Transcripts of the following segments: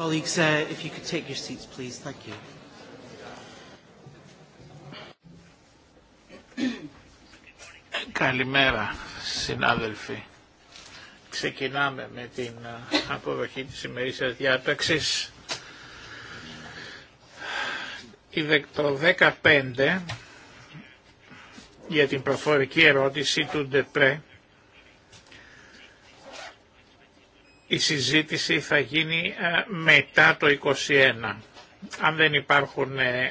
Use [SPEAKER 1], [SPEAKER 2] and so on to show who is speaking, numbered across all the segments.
[SPEAKER 1] Colleagues, uh, if you could take your seats, please. Thank you.
[SPEAKER 2] Καλημέρα, συνάδελφοι. Ξεκινάμε με την αποδοχή της ημερήσιας διάταξης. Το 15 για την προφορική ερώτηση του Ντεπρέ Η συζήτηση θα γίνει ε, μετά το 21. Αν δεν υπάρχουν ε, ε,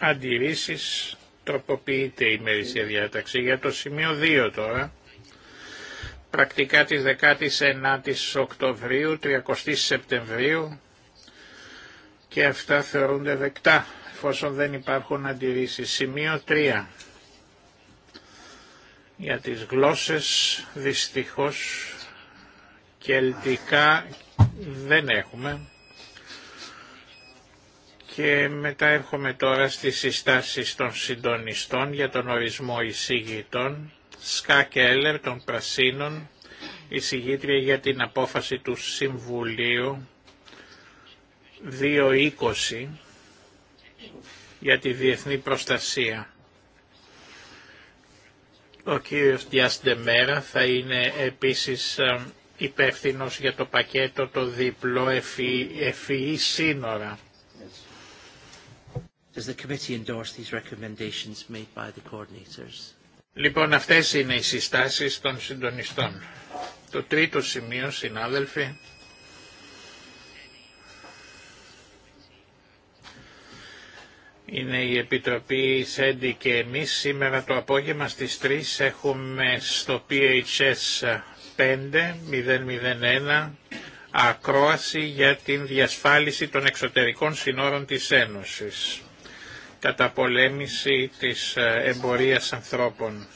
[SPEAKER 2] αντιρρήσεις, τροποποιείται η μερίσια διάταξη. Για το σημείο 2 τώρα, πρακτικά της 19ης Οκτωβρίου, 30 Σεπτεμβρίου και αυτά θεωρούνται δεκτά, εφόσον δεν υπάρχουν αντιρρήσεις. Σημείο 3. Για τις γλώσσες δυστυχώς κελτικά δεν έχουμε. Και μετά έρχομαι τώρα στις συστάσεις των συντονιστών για τον ορισμό εισηγητών, Σκά Κέλλερ των Πρασίνων, εισηγήτρια για την απόφαση του Συμβουλίου 2.20 για τη διεθνή προστασία. Ο κύριος Μέρα θα είναι επίσης ε, υπεύθυνο για το πακέτο το διπλό ευφυ, σύνορα. Λοιπόν, αυτές είναι οι συστάσεις των συντονιστών. Το τρίτο σημείο, συνάδελφοι, είναι η Επιτροπή ΣΕΝΤΙ και εμείς σήμερα το απόγευμα στις 3 έχουμε στο PHS 5.001 ακρόαση για την διασφάλιση των εξωτερικών συνόρων της Ένωσης καταπολέμηση της ε, εμπορίας ανθρώπων.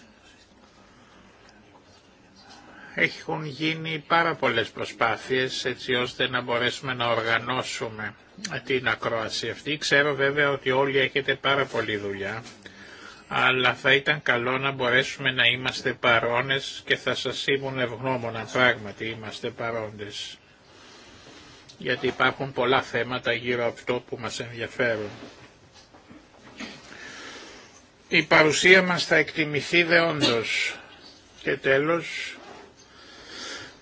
[SPEAKER 2] Έχουν γίνει πάρα πολλές προσπάθειες έτσι ώστε να μπορέσουμε να οργανώσουμε την ακρόαση αυτή. Ξέρω βέβαια ότι όλοι έχετε πάρα πολλή δουλειά αλλά θα ήταν καλό να μπορέσουμε να είμαστε παρόνες και θα σας ήμουν ευγνώμων αν πράγματι είμαστε παρόντες. Γιατί υπάρχουν πολλά θέματα γύρω από αυτό που μας ενδιαφέρουν. Η παρουσία μας θα εκτιμηθεί δεόντως. Και τέλος,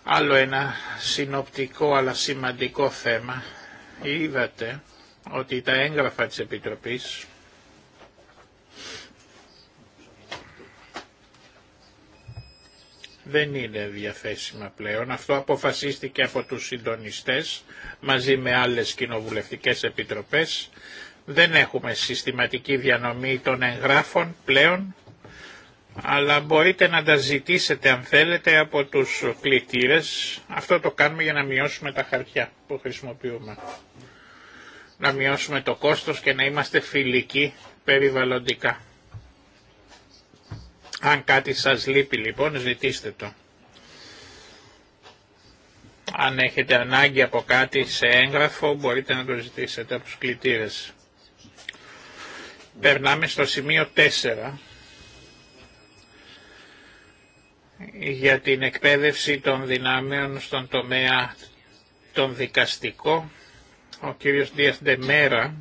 [SPEAKER 2] άλλο ένα συνοπτικό αλλά σημαντικό θέμα. Είδατε ότι τα έγγραφα της Επιτροπής δεν είναι διαθέσιμα πλέον. Αυτό αποφασίστηκε από τους συντονιστές μαζί με άλλες κοινοβουλευτικές επιτροπές. Δεν έχουμε συστηματική διανομή των εγγράφων πλέον, αλλά μπορείτε να τα ζητήσετε αν θέλετε από τους κλητήρες. Αυτό το κάνουμε για να μειώσουμε τα χαρτιά που χρησιμοποιούμε. Να μειώσουμε το κόστος και να είμαστε φιλικοί περιβαλλοντικά. Αν κάτι σας λείπει λοιπόν ζητήστε το. Αν έχετε ανάγκη από κάτι σε έγγραφο μπορείτε να το ζητήσετε από τους κλητήρες. Περνάμε στο σημείο 4 για την εκπαίδευση των δυνάμεων στον τομέα τον δικαστικό. Ο κύριος Δίας Ντεμέρα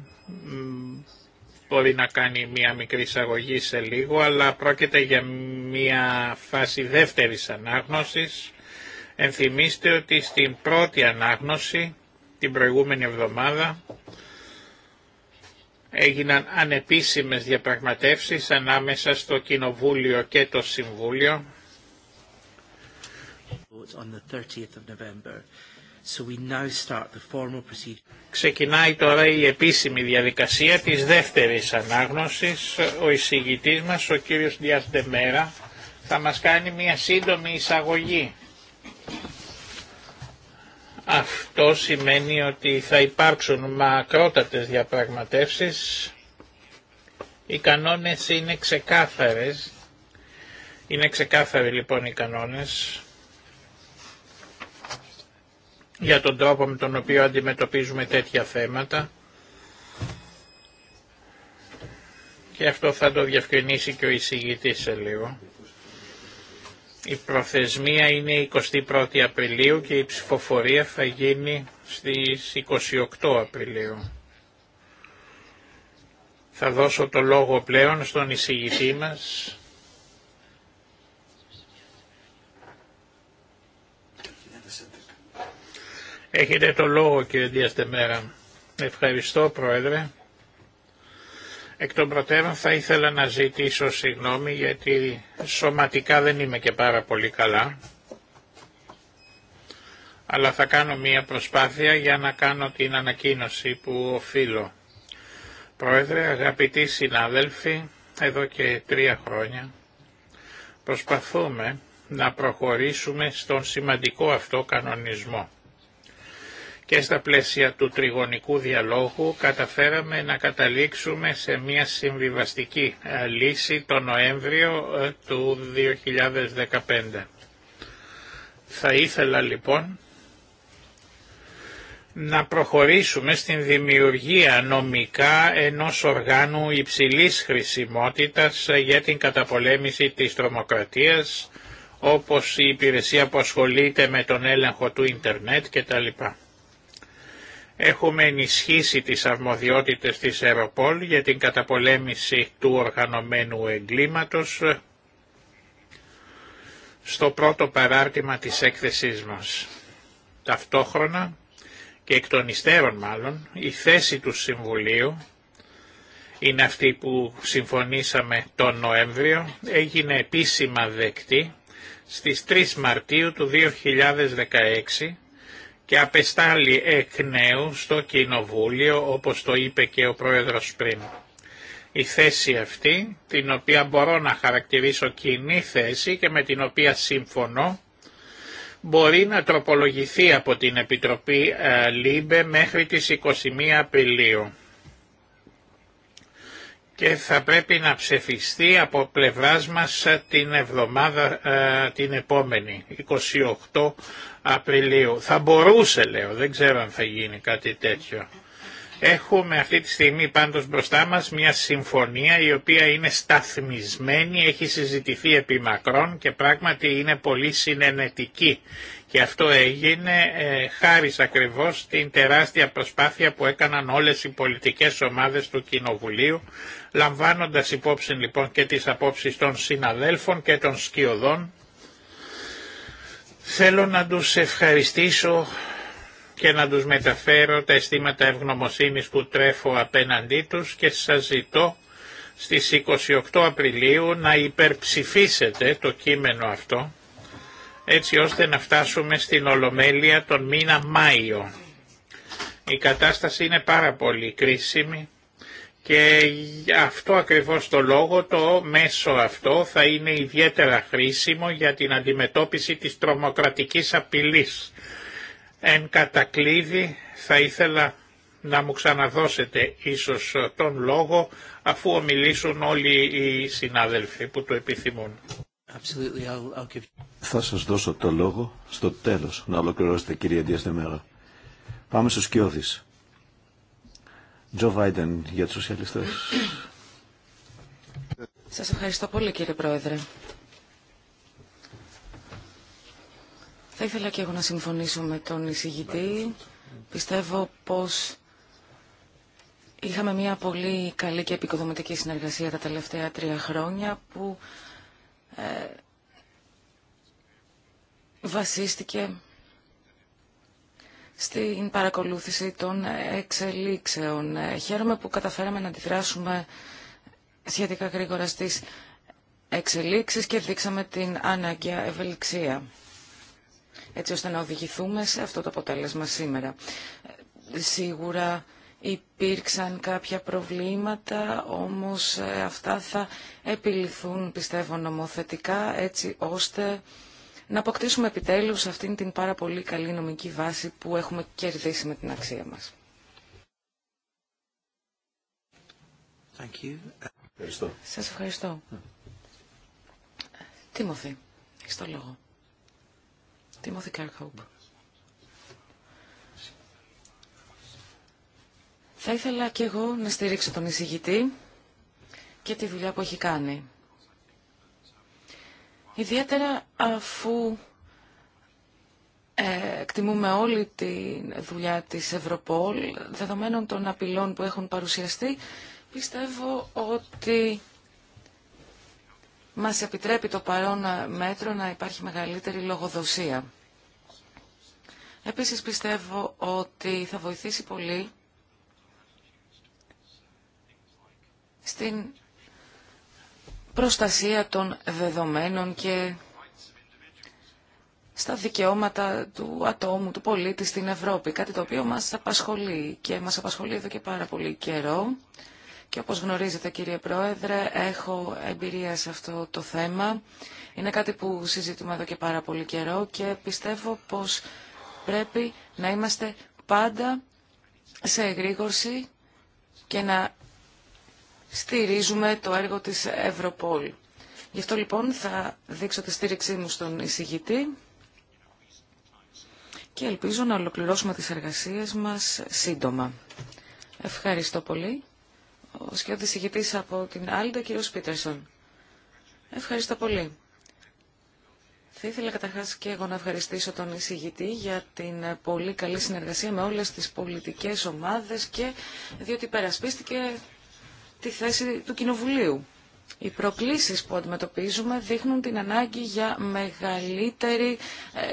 [SPEAKER 2] μπορεί να κάνει μία μικρή εισαγωγή σε λίγο, αλλά πρόκειται για μία φάση δεύτερης ανάγνωσης. Ενθυμίστε ότι στην πρώτη ανάγνωση, την προηγούμενη εβδομάδα, έγιναν ανεπίσημες διαπραγματεύσεις ανάμεσα στο Κοινοβούλιο και το Συμβούλιο.
[SPEAKER 3] November. So we now start
[SPEAKER 2] the Ξεκινάει τώρα η επίσημη διαδικασία της δεύτερης ανάγνωσης. Ο εισηγητής μας, ο κύριος Διάς θα μας κάνει μια σύντομη εισαγωγή. Αυτό σημαίνει ότι θα υπάρξουν μακρότατες διαπραγματεύσεις. Οι κανόνες είναι ξεκάθαρες. Είναι ξεκάθαροι λοιπόν οι κανόνες για τον τρόπο με τον οποίο αντιμετωπίζουμε τέτοια θέματα και αυτό θα το διευκρινίσει και ο εισηγητής σε λίγο. Η προθεσμία είναι 21η Απριλίου και η ψηφοφορία θα γίνει στις 28 Απριλίου. Θα δώσω το λόγο πλέον στον εισηγητή μας, Έχετε το λόγο κύριε Διαστεμέρα. Ευχαριστώ Πρόεδρε. Εκ των προτέρων θα ήθελα να ζητήσω συγγνώμη γιατί σωματικά δεν είμαι και πάρα πολύ καλά. Αλλά θα κάνω μία προσπάθεια για να κάνω την ανακοίνωση που οφείλω. Πρόεδρε, αγαπητοί συνάδελφοι, εδώ και τρία χρόνια προσπαθούμε να προχωρήσουμε στον σημαντικό αυτό κανονισμό και στα πλαίσια του τριγωνικού διαλόγου καταφέραμε να καταλήξουμε σε μια συμβιβαστική ε, λύση το Νοέμβριο ε, του 2015. Θα ήθελα λοιπόν να προχωρήσουμε στην δημιουργία νομικά ενός οργάνου υψηλής χρησιμότητας ε, για την καταπολέμηση της τρομοκρατίας, όπως η υπηρεσία που ασχολείται με τον έλεγχο του ίντερνετ κτλ. Έχουμε ενισχύσει τις αρμοδιότητες της Ευρωπόλ για την καταπολέμηση του οργανωμένου εγκλήματος στο πρώτο παράρτημα της έκθεσής μας. Ταυτόχρονα και εκ των υστέρων μάλλον η θέση του Συμβουλίου είναι αυτή που συμφωνήσαμε τον Νοέμβριο, έγινε επίσημα δεκτή στις 3 Μαρτίου του 2016 και απεστάλλει εκ νέου στο Κοινοβούλιο όπως το είπε και ο Πρόεδρος πριν. Η θέση αυτή, την οποία μπορώ να χαρακτηρίσω κοινή θέση και με την οποία σύμφωνο, μπορεί να τροπολογηθεί από την Επιτροπή ε, ΛΥΜΠΕ μέχρι τις 21 Απριλίου και θα πρέπει να ψεφιστεί από πλευράς μας την εβδομάδα ε, την επόμενη, 28 Απριλίου. Θα μπορούσε λέω, δεν ξέρω αν θα γίνει κάτι τέτοιο. Έχουμε αυτή τη στιγμή πάντως μπροστά μας μια συμφωνία η οποία είναι σταθμισμένη, έχει συζητηθεί επί μακρόν και πράγματι είναι πολύ συνενετική και αυτό έγινε ε, χάρη ακριβώς στην τεράστια προσπάθεια που έκαναν όλες οι πολιτικές ομάδες του Κοινοβουλίου, λαμβάνοντας υπόψη λοιπόν και τις απόψεις των συναδέλφων και των σκιωδών. Θέλω να τους ευχαριστήσω και να τους μεταφέρω τα αισθήματα ευγνωμοσύνης που τρέφω απέναντί τους και σας ζητώ στις 28 Απριλίου να υπερψηφίσετε το κείμενο αυτό έτσι ώστε να φτάσουμε στην Ολομέλεια τον μήνα Μάιο. Η κατάσταση είναι πάρα πολύ κρίσιμη και αυτό ακριβώς το λόγο το μέσο αυτό θα είναι ιδιαίτερα χρήσιμο για την αντιμετώπιση της τρομοκρατικής απειλής. Εν κατακλείδη θα ήθελα να μου ξαναδώσετε ίσως τον λόγο αφού ομιλήσουν όλοι οι συνάδελφοι που το επιθυμούν. Absolutely, I'll, I'll give...
[SPEAKER 4] Θα σας δώσω το λόγο στο τέλος να ολοκληρώσετε κυρία Διαστεμέρα. Πάμε στους Κιώδης. Τζο Βάιντεν για τους σοσιαλιστές.
[SPEAKER 3] Σας ευχαριστώ πολύ κύριε Πρόεδρε. Θα ήθελα και εγώ να συμφωνήσω με τον εισηγητή. Πιστεύω πως είχαμε μια πολύ καλή και επικοδομητική συνεργασία τα τελευταία τρία χρόνια που ε, βασίστηκε στην παρακολούθηση των εξελίξεων. Ε, χαίρομαι που καταφέραμε να αντιδράσουμε σχετικά γρήγορα στις εξελίξεις και δείξαμε την ανάγκη ευελιξία έτσι ώστε να οδηγηθούμε σε αυτό το αποτέλεσμα σήμερα. Ε, σίγουρα Υπήρξαν κάποια προβλήματα, όμως ε, αυτά θα επιληθούν, πιστεύω, νομοθετικά, έτσι ώστε να αποκτήσουμε επιτέλους αυτήν την πάρα πολύ καλή νομική βάση που έχουμε κερδίσει με την αξία μας. Thank Ευχαριστώ. Σας ευχαριστώ. Ναι. Τίμωθη, έχεις το λόγο. Τίμωθη Θα ήθελα και εγώ να στηρίξω τον εισηγητή και τη δουλειά που έχει κάνει. Ιδιαίτερα αφού ε, εκτιμούμε όλη τη δουλειά της Ευρωπόλ, δεδομένων των απειλών που έχουν παρουσιαστεί, πιστεύω ότι μας επιτρέπει το παρόν μέτρο να υπάρχει μεγαλύτερη λογοδοσία. Επίσης πιστεύω ότι θα βοηθήσει πολύ στην προστασία των δεδομένων και στα δικαιώματα του ατόμου, του πολίτη στην Ευρώπη. Κάτι το οποίο μας απασχολεί και μας απασχολεί εδώ και πάρα πολύ καιρό. Και όπως γνωρίζετε κύριε Πρόεδρε, έχω εμπειρία σε αυτό το θέμα. Είναι κάτι που συζητούμε εδώ και πάρα πολύ καιρό και πιστεύω πως πρέπει να είμαστε πάντα σε εγρήγορση και να στηρίζουμε το έργο της Ευρωπόλ. Γι' αυτό λοιπόν θα δείξω τη στήριξή μου στον εισηγητή και ελπίζω να ολοκληρώσουμε τις εργασίες μας σύντομα. Ευχαριστώ πολύ. Ο σχεδόν εισηγητής από την Άλντα, κύριος Πίτερσον. Ευχαριστώ πολύ. Θα ήθελα καταρχάς και εγώ να ευχαριστήσω τον εισηγητή για την πολύ καλή συνεργασία με όλες τις πολιτικές ομάδες και διότι περασπίστηκε τη θέση του Κοινοβουλίου. Οι προκλήσεις που αντιμετωπίζουμε δείχνουν την ανάγκη για μεγαλύτερη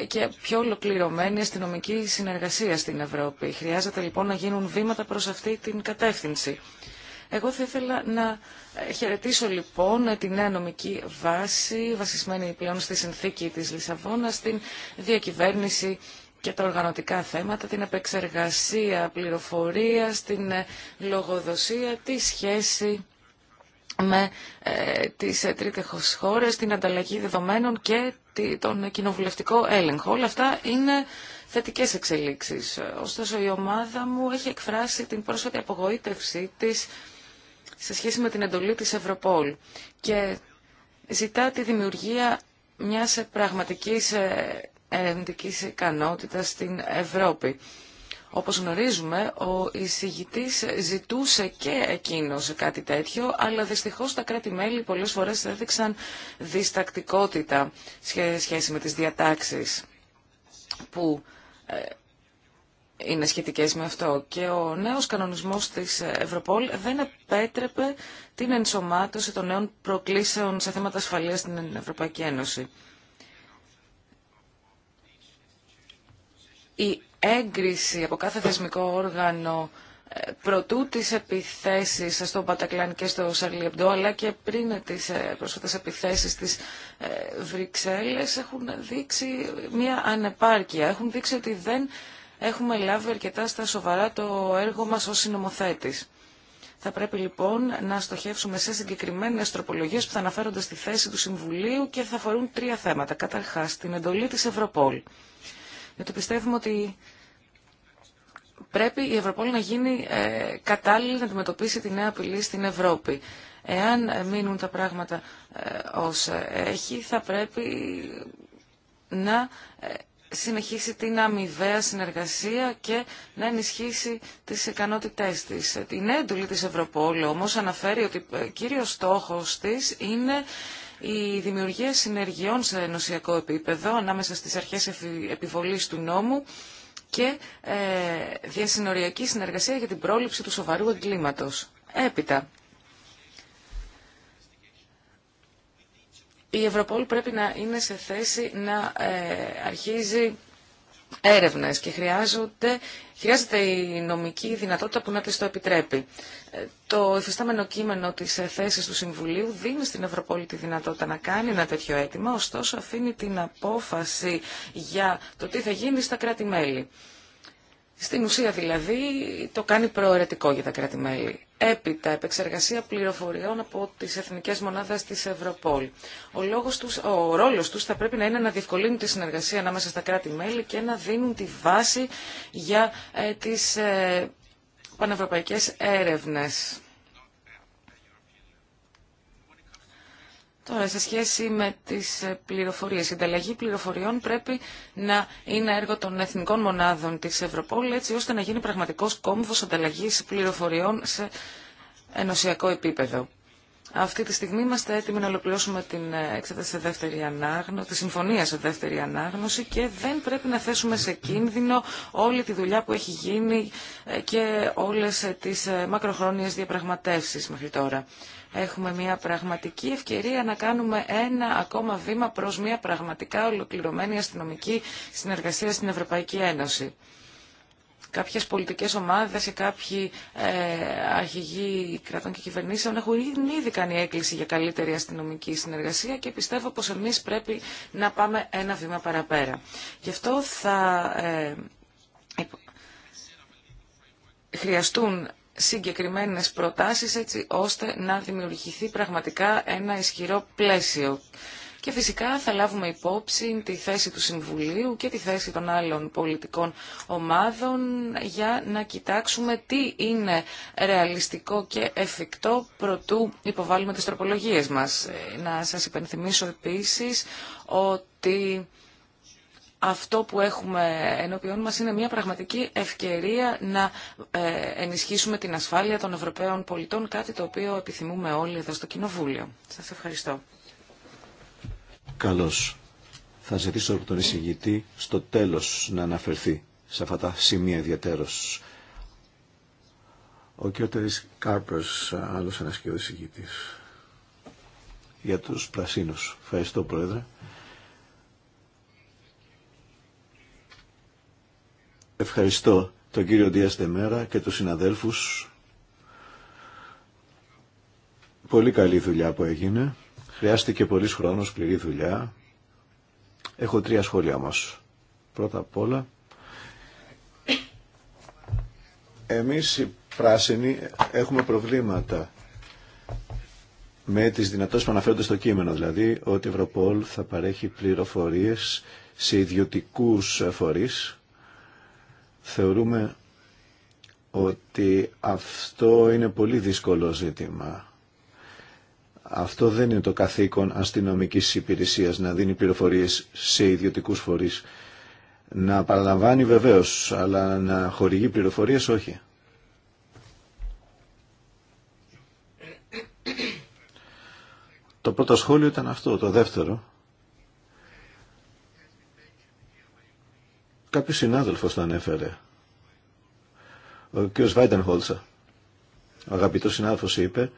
[SPEAKER 3] ε, και πιο ολοκληρωμένη αστυνομική συνεργασία στην Ευρώπη. Χρειάζεται λοιπόν να γίνουν βήματα προς αυτή την κατεύθυνση. Εγώ θα ήθελα να ε, χαιρετήσω λοιπόν ε, την νέα νομική βάση, βασισμένη πλέον στη συνθήκη της Λισαβόνας, στην διακυβέρνηση και τα οργανωτικά θέματα, την επεξεργασία πληροφορίας, την ε, λογοδοσία, τη σχέση με ε, τις ε, χώρες, την ανταλλαγή δεδομένων και τον κοινοβουλευτικό έλεγχο. Όλα αυτά είναι θετικές εξελίξεις. Ωστόσο η ομάδα μου έχει εκφράσει την πρόσφατη απογοήτευσή της σε σχέση με την εντολή της Ευρωπόλ και ζητά τη δημιουργία μιας πραγματικής ε, ερευνητικής ικανότητας στην Ευρώπη. Όπως γνωρίζουμε, ο εισηγητής ζητούσε και εκείνος κάτι τέτοιο, αλλά δυστυχώς τα κράτη-μέλη πολλές φορές έδειξαν διστακτικότητα σχέση με τις διατάξεις που ε, είναι σχετικές με αυτό. Και ο νέος κανονισμός της Ευρωπόλ δεν επέτρεπε την ενσωμάτωση των νέων προκλήσεων σε θέματα ασφαλείας στην Ευρωπαϊκή Ένωση. η έγκριση από κάθε θεσμικό όργανο ε, προτού τις επιθέσεις στον Πατακλάν και στο Σαρλιεμπτό αλλά και πριν τις ε, πρόσφατες επιθέσεις της ε, Βρυξέλλες έχουν δείξει μια ανεπάρκεια. Έχουν δείξει ότι δεν έχουμε λάβει αρκετά στα σοβαρά το έργο μας ως συνομοθέτης. Θα πρέπει λοιπόν να στοχεύσουμε σε συγκεκριμένε τροπολογίε που θα αναφέρονται στη θέση του Συμβουλίου και θα αφορούν τρία θέματα. Καταρχά, την εντολή τη Ευρωπόλ γιατί πιστεύουμε ότι πρέπει η Ευρωπόλη να γίνει ε, κατάλληλη να αντιμετωπίσει τη νέα απειλή στην Ευρώπη. Εάν ε, μείνουν τα πράγματα ε, ως έχει, θα πρέπει να συνεχίσει την αμοιβαία συνεργασία και να ενισχύσει τις ικανότητές της. Την έντολη της Ευρωπόλη όμως αναφέρει ότι κύριος στόχος της είναι η δημιουργία συνεργειών σε ενωσιακό επίπεδο ανάμεσα στις αρχές επιβολής του νόμου και ε, διασυνοριακή συνεργασία για την πρόληψη του σοβαρού εγκλήματος. Έπειτα, η Ευρωπόλ πρέπει να είναι σε θέση να ε, αρχίζει έρευνες και χρειάζονται, χρειάζεται η νομική δυνατότητα που να τη το επιτρέπει. Ε, το υφιστάμενο κείμενο της θέσης του Συμβουλίου δίνει στην Ευρωπόλη τη δυνατότητα να κάνει ένα τέτοιο αίτημα, ωστόσο αφήνει την απόφαση για το τι θα γίνει στα κράτη-μέλη. Στην ουσία δηλαδή το κάνει προαιρετικό για τα κράτη-μέλη. Έπειτα, επεξεργασία πληροφοριών από τις Εθνικές Μονάδες της Ευρωπόλ. Ο, λόγος τους, ο ρόλος τους θα πρέπει να είναι να διευκολύνουν τη συνεργασία ανάμεσα στα κράτη-μέλη και να δίνουν τη βάση για ε, τις ε, πανευρωπαϊκές έρευνες. Τώρα, σε σχέση με τι ε, πληροφορίε, η ανταλλαγή πληροφοριών πρέπει να είναι έργο των εθνικών μονάδων τη Ευρωπόλ, έτσι ώστε να γίνει πραγματικό κόμβος ανταλλαγή πληροφοριών σε ενωσιακό επίπεδο. Αυτή τη στιγμή είμαστε έτοιμοι να ολοκληρώσουμε την ε, εξέταση δεύτερη ανάγνωση, τη συμφωνία σε δεύτερη ανάγνωση και δεν πρέπει να θέσουμε σε κίνδυνο όλη τη δουλειά που έχει γίνει ε, και όλες τις μακροχρόνιες διαπραγματεύσεις μέχρι τώρα έχουμε μια πραγματική ευκαιρία να κάνουμε ένα ακόμα βήμα προς μια πραγματικά ολοκληρωμένη αστυνομική συνεργασία στην Ευρωπαϊκή Ένωση. Κάποιες πολιτικές ομάδες και κάποιοι ε, αρχηγοί κρατών και κυβερνήσεων έχουν ήδη κάνει έκκληση για καλύτερη αστυνομική συνεργασία και πιστεύω πως εμείς πρέπει να πάμε ένα βήμα παραπέρα. Γι' αυτό θα ε, χρειαστούν συγκεκριμένες προτάσεις έτσι ώστε να δημιουργηθεί πραγματικά ένα ισχυρό πλαίσιο. Και φυσικά θα λάβουμε υπόψη τη θέση του Συμβουλίου και τη θέση των άλλων πολιτικών ομάδων για να κοιτάξουμε τι είναι ρεαλιστικό και εφικτό προτού υποβάλουμε τις τροπολογίες μας. Ε, να σας υπενθυμίσω επίσης ότι αυτό που έχουμε ενώπιόν μας είναι μια πραγματική ευκαιρία να ε, ενισχύσουμε την ασφάλεια των Ευρωπαίων πολιτών, κάτι το οποίο επιθυμούμε όλοι εδώ στο Κοινοβούλιο. Σας ευχαριστώ.
[SPEAKER 4] Καλώς. Θα ζητήσω από τον εισηγητή στο τέλος να αναφερθεί σε αυτά τα σημεία ιδιαίτερος. Ο κ. Κάρπρος, άλλος ένας και εισηγητής. Για τους πρασίνους. Ευχαριστώ, Πρόεδρε. Ευχαριστώ τον κύριο Ντία Στεμέρα και τους συναδέλφους. Πολύ καλή δουλειά που έγινε. Χρειάστηκε πολύς χρόνος, σκληρή δουλειά. Έχω τρία σχόλια μας. Πρώτα απ' όλα, εμείς οι πράσινοι έχουμε προβλήματα με τις δυνατότητες που αναφέρονται στο κείμενο, δηλαδή ότι η Ευρωπόλ θα παρέχει πληροφορίες σε ιδιωτικούς φορείς Θεωρούμε ότι αυτό είναι πολύ δύσκολο ζήτημα. Αυτό δεν είναι το καθήκον αστυνομικής υπηρεσίας να δίνει πληροφορίες σε ιδιωτικούς φορείς. Να παραλαμβάνει βεβαίως, αλλά να χορηγεί πληροφορίες όχι. Το πρώτο σχόλιο ήταν αυτό, το δεύτερο. Κάποιος συνάδελφος το ανέφερε. Ο κ. Βάιντενχόλτσα, ο αγαπητός συνάδελφος, είπε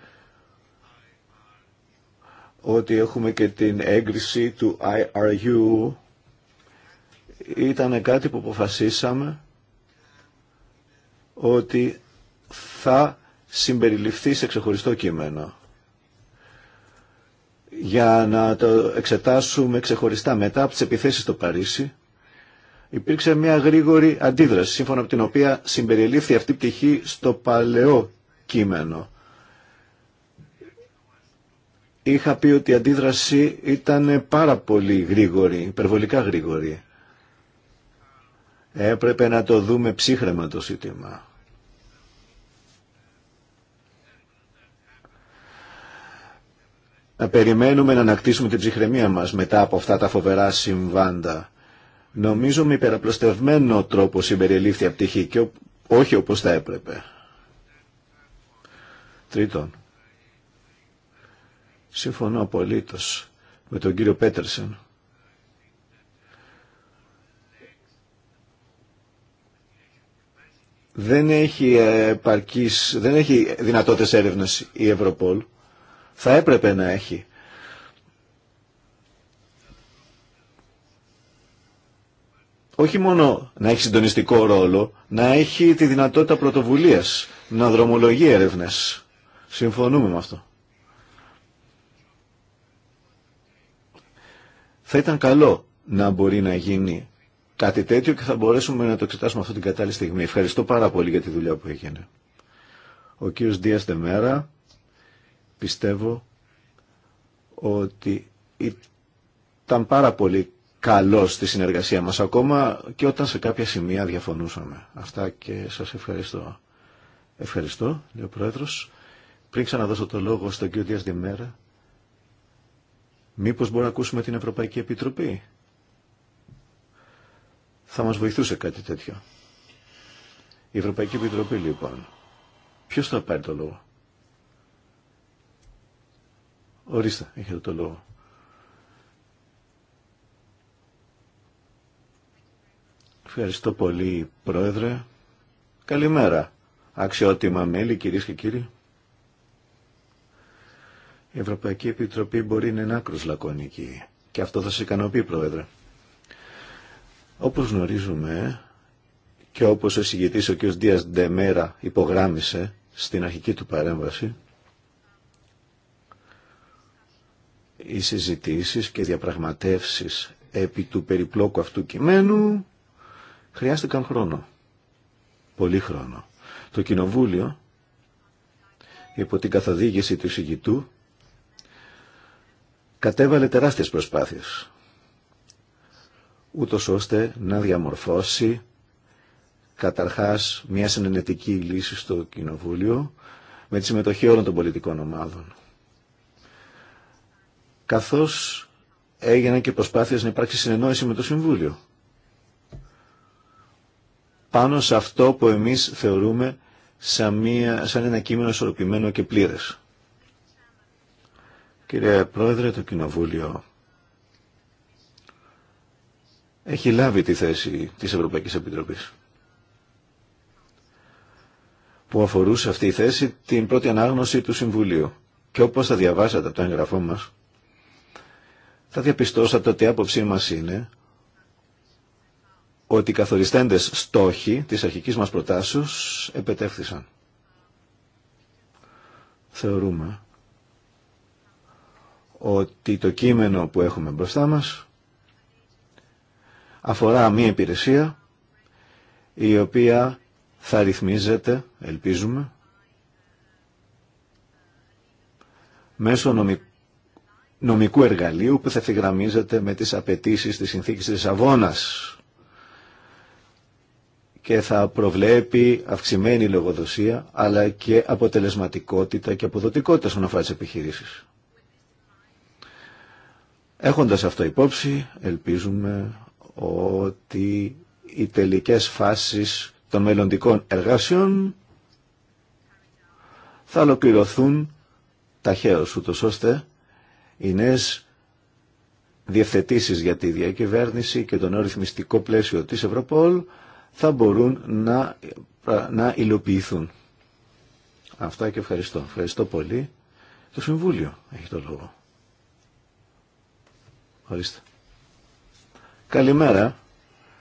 [SPEAKER 4] ότι έχουμε και την έγκριση του IRU. Ήταν κάτι που αποφασίσαμε ότι θα συμπεριληφθεί σε ξεχωριστό κείμενο για να το εξετάσουμε ξεχωριστά μετά από τις επιθέσεις στο Παρίσι υπήρξε μια γρήγορη αντίδραση, σύμφωνα με την οποία συμπεριλήφθη αυτή η πτυχή στο παλαιό κείμενο. Είχα πει ότι η αντίδραση ήταν πάρα πολύ γρήγορη, υπερβολικά γρήγορη. Έπρεπε να το δούμε ψύχρεμα το σύντημα. Να περιμένουμε να ανακτήσουμε την ψυχραιμία μας μετά από αυτά τα φοβερά συμβάντα Νομίζω με υπεραπλωστευμένο τρόπο συμπεριλήφθη απτυχή και όχι όπως θα έπρεπε. Τρίτον, συμφωνώ απολύτως με τον κύριο Πέτερσεν. Δεν έχει, επαρκής, δεν έχει δυνατότητες έρευνας η Ευρωπόλ. Θα έπρεπε να έχει όχι μόνο να έχει συντονιστικό ρόλο, να έχει τη δυνατότητα πρωτοβουλίας, να δρομολογεί έρευνες. Συμφωνούμε με αυτό. Θα ήταν καλό να μπορεί να γίνει κάτι τέτοιο και θα μπορέσουμε να το εξετάσουμε αυτή την κατάλληλη στιγμή. Ευχαριστώ πάρα πολύ για τη δουλειά που έγινε. Ο κύριος Δίας Δεμέρα πιστεύω ότι ήταν πάρα πολύ καλό στη συνεργασία μας ακόμα και όταν σε κάποια σημεία διαφωνούσαμε. Αυτά και σας ευχαριστώ. Ευχαριστώ, λέει ο Πρόεδρος. Πριν ξαναδώσω το λόγο στον κύριο Δίας μήπως μπορούμε να ακούσουμε την Ευρωπαϊκή Επιτροπή. Θα μας βοηθούσε κάτι τέτοιο. Η Ευρωπαϊκή Επιτροπή λοιπόν. Ποιος θα πάρει το λόγο. Ορίστε, έχετε το λόγο. Ευχαριστώ πολύ, Πρόεδρε. Καλημέρα, αξιότιμα μέλη, κυρίες και κύριοι. Η Ευρωπαϊκή Επιτροπή μπορεί να είναι άκρως λακωνική και αυτό θα σε ικανοποιεί, Πρόεδρε. Όπως γνωρίζουμε και όπως ο συγγετής ο κ. Δίας Ντεμέρα υπογράμμισε στην αρχική του παρέμβαση, οι συζητήσεις και διαπραγματεύσεις επί του περιπλόκου αυτού κειμένου χρειάστηκαν χρόνο. Πολύ χρόνο. Το Κοινοβούλιο, υπό την καθοδήγηση του εισηγητού, κατέβαλε τεράστιες προσπάθειες, ούτως ώστε να διαμορφώσει καταρχάς μια συνενετική λύση στο Κοινοβούλιο με τη συμμετοχή όλων των πολιτικών ομάδων. Καθώς έγιναν και προσπάθειες να υπάρξει συνεννόηση με το Συμβούλιο πάνω σε αυτό που εμείς θεωρούμε σαν, σαν ένα κείμενο ισορροπημένο και πλήρες. Κύριε Πρόεδρε, το Κοινοβούλιο έχει λάβει τη θέση της Ευρωπαϊκής Επιτροπής που αφορούσε αυτή η θέση την πρώτη ανάγνωση του Συμβουλίου. Και όπως θα διαβάσατε από το έγγραφό μας, θα διαπιστώσατε ότι η άποψή μας είναι ότι οι καθοριστέντες στόχοι της αρχικής μας προτάσεως επετεύθησαν. Θεωρούμε ότι το κείμενο που έχουμε μπροστά μας αφορά μία υπηρεσία η οποία θα ρυθμίζεται, ελπίζουμε, μέσω νομικού εργαλείου που θα ευθυγραμμίζεται με τις απαιτήσεις της συνθήκης της Αβώνας και θα προβλέπει αυξημένη λογοδοσία αλλά και αποτελεσματικότητα και αποδοτικότητα στον αφορά τις επιχειρήσεις. Έχοντας αυτό υπόψη, ελπίζουμε ότι οι τελικές φάσεις των μελλοντικών εργάσεων θα ολοκληρωθούν ταχαίως, ούτως ώστε οι νέες διευθετήσεις για τη διακυβέρνηση και τον ρυθμιστικό πλαίσιο της Ευρωπόλ θα μπορούν να, να υλοποιηθούν. Αυτά και ευχαριστώ. Ευχαριστώ πολύ. Το Συμβούλιο έχει το λόγο. Ορίστε. Καλημέρα.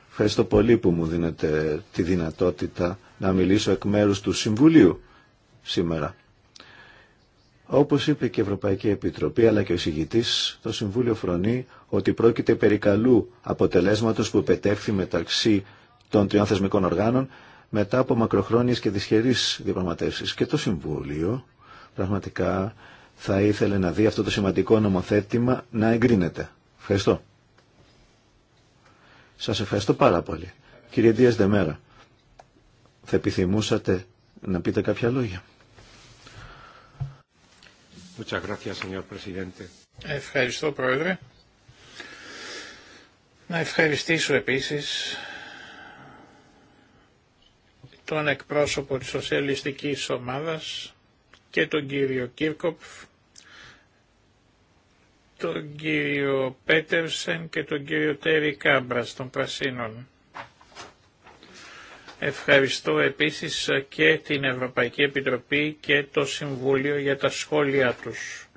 [SPEAKER 4] Ευχαριστώ πολύ που μου δίνετε τη δυνατότητα να μιλήσω εκ μέρους του Συμβουλίου σήμερα. Όπως είπε και η Ευρωπαϊκή Επιτροπή αλλά και ο εισηγητής, το Συμβούλιο φρονεί ότι πρόκειται περί καλού αποτελέσματος που πετεύχθη μεταξύ των τριών θεσμικών οργάνων μετά από μακροχρόνιες και δυσχερείς διαπραγματεύσεις. Και το Συμβούλιο πραγματικά θα ήθελε να δει αυτό το σημαντικό νομοθέτημα να εγκρίνεται. Ευχαριστώ. Σας ευχαριστώ πάρα πολύ. Κύριε Δίας Δεμέρα, θα επιθυμούσατε να πείτε κάποια λόγια.
[SPEAKER 2] Ευχαριστώ Πρόεδρε. Να ευχαριστήσω επίσης τον εκπρόσωπο της σοσιαλιστικής ομάδας και τον κύριο Κίρκοπ, τον κύριο Πέτερσεν και τον κύριο Τέρι Κάμπρας των Πρασίνων. Ευχαριστώ επίσης και την Ευρωπαϊκή Επιτροπή και το Συμβούλιο για τα σχόλια τους.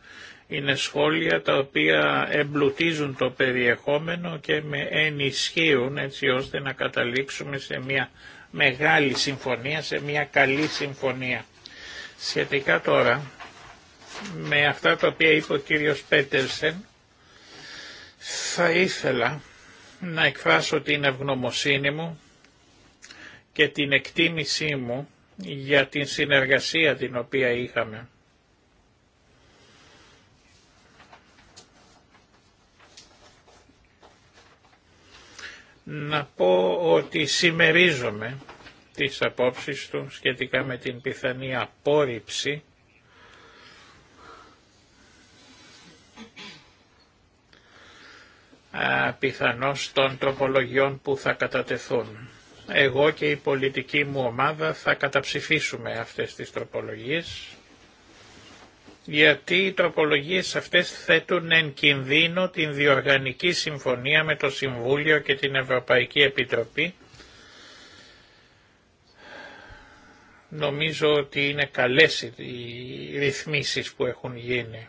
[SPEAKER 2] Είναι σχόλια τα οποία εμπλουτίζουν το περιεχόμενο και με ενισχύουν έτσι ώστε να καταλήξουμε σε μια μεγάλη συμφωνία σε μια καλή συμφωνία. Σχετικά τώρα με αυτά τα οποία είπε ο κύριος Πέτερσεν θα ήθελα να εκφράσω την ευγνωμοσύνη μου και την εκτίμησή μου για την συνεργασία την οποία είχαμε. να πω ότι συμμερίζομαι τις απόψεις του σχετικά με την πιθανή απόρριψη πιθανώς των τροπολογιών που θα κατατεθούν. Εγώ και η πολιτική μου ομάδα θα καταψηφίσουμε αυτές τις τροπολογίες γιατί οι τροπολογίες αυτές θέτουν εν κινδύνο την διοργανική συμφωνία με το Συμβούλιο και την Ευρωπαϊκή Επιτροπή. Νομίζω ότι είναι καλές οι ρυθμίσεις που έχουν γίνει.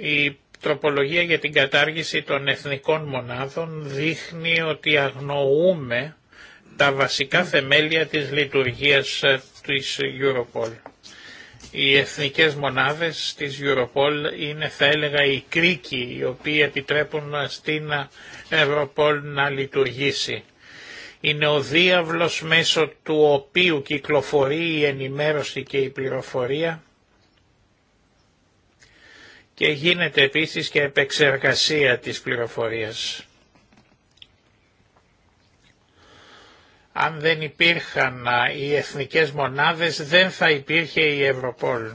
[SPEAKER 2] Η τροπολογία για την κατάργηση των εθνικών μονάδων δείχνει ότι αγνοούμε τα βασικά θεμέλια της λειτουργίας της Europol. Οι εθνικές μονάδες της Europol είναι θα έλεγα οι κρίκοι οι οποίοι επιτρέπουν στην Europol να λειτουργήσει. Είναι ο διάβλος μέσω του οποίου κυκλοφορεί η ενημέρωση και η πληροφορία και γίνεται επίσης και επεξεργασία της πληροφορίας. Αν δεν υπήρχαν οι εθνικές μονάδες δεν θα υπήρχε η Ευρωπόλ.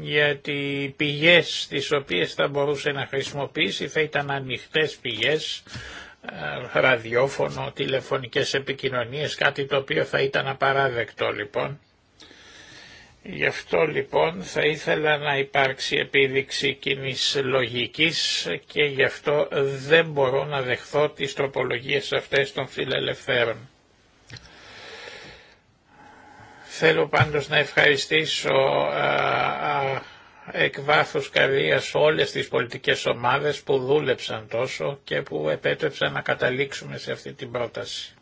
[SPEAKER 2] γιατί οι πηγές τις οποίες θα μπορούσε να χρησιμοποιήσει θα ήταν ανοιχτές πηγές, ραδιόφωνο, τηλεφωνικές επικοινωνίες, κάτι το οποίο θα ήταν απαράδεκτο λοιπόν. Γι' αυτό λοιπόν θα ήθελα να υπάρξει επίδειξη κοινή λογικής και γι' αυτό δεν μπορώ να δεχθώ τις τροπολογίες αυτές των φιλελευθέρων. Θέλω πάντως να ευχαριστήσω α, εκ βάθους καρδίας όλες τις πολιτικές ομάδες που δούλεψαν τόσο και που επέτρεψαν να καταλήξουμε σε αυτή την πρόταση.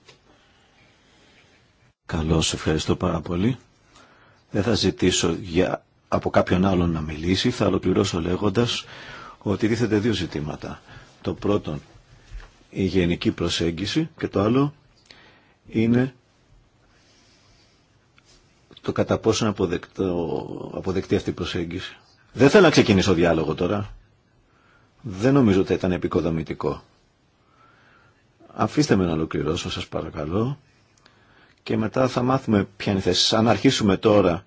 [SPEAKER 4] Καλώς, ευχαριστώ πάρα πολύ. Δεν θα ζητήσω για, από κάποιον άλλον να μιλήσει, θα ολοκληρώσω λέγοντας ότι δίθεται δύο ζητήματα. Το πρώτο η γενική προσέγγιση και το άλλο είναι το κατά πόσο αποδεκτό, αυτή η προσέγγιση. Δεν θέλω να ξεκινήσω διάλογο τώρα. Δεν νομίζω ότι ήταν επικοδομητικό. Αφήστε με να ολοκληρώσω, σας παρακαλώ και μετά θα μάθουμε ποια είναι η θέση. Αν αρχίσουμε τώρα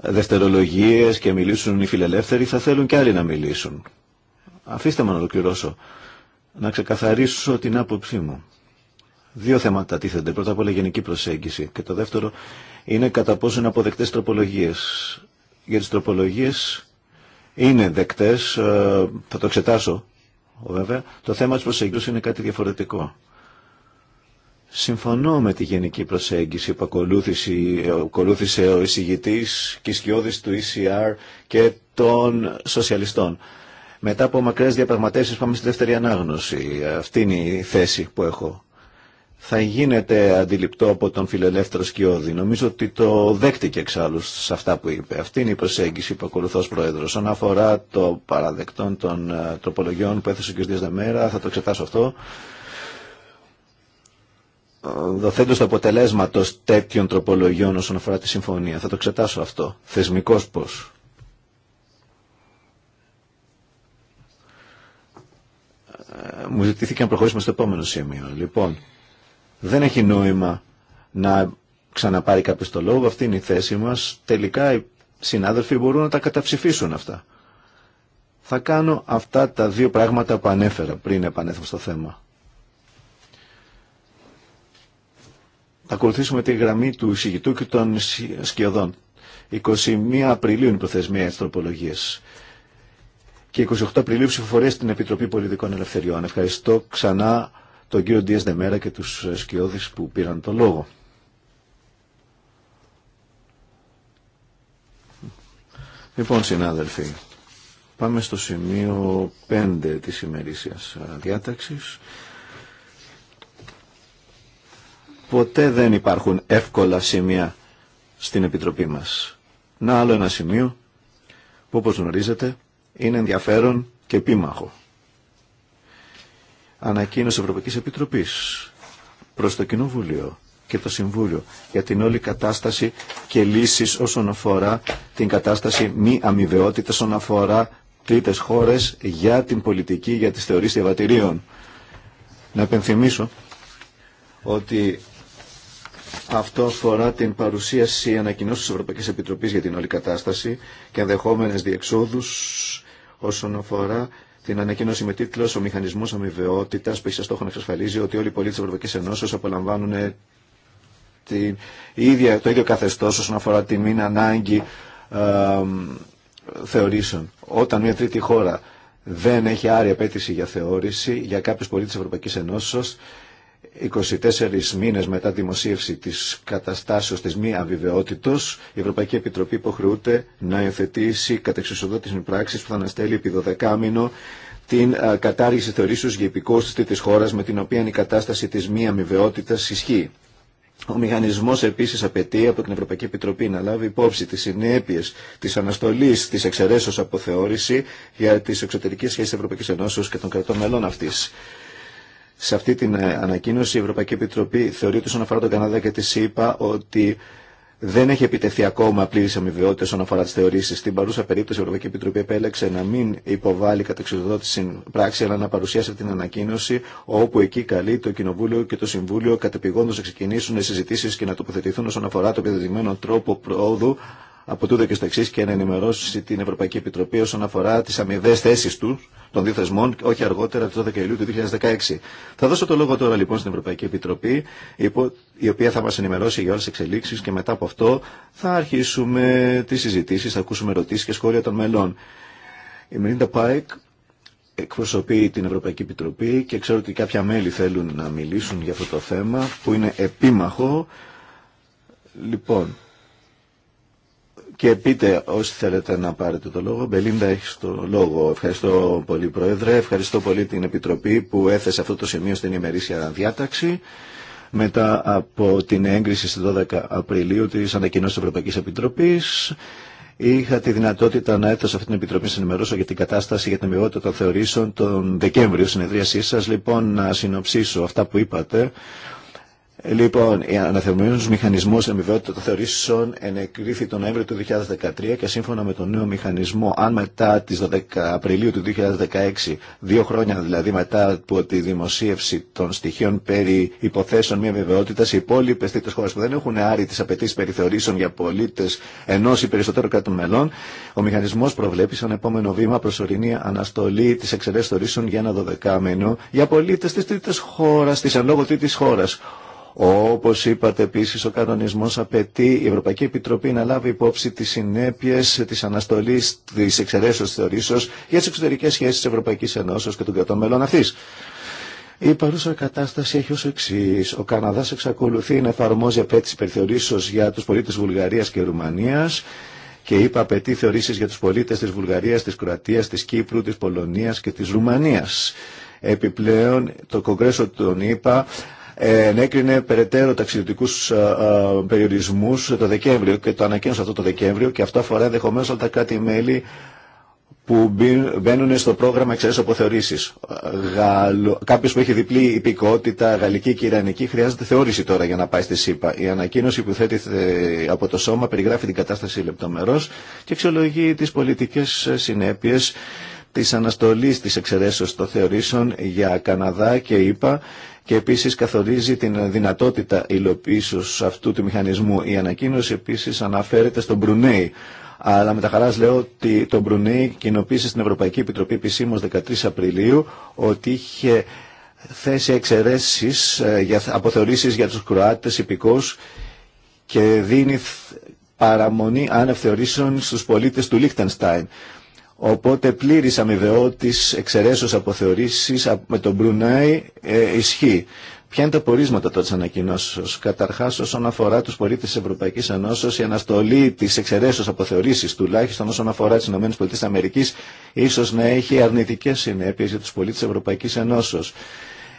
[SPEAKER 4] δευτερολογίες και μιλήσουν οι φιλελεύθεροι, θα θέλουν και άλλοι να μιλήσουν. Αφήστε με να ολοκληρώσω. Να ξεκαθαρίσω την άποψή μου. Δύο θέματα τίθενται. Πρώτα απ' όλα γενική προσέγγιση και το δεύτερο είναι κατά πόσο είναι αποδεκτές τροπολογίες. Για τις τροπολογίες είναι δεκτές, ε, θα το εξετάσω βέβαια. Το θέμα της προσέγγισης είναι κάτι διαφορετικό. Συμφωνώ με τη γενική προσέγγιση που ακολούθησε ο εισηγητής και σκιώδης του ECR και των σοσιαλιστών. Μετά από μακρές διαπραγματεύσεις πάμε στη δεύτερη ανάγνωση. Αυτή είναι η θέση που έχω. Θα γίνεται αντιληπτό από τον φιλελεύθερο σκιώδη. Νομίζω ότι το δέχτηκε εξάλλου σε αυτά που είπε. Αυτή είναι η προσέγγιση που ακολουθώ ως Πρόεδρος. Όσον αφορά το παραδεκτόν των ε, τροπολογιών που έθεσε ο κ. Δεμέρα, θα το εξετάσω αυτό δοθέντως το αποτελέσματος τέτοιων τροπολογιών όσον αφορά τη συμφωνία. Θα το εξετάσω αυτό. Θεσμικός πώς. Ε, μου ζητήθηκε να προχωρήσουμε στο επόμενο σημείο. Λοιπόν, δεν έχει νόημα να ξαναπάρει κάποιο το λόγο. Αυτή είναι η θέση μας. Τελικά οι συνάδελφοι μπορούν να τα καταψηφίσουν αυτά. Θα κάνω αυτά τα δύο πράγματα που ανέφερα πριν επανέλθω στο θέμα. ακολουθήσουμε τη γραμμή του εισηγητού και των σκιωδών. 21 Απριλίου είναι η προθεσμία της τροπολογίας και 28 Απριλίου ψηφοφορία στην Επιτροπή Πολιτικών Ελευθεριών. Ευχαριστώ ξανά τον κύριο Ντίας Δεμέρα και τους σκιώδεις που πήραν το λόγο. Λοιπόν, συνάδελφοι, πάμε στο σημείο 5 της ημερήσιας διάταξης ποτέ δεν υπάρχουν εύκολα σημεία στην Επιτροπή μας. Να άλλο ένα σημείο που όπως γνωρίζετε είναι ενδιαφέρον και επίμαχο. Ανακοίνωση Ευρωπαϊκής Επιτροπής προς το Κοινοβούλιο και το Συμβούλιο για την όλη κατάσταση και λύσεις όσον αφορά την κατάσταση μη αμοιβαιότητας όσον αφορά τρίτες χώρες για την πολιτική για τις θεωρίες διαβατηρίων. Να επενθυμίσω ότι αυτό αφορά την παρουσίαση ανακοινώσεων τη Ευρωπαϊκή Επιτροπή για την όλη κατάσταση και ενδεχόμενε διεξόδου όσον αφορά την ανακοίνωση με τίτλο Ο Μηχανισμό Αμοιβαιότητα που έχει σαν στόχο να εξασφαλίζει ότι όλοι οι πολίτε τη Ευρωπαϊκή Ενώσεω απολαμβάνουν την ίδια, το ίδιο καθεστώ όσον αφορά τη μην ανάγκη ε, θεωρήσεων. Όταν μια τρίτη χώρα δεν έχει άρρη απέτηση για θεώρηση για κάποιου πολίτε τη Ευρωπαϊκή Ενώσεω, 24 μήνες μετά τη δημοσίευση της καταστάσεως της μη αβιβαιότητος, η Ευρωπαϊκή Επιτροπή υποχρεούται να υιοθετήσει κατεξουσιοδότηση πράξης που θα αναστέλει επί 12 μήνων την κατάργηση θεωρήσεως για υπηκόους της χώρας με την οποία η κατάσταση της μη αμοιβαιότητας ισχύει. Ο μηχανισμός επίσης απαιτεί από την Ευρωπαϊκή Επιτροπή να λάβει υπόψη τις συνέπειες της αναστολής της εξαιρέσεως αποθεώρηση για τις εξωτερικές σχέσεις της Ευρωπαϊκής Ενώσεως και των κρατών μελών αυτής. Σε αυτή την ε, ανακοίνωση η Ευρωπαϊκή Επιτροπή θεωρεί ότι όσον αφορά τον Καναδά και τη ΣΥΠΑ ότι δεν έχει επιτεθεί ακόμα πλήρη αμοιβαιότητα όσον αφορά τι θεωρήσει. Στην παρούσα περίπτωση, η Ευρωπαϊκή Επιτροπή επέλεξε να μην υποβάλει κατεξοδότηση πράξη, αλλά να παρουσιάσει την ανακοίνωση, όπου εκεί καλεί το Κοινοβούλιο και το Συμβούλιο κατεπηγόντω να ξεκινήσουν συζητήσει και να τοποθετηθούν όσον αφορά το επιδεδειγμένο τρόπο πρόοδου από τούτο και στο εξή και να ενημερώσει την Ευρωπαϊκή Επιτροπή όσον αφορά τι αμοιβέ θέσει του των δύο όχι αργότερα το 12 Ιουλίου του 2016. Θα δώσω το λόγο τώρα λοιπόν στην Ευρωπαϊκή Επιτροπή, η οποία θα μα ενημερώσει για όλε τι εξελίξει και μετά από αυτό θα αρχίσουμε τι συζητήσει, θα ακούσουμε ερωτήσει και σχόλια των μελών. Η Μερίντα Πάικ εκπροσωπεί την Ευρωπαϊκή Επιτροπή και ξέρω ότι κάποια μέλη θέλουν να μιλήσουν για αυτό το θέμα που είναι επίμαχο. Λοιπόν, και πείτε όσοι θέλετε να πάρετε το λόγο. Μπελίντα, έχει το λόγο. Ευχαριστώ πολύ, Πρόεδρε. Ευχαριστώ πολύ την Επιτροπή που έθεσε αυτό το σημείο στην ημερήσια διάταξη μετά από την έγκριση στις 12 Απριλίου της ανακοινώση της Ευρωπαϊκής Επιτροπής. Είχα τη δυνατότητα να έρθω σε αυτή την επιτροπή να ενημερώσω για την κατάσταση για την αμοιβότητα των θεωρήσεων τον Δεκέμβριο συνεδρίασή σα. Λοιπόν, να συνοψίσω αυτά που είπατε Λοιπόν, οι αναθεωρημένους μηχανισμούς αμοιβαιότητα των θεωρήσεων ενεκρίθη τον Νοέμβριο του 2013 και σύμφωνα με τον νέο μηχανισμό, αν μετά τις 12 Απριλίου του 2016, δύο χρόνια δηλαδή μετά από τη δημοσίευση των στοιχείων περί υποθέσεων μια αμοιβαιότητας, οι υπόλοιπε τρίτες χώρες που δεν έχουν άρει τις απαιτήσει περί θεωρήσεων για πολίτες ενός ή περισσότερων κρατών μελών, ο μηχανισμός προβλέπει σαν επόμενο βήμα προσωρινή αναστολή της εξαιρε θεωρήσεων για ένα μήνο για πολίτες της τρίτης χώρας, της εν λόγω τρίτης όπως είπατε επίσης, ο κανονισμός απαιτεί η Ευρωπαϊκή Επιτροπή να λάβει υπόψη τις συνέπειες της αναστολής της εξαιρέσεως της θεωρήσεως για τις εξωτερικές σχέσεις της Ευρωπαϊκής Ενώσεως και των κρατών μελών αυτής. Η παρούσα κατάσταση έχει ως εξή. Ο Καναδάς εξακολουθεί να εφαρμόζει απέτηση περιθεωρήσεως για τους πολίτες Βουλγαρίας και Ρουμανίας και είπα απαιτεί θεωρήσεις για τους πολίτες της Βουλγαρίας, της Κροατίας, της Κύπρου, της Πολωνίας και της Ρουμανίας. Επιπλέον, το Κογκρέσο των ΗΠΑ ενέκρινε περαιτέρω ταξιδιωτικού ε, ε, περιορισμού το Δεκέμβριο και το ανακοίνωσε αυτό το Δεκέμβριο και αυτό αφορά ενδεχομένω όλα τα κράτη-μέλη που μπαίνουν στο πρόγραμμα εξαιρέσει αποθεωρήσει. Γαλλο... Κάποιο που έχει διπλή υπηκότητα, γαλλική και ιρανική, χρειάζεται θεώρηση τώρα για να πάει στη ΣΥΠΑ. Η ανακοίνωση που θέτει ε, από το Σώμα περιγράφει την κατάσταση λεπτομερώ και αξιολογεί τι πολιτικέ συνέπειε τη αναστολή τη εξαιρέσεω των θεωρήσεων για Καναδά και ΗΠΑ και επίσης καθορίζει την δυνατότητα υλοποίησης αυτού του μηχανισμού. Η ανακοίνωση επίσης αναφέρεται στον Μπρουνέι. Αλλά με τα χαράς λέω ότι το Μπρουνέι κοινοποίησε στην Ευρωπαϊκή Επιτροπή επισήμως 13 Απριλίου ότι είχε θέσει εξαιρέσεις ε, για αποθεωρήσεις για τους Κροάτες υπηκούς και δίνει παραμονή ανευθεωρήσεων στου στους πολίτες του Λίχτενστάιν. Οπότε πλήρης αμοιβαιότης εξαιρέσεως αποθεωρήσεις με τον Μπρουνάι ε, ισχύει. Ποια είναι τα πορίσματα τότε τη ανακοινώσεω. Καταρχά, όσον αφορά του πολίτε τη Ευρωπαϊκή Ενώσεω, η αναστολή τη εξαιρέσεω θεωρήσει, τουλάχιστον όσον αφορά τι ΗΠΑ, ίσω να έχει αρνητικέ συνέπειε για του πολίτε τη Ευρωπαϊκή Ενώσεω.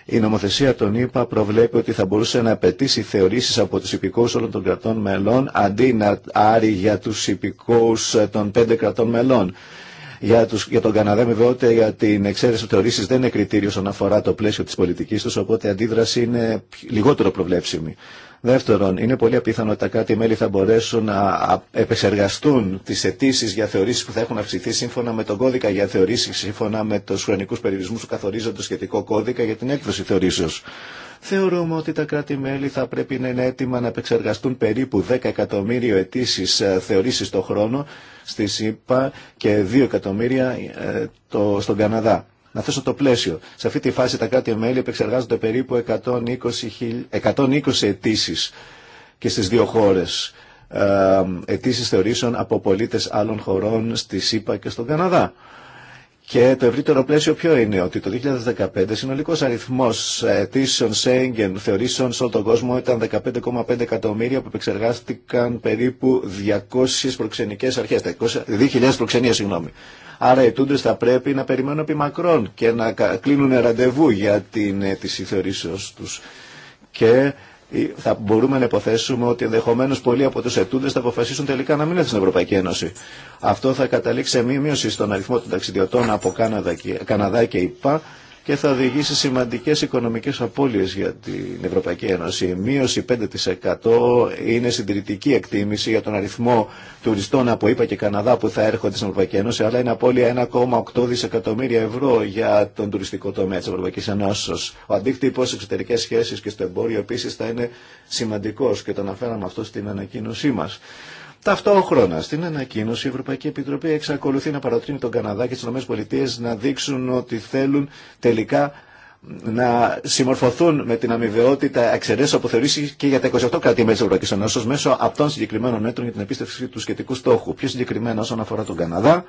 [SPEAKER 4] Η νομοθεσία των ΗΠΑ προβλέπει ότι θα μπορούσε να απαιτήσει θεωρήσει από του υπηκόου όλων των κρατών μελών, αντί να άρει για του υπηκόου ε, των πέντε κρατών μελών για, τον Καναδά, με βεβαιότητα για την εξαίρεση θεωρήσει δεν είναι κριτήριο όσον αφορά το πλαίσιο της πολιτικής του, οπότε η αντίδραση είναι λιγότερο προβλέψιμη. Δεύτερον, είναι πολύ απίθανο ότι τα κράτη-μέλη θα μπορέσουν να επεξεργαστούν τι αιτήσει για θεωρήσει που θα έχουν αυξηθεί σύμφωνα με τον κώδικα για θεωρήσει, σύμφωνα με του χρονικού περιορισμού που καθορίζονται το σχετικό κώδικα για την έκδοση θεωρήσεω. Θεωρούμε ότι τα κράτη-μέλη θα πρέπει να είναι έτοιμα να επεξεργαστούν περίπου 10 εκατομμύριο αιτήσει ε, θεωρήσει το χρόνο στη ΣΥΠΑ και 2 εκατομμύρια ε, στον Καναδά να θέσω το πλαίσιο. Σε αυτή τη φάση τα κράτη-μέλη επεξεργάζονται περίπου 120, 120 αιτήσει και στις δύο χώρες ε, αιτήσει θεωρήσεων από πολίτες άλλων χωρών στη ΣΥΠΑ και στον Καναδά. Και το ευρύτερο πλαίσιο ποιο είναι, ότι το 2015 συνολικός αριθμός αιτήσεων Σέγγεν θεωρήσεων σε όλο τον κόσμο ήταν 15,5 εκατομμύρια που επεξεργάστηκαν περίπου 200 προξενικές αρχές, 2.000 προξενίες συγγνώμη. Άρα οι τούντες θα πρέπει να περιμένουν επί μακρόν και να κλείνουν ραντεβού για την αίτηση θεωρήσεως τους. Και θα μπορούμε να υποθέσουμε ότι ενδεχομένω πολλοί από του ετούντε θα αποφασίσουν τελικά να μην έρθουν στην Ευρωπαϊκή Ένωση. Αυτό θα καταλήξει σε μείωση στον αριθμό των ταξιδιωτών από Καναδά και ΙΠΑ και θα οδηγήσει σημαντικές οικονομικές απώλειες για την Ευρωπαϊκή Ένωση. Η μείωση 5% είναι συντηρητική εκτίμηση για τον αριθμό τουριστών από ΗΠΑ και Καναδά που θα έρχονται στην Ευρωπαϊκή Ένωση, αλλά είναι απώλεια 1,8 δισεκατομμύρια ευρώ για τον τουριστικό τομέα της Ευρωπαϊκής Ένωσης. Ο αντίκτυπος στις εξωτερικές σχέσεις και στο εμπόριο επίσης θα είναι σημαντικός και το αναφέραμε αυτό στην ανακοίνωσή μας. Ταυτόχρονα, στην ανακοίνωση, η Ευρωπαϊκή Επιτροπή εξακολουθεί να παροτρύνει τον Καναδά και τι ΗΠΑ να δείξουν ότι θέλουν τελικά να συμμορφωθούν με την αμοιβαιότητα εξαιρέσει αποθεωρήσει και για τα 28 κράτη-μέλη τη Ευρωπαϊκή Ένωση μέσω αυτών συγκεκριμένων μέτρων για την επίστευση του σχετικού στόχου. Πιο συγκεκριμένα όσον αφορά τον Καναδά,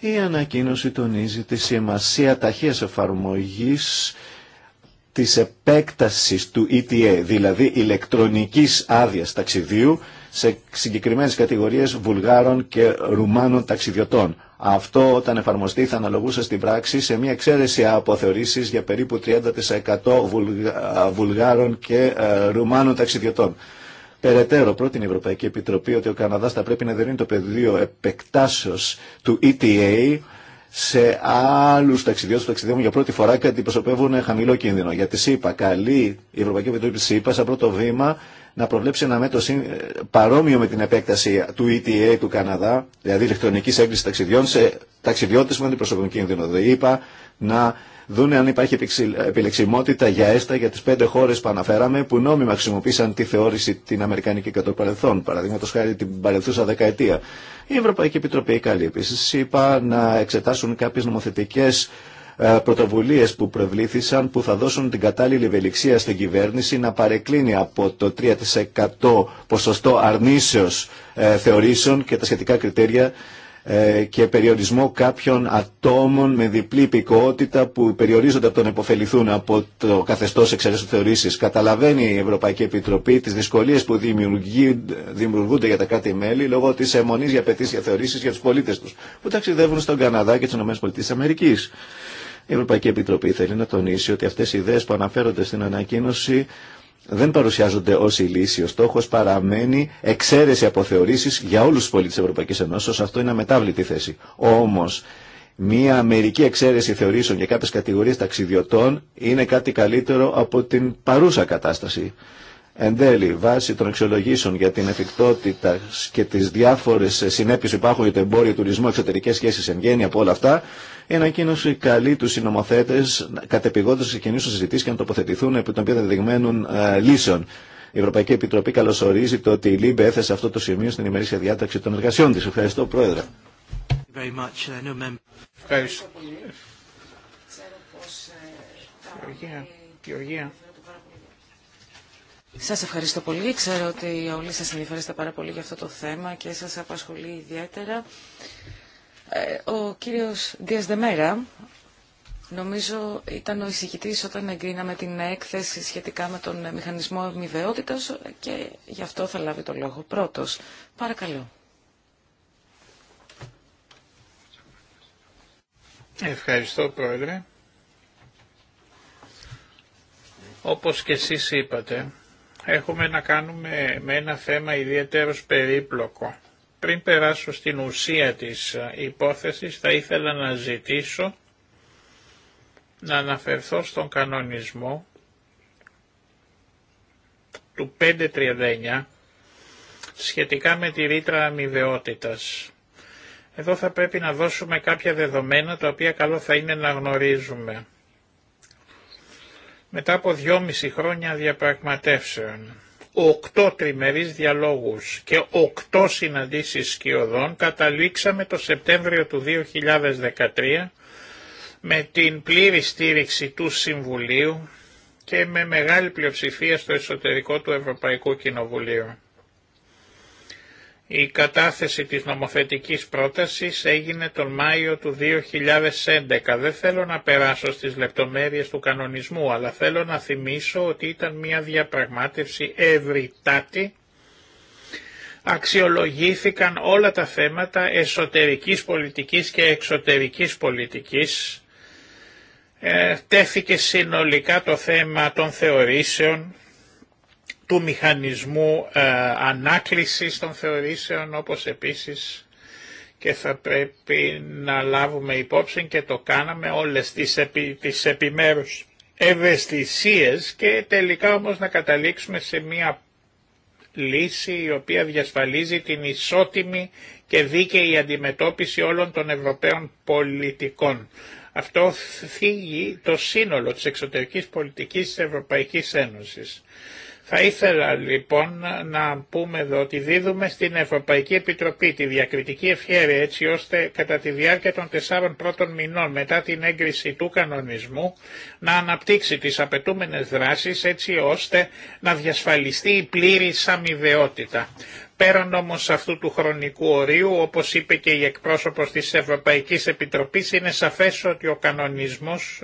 [SPEAKER 4] η ανακοίνωση τονίζει τη σημασία ταχεία εφαρμογή της επέκτασης του ETA, δηλαδή ηλεκτρονικής άδειας ταξιδίου, σε συγκεκριμένες κατηγορίες Βουλγάρων και Ρουμάνων ταξιδιωτών. Αυτό όταν εφαρμοστεί θα αναλογούσε στην πράξη σε μια εξαίρεση από θεωρήσεις για περίπου 30% Βουλγάρων και ε, Ρουμάνων ταξιδιωτών. Περαιτέρω, πρότεινε η Ευρωπαϊκή Επιτροπή ότι ο Καναδάς θα πρέπει να δερύνει το πεδίο επεκτάσεως του ETA σε άλλου ταξιδιώτες που ταξιδεύουν για πρώτη φορά και αντιπροσωπεύουν χαμηλό κίνδυνο. Γιατί ΣΥΠΑ καλή, η Ευρωπαϊκή Επιτροπή ΣΥΠΑ σαν πρώτο βήμα να προβλέψει ένα μέτρο παρόμοιο με την επέκταση του ETA του Καναδά, δηλαδή ηλεκτρονική έγκριση ταξιδιών, σε ταξιδιώτε με αντιπροσωπικό κίνδυνο. Δηλαδή, είπα να δούνε αν υπάρχει επιλεξιμότητα για έστα για τι πέντε χώρε που αναφέραμε που νόμιμα χρησιμοποίησαν τη θεώρηση την Αμερικανική κατά το παρελθόν. Παραδείγματο χάρη την παρελθούσα δεκαετία. Η Ευρωπαϊκή Επιτροπή καλεί επίση. Είπα να εξετάσουν κάποιε νομοθετικέ ε, Πρωτοβουλίε που προβλήθησαν που θα δώσουν την κατάλληλη ευελιξία στην κυβέρνηση να παρεκκλίνει από το 3% ποσοστό αρνήσεως ε, θεωρήσεων και τα σχετικά κριτήρια ε, και περιορισμό κάποιων ατόμων με διπλή υπηκότητα που περιορίζονται από το να υποφεληθούν από το καθεστώ εξαιρέσεων θεωρήσει. Καταλαβαίνει η Ευρωπαϊκή Επιτροπή τι δυσκολίε που δημιουργούνται για τα κράτη-μέλη λόγω τη αιμονή για απαιτήσει για θεωρήσει για του πολίτε του που ταξιδεύουν στον Καναδά και τι ΗΠΑ. Η Ευρωπαϊκή Επιτροπή θέλει να τονίσει ότι αυτές οι ιδέες που αναφέρονται στην ανακοίνωση δεν παρουσιάζονται ως η λύση. Ο στόχος παραμένει εξαίρεση θεωρήσει για όλους τους πολίτες της Ευρωπαϊκής Ενώσης. Αυτό είναι αμετάβλητη θέση. Όμως, μία μερική εξαίρεση θεωρήσεων για κάποιες κατηγορίες ταξιδιωτών είναι κάτι καλύτερο από την παρούσα κατάσταση. Εν τέλει, βάσει των αξιολογήσεων για την εφικτότητα και τι διάφορε συνέπειε που υπάρχουν για το εμπόριο, τουρισμό, εξωτερικέ σχέσει, εν γέννη από όλα αυτά, η ανακοίνωση καλεί του συνομοθέτε κατεπηγόντω να ξεκινήσουν συζητήσει και να τοποθετηθούν επί των πιο δεδειγμένων ε, λύσεων. Η Ευρωπαϊκή Επιτροπή καλωσορίζει το ότι η ΛΥΜΠΕ έθεσε αυτό το σημείο στην ημερήσια διάταξη των εργασιών τη. Ευχαριστώ, Πρόεδρε.
[SPEAKER 2] Ευχαριστώ.
[SPEAKER 3] Σας ευχαριστώ πολύ. Ξέρω ότι όλοι σας ενδιαφέρεστε πάρα πολύ για αυτό το θέμα και σας απασχολεί ιδιαίτερα. Ε, ο κύριος Δίας Δεμέρα, νομίζω ήταν ο εισηγητής όταν εγκρίναμε την έκθεση σχετικά με τον μηχανισμό αμοιβαιότητας και γι' αυτό θα λάβει το λόγο πρώτος. Παρακαλώ.
[SPEAKER 2] Ευχαριστώ Πρόεδρε. Όπως και εσείς είπατε, έχουμε να κάνουμε με ένα θέμα ιδιαίτερο περίπλοκο. Πριν περάσω στην ουσία της ε, υπόθεσης θα ήθελα να ζητήσω να αναφερθώ στον κανονισμό του 539 σχετικά με τη ρήτρα αμοιβαιότητας. Εδώ θα πρέπει να δώσουμε κάποια δεδομένα τα οποία καλό θα είναι να γνωρίζουμε. Μετά από δυόμιση χρόνια διαπραγματεύσεων, οκτώ τριμερείς διαλόγους και οκτώ συναντήσεις σκιωδών καταλήξαμε το Σεπτέμβριο του 2013 με την πλήρη στήριξη του Συμβουλίου και με μεγάλη πλειοψηφία στο εσωτερικό του Ευρωπαϊκού Κοινοβουλίου. Η κατάθεση της νομοθετικής πρότασης έγινε τον Μάιο του 2011. Δεν θέλω να περάσω στις λεπτομέρειες του κανονισμού, αλλά θέλω να θυμίσω ότι ήταν μια διαπραγμάτευση ευρυτάτη. Αξιολογήθηκαν όλα τα θέματα εσωτερικής πολιτικής και εξωτερικής πολιτικής. Ε, τέθηκε συνολικά το θέμα των θεωρήσεων, του μηχανισμού ε, ανάκλησης των θεωρήσεων όπως επίσης και θα πρέπει να λάβουμε υπόψη και το κάναμε όλες τις, τις επιμέρους ευαισθησίες και τελικά όμως να καταλήξουμε σε μια λύση η οποία διασφαλίζει την ισότιμη και δίκαιη αντιμετώπιση όλων των Ευρωπαίων πολιτικών. Αυτό θίγει το σύνολο της εξωτερικής πολιτικής της Ευρωπαϊκής Ένωσης. Θα ήθελα λοιπόν να πούμε εδώ ότι δίδουμε στην Ευρωπαϊκή Επιτροπή τη διακριτική ευχαίρεια έτσι ώστε κατά τη διάρκεια των τεσσάρων πρώτων μηνών μετά την έγκριση του κανονισμού να αναπτύξει τις απαιτούμενες δράσεις έτσι ώστε να διασφαλιστεί η πλήρη αμοιβαιότητα. Πέραν όμως αυτού του χρονικού ορίου, όπως είπε και η εκπρόσωπος της Ευρωπαϊκής Επιτροπής, είναι σαφές ότι ο κανονισμός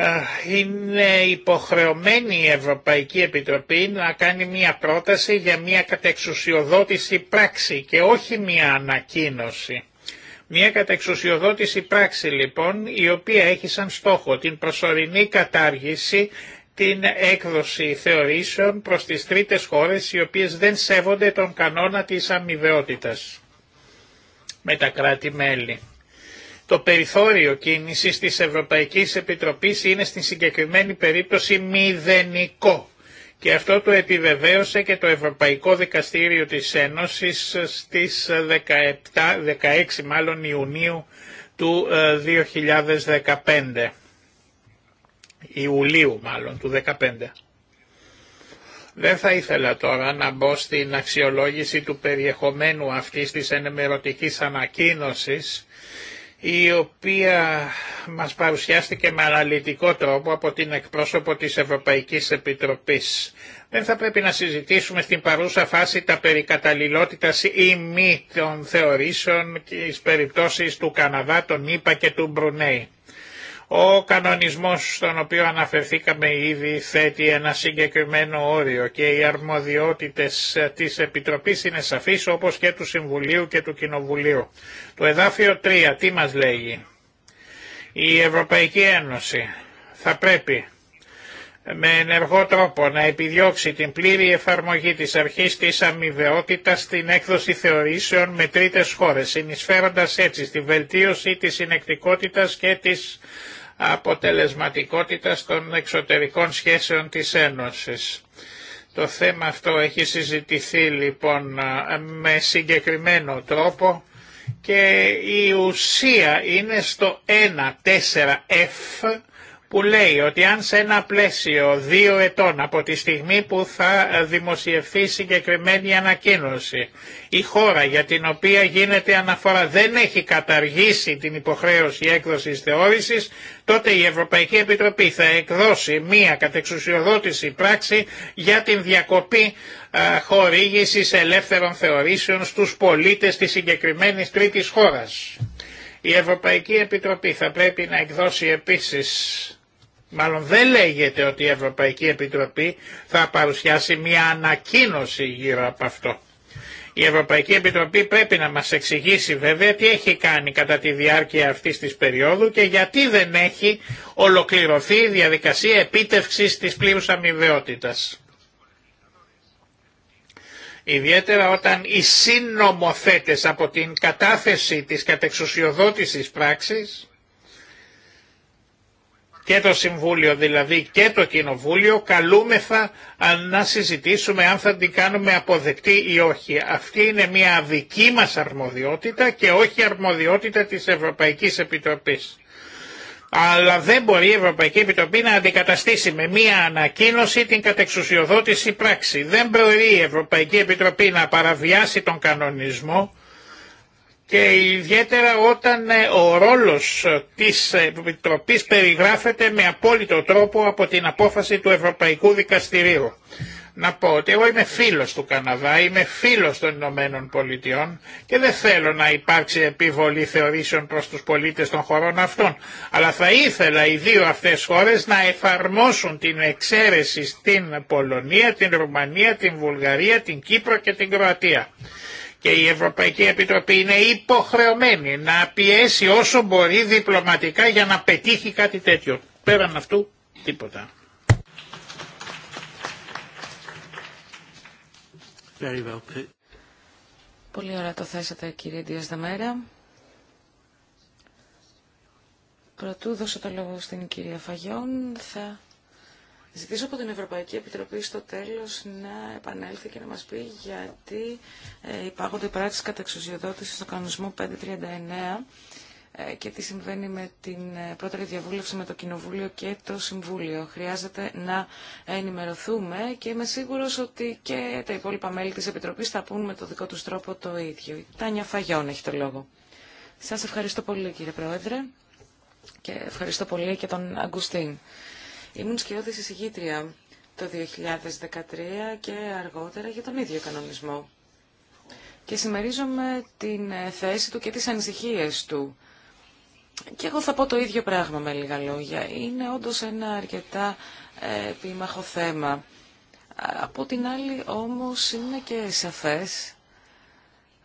[SPEAKER 2] ε, είναι υποχρεωμένη η Ευρωπαϊκή Επιτροπή να κάνει μία πρόταση για μία κατεξουσιοδότηση πράξη και όχι μία ανακοίνωση. Μία κατεξουσιοδότηση πράξη λοιπόν η οποία έχει σαν στόχο την προσωρινή κατάργηση την έκδοση θεωρήσεων προς τις τρίτες χώρες οι οποίες δεν σέβονται τον κανόνα της αμοιβαιότητας με τα κράτη-μέλη. Το περιθώριο κίνησης της Ευρωπαϊκής Επιτροπής είναι στην συγκεκριμένη περίπτωση μηδενικό και αυτό το επιβεβαίωσε και το Ευρωπαϊκό Δικαστήριο της Ένωσης στις 17, 16 μάλλον Ιουνίου του 2015. Ε, Ιουλίου μάλλον του 2015. Δεν θα ήθελα τώρα να μπω στην αξιολόγηση του περιεχομένου αυτής της ενημερωτικής ανακοίνωσης η οποία μας παρουσιάστηκε με αναλυτικό τρόπο από την εκπρόσωπο της Ευρωπαϊκής Επιτροπής. Δεν θα πρέπει να συζητήσουμε στην παρούσα φάση τα περί καταλληλότητας ή μη των θεωρήσεων και τις περιπτώσεις του Καναδά, των ΗΠΑ και του Μπρουνέη. Ο κανονισμός στον οποίο αναφερθήκαμε ήδη θέτει ένα συγκεκριμένο όριο και οι αρμοδιότητες της Επιτροπής είναι σαφείς όπως και του Συμβουλίου και του Κοινοβουλίου. Το εδάφιο 3 τι μας λέγει. Η Ευρωπαϊκή Ένωση θα πρέπει με ενεργό τρόπο να επιδιώξει την πλήρη εφαρμογή της αρχής της αμοιβαιότητας στην έκδοση θεωρήσεων με τρίτες χώρες, συνεισφέροντας έτσι στη βελτίωση της συνεκτικότητας και της αποτελεσματικότητας των εξωτερικών σχέσεων της Ένωσης. Το θέμα αυτό έχει συζητηθεί λοιπόν με συγκεκριμένο τρόπο και η ουσία είναι στο 1-4-F που λέει ότι αν σε ένα πλαίσιο δύο ετών από τη στιγμή που θα δημοσιευθεί συγκεκριμένη ανακοίνωση η χώρα για την οποία γίνεται αναφορά δεν έχει καταργήσει την υποχρέωση έκδοσης θεώρησης τότε η Ευρωπαϊκή Επιτροπή θα εκδώσει μία κατεξουσιοδότηση πράξη για την διακοπή χορήγησης ελεύθερων θεωρήσεων στους πολίτες της συγκεκριμένης τρίτης χώρας. Η Ευρωπαϊκή Επιτροπή θα πρέπει να εκδώσει επίσης μάλλον δεν λέγεται ότι η Ευρωπαϊκή Επιτροπή θα παρουσιάσει μια ανακοίνωση γύρω από αυτό. Η Ευρωπαϊκή Επιτροπή πρέπει να μας εξηγήσει βέβαια τι έχει κάνει κατά τη διάρκεια αυτής της περίοδου και γιατί δεν έχει ολοκληρωθεί η διαδικασία επίτευξης της πλήρους αμοιβαιότητας. Ιδιαίτερα όταν οι συνομοθέτες από την κατάθεση της κατεξουσιοδότησης πράξης και το Συμβούλιο δηλαδή και το Κοινοβούλιο καλούμεθα να συζητήσουμε αν θα την κάνουμε αποδεκτή ή όχι. Αυτή είναι μια δική μας αρμοδιότητα και όχι αρμοδιότητα της Ευρωπαϊκής Επιτροπής. Αλλά δεν μπορεί η Ευρωπαϊκή Επιτροπή να αντικαταστήσει με μία ανακοίνωση την κατεξουσιοδότηση πράξη. Δεν μπορεί η Ευρωπαϊκή Επιτροπή να παραβιάσει τον κανονισμό και ιδιαίτερα όταν ε, ο ρόλος ε, της Επιτροπής περιγράφεται με απόλυτο τρόπο από την απόφαση του Ευρωπαϊκού Δικαστηρίου. Να πω ότι εγώ είμαι φίλος του Καναδά, είμαι φίλος των Ηνωμένων Πολιτειών και δεν θέλω να υπάρξει επιβολή θεωρήσεων προς τους πολίτες των χωρών αυτών. Αλλά θα ήθελα οι δύο αυτές χώρες να εφαρμόσουν την εξαίρεση στην Πολωνία, την Ρουμανία, την Βουλγαρία, την Κύπρο και την Κροατία και η Ευρωπαϊκή Επιτροπή είναι υποχρεωμένη να πιέσει όσο μπορεί διπλωματικά για να πετύχει κάτι τέτοιο. Πέραν αυτού τίποτα.
[SPEAKER 3] Πολύ ωραία το θέσατε κύριε Ντίας Δαμέρα. Πρωτού δώσω το λόγο στην κυρία Φαγιόν, θα ζητήσω από την Ευρωπαϊκή Επιτροπή στο τέλος να επανέλθει και να μας πει γιατί ε, υπάρχουν οι κατά εξουσιοδότηση στο κανονισμό 539 ε, και τι συμβαίνει με την ε, πρώτερη διαβούλευση με το Κοινοβούλιο και το Συμβούλιο. Χρειάζεται να ενημερωθούμε και είμαι σίγουρος ότι και τα υπόλοιπα μέλη της Επιτροπής θα πούν με το δικό τους τρόπο το ίδιο. Η Τάνια Φαγιών έχει το λόγο. Σας ευχαριστώ πολύ κύριε Πρόεδρε και ευχαριστώ πολύ και τον Αγκουστίν. Ήμουν σκιώδη εισηγήτρια το 2013 και αργότερα για τον ίδιο κανονισμό. Και συμμερίζομαι την θέση του και τις ανησυχίες του. Και εγώ θα πω το ίδιο πράγμα με λίγα λόγια. Είναι όντως ένα αρκετά ε, επίμαχο θέμα. Από την άλλη όμως είναι και σαφές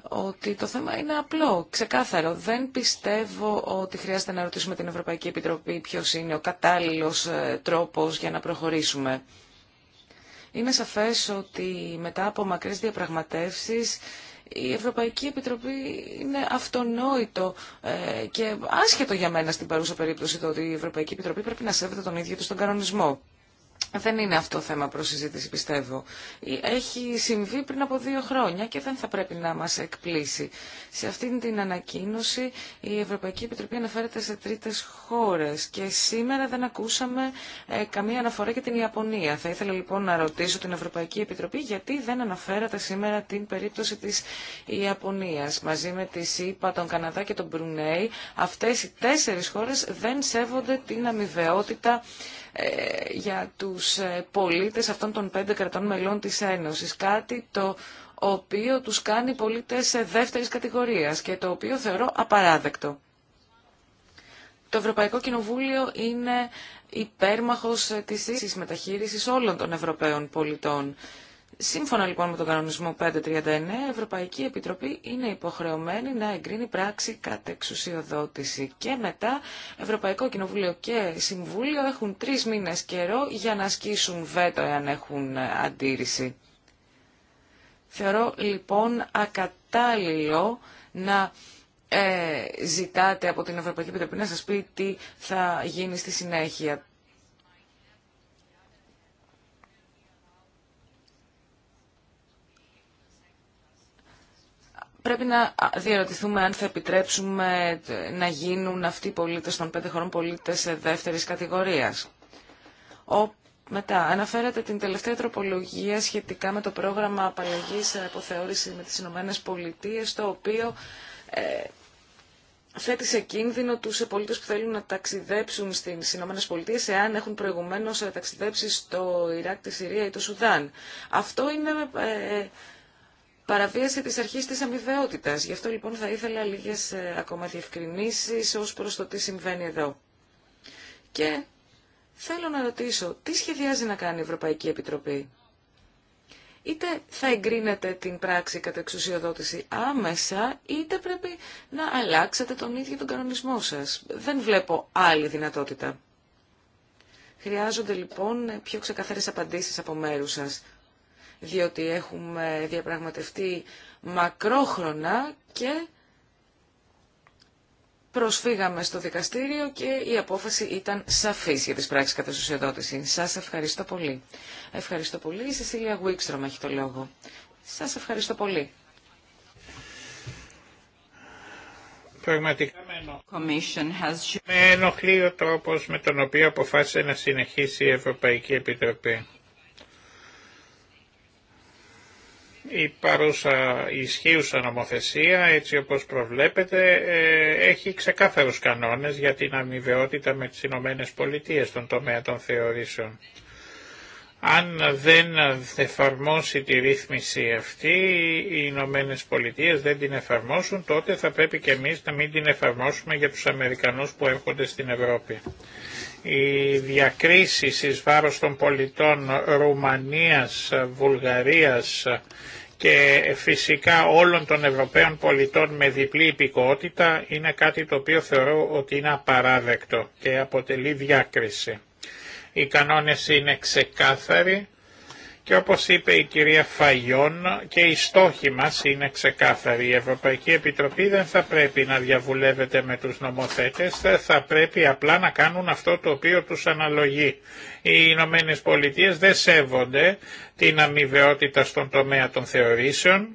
[SPEAKER 3] ότι το θέμα είναι απλό, ξεκάθαρο. Δεν πιστεύω ότι χρειάζεται να ρωτήσουμε την Ευρωπαϊκή Επιτροπή ποιο είναι ο κατάλληλος ε, τρόπος για να προχωρήσουμε. Είναι σαφές ότι μετά από μακρές διαπραγματεύσεις η Ευρωπαϊκή Επιτροπή είναι αυτονόητο ε, και άσχετο για μένα στην παρούσα περίπτωση το ότι η Ευρωπαϊκή Επιτροπή πρέπει να σέβεται τον ίδιο του τον κανονισμό δεν είναι αυτό θέμα προς συζήτηση, πιστεύω. Ε, έχει συμβεί πριν από δύο χρόνια και δεν θα πρέπει να μας εκπλήσει. Σε αυτήν την ανακοίνωση η Ευρωπαϊκή Επιτροπή αναφέρεται σε τρίτες χώρες και σήμερα δεν ακούσαμε ε, καμία αναφορά για την Ιαπωνία. Θα ήθελα λοιπόν να ρωτήσω την Ευρωπαϊκή Επιτροπή γιατί δεν αναφέρατε σήμερα την περίπτωση της Ιαπωνίας. Μαζί με τη ΣΥΠΑ, τον Καναδά και τον Μπρουνέι, αυτές οι τέσσερις χώρες δεν σέβονται την αμοιβαιότητα ε, για τους ε, πολίτες αυτών των πέντε κρατών μελών της Ένωσης. Κάτι το οποίο τους κάνει πολίτες ε, δεύτερης κατηγορίας και το οποίο θεωρώ απαράδεκτο. Το Ευρωπαϊκό Κοινοβούλιο είναι υπέρμαχος της ίσης μεταχείρισης όλων των Ευρωπαίων πολιτών Σύμφωνα λοιπόν με τον κανονισμό 539, η Ευρωπαϊκή Επιτροπή είναι υποχρεωμένη να εγκρίνει πράξη κατ' εξουσιοδότηση. Και μετά Ευρωπαϊκό Κοινοβούλιο και Συμβούλιο έχουν τρει μήνες καιρό για να ασκήσουν βέτο εάν έχουν αντίρρηση. Θεωρώ λοιπόν ακατάλληλο να ε, ζητάτε από την Ευρωπαϊκή Επιτροπή να σας πει τι θα γίνει στη συνέχεια. πρέπει να διαρωτηθούμε αν θα επιτρέψουμε να γίνουν αυτοί οι πολίτες των πέντε χωρών πολίτες δεύτερης κατηγορίας. Ο, μετά, αναφέρατε την τελευταία τροπολογία σχετικά με το πρόγραμμα απαλλαγής αποθεώρηση με τις Ηνωμένες Πολιτείες, το οποίο ε, θέτει σε κίνδυνο τους πολίτες που θέλουν να ταξιδέψουν στις Ηνωμένες Πολιτείες εάν έχουν προηγουμένως ταξιδέψει στο Ιράκ, τη Συρία ή το Σουδάν. Αυτό είναι... Ε, παραβίαση της αρχής της αμοιβαιότητας. Γι' αυτό λοιπόν θα ήθελα λίγες ε, ακόμα διευκρινήσεις ως προς το τι συμβαίνει εδώ. Και θέλω να ρωτήσω, τι σχεδιάζει να κάνει η Ευρωπαϊκή Επιτροπή. Είτε θα εγκρίνετε την πράξη κατά εξουσιοδότηση άμεσα, είτε πρέπει να αλλάξετε τον ίδιο τον κανονισμό σας. Δεν βλέπω άλλη δυνατότητα. Χρειάζονται λοιπόν πιο ξεκαθαρές απαντήσεις από μέρους σας διότι έχουμε διαπραγματευτεί μακρόχρονα και προσφύγαμε στο δικαστήριο και η απόφαση ήταν σαφής για τις πράξεις κατά Σας ευχαριστώ πολύ. Ευχαριστώ πολύ. Η Σεσίλια Γουίξτρομ έχει το λόγο. Σας ευχαριστώ πολύ.
[SPEAKER 2] Πραγματικά με ενοχλεί ο τρόπος με τον οποίο αποφάσισε να συνεχίσει η Ευρωπαϊκή Επιτροπή. η παρούσα ισχύουσα νομοθεσία, έτσι όπως προβλέπετε, έχει ξεκάθαρους κανόνες για την αμοιβαιότητα με τις Ηνωμένες Πολιτείες στον τομέα των θεωρήσεων. Αν δεν εφαρμόσει τη ρύθμιση αυτή, οι Ηνωμένε Πολιτείες δεν την εφαρμόσουν, τότε θα πρέπει και εμείς να μην την εφαρμόσουμε για τους Αμερικανούς που έρχονται στην Ευρώπη. Οι διακρίσεις εις βάρος των πολιτών Ρουμανίας, Βουλγαρίας και φυσικά όλων των Ευρωπαίων πολιτών με διπλή υπηκότητα είναι κάτι το οποίο θεωρώ ότι είναι απαράδεκτο και αποτελεί διάκριση. Οι κανόνες είναι ξεκάθαροι και όπως είπε η κυρία Φαγιόν και οι στόχοι μας είναι ξεκάθαροι. Η Ευρωπαϊκή Επιτροπή δεν θα πρέπει να διαβουλεύεται με τους νομοθέτες, θα πρέπει απλά να κάνουν αυτό το οποίο τους αναλογεί. Οι Ηνωμένε Πολιτείε δεν σέβονται την αμοιβαιότητα στον τομέα των θεωρήσεων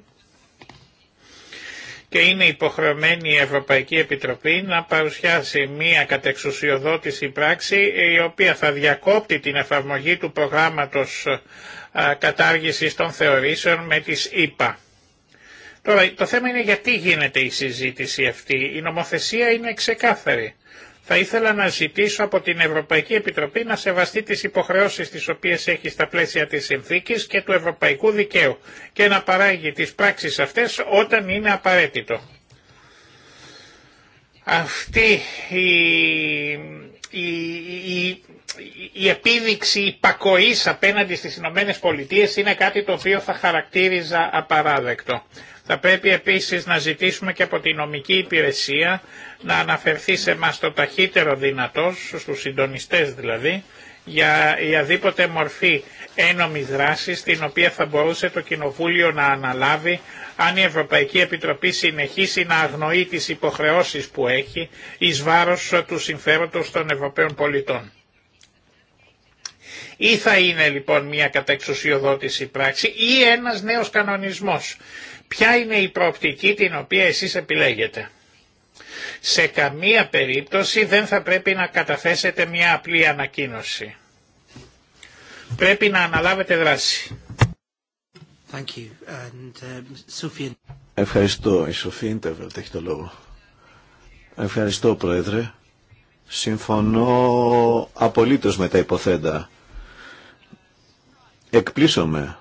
[SPEAKER 2] και είναι υποχρεωμένη η Ευρωπαϊκή Επιτροπή να παρουσιάσει μία κατεξουσιοδότηση πράξη η οποία θα διακόπτει την εφαρμογή του προγράμματος κατάργησης των θεωρήσεων με τις ίπα. Τώρα το θέμα είναι γιατί γίνεται η συζήτηση αυτή. Η νομοθεσία είναι ξεκάθαρη. Θα ήθελα να ζητήσω από την Ευρωπαϊκή Επιτροπή να σεβαστεί τις υποχρεώσεις τις οποίες έχει στα πλαίσια της συνθήκης και του ευρωπαϊκού δικαίου και να παράγει τις πράξεις αυτές όταν είναι απαραίτητο. Αυτή η, η, η επίδειξη υπακοή απέναντι στι Ηνωμένε Πολιτείε είναι κάτι το οποίο θα χαρακτήριζα απαράδεκτο. Θα πρέπει επίση να ζητήσουμε και από την νομική υπηρεσία να αναφερθεί σε εμά το ταχύτερο δυνατό, στου συντονιστέ, δηλαδή, για οποιαδήποτε μορφή ένομη δράση την οποία θα μπορούσε το Κοινοβούλιο να αναλάβει αν η Ευρωπαϊκή Επιτροπή συνεχίσει να αγνοεί τις υποχρεώσεις που έχει εις βάρος του συμφέροντος των Ευρωπαίων πολιτών. Ή θα είναι λοιπόν μια κατεξουσιοδότηση πράξη ή ένας νέος κανονισμός. Ποια είναι η προοπτική την οποία εσείς επιλέγετε. Σε καμία περίπτωση δεν θα πρέπει να καταθέσετε μια απλή ανακοίνωση. Πρέπει να αναλάβετε δράση. Thank you. And, uh,
[SPEAKER 4] Ευχαριστώ. Η Σοφία Ιντεβελτ έχει το λόγο. Ευχαριστώ Πρόεδρε. Συμφωνώ απολύτως με τα υποθέντα. Εκπλήσωμε,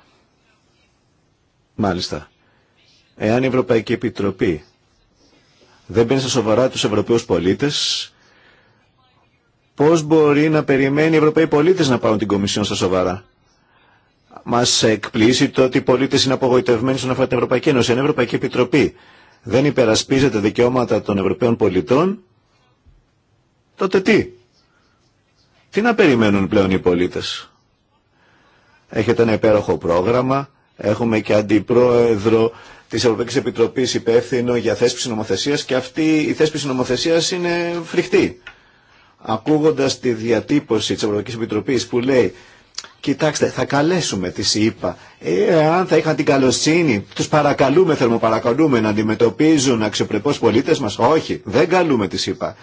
[SPEAKER 4] μάλιστα, εάν η Ευρωπαϊκή Επιτροπή δεν παίρνει στα σοβαρά τους Ευρωπαίους πολίτες, πώς μπορεί να περιμένει οι Ευρωπαίοι πολίτες να πάρουν την Κομισιόν στα σοβαρά. Μας εκπλήσει το ότι οι πολίτες είναι απογοητευμένοι στον αφορά την Ευρωπαϊκή Ένωση. Αν η Ευρωπαϊκή Επιτροπή δεν υπερασπίζεται δικαιώματα των Ευρωπαίων πολιτών, τότε τι. Τι να περιμένουν πλέον οι πολίτες. Έχετε ένα υπέροχο πρόγραμμα. Έχουμε και αντιπρόεδρο της Ευρωπαϊκής Επιτροπής υπεύθυνο για θέσπιση νομοθεσίας και αυτή η θέσπιση νομοθεσίας είναι φρικτή. Ακούγοντας τη διατύπωση της Ευρωπαϊκής Επιτροπής που λέει Κοιτάξτε, θα καλέσουμε τη ΣΥΠΑ. Ε, αν θα είχαν την καλοσύνη, του παρακαλούμε, θερμοπαρακαλούμε να αντιμετωπίζουν αξιοπρεπώ πολίτε μα. Όχι, δεν καλούμε τις ΣΥΠΑ.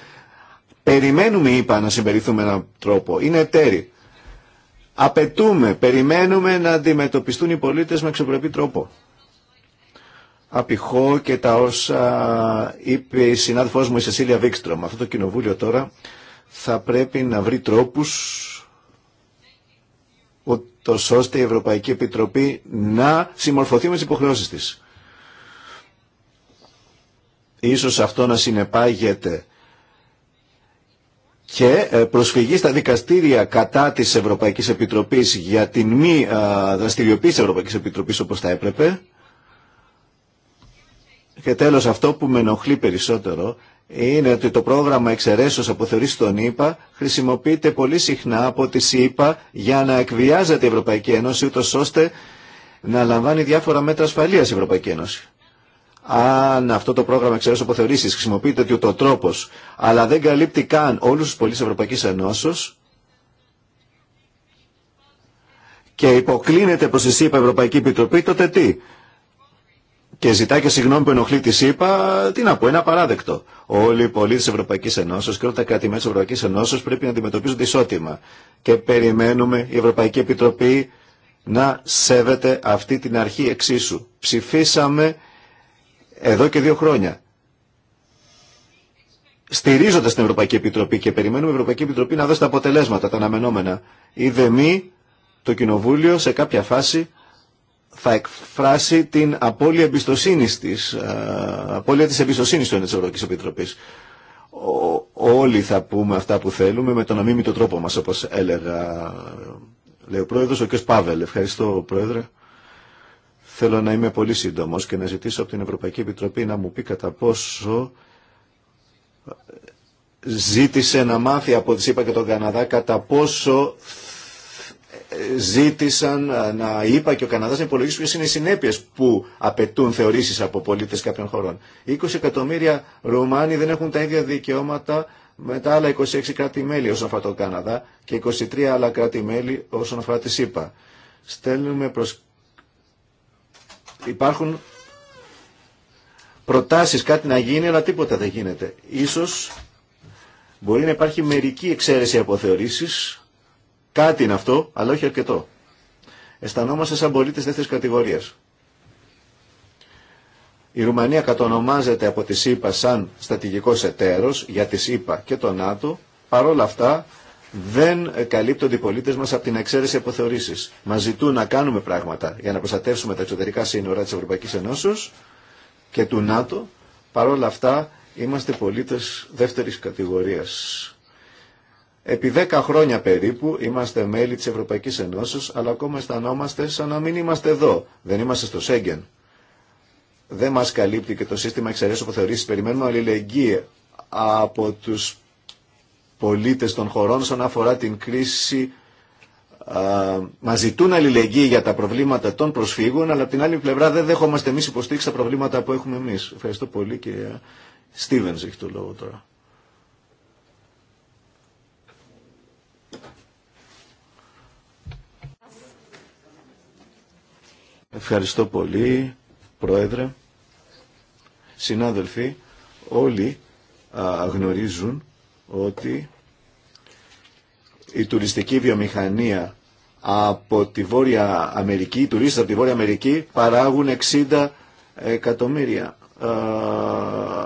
[SPEAKER 4] Περιμένουμε, είπα, να συμπεριθούμε τρόπο. Είναι εταίροι. Απαιτούμε, περιμένουμε να αντιμετωπιστούν οι πολίτες με εξωπρεπή τρόπο. Απηχώ και τα όσα είπε η συνάδελφός μου η Σεσίλια Βίξτρομ. Αυτό το κοινοβούλιο τώρα θα πρέπει να βρει τρόπους ούτως ώστε η Ευρωπαϊκή Επιτροπή να συμμορφωθεί με τις υποχρεώσεις της. Ίσως αυτό να συνεπάγεται και ε, προσφυγή στα δικαστήρια κατά της Ευρωπαϊκής Επιτροπής για την μη δραστηριοποίηση της Ευρωπαϊκής Επιτροπής όπως θα έπρεπε. Και τέλος αυτό που με ενοχλεί περισσότερο είναι ότι το πρόγραμμα εξαιρέσεω αποθεωρής των ΗΠΑ χρησιμοποιείται πολύ συχνά από τις ΗΠΑ για να εκβιάζεται η Ευρωπαϊκή Ένωση ούτως ώστε να λαμβάνει διάφορα μέτρα ασφαλεία η Ευρωπαϊκή Ένωση αν αυτό το πρόγραμμα εξαιρέσει αποθεωρήσει χρησιμοποιείται ότι ο τρόπο, αλλά δεν καλύπτει καν όλου του πολίτε Ευρωπαϊκή Ενώσεω και υποκλίνεται προ τη ΣΥΠΑ Ευρωπαϊκή Επιτροπή, τότε τι. Και ζητάει και συγγνώμη που ενοχλεί τη ΣΥΠΑ, τι να πω, ένα απαράδεκτο. Όλοι οι πολίτε τη Ευρωπαϊκή Ενώσεω και όλα τα κράτη μέλη Ευρωπαϊκής Ευρωπαϊκή πρέπει να αντιμετωπίζονται ισότιμα. Και περιμένουμε η Ευρωπαϊκή Επιτροπή να σέβεται αυτή την αρχή εξίσου. Ψηφίσαμε εδώ και δύο χρόνια. Στηρίζοντα την Ευρωπαϊκή Επιτροπή και περιμένουμε η Ευρωπαϊκή Επιτροπή να δώσει τα αποτελέσματα, τα αναμενόμενα. Είδε μη το Κοινοβούλιο σε κάποια φάση θα εκφράσει την απώλεια εμπιστοσύνη τη, απώλεια τη εμπιστοσύνη τη Ευρωπαϊκή Επιτροπή. Όλοι θα πούμε αυτά που θέλουμε με τον αμήμητο τρόπο μα, όπω έλεγα. Λέει ο Πρόεδρο, ο κ. Πάβελ. Ευχαριστώ, Πρόεδρε. Θέλω να είμαι πολύ σύντομο και να ζητήσω από την Ευρωπαϊκή Επιτροπή να μου πει κατά πόσο ζήτησε να μάθει από τη ΣΥΠΑ και τον Καναδά κατά πόσο ζήτησαν ε, να είπα και ο Καναδάς να υπολογίσει ποιες είναι οι συνέπειες που απαιτούν θεωρήσεις από πολίτες κάποιων χωρών. 20 εκατομμύρια Ρουμάνοι δεν έχουν τα ίδια δικαιώματα με τα άλλα 26 κράτη-μέλη όσον αφορά τον Καναδά και 23 άλλα κράτη-μέλη όσον αφορά τις ΣΥΠΑ. Στέλνουμε προς υπάρχουν προτάσεις κάτι να γίνει, αλλά τίποτα δεν γίνεται. Ίσως μπορεί να υπάρχει μερική εξαίρεση από θεωρήσεις, κάτι είναι αυτό, αλλά όχι αρκετό. Αισθανόμαστε σαν πολίτε δεύτερη κατηγορία. Η Ρουμανία κατονομάζεται από τη ΣΥΠΑ σαν στατηγικός εταίρο για τη ΣΥΠΑ και το ΝΑΤΟ. Παρ' όλα αυτά δεν καλύπτονται οι πολίτε μα από την εξαίρεση αποθεωρήσει. Μα ζητούν να κάνουμε πράγματα για να προστατεύσουμε τα εξωτερικά σύνορα τη Ευρωπαϊκή Ενώσεω και του ΝΑΤΟ. Παρ' όλα αυτά είμαστε πολίτε δεύτερη κατηγορία. Επί 10 χρόνια περίπου είμαστε μέλη της Ευρωπαϊκής Ενώσεω, αλλά ακόμα αισθανόμαστε σαν να μην είμαστε εδώ. Δεν είμαστε στο Σέγγεν. Δεν μας καλύπτει και το σύστημα εξαιρέσεων που Περιμένουμε αλληλεγγύη από τους πολίτες των χωρών όσον αφορά την κρίση Μα ζητούν αλληλεγγύη για τα προβλήματα των προσφύγων, αλλά από την άλλη πλευρά δεν δέχομαστε εμεί υποστήριξη προβλήματα που έχουμε εμεί. Ευχαριστώ πολύ, και Στίβενς έχει το λόγο τώρα. Ευχαριστώ πολύ, Πρόεδρε. Συνάδελφοι, όλοι α, γνωρίζουν ότι η τουριστική βιομηχανία από τη Βόρεια Αμερική, οι τουρίστες από τη Βόρεια Αμερική παράγουν 60 εκατομμύρια. Ε,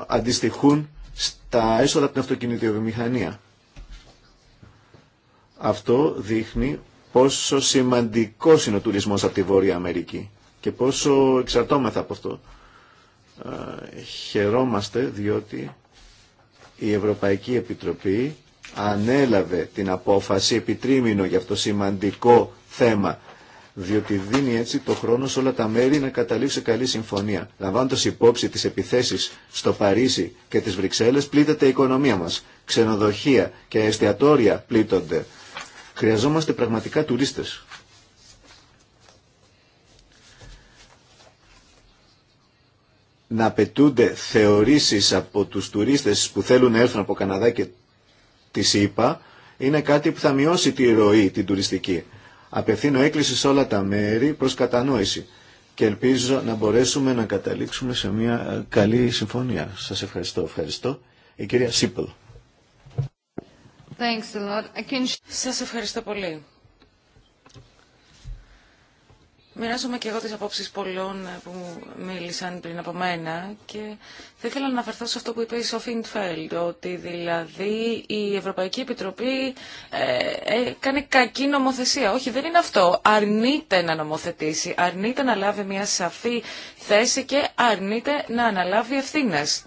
[SPEAKER 4] αντιστοιχούν στα έσοδα από την αυτοκινητοβιομηχανία. Αυτό δείχνει πόσο σημαντικό είναι ο τουρισμός από τη Βόρεια Αμερική και πόσο εξαρτώμεθα από αυτό. Ε, χαιρόμαστε διότι η Ευρωπαϊκή Επιτροπή ανέλαβε την απόφαση επιτρίμηνο για αυτό το σημαντικό θέμα διότι δίνει έτσι το χρόνο σε όλα τα μέρη να καταλήξει καλή συμφωνία. Λαμβάνοντα υπόψη τις επιθέσεις στο Παρίσι και τις Βρυξέλλες πλήττεται η οικονομία μας. Ξενοδοχεία και εστιατόρια πλήττονται. Χρειαζόμαστε πραγματικά τουρίστες. να απαιτούνται θεωρήσεις από τους τουρίστες που θέλουν να έρθουν από Καναδά και τη ΣΥΠΑ είναι κάτι που θα μειώσει τη ροή την τουριστική. Απευθύνω έκκληση σε όλα τα μέρη προς κατανόηση και ελπίζω να μπορέσουμε να καταλήξουμε σε μια ε, καλή συμφωνία. Σας ευχαριστώ. Ευχαριστώ. Η κυρία Σίπελ.
[SPEAKER 3] Thanks a lot. Σας ευχαριστώ πολύ. Μοιράζομαι και εγώ τις απόψεις πολλών ε, που μου μίλησαν πριν από μένα και θα ήθελα να αναφερθώ σε αυτό που είπε η Σοφίν Φέλντ, ότι δηλαδή η Ευρωπαϊκή Επιτροπή ε, κάνει κακή νομοθεσία. Όχι, δεν είναι αυτό. Αρνείται να νομοθετήσει, αρνείται να λάβει μια σαφή θέση και αρνείται να αναλάβει ευθύνες.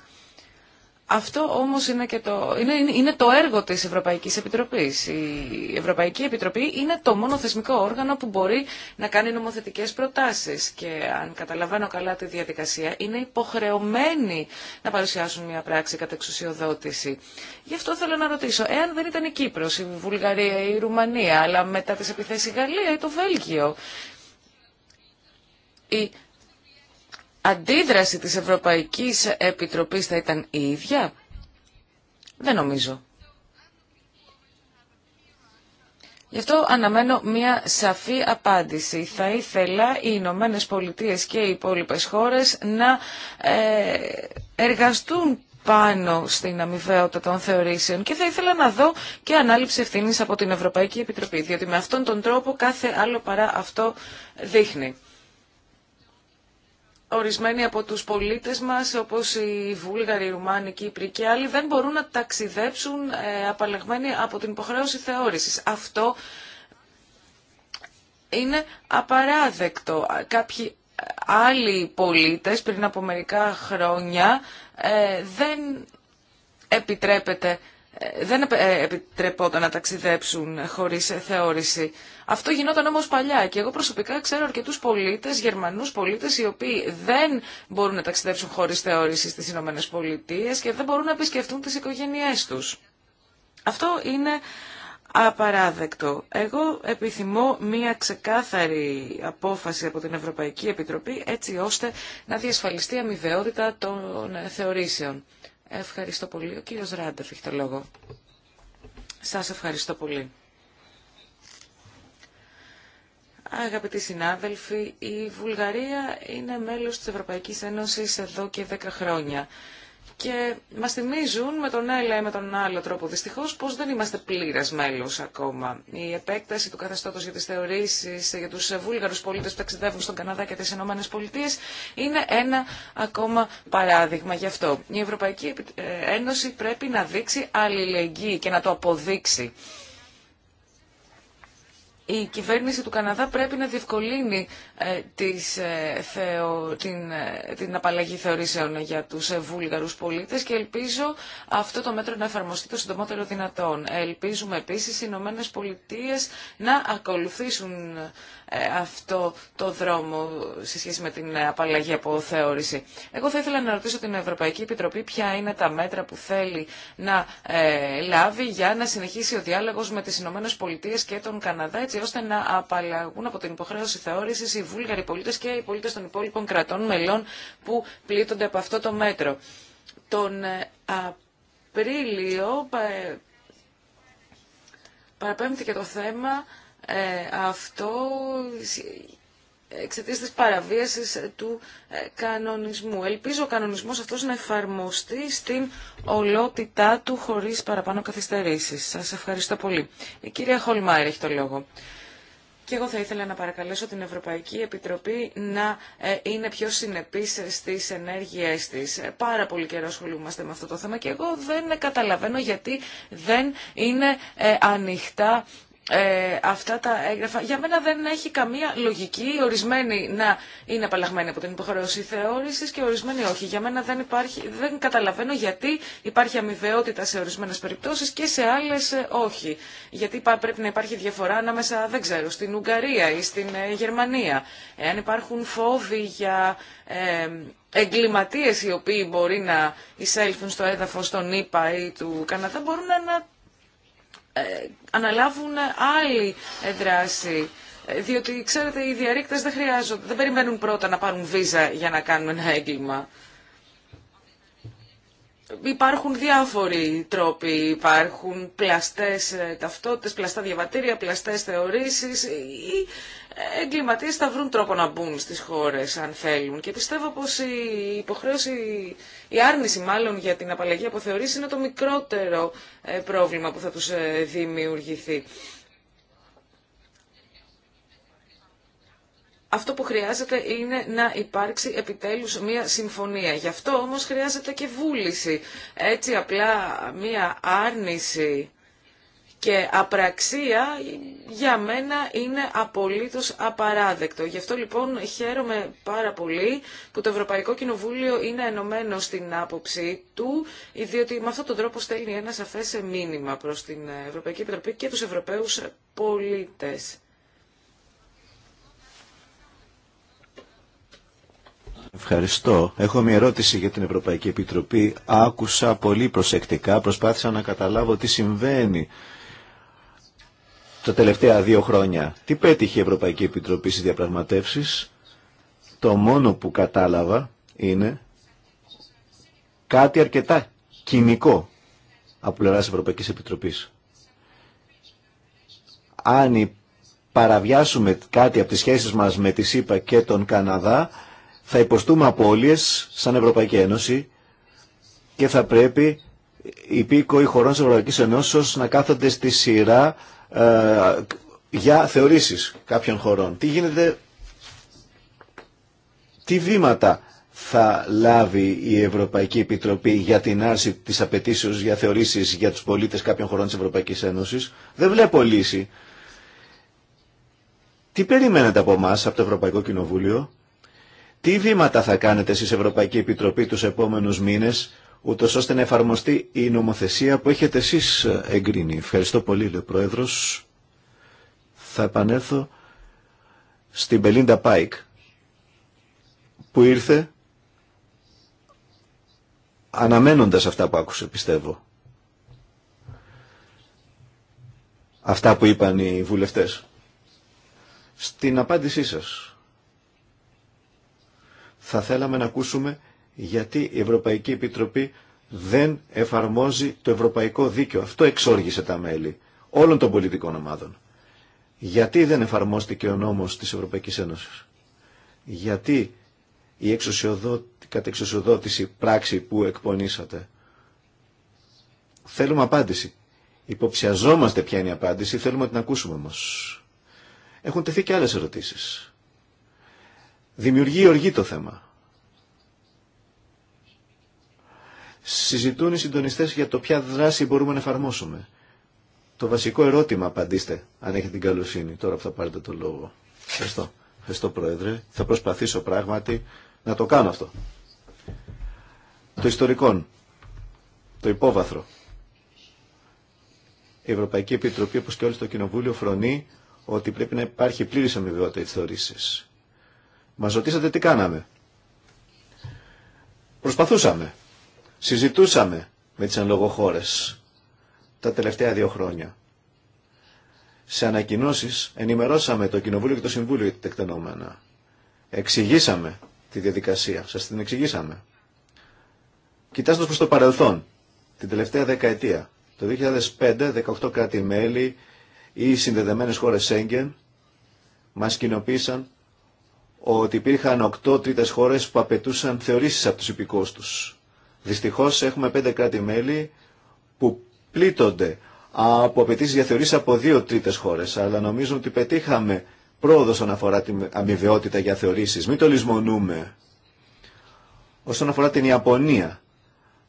[SPEAKER 3] Αυτό όμως είναι, και το, είναι, είναι το έργο της Ευρωπαϊκής Επιτροπής. Η Ευρωπαϊκή Επιτροπή είναι το μόνο θεσμικό όργανο που μπορεί να κάνει νομοθετικές προτάσεις και αν καταλαβαίνω καλά τη διαδικασία είναι υποχρεωμένοι να παρουσιάσουν μια πράξη κατά εξουσιοδότηση. Γι' αυτό θέλω να ρωτήσω, εάν δεν ήταν η Κύπρος, η Βουλγαρία, η η Ρουμανία, αλλά μετά τις επιθέσεις η Γαλλία ή το Βέλγιο, η αντίδραση της Ευρωπαϊκής Επιτροπής θα ήταν η ίδια. Δεν νομίζω. Γι' αυτό αναμένω μια σαφή απάντηση. Θα ήθελα οι Ηνωμένε Πολιτείε και οι υπόλοιπε χώρε να ε, εργαστούν πάνω στην αμοιβαιότητα των θεωρήσεων και θα ήθελα να δω και ανάληψη ευθύνη από την Ευρωπαϊκή Επιτροπή, διότι με αυτόν τον τρόπο κάθε άλλο παρά αυτό δείχνει ορισμένοι από τους πολίτες μας, όπως οι Βούλγαροι, οι Ρουμάνοι, οι Κύπροι και άλλοι, δεν μπορούν να ταξιδέψουν ε, απαλλαγμένοι από την υποχρέωση θεώρησης. Αυτό είναι απαράδεκτο. Κάποιοι άλλοι πολίτες πριν από μερικά χρόνια ε, δεν επιτρέπεται δεν ε, επιτρεπόταν να ταξιδέψουν χωρίς θεώρηση. Αυτό γινόταν όμως παλιά και εγώ προσωπικά ξέρω αρκετούς πολίτες, γερμανούς πολίτες, οι οποίοι δεν μπορούν να ταξιδέψουν χωρίς θεώρηση στις ΗΠΑ Πολιτείες και δεν μπορούν να επισκεφτούν τις οικογένειές τους. Αυτό είναι απαράδεκτο. Εγώ επιθυμώ μία ξεκάθαρη απόφαση από την Ευρωπαϊκή Επιτροπή έτσι ώστε να διασφαλιστεί αμοιβαιότητα των θεωρήσεων. Ευχαριστώ πολύ. Ο κύριος Ράντεφ έχει το λόγο. Σας ευχαριστώ πολύ. Αγαπητοί συνάδελφοι, η Βουλγαρία είναι μέλος της Ευρωπαϊκής Ένωσης εδώ και 10 χρόνια και μας θυμίζουν με τον ένα ή με τον άλλο τρόπο δυστυχώς πως δεν είμαστε πλήρε μέλος ακόμα. Η επέκταση του καθεστώτος για τις θεωρήσεις για τους βούλγαρου πολίτες που ταξιδεύουν στον Καναδά και τις ΗΠΑ είναι ένα ακόμα παράδειγμα γι' αυτό. Η Ευρωπαϊκή ε, Ένωση πρέπει να δείξει αλληλεγγύη και να το αποδείξει η κυβέρνηση του Καναδά πρέπει να διευκολύνει ε, τις, ε, την, ε, την απαλλαγή θεωρήσεων για τους βούλγαρους πολίτες και ελπίζω αυτό το μέτρο να εφαρμοστεί το συντομότερο δυνατόν. Ελπίζουμε επίσης οι Ηνωμένε Πολιτείες να ακολουθήσουν ε, αυτό το δρόμο σε σχέση με την απαλλαγή από θεώρηση. Εγώ θα ήθελα να ρωτήσω την Ευρωπαϊκή Επιτροπή ποια είναι τα μέτρα που θέλει να ε, λάβει για να συνεχίσει ο διάλογος με τις Ηνωμένες Πολιτείες και τον Καναδά έτσι ώστε να απαλλαγούν από την υποχρέωση θεώρησης οι Βούλγαροι πολίτες και οι πολίτες των υπόλοιπων κρατών μελών που πλήττονται από αυτό το μέτρο. Τον ε, Απρίλιο παραπέμπτηκε το θέμα ε, αυτό εξαιτίας της παραβίασης του ε, κανονισμού. Ελπίζω ο κανονισμός αυτός να εφαρμοστεί στην ολότητά του χωρίς παραπάνω καθυστερήσεις. Σας ευχαριστώ πολύ. Η κυρία Χολμάρη έχει το λόγο. Και εγώ θα ήθελα να παρακαλέσω την Ευρωπαϊκή Επιτροπή να ε, είναι πιο συνεπής στις ενέργειές της. Πάρα πολύ καιρό ασχολούμαστε με αυτό το θέμα και εγώ δεν καταλαβαίνω γιατί δεν είναι ανοιχτά ε, αυτά τα έγγραφα για μένα δεν έχει καμία λογική ορισμένοι να είναι απαλλαγμένοι από την υποχρέωση θεώρησης και ορισμένοι όχι. Για μένα δεν, υπάρχει, δεν καταλαβαίνω γιατί υπάρχει αμοιβαιότητα σε ορισμένες περιπτώσεις και σε άλλες ε, όχι. Γιατί πρέπει να υπάρχει διαφορά ανάμεσα, δεν ξέρω, στην Ουγγαρία ή στην ε, Γερμανία. Εάν υπάρχουν φόβοι για... Ε, εγκληματίες οι οποίοι μπορεί να εισέλθουν στο έδαφος των ΗΠΑ ή του Καναδά μπορούν να ε, αναλάβουν άλλη δράση. Ε, διότι, ξέρετε, οι διαρρήκτες δεν χρειάζονται, δεν περιμένουν πρώτα να πάρουν βίζα για να κάνουν ένα έγκλημα. Υπάρχουν διάφοροι τρόποι, υπάρχουν πλαστές ε, ταυτότητες, πλαστά διαβατήρια, πλαστές θεωρήσεις. Οι εγκληματίες θα βρουν τρόπο να μπουν στις χώρες αν θέλουν. Και πιστεύω πως η υποχρέωση, η άρνηση μάλλον για την απαλλαγή από θεωρήσεις είναι το μικρότερο ε, πρόβλημα που θα τους ε, δημιουργηθεί. αυτό που χρειάζεται είναι να υπάρξει επιτέλους μια συμφωνία. Γι' αυτό όμως χρειάζεται και βούληση. Έτσι απλά μια άρνηση και απραξία για μένα είναι απολύτως απαράδεκτο. Γι' αυτό λοιπόν χαίρομαι πάρα πολύ που το Ευρωπαϊκό Κοινοβούλιο είναι ενωμένο στην άποψή του, διότι με αυτόν τον τρόπο στέλνει ένα σαφές μήνυμα προς την Ευρωπαϊκή Επιτροπή και τους Ευρωπαίους πολίτες.
[SPEAKER 4] Ευχαριστώ. Έχω μια ερώτηση για την Ευρωπαϊκή Επιτροπή. Άκουσα πολύ προσεκτικά, προσπάθησα να καταλάβω τι συμβαίνει τα τελευταία δύο χρόνια. Τι πέτυχε η Ευρωπαϊκή Επιτροπή στις διαπραγματεύσεις. Το μόνο που κατάλαβα είναι κάτι αρκετά κοινικό από πλευρά Ευρωπαϊκή Ευρωπαϊκής Επιτροπής. Αν παραβιάσουμε κάτι από τις σχέσεις μας με τη ΣΥΠΑ και τον Καναδά, θα υποστούμε απώλειες σαν Ευρωπαϊκή Ένωση και θα πρέπει οι πήκοοι χωρών της Ευρωπαϊκής Ένωσης να κάθονται στη σειρά ε, για θεωρήσεις κάποιων χωρών. Τι γίνεται, τι βήματα θα λάβει η Ευρωπαϊκή Επιτροπή για την άρση της απαιτήσεως για θεωρήσεις για τους πολίτες κάποιων χωρών της Ευρωπαϊκής Ένωσης. Δεν βλέπω λύση. Τι περιμένετε από εμά από το Ευρωπαϊκό Κοινοβούλιο τι βήματα θα κάνετε εσείς Ευρωπαϊκή Επιτροπή τους επόμενους μήνες, ούτω ώστε να εφαρμοστεί η νομοθεσία που έχετε εσείς εγκρίνει. Ευχαριστώ πολύ, λέει ο Πρόεδρος. Θα επανέλθω στην Πελίντα Πάικ, που ήρθε αναμένοντας αυτά που άκουσε, πιστεύω. Αυτά που είπαν οι βουλευτές. Στην απάντησή σας θα θέλαμε να ακούσουμε γιατί η Ευρωπαϊκή Επιτροπή δεν εφαρμόζει το ευρωπαϊκό δίκαιο. Αυτό εξόργησε τα μέλη όλων των πολιτικών ομάδων. Γιατί δεν εφαρμόστηκε ο νόμος της Ευρωπαϊκής Ένωσης. Γιατί η κατεξουσιοδότηση πράξη που εκπονήσατε. Θέλουμε απάντηση. Υποψιαζόμαστε ποια είναι η απάντηση, θέλουμε να την ακούσουμε όμως. Έχουν τεθεί και άλλες ερωτήσεις. Δημιουργεί οργή το θέμα. Συζητούν οι συντονιστές για το ποια δράση μπορούμε να εφαρμόσουμε. Το βασικό ερώτημα απαντήστε, αν έχετε την καλοσύνη, τώρα που θα πάρετε το λόγο. Ευχαριστώ. Ευχαριστώ Πρόεδρε. Θα προσπαθήσω πράγματι να το κάνω αυτό. Το ιστορικό, το υπόβαθρο. Η Ευρωπαϊκή Επιτροπή, όπως και όλοι στο Κοινοβούλιο, φρονεί ότι πρέπει να υπάρχει πλήρης αμοιβαιότητα της θεωρήσης. Μα ρωτήσατε τι κάναμε. Προσπαθούσαμε. Συζητούσαμε με τις ανλογοχώρες τα τελευταία δύο χρόνια. Σε ανακοινώσεις ενημερώσαμε το Κοινοβούλιο και το Συμβούλιο για τα τεκτενόμενα. Εξηγήσαμε τη διαδικασία. Σας την εξηγήσαμε. Κοιτάζοντα προ το παρελθόν, την τελευταία δεκαετία, το 2005, 18 κράτη-μέλη ή συνδεδεμένες χώρες Σέγγεν μας κοινοποίησαν ότι υπήρχαν οκτώ τρίτες χώρες που απαιτούσαν θεωρήσεις από τους υπηκούς τους. Δυστυχώς έχουμε πέντε κράτη-μέλη που πλήττονται από απαιτήσεις για θεωρήσεις από δύο τρίτες χώρες, αλλά νομίζω ότι πετύχαμε πρόοδο όσον αφορά την αμοιβαιότητα για θεωρήσεις. Μην το λησμονούμε. Όσον αφορά την Ιαπωνία,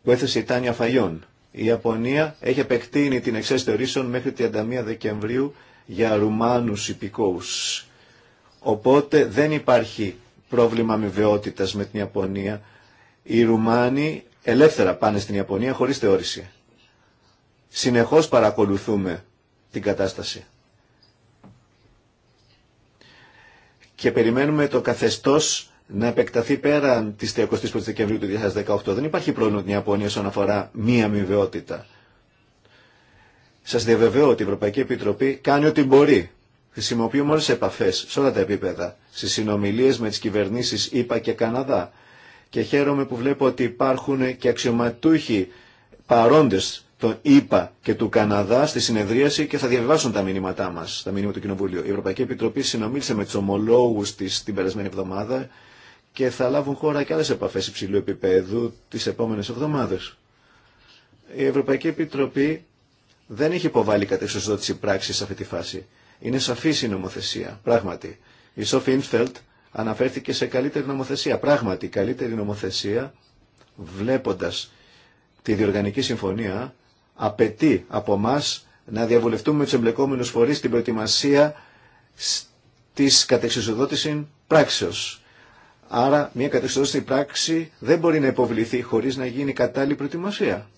[SPEAKER 4] που έθεσε η Τάνια Φαγιόν. Η Ιαπωνία έχει επεκτείνει την εξαίσθηση θεωρήσεων μέχρι 31 Δεκεμβρίου για Ρουμάνους υπηκόους Οπότε δεν υπάρχει πρόβλημα αμοιβαιότητας με την Ιαπωνία. Οι Ρουμάνοι ελεύθερα πάνε στην Ιαπωνία χωρίς θεώρηση. Συνεχώς παρακολουθούμε την κατάσταση. Και περιμένουμε το καθεστώς να επεκταθεί πέραν της 31 Δεκεμβρίου του 2018. Δεν υπάρχει πρόβλημα την Ιαπωνία όσον αφορά μία αμοιβαιότητα. Σας διαβεβαιώ ότι η Ευρωπαϊκή Επιτροπή κάνει ό,τι μπορεί Χρησιμοποιούμε όλε τι επαφέ σε όλα τα επίπεδα, στι συνομιλίε με τι κυβερνήσει ΗΠΑ και Καναδά. Και χαίρομαι που βλέπω ότι υπάρχουν και αξιωματούχοι παρόντε των ΗΠΑ και του Καναδά στη συνεδρίαση και θα διαβιβάσουν τα μήνυματά μα, τα μήνυματα του Κοινοβουλίου. Η Ευρωπαϊκή Επιτροπή συνομίλησε με του ομολόγου τη την περασμένη εβδομάδα και θα λάβουν χώρα και άλλε επαφέ υψηλού επίπεδου τι επόμενε εβδομάδε. Η Ευρωπαϊκή Επιτροπή δεν έχει υποβάλει πράξη σε αυτή τη φάση. Είναι σαφή η νομοθεσία, πράγματι. Η Σόφι Ινφελτ αναφέρθηκε σε καλύτερη νομοθεσία. Πράγματι, καλύτερη νομοθεσία, βλέποντας τη διοργανική συμφωνία, απαιτεί από εμά να διαβουλευτούμε του εμπλεκόμενου φορεί την προετοιμασία τη κατεξουσιοδότηση πράξεω. Άρα, μια κατεξοδότηση πράξη δεν μπορεί να υποβληθεί χωρί να γίνει κατάλληλη προετοιμασία.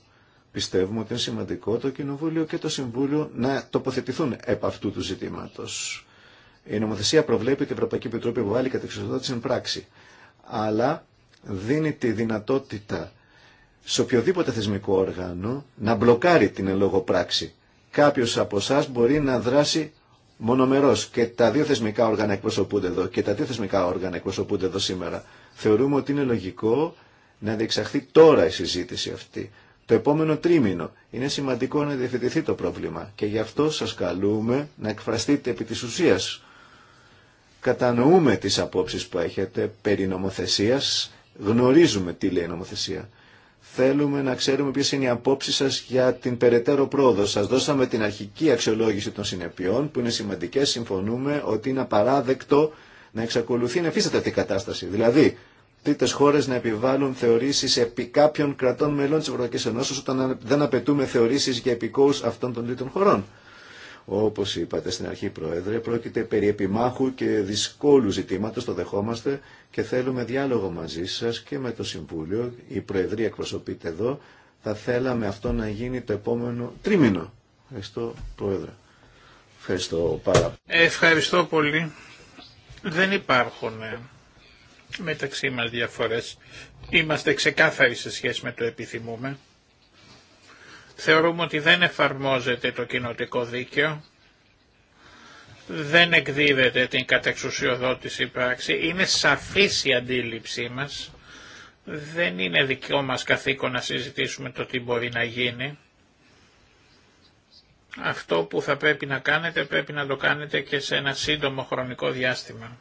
[SPEAKER 4] Πιστεύουμε ότι είναι σημαντικό το Κοινοβούλιο και το Συμβούλιο να τοποθετηθούν επ' αυτού του ζητήματο. Η νομοθεσία προβλέπει ότι η Ευρωπαϊκή Επιτροπή βάλει κατεξοδότηση εν πράξη, αλλά δίνει τη δυνατότητα σε οποιοδήποτε θεσμικό όργανο να μπλοκάρει την ελόγω πράξη. Κάποιο από εσά μπορεί να δράσει μονομερό και τα δύο θεσμικά όργανα εκπροσωπούνται εδώ και τα δύο θεσμικά όργανα εκπροσωπούνται εδώ σήμερα. Θεωρούμε ότι είναι λογικό να διεξαχθεί τώρα η συζήτηση αυτή το επόμενο τρίμηνο. Είναι σημαντικό να διευθετηθεί το πρόβλημα και γι' αυτό σας καλούμε να εκφραστείτε επί της ουσίας. Κατανοούμε τις απόψεις που έχετε περί νομοθεσίας, γνωρίζουμε τι λέει η νομοθεσία. Θέλουμε να ξέρουμε ποιες είναι οι απόψεις σας για την περαιτέρω πρόοδο. Σας δώσαμε την αρχική αξιολόγηση των συνεπειών που είναι σημαντικές. Συμφωνούμε ότι είναι απαράδεκτο να εξακολουθεί να υφίσταται αυτή η κατάσταση. Δηλαδή, τρίτες χώρες να επιβάλλουν θεωρήσεις επί κάποιων κρατών μελών της Ευρωπαϊκής Ενώσης όταν δεν απαιτούμε θεωρήσεις για επικούς αυτών των τρίτων χωρών. Όπως είπατε στην αρχή Πρόεδρε, πρόκειται περί επιμάχου και δυσκόλου ζητήματο, το δεχόμαστε και θέλουμε διάλογο μαζί σας και με το Συμβούλιο, η Προεδρία εκπροσωπείται εδώ, θα θέλαμε αυτό να γίνει το επόμενο τρίμηνο. Ευχαριστώ Πρόεδρε. Ευχαριστώ πάρα πολύ.
[SPEAKER 2] Ευχαριστώ πολύ. Δεν υπάρχουν μεταξύ μας διαφορές. Είμαστε ξεκάθαροι σε σχέση με το επιθυμούμε. Θεωρούμε ότι δεν εφαρμόζεται το κοινοτικό δίκαιο, δεν εκδίδεται την κατεξουσιοδότηση πράξη, είναι σαφής η αντίληψή μας, δεν είναι δικό μας καθήκον να συζητήσουμε το τι μπορεί να γίνει. Αυτό που θα πρέπει να κάνετε πρέπει να το κάνετε και σε ένα σύντομο χρονικό διάστημα.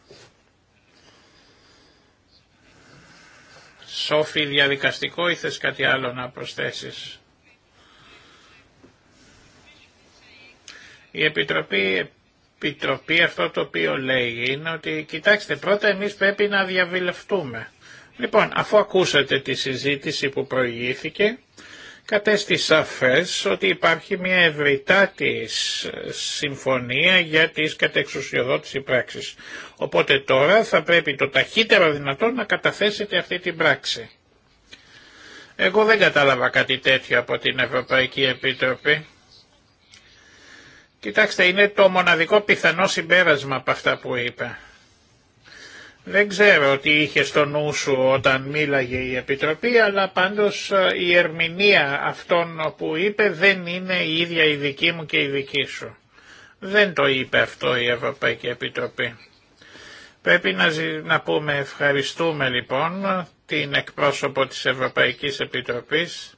[SPEAKER 2] Σόφι, διαδικαστικό ή θες κάτι άλλο να προσθέσεις. Η Επιτροπή, Επιτροπή αυτό το οποίο λέει είναι ότι κοιτάξτε πρώτα εμείς πρέπει να διαβιλευτούμε. Λοιπόν, αφού ακούσατε τη συζήτηση που προηγήθηκε, κατέστη σαφές ότι υπάρχει μια ευρυτάτη ε, συμφωνία για τις κατεξουσιοδότηση πράξης. Οπότε τώρα θα πρέπει το ταχύτερο δυνατόν να καταθέσετε αυτή την πράξη. Εγώ δεν κατάλαβα κάτι τέτοιο από την Ευρωπαϊκή Επίτροπη. Κοιτάξτε, είναι το μοναδικό πιθανό συμπέρασμα από αυτά που είπα. Δεν ξέρω τι είχε στο νου σου όταν μίλαγε η Επιτροπή, αλλά πάντως ε, η ερμηνεία αυτών που είπε δεν είναι η ίδια η δική μου και η δική σου. Δεν το είπε αυτό η Ευρωπαϊκή Επιτροπή. Πρέπει να, πούμε ευχαριστούμε λοιπόν την εκπρόσωπο της Ευρωπαϊκής Επιτροπής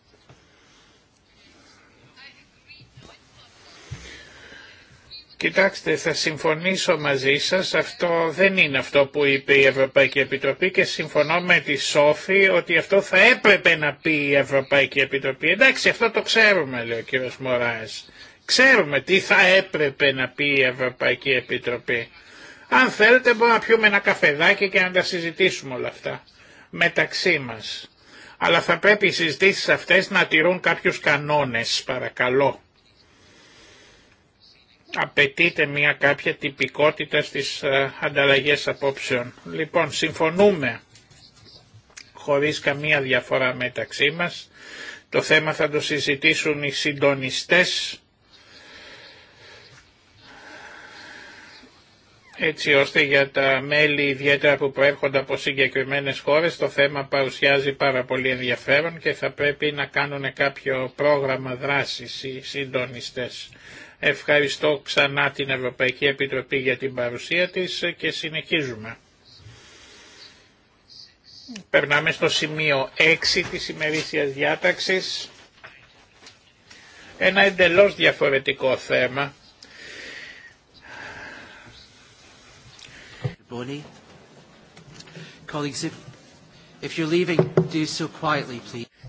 [SPEAKER 2] Κοιτάξτε, θα συμφωνήσω μαζί σας, αυτό δεν είναι αυτό που είπε η Ευρωπαϊκή Επιτροπή και συμφωνώ με τη Σόφη ότι αυτό θα έπρεπε να πει η Ευρωπαϊκή Επιτροπή. Εντάξει, αυτό το ξέρουμε, λέει ο κύριος Μωράες. Ξέρουμε τι θα έπρεπε να πει η Ευρωπαϊκή Επιτροπή. Αν θέλετε μπορούμε να πιούμε ένα καφεδάκι και να τα συζητήσουμε όλα αυτά μεταξύ μας. Αλλά θα πρέπει οι συζητήσεις αυτές να τηρούν κάποιους κανόνες, παρακαλώ απαιτείται μια κάποια τυπικότητα στις ε, ανταλλαγές απόψεων. Λοιπόν, συμφωνούμε χωρίς καμία διαφορά μεταξύ μας. Το θέμα θα το συζητήσουν οι συντονιστές έτσι ώστε για τα μέλη ιδιαίτερα που προέρχονται από συγκεκριμένες χώρες το θέμα παρουσιάζει πάρα πολύ ενδιαφέρον και θα πρέπει να κάνουν κάποιο πρόγραμμα δράσης οι συντονιστές. Ευχαριστώ ξανά την Ευρωπαϊκή Επιτροπή για την παρουσία της και συνεχίζουμε. Περνάμε στο σημείο 6 της ημερήσιας διάταξης. Ένα εντελώς διαφορετικό θέμα.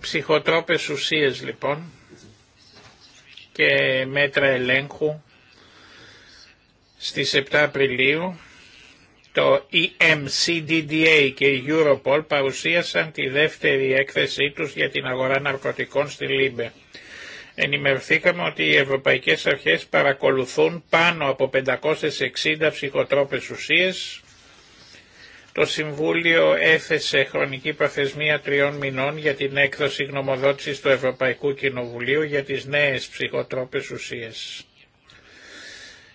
[SPEAKER 2] Ψυχοτρόπες ουσίες λοιπόν και μέτρα ελέγχου στις 7 Απριλίου το EMCDDA και η Europol παρουσίασαν τη δεύτερη έκθεσή τους για την αγορά ναρκωτικών στη Λίμπε. Ενημερωθήκαμε ότι οι ευρωπαϊκές αρχές παρακολουθούν πάνω από 560 ψυχοτρόπες ουσίες το Συμβούλιο έθεσε χρονική προθεσμία τριών μηνών για την έκδοση γνωμοδότησης του Ευρωπαϊκού Κοινοβουλίου για τις νέες ψυχοτρόπες ουσίες.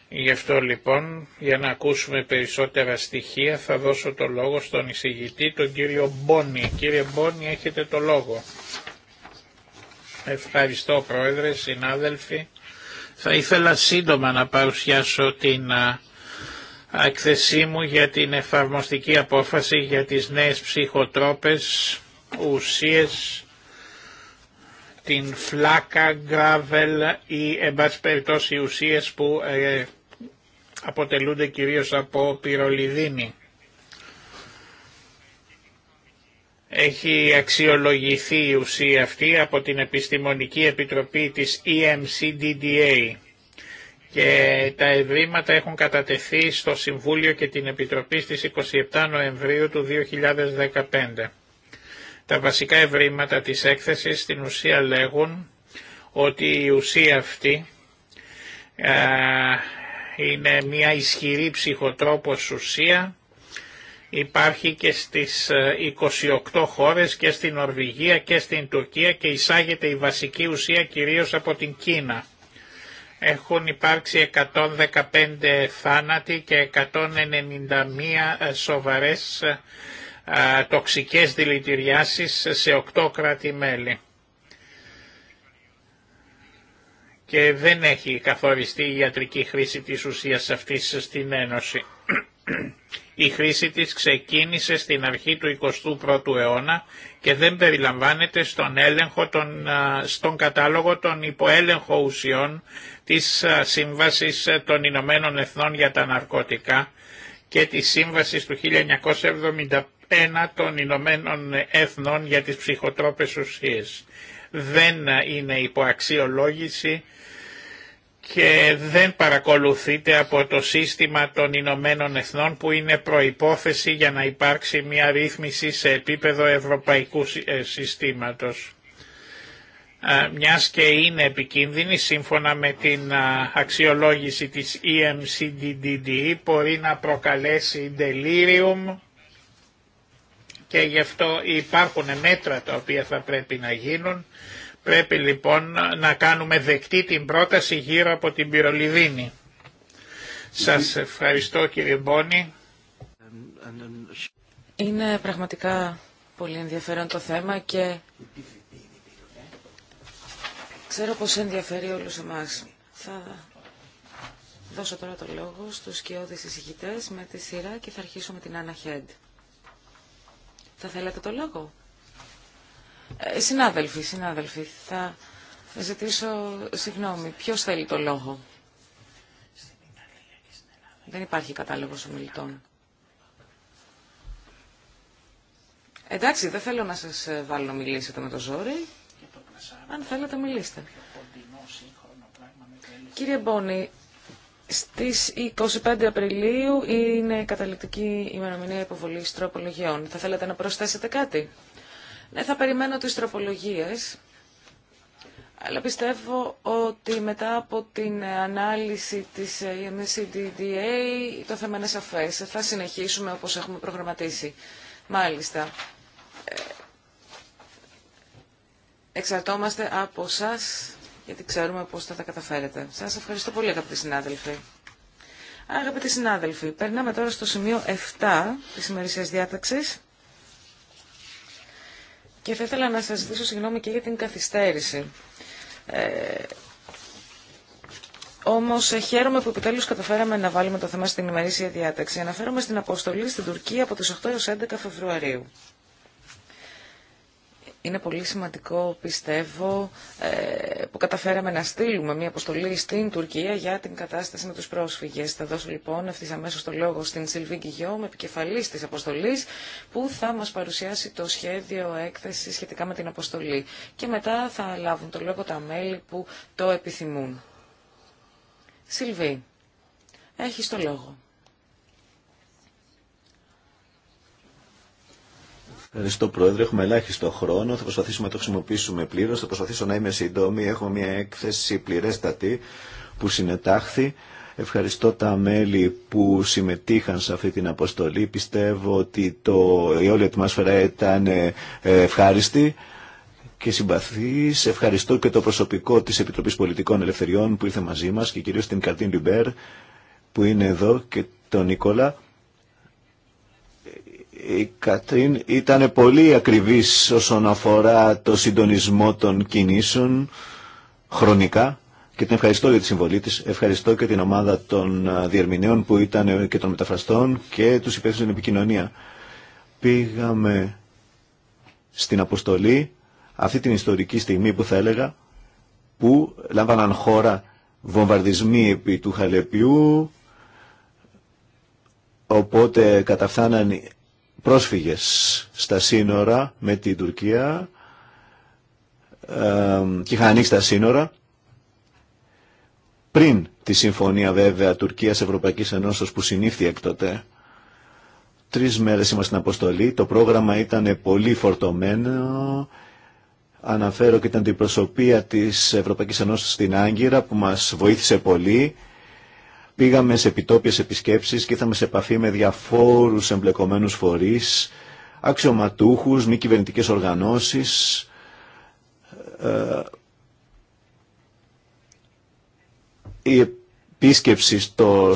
[SPEAKER 2] Γι' αυτό λοιπόν, για να ακούσουμε περισσότερα στοιχεία, θα δώσω το λόγο στον εισηγητή, τον κύριο Μπόνι. Κύριε Μπόνι, έχετε το λόγο. Ευχαριστώ Πρόεδρε, συνάδελφοι. Θα ήθελα σύντομα να παρουσιάσω την ακθεσή μου για την εφαρμοστική απόφαση για τις νέες ψυχοτρόπες ουσίες την φλάκα, γκράβελ ή εν περιπτώσει ουσίες που ε, αποτελούνται κυρίως από πυρολιδίνη. Έχει αξιολογηθεί η ουσία αυτή από την Επιστημονική Επιτροπή της EMCDDA και τα ευρήματα έχουν κατατεθεί στο Συμβούλιο και την Επιτροπή στις 27 Νοεμβρίου του 2015. Τα βασικά ευρήματα της έκθεσης στην ουσία λέγουν ότι η ουσία αυτή ε, είναι μια ισχυρή ψυχοτρόπος ουσία, υπάρχει και στις 28 ε, χώρες και στην Ορβηγία και στην Τουρκία και εισάγεται η βασική ουσία κυρίως από την Κίνα έχουν υπάρξει 115 θάνατοι και 191 σοβαρές τοξικές δηλητηριάσεις σε 8 κράτη-μέλη. Και δεν έχει καθοριστεί η ιατρική χρήση της ουσίας αυτής στην Ένωση. Η χρήση της ξεκίνησε στην αρχή του 21ου αιώνα και δεν περιλαμβάνεται στον, έλεγχο των, στον κατάλογο των υποέλεγχο ουσιών της Σύμβασης ε, των Ηνωμένων Εθνών για τα Ναρκωτικά και της Σύμβασης του 1971 των Ηνωμένων Εθνών για τις ψυχοτρόπες ουσίες. Δεν ε, είναι υποαξιολόγηση και δεν παρακολουθείται από το σύστημα των Ηνωμένων Εθνών που είναι προϋπόθεση για να υπάρξει μια ρύθμιση σε επίπεδο ευρωπαϊκού ε, συστήματος. Μιας και είναι επικίνδυνη σύμφωνα με την αξιολόγηση της EMCDDD μπορεί να προκαλέσει delirium και γι' αυτό υπάρχουν μέτρα τα οποία θα πρέπει να γίνουν Πρέπει λοιπόν να κάνουμε δεκτή την πρόταση γύρω από την πυρολιδίνη. Σας ευχαριστώ κύριε Μπόνη.
[SPEAKER 3] Είναι πραγματικά πολύ ενδιαφέρον το θέμα και ξέρω πως ενδιαφέρει όλους εμάς. Θα δώσω τώρα το λόγο στους σκιώδεις εισηγητές με τη σειρά και θα αρχίσω με την Άννα Χέντ. Θα θέλατε το λόγο? Ε, συνάδελφοι, συνάδελφοι, θα ζητήσω συγγνώμη. Ποιος θέλει το λόγο. Δεν υπάρχει κατάλογος ομιλητών. Εντάξει, δεν θέλω να σας ε, βάλω να μιλήσετε με το ζόρι. Αν θέλετε, μιλήστε. Κύριε Μπόνη, στις 25 Απριλίου είναι η καταληκτική ημερομηνία υποβολής τροπολογιών. Θα θέλατε να προσθέσετε κάτι. Ναι, θα περιμένω τις τροπολογίες, αλλά πιστεύω ότι μετά από την ανάλυση της MCDDA ε, το θέμα είναι σαφές. Θα συνεχίσουμε όπως έχουμε προγραμματίσει. Μάλιστα. Ε, Εξαρτόμαστε από σας γιατί ξέρουμε πώς θα τα καταφέρετε. Σας ευχαριστώ πολύ αγαπητοί συνάδελφοι. Αγαπητοί συνάδελφοι, περνάμε τώρα στο σημείο 7 της ημερησίας διάταξης. Και θα ήθελα να σας ζητήσω συγγνώμη και για την καθυστέρηση. Ε, Όμω ε, χαίρομαι που επιτέλου καταφέραμε να βάλουμε το θέμα στην ημερήσια διάταξη. Αναφέρομαι στην αποστολή στην Τουρκία από τι 8 έω 11 Φεβρουαρίου. Είναι πολύ σημαντικό, πιστεύω, ε, που καταφέραμε να στείλουμε μια αποστολή στην Τουρκία για την κατάσταση με τους πρόσφυγες. Θα δώσω λοιπόν ευθύ αμέσω το λόγο στην Σιλβί Γκυγιό, με επικεφαλής της αποστολής, που θα μας παρουσιάσει το σχέδιο έκθεση σχετικά με την αποστολή. Και μετά θα λάβουν το λόγο τα μέλη που το επιθυμούν. Σιλβί, έχεις το λόγο.
[SPEAKER 4] Ευχαριστώ Πρόεδρε, έχουμε ελάχιστο χρόνο, θα προσπαθήσουμε να το χρησιμοποιήσουμε πλήρως, θα προσπαθήσω να είμαι σύντομη, Έχω μια έκθεση πληρέστατη που συνετάχθη. Ευχαριστώ τα μέλη που συμμετείχαν σε αυτή την αποστολή. Πιστεύω ότι το, η όλη ατμόσφαιρα ήταν ε, ευχάριστη και συμπαθής. Ευχαριστώ και το προσωπικό της Επιτροπής Πολιτικών Ελευθεριών που ήρθε μαζί μας και κυρίως την Καρτίν Λιμπέρ που είναι εδώ και τον Νίκολα η Κατρίν ήταν πολύ ακριβής όσον αφορά το συντονισμό των κινήσεων χρονικά και την ευχαριστώ για τη συμβολή της. Ευχαριστώ και την ομάδα των διερμηνέων που ήταν και των μεταφραστών και τους υπεύθυνους στην επικοινωνία. Πήγαμε στην αποστολή αυτή την ιστορική στιγμή που θα έλεγα που λάμβαναν χώρα βομβαρδισμοί επί του Χαλεπιού οπότε καταφθάναν πρόσφυγες στα σύνορα με την Τουρκία ε, και είχαν ανοίξει τα σύνορα πριν τη συμφωνία βέβαια Τουρκίας-Ευρωπαϊκής Ενώσεως που συνήφθη τότε. Τρεις μέρες είμαστε στην αποστολή. Το πρόγραμμα ήταν πολύ φορτωμένο. Αναφέρω και την αντιπροσωπεία της Ευρωπαϊκής Ενώσεως στην Άγκυρα που μας βοήθησε πολύ Πήγαμε σε επιτόπιες επισκέψεις και ήρθαμε σε επαφή με διαφόρους εμπλεκομένους φορείς, αξιωματούχους, μη κυβερνητικές οργανώσεις, ε, η επίσκεψη στο,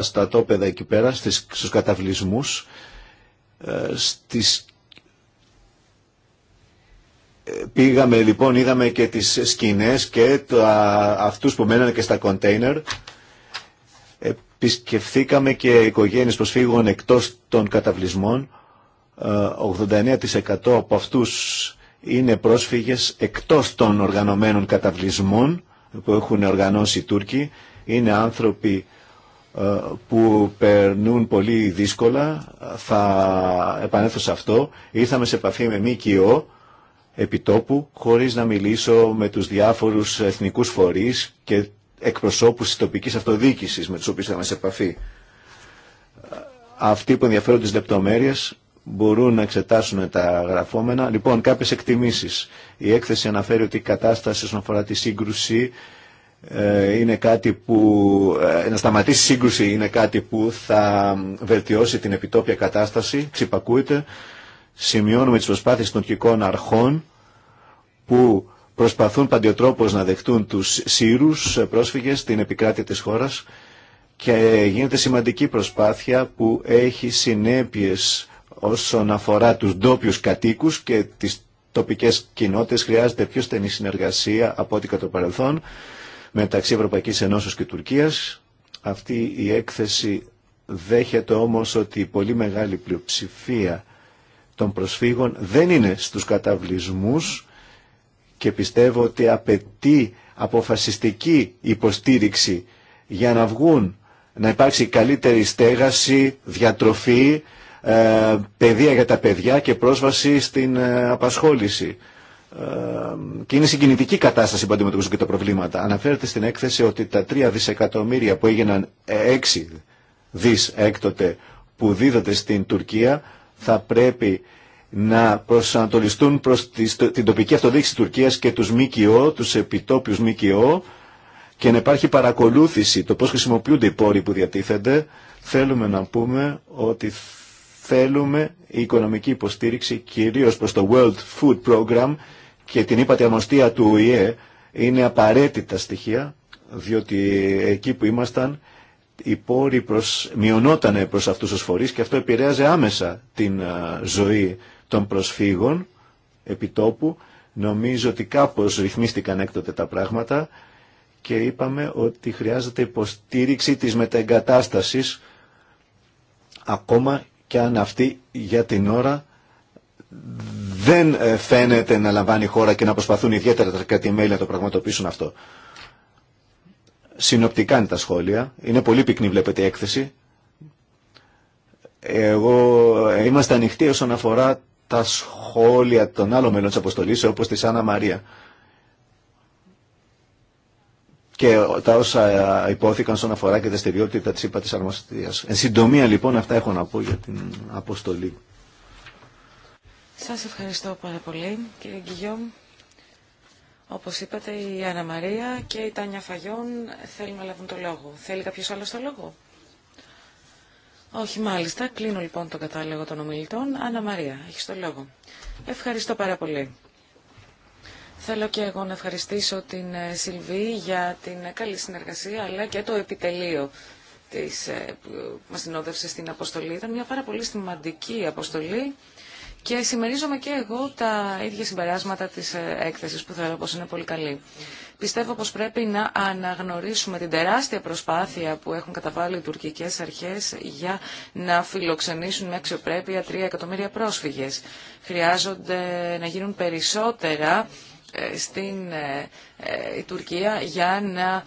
[SPEAKER 4] στα τόπεδα εκεί πέρα, στις, στους καταβλισμούς, ε, στις... Ε, πήγαμε λοιπόν, είδαμε και τις σκηνές και τα, αυτούς που μένανε και στα κοντέινερ Επισκεφθήκαμε και οικογένειε προσφύγων εκτός των καταβλισμών. 89% ε, από αυτούς είναι πρόσφυγες εκτό των οργανωμένων καταβλισμών που έχουν οργανώσει οι Τούρκοι. Είναι άνθρωποι ε, που περνούν πολύ δύσκολα. Θα επανέλθω σε αυτό. Ήρθαμε σε επαφή με ΜΚΟ επιτόπου χωρίς να μιλήσω με τους διάφορους εθνικούς φορείς εκπροσώπους τη τοπική αυτοδιοίκηση με του οποίου θα σε επαφή. Αυτοί που ενδιαφέρονται τις λεπτομέρειες μπορούν να εξετάσουν τα γραφόμενα. Λοιπόν, κάποιες εκτιμήσεις. Η έκθεση αναφέρει ότι η κατάσταση όσον αφορά τη σύγκρουση ε, είναι κάτι που, ε, να σταματήσει η σύγκρουση είναι κάτι που θα βελτιώσει την επιτόπια κατάσταση, ξυπακούεται. Σημειώνουμε τις προσπάθειες των τουρκικών αρχών που προσπαθούν παντιοτρόπως να δεχτούν τους Σύρους πρόσφυγες στην επικράτεια της χώρας και γίνεται σημαντική προσπάθεια που έχει συνέπειες όσον αφορά τους ντόπιου κατοίκους και τις τοπικές κοινότητες χρειάζεται πιο στενή συνεργασία από ό,τι κατά το παρελθόν μεταξύ Ευρωπαϊκής Ενώσεως και Τουρκίας. Αυτή η έκθεση δέχεται όμως ότι η πολύ μεγάλη πλειοψηφία των προσφύγων δεν είναι στους καταβλισμούς και πιστεύω ότι απαιτεί αποφασιστική υποστήριξη για να βγουν, να υπάρξει καλύτερη στέγαση, διατροφή, ε, παιδεία για τα παιδιά και πρόσβαση στην ε, απασχόληση. Ε, και είναι συγκινητική κατάσταση που αντιμετωπίζουν και τα προβλήματα. Αναφέρεται στην έκθεση ότι τα 3 δισεκατομμύρια που έγιναν 6 δις έκτοτε που δίδονται στην Τουρκία θα πρέπει να προσανατολιστούν προς την τοπική αυτοδίκηση Τουρκίας και τους ΜΚΟ, τους επιτόπιους ΜΚΟ και να υπάρχει παρακολούθηση το πώς χρησιμοποιούνται οι πόροι που διατίθενται. Θέλουμε να πούμε ότι θέλουμε η οικονομική υποστήριξη κυρίως προς το World Food Program και την είπατε αμοστία του ΟΗΕ είναι απαραίτητα στοιχεία διότι εκεί που ήμασταν οι πόροι προς, μειωνότανε προς αυτούς τους φορείς και αυτό επηρέαζε άμεσα την ζωή των προσφύγων επιτόπου. Νομίζω ότι κάπως ρυθμίστηκαν έκτοτε τα πράγματα και είπαμε ότι χρειάζεται υποστήριξη της μεταεγκατάστασης ακόμα και αν αυτή για την ώρα δεν ε, φαίνεται να λαμβάνει χώρα και να προσπαθούν ιδιαίτερα τα κράτη-μέλη να το πραγματοποιήσουν αυτό. Συνοπτικά είναι τα σχόλια. Είναι πολύ πυκνή βλέπετε η έκθεση. Εγώ ε, είμαστε ανοιχτοί όσον αφορά τα σχόλια των άλλων μέλων της αποστολής, όπως της Άννα Μαρία. Και τα όσα υπόθηκαν στον αφορά και δραστηριότητα της ΥΠΑ της Αρμοστίας. Εν συντομία λοιπόν αυτά έχω να πω για την αποστολή.
[SPEAKER 3] Σας ευχαριστώ πάρα πολύ κύριε Γκυγιόμ. Όπως είπατε η Άννα Μαρία και η Τάνια Φαγιών θέλουν να λάβουν το λόγο. Θέλει κάποιος άλλος το λόγο. Όχι, μάλιστα. Κλείνω λοιπόν τον κατάλογο των ομιλητών. Άννα Μαρία, έχει το λόγο. Ευχαριστώ πάρα πολύ. Θέλω και εγώ να ευχαριστήσω την ε, Σιλβή για την ε, καλή συνεργασία, αλλά και το επιτελείο της, ε, που μας συνόδευσε στην αποστολή. Ήταν μια πάρα πολύ σημαντική αποστολή και συμμερίζομαι και εγώ τα ίδια συμπεράσματα της έκθεσης που θεωρώ πως είναι πολύ καλή πιστεύω πως πρέπει να αναγνωρίσουμε την τεράστια προσπάθεια που έχουν καταβάλει οι τουρκικές αρχές για να φιλοξενήσουν με αξιοπρέπεια 3 εκατομμύρια πρόσφυγες. Χρειάζονται να γίνουν περισσότερα ε, στην ε, ε, Τουρκία για να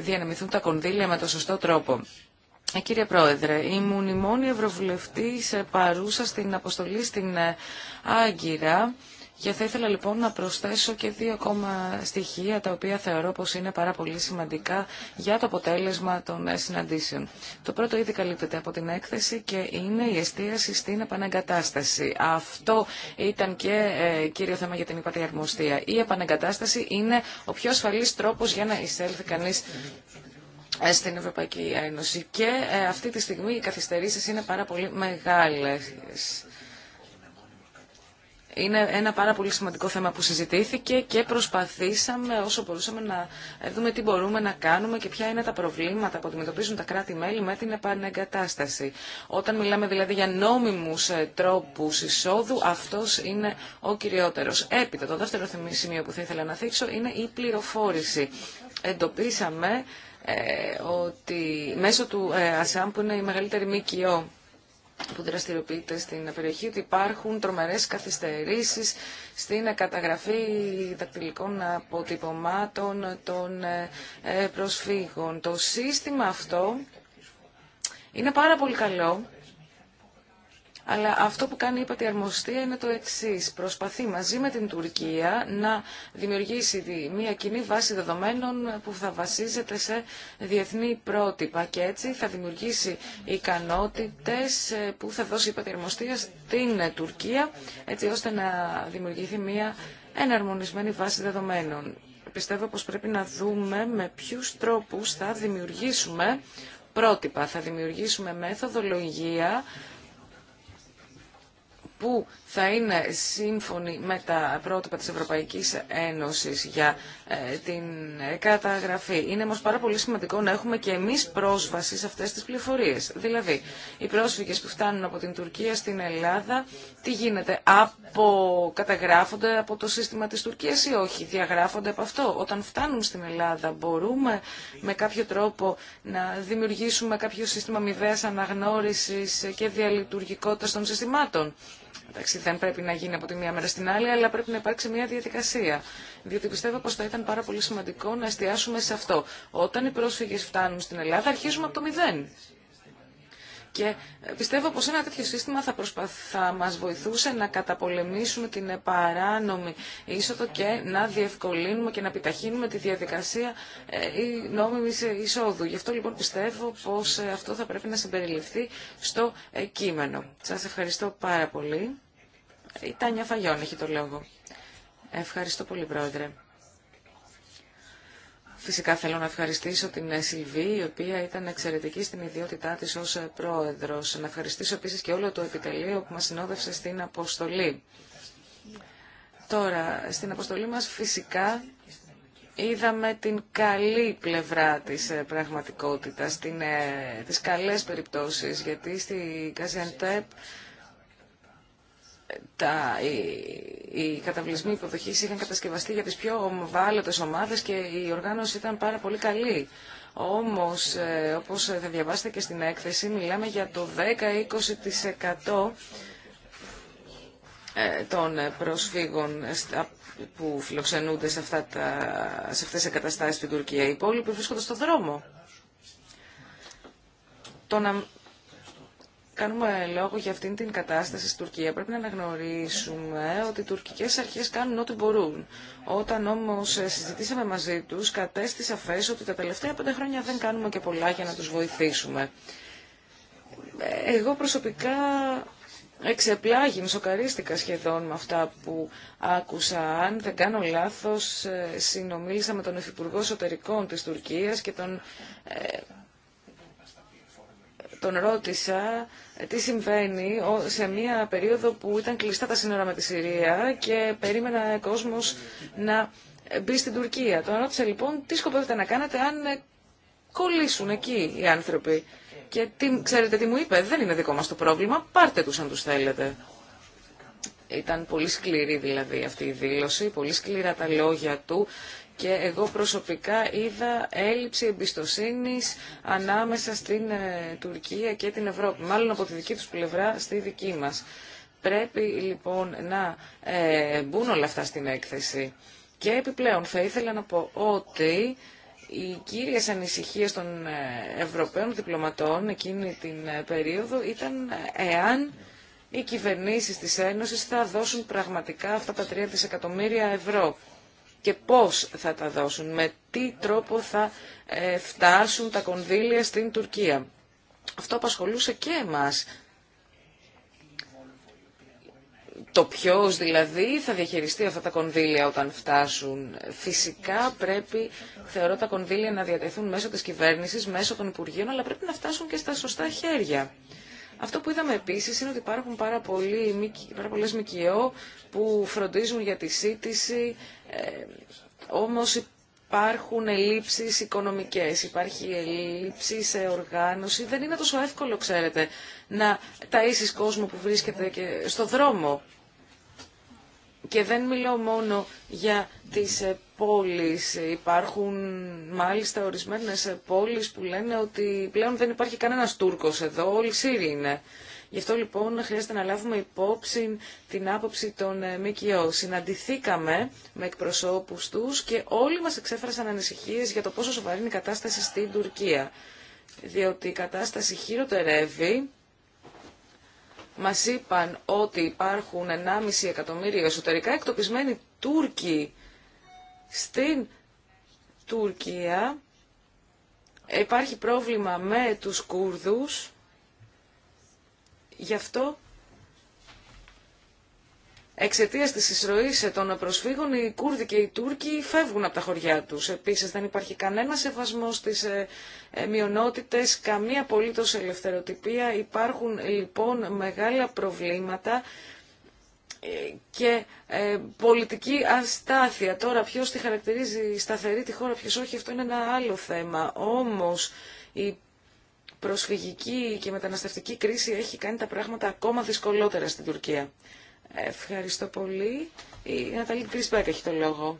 [SPEAKER 3] διανεμηθούν τα κονδύλια με το σωστό τρόπο. Κύριε Πρόεδρε, ήμουν η μόνη Ευρωβουλευτή παρούσα στην αποστολή στην Άγκυρα και θα ήθελα λοιπόν να προσθέσω και δύο ακόμα στοιχεία τα οποία θεωρώ πως είναι πάρα πολύ σημαντικά για το αποτέλεσμα των συναντήσεων. Το πρώτο ήδη καλύπτεται από την έκθεση και είναι η εστίαση στην επαναγκατάσταση. Αυτό ήταν και ε, κύριο θέμα για την αρμοστία. Η επαναγκατάσταση είναι ο πιο ασφαλής τρόπος για να εισέλθει κανείς ε, στην Ευρωπαϊκή Ένωση. Και ε, αυτή τη στιγμή οι καθυστερήσεις είναι πάρα πολύ μεγάλες είναι ένα πάρα πολύ σημαντικό θέμα που συζητήθηκε και προσπαθήσαμε όσο μπορούσαμε να δούμε τι μπορούμε να κάνουμε και ποια είναι τα προβλήματα που αντιμετωπίζουν τα κράτη-μέλη με την επανεγκατάσταση. Όταν μιλάμε δηλαδή για νόμιμους ε, τρόπου εισόδου, αυτός είναι ο κυριότερος. Έπειτα, το δεύτερο σημείο που θα ήθελα να θίξω είναι η πληροφόρηση. Εντοπίσαμε ε, ότι μέσω του ε, ΑΣΑΜ, που είναι η μεγαλύτερη ΜΚΟ που δραστηριοποιείται στην περιοχή ότι υπάρχουν τρομερές καθυστερήσεις στην καταγραφή δακτυλικών αποτυπωμάτων των ε, ε, προσφύγων. Το σύστημα αυτό είναι πάρα πολύ καλό αλλά αυτό που κάνει η Πατιαρμοστία είναι το εξή. Προσπαθεί μαζί με την Τουρκία να δημιουργήσει μια κοινή βάση δεδομένων που θα βασίζεται σε διεθνή πρότυπα και έτσι θα δημιουργήσει ικανότητε ε, που θα δώσει η Πατιαρμοστία στην Τουρκία έτσι ώστε να δημιουργηθεί μια εναρμονισμένη βάση δεδομένων. Πιστεύω πως πρέπει να δούμε με ποιους τρόπους θα δημιουργήσουμε πρότυπα, θα δημιουργήσουμε μεθοδολογία που θα είναι σύμφωνοι με τα πρότυπα της Ευρωπαϊκής Ένωσης για ε, την καταγραφή. Είναι όμως πάρα πολύ σημαντικό να έχουμε και εμείς πρόσβαση σε αυτές τις πληροφορίες. Δηλαδή, οι πρόσφυγες που φτάνουν από την Τουρκία στην Ελλάδα, τι γίνεται, από, καταγράφονται από το σύστημα της Τουρκίας ή όχι, διαγράφονται από αυτό. Όταν φτάνουν στην Ελλάδα μπορούμε με κάποιο τρόπο να δημιουργήσουμε κάποιο σύστημα μηδέας αναγνώρισης και διαλειτουργικότητας των συστημάτων. Εντάξει, δεν πρέπει να γίνει από τη μία μέρα στην άλλη, αλλά πρέπει να υπάρξει μια διαδικασία. Διότι πιστεύω πω θα ήταν πάρα πολύ σημαντικό να εστιάσουμε σε αυτό. Όταν οι πρόσφυγε φτάνουν στην Ελλάδα, αρχίζουμε από το μηδέν. Και ε, πιστεύω πως ένα τέτοιο σύστημα θα, προσπαθ, μας βοηθούσε να καταπολεμήσουμε την παράνομη είσοδο και να διευκολύνουμε και να επιταχύνουμε τη διαδικασία ε, νόμιμης εισόδου. Γι' αυτό λοιπόν πιστεύω πως ε, αυτό θα πρέπει να συμπεριληφθεί στο ε, κείμενο. Σας ευχαριστώ πάρα πολύ. Η Τάνια Φαγιών έχει το λόγο. Ευχαριστώ πολύ, Πρόεδρε. Φυσικά θέλω να ευχαριστήσω την Σιλβή, η οποία ήταν εξαιρετική στην ιδιότητά της ως πρόεδρος. Να ευχαριστήσω επίσης και όλο το επιτελείο που μας συνόδευσε στην αποστολή. Τώρα, στην αποστολή μας φυσικά είδαμε την καλή πλευρά της ε, πραγματικότητας, την, ε, τις καλές περιπτώσεις, γιατί στη Καζιαντέπ τα, οι, οι καταβλισμοί υποδοχή είχαν κατασκευαστεί για τις πιο βάλλοντες ομάδες και η οργάνωση ήταν πάρα πολύ καλή. Όμως, ε, όπως θα διαβάσετε και στην έκθεση, μιλάμε για το 10-20% ε, των προσφύγων που φιλοξενούνται σε, αυτά τα, σε αυτές τις εγκαταστάσεις στην Τουρκία. Οι υπόλοιποι βρίσκονται στον δρόμο. Το να κάνουμε λόγο για αυτήν την κατάσταση στην Τουρκία, πρέπει να αναγνωρίσουμε ότι οι τουρκικέ αρχέ κάνουν ό,τι μπορούν. Όταν όμω ε, συζητήσαμε μαζί του, κατέστησα σαφέ ότι τα τελευταία πέντε χρόνια δεν κάνουμε και πολλά για να του βοηθήσουμε. Εγώ προσωπικά εξεπλάγει, σοκαρίστηκα σχεδόν με αυτά που άκουσα. Αν δεν κάνω λάθος, ε, συνομίλησα με τον Υφυπουργό Εσωτερικών τη Τουρκία και τον ε, τον ρώτησα ε, τι συμβαίνει σε μια περίοδο που ήταν κλειστά τα σύνορα με τη Συρία και περίμενα κόσμος να μπει στην Τουρκία. Τον ρώτησα λοιπόν τι σκοπεύετε να κάνετε αν ε, κολλήσουν εκεί οι άνθρωποι. Και τι, ξέρετε τι μου είπε, δεν είναι δικό μας το πρόβλημα, πάρτε τους αν τους θέλετε. Ήταν πολύ σκληρή δηλαδή αυτή η δήλωση, πολύ σκληρά τα λόγια του και εγώ προσωπικά είδα έλλειψη εμπιστοσύνης ανάμεσα στην ε, Τουρκία και την Ευρώπη, μάλλον από τη δική τους πλευρά στη δική μας. Πρέπει λοιπόν να ε, μπουν όλα αυτά στην έκθεση. Και επιπλέον θα ήθελα να πω ότι οι κύριες ανησυχίες των ε, Ευρωπαίων διπλωματών εκείνη την ε, περίοδο ήταν εάν οι κυβερνήσεις της Ένωσης θα δώσουν πραγματικά αυτά τα 3 δισεκατομμύρια ευρώ και πώς θα τα δώσουν, με τι τρόπο θα ε, φτάσουν τα κονδύλια στην Τουρκία. Αυτό απασχολούσε και εμάς. Το ποιο δηλαδή θα διαχειριστεί αυτά τα κονδύλια όταν φτάσουν. Φυσικά πρέπει, θεωρώ, τα κονδύλια να διατεθούν μέσω της κυβέρνησης, μέσω των Υπουργείων, αλλά πρέπει να φτάσουν και στα σωστά χέρια. Αυτό που είδαμε επίσης είναι ότι υπάρχουν πάρα, πολλοί, πάρα πολλές ΜΚΟ που φροντίζουν για τη σύντηση ε, όμως υπάρχουν ελλείψεις οικονομικές, υπάρχει ελλείψη σε οργάνωση. Δεν είναι τόσο εύκολο, ξέρετε, να ταΐσεις κόσμο που βρίσκεται και στο δρόμο. Και δεν μιλώ μόνο για τις ε, πόλεις. Υπάρχουν μάλιστα ορισμένες ε, πόλεις που λένε ότι πλέον δεν υπάρχει κανένας Τούρκος εδώ, όλοι Σύριοι είναι. Γι' αυτό λοιπόν χρειάζεται να λάβουμε υπόψη την άποψη των ε, ΜΚΟ. Συναντηθήκαμε με εκπροσώπους τους και όλοι μας εξέφρασαν ανησυχίες για το πόσο σοβαρή είναι η κατάσταση στην Τουρκία. Διότι η κατάσταση χειροτερεύει. Μας είπαν ότι υπάρχουν 1,5 εκατομμύρια εσωτερικά εκτοπισμένοι Τούρκοι στην Τουρκία. Υπάρχει πρόβλημα με τους Κούρδους Γι' αυτό Εξαιτία τη εισρωή των προσφύγων, οι Κούρδοι και οι Τούρκοι φεύγουν από τα χωριά του. Επίση, δεν υπάρχει κανένα σεβασμό στι ε, ε, μειονότητε, καμία απολύτω ελευθεροτυπία. Υπάρχουν λοιπόν μεγάλα προβλήματα ε, και πολιτική αστάθεια. Τώρα, ποιος τη χαρακτηρίζει σταθερή τη χώρα, ποιο όχι, αυτό είναι ένα άλλο θέμα. Όμως προσφυγική και μεταναστευτική κρίση έχει κάνει τα πράγματα ακόμα δυσκολότερα στην Τουρκία. Ευχαριστώ πολύ. Η Ναταλή Κρίσπακ έχει το λόγο.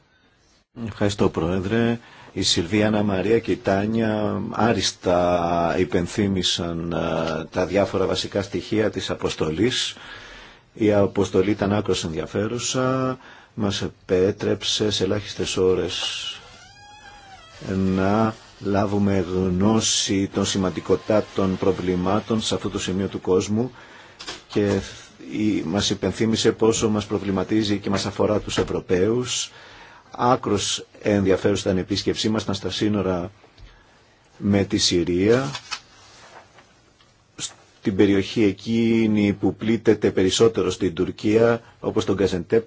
[SPEAKER 4] Ευχαριστώ Πρόεδρε. Η Σιλβία Μαρία και η Τάνια άριστα υπενθύμησαν ε, τα διάφορα βασικά στοιχεία της αποστολής. Η αποστολή ήταν άκρως ενδιαφέρουσα, μας επέτρεψε σε ελάχιστες ώρες να λάβουμε γνώση των σημαντικοτάτων προβλημάτων σε αυτό το σημείο του κόσμου και μας υπενθύμησε πόσο μας προβληματίζει και μας αφορά τους Ευρωπαίους. Άκρος ενδιαφέρουσα ήταν η επίσκεψή μας, στα σύνορα με τη Συρία, στην περιοχή εκείνη που πλήττεται περισσότερο στην Τουρκία, όπως τον Καζεντέπ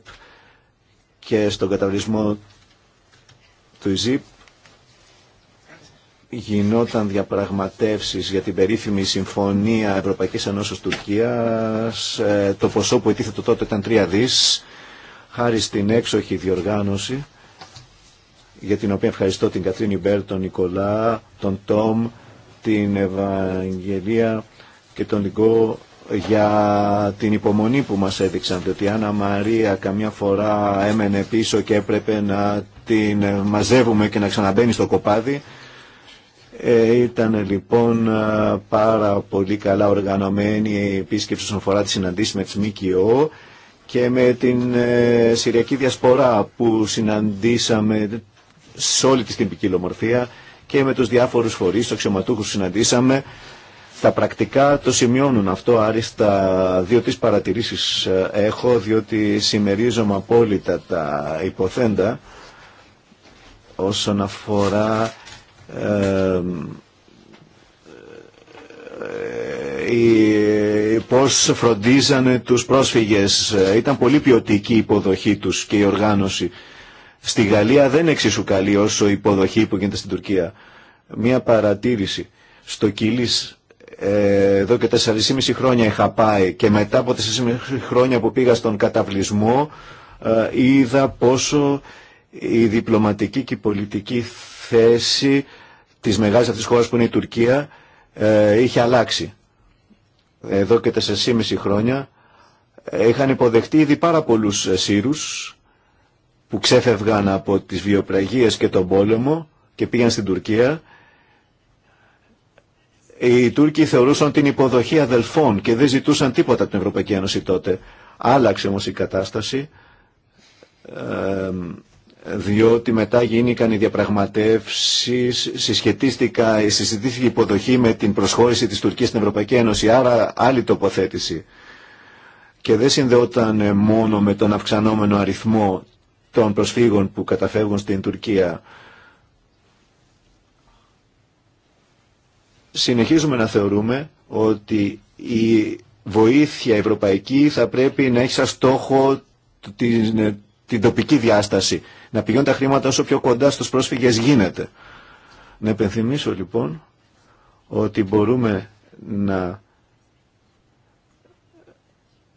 [SPEAKER 4] και στον καταβλισμό του Ιζίπ γινόταν διαπραγματεύσεις για την περίφημη Συμφωνία Ευρωπαϊκής Ενώσεως Τουρκίας. Ε, το ποσό που ετίθετο τότε ήταν τρία δις, χάρη στην έξοχη διοργάνωση, για την οποία ευχαριστώ την Κατρίνη Μπέρ, τον Νικολά, τον Τόμ, την Ευαγγελία και τον Λιγκό για την υπομονή που μας έδειξαν διότι η Άννα Μαρία καμιά φορά έμενε πίσω και έπρεπε να την μαζεύουμε και να ξαναμπαίνει στο κοπάδι ε, ήταν λοιπόν πάρα πολύ καλά οργανωμένη η επίσκεψη όσον αφορά τη συναντήση με τις ΜΚΟ και με την ε, Συριακή Διασπορά που συναντήσαμε σε όλη τη την ποικιλομορφία και με τους διάφορους φορείς, τους αξιωματούχους συναντήσαμε. Τα πρακτικά το σημειώνουν αυτό άριστα, δύο τις παρατηρήσεις ε, έχω, διότι συμμερίζομαι απόλυτα τα υποθέντα όσον αφορά ε, ε, ε, πώς φροντίζανε τους πρόσφυγες. Ήταν πολύ ποιοτική η υποδοχή τους και η οργάνωση. Στη Γαλλία δεν είναι εξίσου καλή όσο η υποδοχή που γίνεται στην Τουρκία. Μία παρατήρηση. Στο Κίλης εδώ και 4,5 χρόνια είχα πάει και μετά από 4,5 χρόνια που πήγα στον καταβλισμό είδα πόσο η διπλωματική και η πολιτική θέση της μεγάλης αυτής χώρας που είναι η Τουρκία ε, είχε αλλάξει. Εδώ και 4,5 χρόνια ε, είχαν υποδεχτεί ήδη πάρα πολλούς ε, Σύρους που ξέφευγαν από τις βιοπραγίες και τον πόλεμο και πήγαν στην Τουρκία. Οι Τούρκοι θεωρούσαν την υποδοχή αδελφών και δεν ζητούσαν τίποτα από την Ευρωπαϊκή Ένωση τότε. Άλλαξε όμως η κατάσταση. Ε, διότι μετά γίνηκαν οι διαπραγματεύσεις, συσχετίστηκα, συζητήθηκε η υποδοχή με την προσχώρηση της Τουρκίας στην Ευρωπαϊκή Ένωση, άρα άλλη τοποθέτηση. Και δεν συνδεόταν μόνο με τον αυξανόμενο αριθμό των προσφύγων που καταφεύγουν στην Τουρκία. Συνεχίζουμε να θεωρούμε ότι η βοήθεια ευρωπαϊκή θα πρέπει να έχει σαν στόχο την, την τοπική διάσταση να πηγαίνουν τα χρήματα όσο πιο κοντά στους πρόσφυγες γίνεται. Να επενθυμίσω λοιπόν ότι μπορούμε να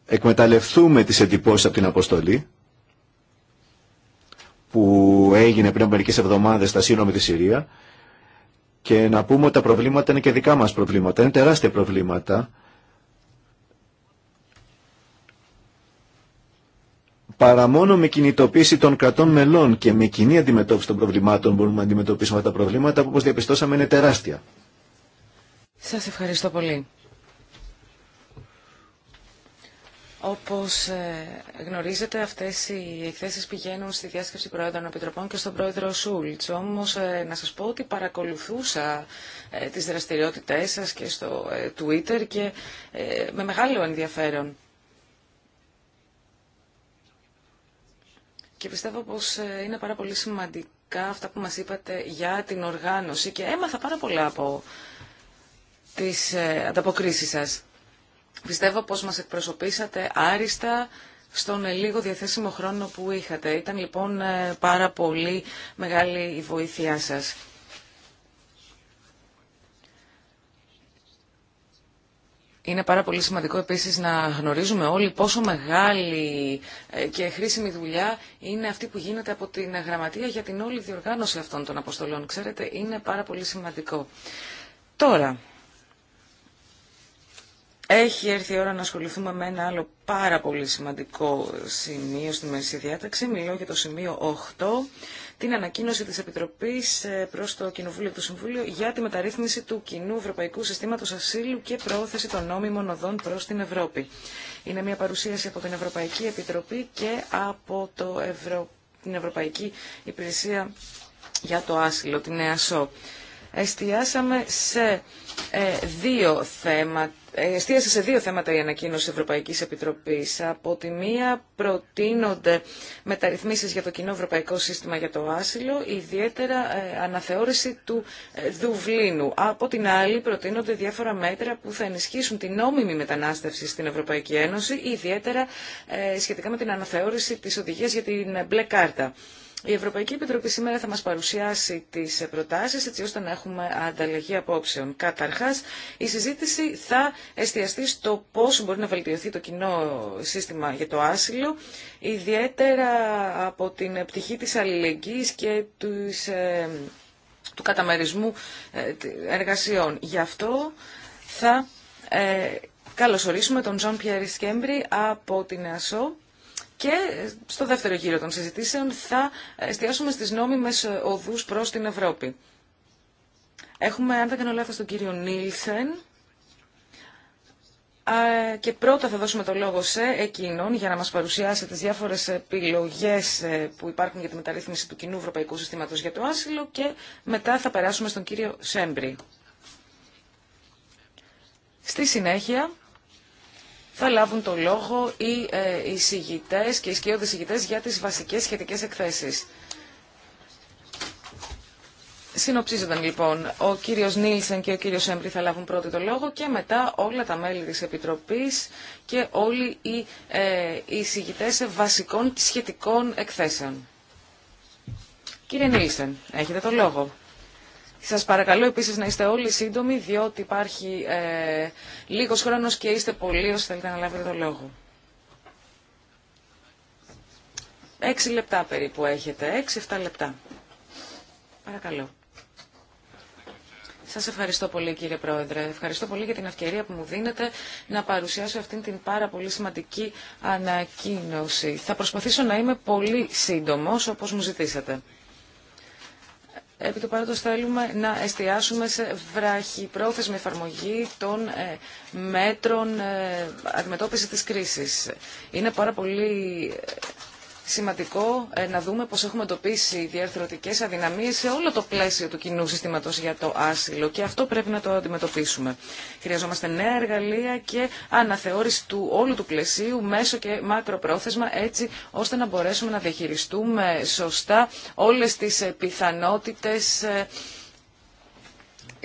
[SPEAKER 4] εκμεταλλευτούμε τις εντυπώσεις από την αποστολή που έγινε πριν από μερικές εβδομάδες στα σύνομη της τη Συρία και να πούμε ότι τα προβλήματα είναι και δικά μας προβλήματα. Είναι τεράστια προβλήματα παρά μόνο με κινητοποίηση των κρατών μελών και με κοινή αντιμετώπιση των προβλημάτων μπορούμε να αντιμετωπίσουμε τα προβλήματα που όπως διαπιστώσαμε είναι τεράστια.
[SPEAKER 3] Σας ευχαριστώ πολύ. Όπως ε, γνωρίζετε, αυτές οι εκθέσεις πηγαίνουν στη διάσκεψη Προέδρων Επιτροπών και στον Πρόεδρο Σούλτς. Όμως, ε, να σας πω ότι παρακολουθούσα ε, τις δραστηριότητές σας και στο Twitter και με μεγάλο ενδιαφέρον. και πιστεύω πως ε, είναι πάρα πολύ σημαντικά αυτά που μας είπατε για την οργάνωση και έμαθα πάρα πολλά από τις ε, ανταποκρίσεις σας. Πιστεύω πως μας εκπροσωπήσατε άριστα στον ε, λίγο διαθέσιμο χρόνο που είχατε. Ήταν λοιπόν πάρα πολύ μεγάλη η βοήθειά σας. Είναι πάρα πολύ σημαντικό επίσης να γνωρίζουμε όλοι πόσο μεγάλη ε, και χρήσιμη δουλειά είναι αυτή που γίνεται από την Γραμματεία για την όλη διοργάνωση αυτών των αποστολών. Ξέρετε, είναι πάρα πολύ σημαντικό. Τώρα, έχει έρθει η ώρα να ασχοληθούμε με ένα άλλο πάρα πολύ σημαντικό σημείο στη Μεσή Διάταξη. Μιλώ για το σημείο 8 την ανακοίνωση της Επιτροπής ε, προς το Κοινοβούλιο του Συμβούλιο για τη μεταρρύθμιση του κοινού Ευρωπαϊκού Συστήματος Ασύλου και προώθηση των νόμιμων οδών προς την Ευρώπη. Είναι μια παρουσίαση από την Ευρωπαϊκή Επιτροπή και από το Ευρω... την Ευρωπαϊκή Υπηρεσία για το Άσυλο, την ΕΑΣΟ εστιάσαμε σε ε, δύο θέματα. Ε, εστίασε σε δύο θέματα η ανακοίνωση Ευρωπαϊκής Επιτροπής. Από τη μία προτείνονται μεταρρυθμίσεις για το κοινό ευρωπαϊκό σύστημα για το άσυλο, ιδιαίτερα ε, αναθεώρηση του Δουβλίνου. Από την άλλη προτείνονται διάφορα μέτρα που θα ενισχύσουν την νόμιμη μετανάστευση στην Ευρωπαϊκή Ένωση, ιδιαίτερα σχετικά με την αναθεώρηση της οδηγίας για την μπλε κάρτα. Η Ευρωπαϊκή Επιτροπή σήμερα θα μας παρουσιάσει τις προτάσεις έτσι ώστε να έχουμε ανταλλαγή απόψεων. Καταρχάς, η συζήτηση θα εστιαστεί στο πώς μπορεί να βελτιωθεί το κοινό σύστημα για το άσυλο, ιδιαίτερα από την πτυχή της αλληλεγγύης και ε, του καταμερισμού ε, εργασιών. Γι' αυτό θα ε, καλωσορίσουμε τον Τζον Πιερι Σκέμπρι από την ΕΑΣΟ, και στο δεύτερο γύρο των συζητήσεων θα εστιάσουμε στις νόμιμες οδούς προς την Ευρώπη. Έχουμε, αν δεν κάνω λάθος, τον κύριο Νίλσεν. Και πρώτα θα δώσουμε το λόγο σε εκείνον για να μας παρουσιάσει τις διάφορες επιλογές ε, που υπάρχουν για τη μεταρρύθμιση του κοινού ευρωπαϊκού συστήματος για το άσυλο και μετά θα περάσουμε στον κύριο Σέμπρι. Στη συνέχεια θα λάβουν το λόγο οι ε, εισηγητές και οι σκιώδες εισηγητές για τις βασικές σχετικές εκθέσεις. Συνοψίζονταν λοιπόν, ο κύριος Νίλσεν και ο κύριος Έμπρη θα λάβουν πρώτοι το λόγο και μετά όλα τα μέλη της Επιτροπής και όλοι οι ε, εισηγητές βασικών σχετικών εκθέσεων.
[SPEAKER 4] Κύριε Νίλσεν,
[SPEAKER 3] έχετε το λόγο. Σας παρακαλώ επίσης να είστε όλοι σύντομοι, διότι υπάρχει ε, λίγος χρόνος και είστε πολλοί όσοι θέλετε να λάβετε το λόγο. Έξι λεπτά περίπου έχετε, έξι-εφτά λεπτά. Παρακαλώ. Σας ευχαριστώ πολύ κύριε Πρόεδρε. Ευχαριστώ πολύ για την ευκαιρία που μου δίνετε να παρουσιάσω αυτήν την πάρα πολύ σημαντική ανακοίνωση. Θα προσπαθήσω να είμαι πολύ σύντομος όπως μου ζητήσατε. Επί το παρόντος θέλουμε να εστιάσουμε σε βραχυπρόθεσμη εφαρμογή των ε, μέτρων ε, αντιμετώπισης της κρίσης. Είναι πάρα πολύ ε, σημαντικό ε, να δούμε πως έχουμε εντοπίσει διαρθρωτικές αδυναμίες σε όλο το πλαίσιο του κοινού συστήματος για το άσυλο και αυτό πρέπει να το αντιμετωπίσουμε. Χρειαζόμαστε νέα εργαλεία και αναθεώρηση του όλου του πλαισίου μέσω και μακροπρόθεσμα έτσι ώστε να μπορέσουμε να διαχειριστούμε σωστά όλες τις ε, πιθανότητες ε,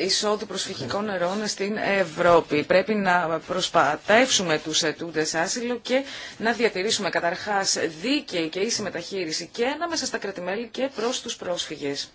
[SPEAKER 3] εισόδου προσφυγικών νερών στην Ευρώπη. Πρέπει να προσπατεύσουμε του ετούντε άσυλο και να διατηρήσουμε καταρχά δίκαιη και ίση μεταχείριση και μέσα στα κρατημέλη και προ του πρόσφυγες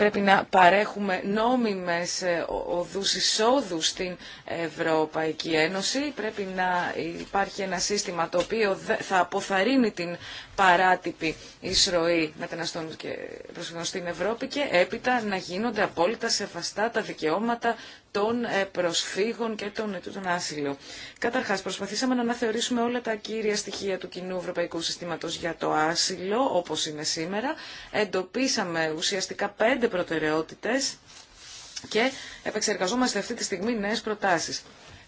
[SPEAKER 3] πρέπει να παρέχουμε νόμιμες ε, οδούς εισόδου στην Ευρωπαϊκή Ένωση. Πρέπει να υπάρχει ένα σύστημα το οποίο θα αποθαρρύνει την παράτυπη εισρωή μεταναστών και προσφυγών στην Ευρώπη και έπειτα να γίνονται απόλυτα σεβαστά τα δικαιώματα των ε, προσφύγων και των ετούτων άσυλο. Καταρχά, προσπαθήσαμε να αναθεωρήσουμε όλα τα κύρια στοιχεία του κοινού ευρωπαϊκού συστήματο για το άσυλο, όπω είναι σήμερα. Εντοπίσαμε ουσιαστικά πέντε προτεραιότητε και επεξεργαζόμαστε αυτή τη στιγμή νέε προτάσει.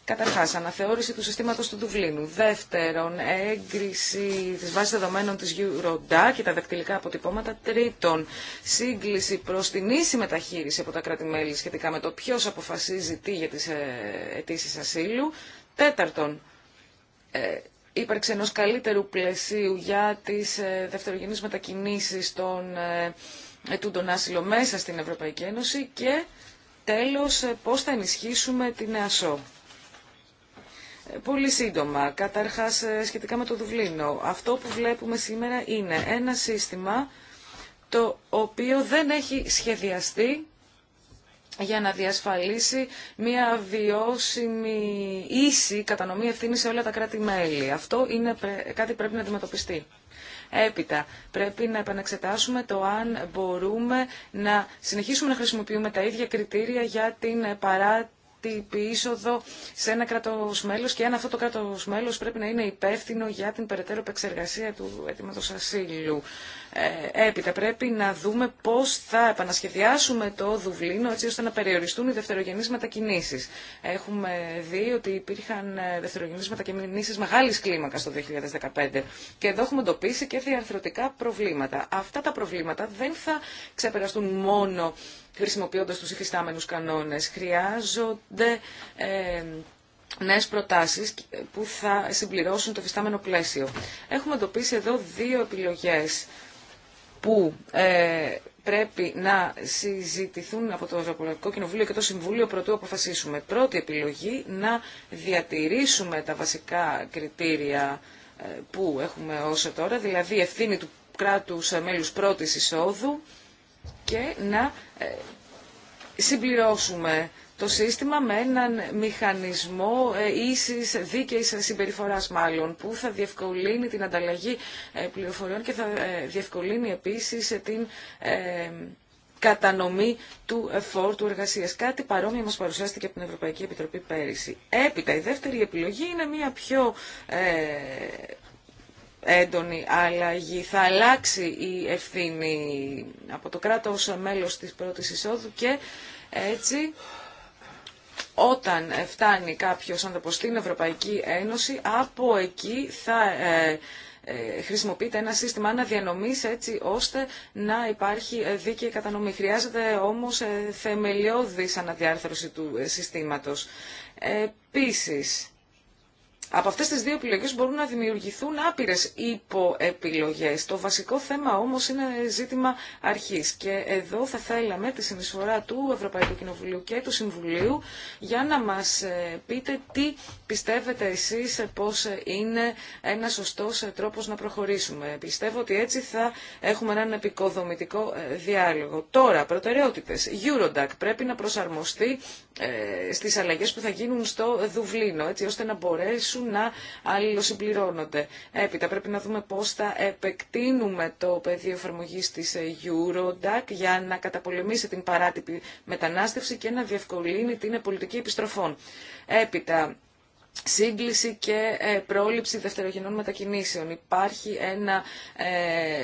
[SPEAKER 3] Καταρχά, αναθεώρηση του συστήματο του Δουβλίνου. Δεύτερον, έγκριση τη βάση δεδομένων τη Eurodac και τα δεκτυλικά αποτυπώματα. Τρίτον, σύγκληση προ την ίση μεταχείριση από τα κράτη-μέλη σχετικά με το ποιο αποφασίζει τι για τις ε, αιτήσει ασύλου. Τέταρτον, ε, ύπαρξη ενό καλύτερου πλαισίου για τις ε, δευτερογενείς μετακίνησει των ετούντων άσυλο μέσα στην Ευρωπαϊκή Ένωση και τέλος πώς θα ενισχύσουμε την ΕΑΣΟ. Πολύ σύντομα, καταρχάς ε, σχετικά με το Δουβλίνο, αυτό που βλέπουμε σήμερα είναι ένα σύστημα το οποίο δεν έχει σχεδιαστεί για να διασφαλίσει μια βιώσιμη ίση κατανομή ευθύνη σε όλα τα κράτη-μέλη. Αυτό είναι κάτι που πρέπει να αντιμετωπιστεί. Έπειτα, πρέπει να επαναξετάσουμε το αν μπορούμε να συνεχίσουμε να χρησιμοποιούμε τα ίδια κριτήρια για την παράτηση τύπη είσοδο σε ένα κρατό μέλο, και αν αυτό το κράτο πρέπει να είναι υπεύθυνο για την περαιτέρω επεξεργασία του αιτήματο ασύλου. Ε, έπειτα πρέπει να δούμε πώς θα επανασχεδιάσουμε το Δουβλίνο έτσι ώστε να περιοριστούν οι δευτερογενείς μετακινήσεις. Έχουμε δει ότι υπήρχαν ε, δευτερογενείς μετακινήσεις μεγάλης κλίμακας το 2015 και εδώ έχουμε εντοπίσει και διαρθρωτικά προβλήματα. Αυτά τα προβλήματα δεν θα ξεπεραστούν μόνο χρησιμοποιώντας τους υφιστάμενους κανόνες. Χρειάζονται... Ε, νέες προτάσεις που θα συμπληρώσουν το φυστάμενο πλαίσιο. Έχουμε εντοπίσει εδώ δύο επιλογές που ε, πρέπει να συζητηθούν από το Ευρωπαϊκό Κοινοβούλιο και το Συμβούλιο πρωτού αποφασίσουμε. Πρώτη επιλογή να διατηρήσουμε τα βασικά κριτήρια ε, που έχουμε όσο τώρα, δηλαδή ευθύνη του κράτους ε, μέλους πρώτης εισόδου και να ε, συμπληρώσουμε το σύστημα με έναν μηχανισμό ε, ίσης δίκαιης συμπεριφοράς μάλλον, που θα διευκολύνει την ανταλλαγή ε, πληροφοριών και θα ε, διευκολύνει επίσης την κατανομή του εφόρτου εργασία. Κάτι παρόμοιο μα παρουσιάστηκε από την Ευρωπαϊκή Επιτροπή πέρυσι. Έπειτα, η δεύτερη επιλογή είναι μια πιο έντονη αλλαγή. Θα αλλάξει η ευθύνη από το κράτος μέλος της πρώτης εισόδου και έτσι όταν φτάνει κάποιος άνθρωπος στην Ευρωπαϊκή Ένωση, από εκεί θα ε, ε, χρησιμοποιείται ένα σύστημα αναδιανομής έτσι ώστε να υπάρχει ε, δίκαιη κατανομή. Χρειάζεται όμως θεμελιώδης αναδιάρθρωση του συστήματος. Επίσης, από αυτές τις δύο επιλογές μπορούν να δημιουργηθούν άπειρες υποεπιλογές. Το βασικό θέμα όμως είναι ζήτημα αρχής και εδώ θα θέλαμε τη συνεισφορά του Ευρωπαϊκού Κοινοβουλίου και του Συμβουλίου για να μας ε, πείτε τι πιστεύετε εσείς πως είναι ένα σωστός τρόπος να προχωρήσουμε. Πιστεύω ότι έτσι θα έχουμε έναν επικοδομητικό ε, διάλογο. Τώρα, προτεραιότητες. Eurodac πρέπει να προσαρμοστεί ε, στις αλλαγές που θα γίνουν στο Δουβλίνο, έτσι ώστε να μπορέσουν να αλληλοσυμπληρώνονται. Έπειτα πρέπει να δούμε πώς θα επεκτείνουμε το πεδίο εφαρμογή της ε, Eurodac για να καταπολεμήσει την παράτυπη μετανάστευση και να διευκολύνει την πολιτική επιστροφών. Έπειτα, σύγκληση και ε, πρόληψη δευτερογενών μετακινήσεων. Υπάρχει ένα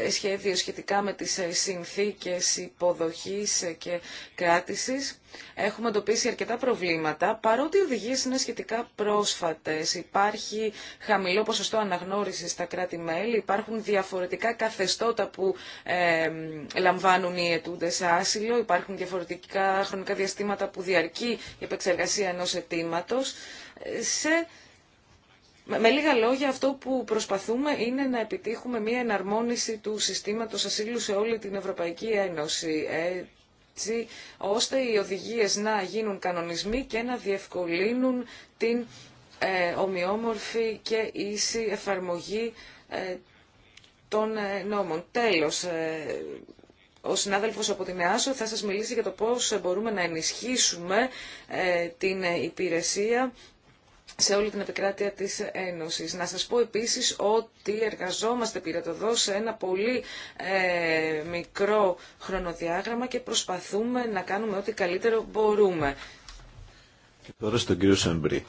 [SPEAKER 3] ε, σχέδιο σχετικά με τις ε, συνθήκες υποδοχής και κράτησης. Έχουμε εντοπίσει αρκετά προβλήματα, παρότι οι οδηγίες είναι σχετικά πρόσφατες. Υπάρχει χαμηλό ποσοστό αναγνώρισης στα κράτη-μέλη, υπάρχουν διαφορετικά καθεστώτα που ε, λαμβάνουν οι αιτούντες σε άσυλο, υπάρχουν διαφορετικά χρονικά διαστήματα που διαρκεί η επεξεργασία ενός αιτήματο σε... Με λίγα λόγια, αυτό που προσπαθούμε είναι να επιτύχουμε μία εναρμόνιση του συστήματος ασύλου σε όλη την Ευρωπαϊκή Ένωση, έτσι ώστε οι οδηγίες να γίνουν κανονισμοί και να διευκολύνουν την ε, ομοιόμορφη και ίση εφαρμογή ε, των ε, νόμων. Τέλος, ο συνάδελφος από την ΕΑΣΟ θα σας μιλήσει για το πώς μπορούμε να ενισχύσουμε την υπηρεσία σε όλη την επικράτεια της Ένωσης. Να σας πω επίσης ότι εργαζόμαστε πυρετοδό σε ένα πολύ ε, μικρό χρονοδιάγραμμα και προσπαθούμε να κάνουμε ό,τι καλύτερο μπορούμε.
[SPEAKER 4] Και τώρα στον κύριο Σαμπρί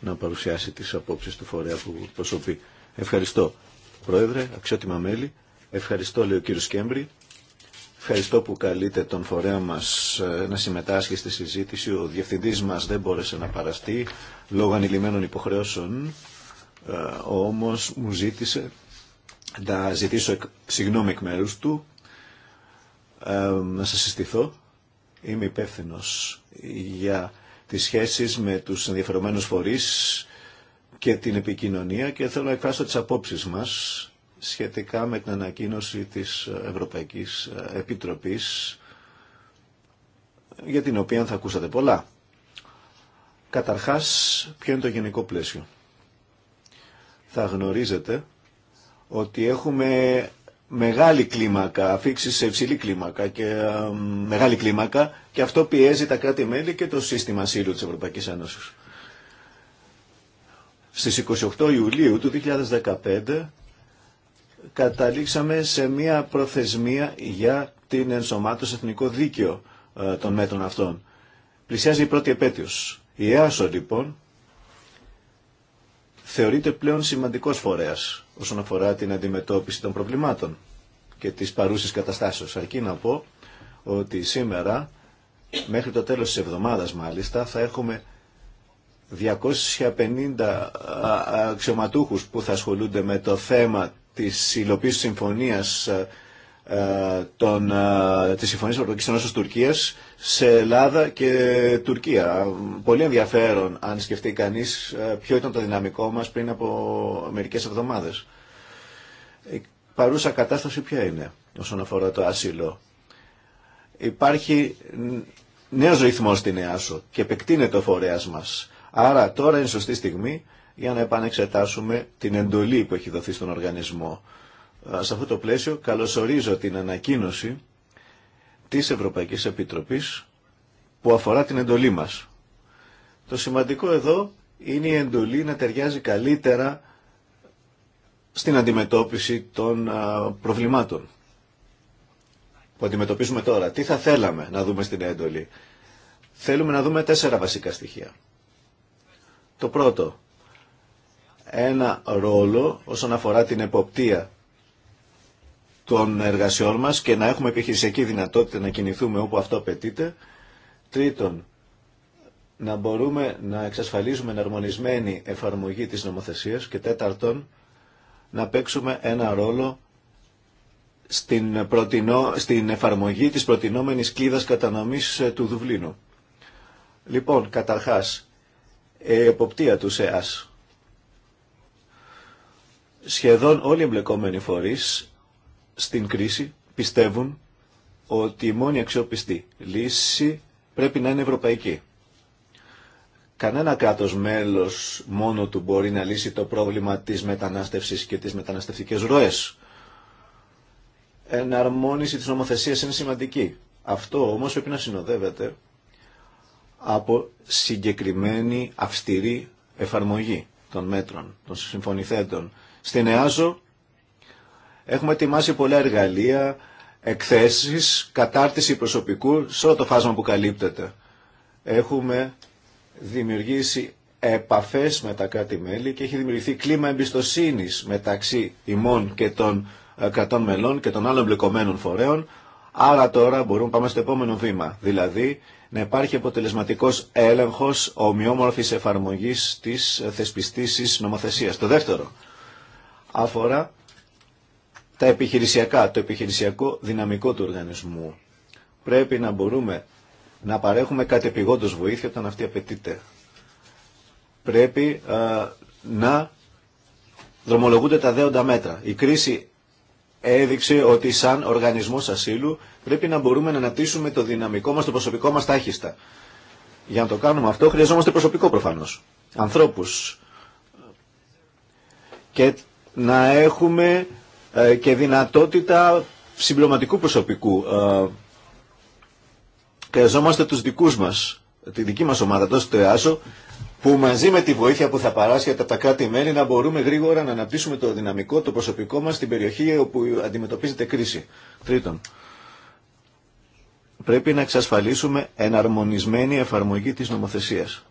[SPEAKER 4] να παρουσιάσει τις απόψεις του φορέα που προσωπεί. Ευχαριστώ. Πρόεδρε, αξιότιμα μέλη, ευχαριστώ λέει ο κύριος Κέμπρη Ευχαριστώ που καλείτε τον φορέα μας ε, να συμμετάσχει στη συζήτηση. Ο διευθυντής μας δεν μπόρεσε να παραστεί λόγω ανηλυμένων υποχρεώσεων. Ε, όμως μου ζήτησε να ζητήσω συγγνώμη εκ μέρους του, ε, να σας συστηθώ. Είμαι υπεύθυνο για τις σχέσεις με τους ενδιαφερομένους φορείς και την επικοινωνία και θέλω να εκφράσω τις απόψεις μας σχετικά με την ανακοίνωση της Ευρωπαϊκής Επιτροπής για την οποία θα ακούσατε πολλά. Καταρχάς, ποιο είναι το γενικό πλαίσιο. Θα γνωρίζετε ότι έχουμε μεγάλη κλίμακα, αφήξει σε υψηλή κλίμακα και ε, μεγάλη κλίμακα και αυτό πιέζει τα κράτη-μέλη και το σύστημα ασύλου της Ευρωπαϊκής Ένωσης. Στις 28 Ιουλίου του 2015 καταλήξαμε σε μια προθεσμία για την ενσωμάτωση εθνικό δίκαιο ε, των μέτρων αυτών. Πλησιάζει η πρώτη επέτειος. Η ΕΑΣΟ λοιπόν θεωρείται πλέον σημαντικός φορέας όσον αφορά την αντιμετώπιση των προβλημάτων και της παρούσης καταστάσεως. Αρκεί να πω ότι σήμερα μέχρι το τέλος της εβδομάδας μάλιστα θα έχουμε 250 αξιωματούχους που θα ασχολούνται με το θέμα της υλοποίησης της συμφωνίας ε, ε, των, ε, της Συμφωνίας Ευρωπαϊκής Ενώσης Τουρκίας σε Ελλάδα και Τουρκία. Πολύ ενδιαφέρον αν σκεφτεί κανείς ποιο ήταν το δυναμικό μας πριν από μερικές εβδομάδες. Η παρούσα κατάσταση ποια είναι όσον αφορά το άσυλο. Υπάρχει νέος ρυθμός στην ΕΑΣΟ και επεκτείνεται ο φορέας μας. Άρα τώρα είναι σωστή στιγμή για να επανεξετάσουμε την εντολή που έχει δοθεί στον οργανισμό. Ε, σε αυτό το πλαίσιο καλωσορίζω την ανακοίνωση της Ευρωπαϊκής Επιτροπής που αφορά την εντολή μας. Το σημαντικό εδώ είναι η εντολή να ταιριάζει καλύτερα στην αντιμετώπιση των ε, προβλημάτων που αντιμετωπίζουμε τώρα. Τι θα θέλαμε να δούμε στην εντολή. Θέλουμε να δούμε τέσσερα βασικά στοιχεία. Το πρώτο, ένα ρόλο όσον αφορά την εποπτεία των εργασιών μας και να έχουμε επιχειρησιακή δυνατότητα να κινηθούμε όπου αυτό απαιτείται. Τρίτον, να μπορούμε να εξασφαλίζουμε εναρμονισμένη εφαρμογή της νομοθεσίας και τέταρτον, να παίξουμε ένα ρόλο στην, προτινό, στην εφαρμογή της προτινόμενης κλίδας κατανομής ε, του Δουβλίνου. Λοιπόν, καταρχάς, εποπτεία του ΣΕΑΣ. Σχεδόν όλοι οι εμπλεκόμενοι φορείς στην κρίση πιστεύουν ότι η μόνη αξιοπιστή λύση πρέπει να είναι ευρωπαϊκή. Κανένα κράτος μέλος μόνο του μπορεί να λύσει το πρόβλημα της μετανάστευσης και της μεταναστευτικές ροές. Εναρμόνιση της νομοθεσίας είναι σημαντική. Αυτό όμως πρέπει να συνοδεύεται από συγκεκριμένη αυστηρή εφαρμογή των μέτρων, των συμφωνηθέντων. Στην ΕΑΖΟ έχουμε ετοιμάσει πολλά εργαλεία, εκθέσεις, κατάρτιση προσωπικού σε όλο το φάσμα που καλύπτεται. Έχουμε δημιουργήσει επαφές με τα κράτη-μέλη και έχει δημιουργηθεί κλίμα εμπιστοσύνης μεταξύ ημών και των ε, κρατών μελών και των άλλων εμπλεκομένων φορέων. Άρα τώρα μπορούμε να πάμε στο επόμενο βήμα, δηλαδή να υπάρχει αποτελεσματικός έλεγχος ομοιόμορφης εφαρμογής της ε, θεσπιστής νομοθεσίας. Το δεύτερο, αφορά τα επιχειρησιακά, το επιχειρησιακό δυναμικό του οργανισμού. Πρέπει να μπορούμε να παρέχουμε κατεπηγόντως βοήθεια όταν αυτή απαιτείται. Πρέπει να δρομολογούνται τα δέοντα μέτρα. Η κρίση έδειξε ότι σαν οργανισμός ασύλου πρέπει να μπορούμε να ανατήσουμε το δυναμικό μας, το προσωπικό μας τάχιστα. Για να το κάνουμε αυτό χρειαζόμαστε προσωπικό προφανώς. Ανθρώπους. Και να έχουμε ε, και δυνατότητα συμπληρωματικού προσωπικού. Ε, χρειαζόμαστε τους δικούς μας, τη δική μας ομάδα τόσο το ΕΑΣΟ, που μαζί με τη βοήθεια που θα παράσχεται από τα κράτη-μέλη να μπορούμε γρήγορα να αναπτύσσουμε το δυναμικό, το προσωπικό μας στην περιοχή όπου αντιμετωπίζεται κρίση. Τρίτον, πρέπει να εξασφαλίσουμε εναρμονισμένη εφαρμογή της νομοθεσίας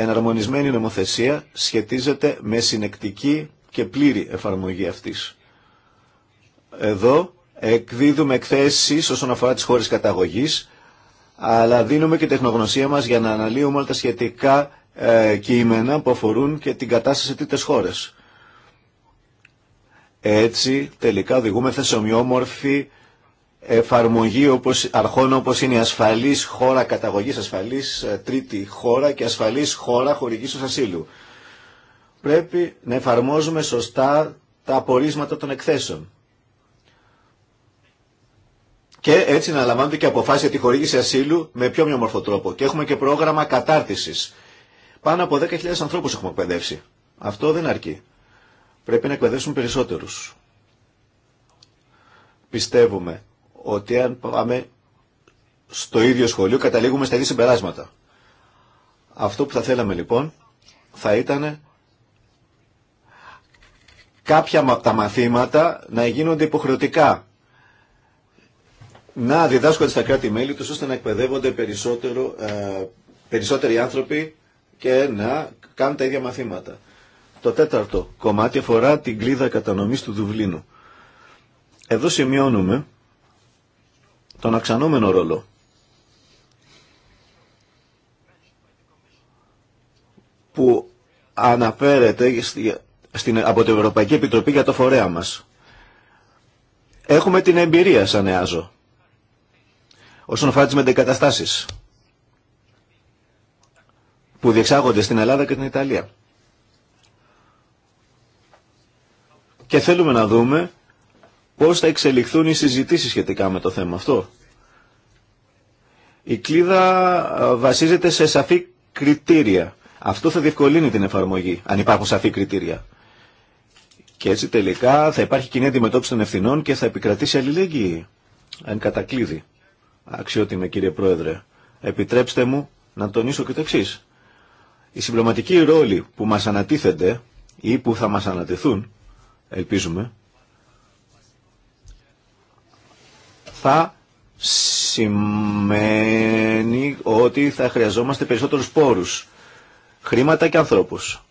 [SPEAKER 4] εναρμονισμένη νομοθεσία σχετίζεται με συνεκτική και πλήρη εφαρμογή αυτής. Εδώ εκδίδουμε εκθέσεις όσον αφορά τις χώρες καταγωγής, αλλά δίνουμε και τεχνογνωσία μας για να αναλύουμε όλα τα σχετικά ε, κείμενα που αφορούν και την κατάσταση τρίτες χώρες. Έτσι τελικά οδηγούμεθα σε ομοιόμορφη εφαρμογή όπως, αρχών όπως είναι η ασφαλής χώρα καταγωγής, ασφαλής ε, τρίτη χώρα και ασφαλής χώρα χορηγήσεως ασύλου. Πρέπει να εφαρμόζουμε σωστά τα απορίσματα των εκθέσεων. Και έτσι να λαμβάνονται και αποφάσει για τη χορήγηση ασύλου με πιο μειομορφό τρόπο. Και έχουμε και πρόγραμμα κατάρτισης. Πάνω από 10.000 ανθρώπου έχουμε εκπαιδεύσει. Αυτό δεν αρκεί. Πρέπει να εκπαιδεύσουμε περισσότερου. Πιστεύουμε ότι αν πάμε στο ίδιο σχολείο καταλήγουμε στα ίδια συμπεράσματα. Αυτό που θα θέλαμε λοιπόν θα ήταν κάποια από τα μαθήματα να γίνονται υποχρεωτικά. Να διδάσκονται στα κράτη-μέλη τους ώστε να εκπαιδεύονται περισσότερο, ε, περισσότεροι άνθρωποι και να κάνουν τα ίδια μαθήματα. Το τέταρτο κομμάτι αφορά την κλίδα κατανομής του Δουβλίνου. Εδώ σημειώνουμε τον αξανόμενο ρόλο. που αναφέρεται στην, από την Ευρωπαϊκή Επιτροπή για το φορέα μας. Έχουμε την εμπειρία σαν ΕΑΖΟ όσον αφορά τις μετεγκαταστάσεις που διεξάγονται στην Ελλάδα και την Ιταλία. Και θέλουμε να δούμε πώς θα εξελιχθούν οι συζητήσεις σχετικά με το θέμα αυτό. Η κλίδα ε, βασίζεται σε σαφή κριτήρια. Αυτό θα διευκολύνει την εφαρμογή, αν υπάρχουν σαφή κριτήρια. Και έτσι τελικά θα υπάρχει κοινή αντιμετώπιση των ευθυνών και θα επικρατήσει αλληλεγγύη. Αν κατακλείδη. Αξιότιμε κύριε Πρόεδρε, επιτρέψτε μου να τονίσω και το εξή. Οι συμπληρωματικοί ρόλοι που μας ανατίθενται ή που θα μας ανατεθούν, ελπίζουμε, θα σημαίνει ότι θα χρειαζόμαστε περισσότερους πόρους, χρήματα και ανθρώπους.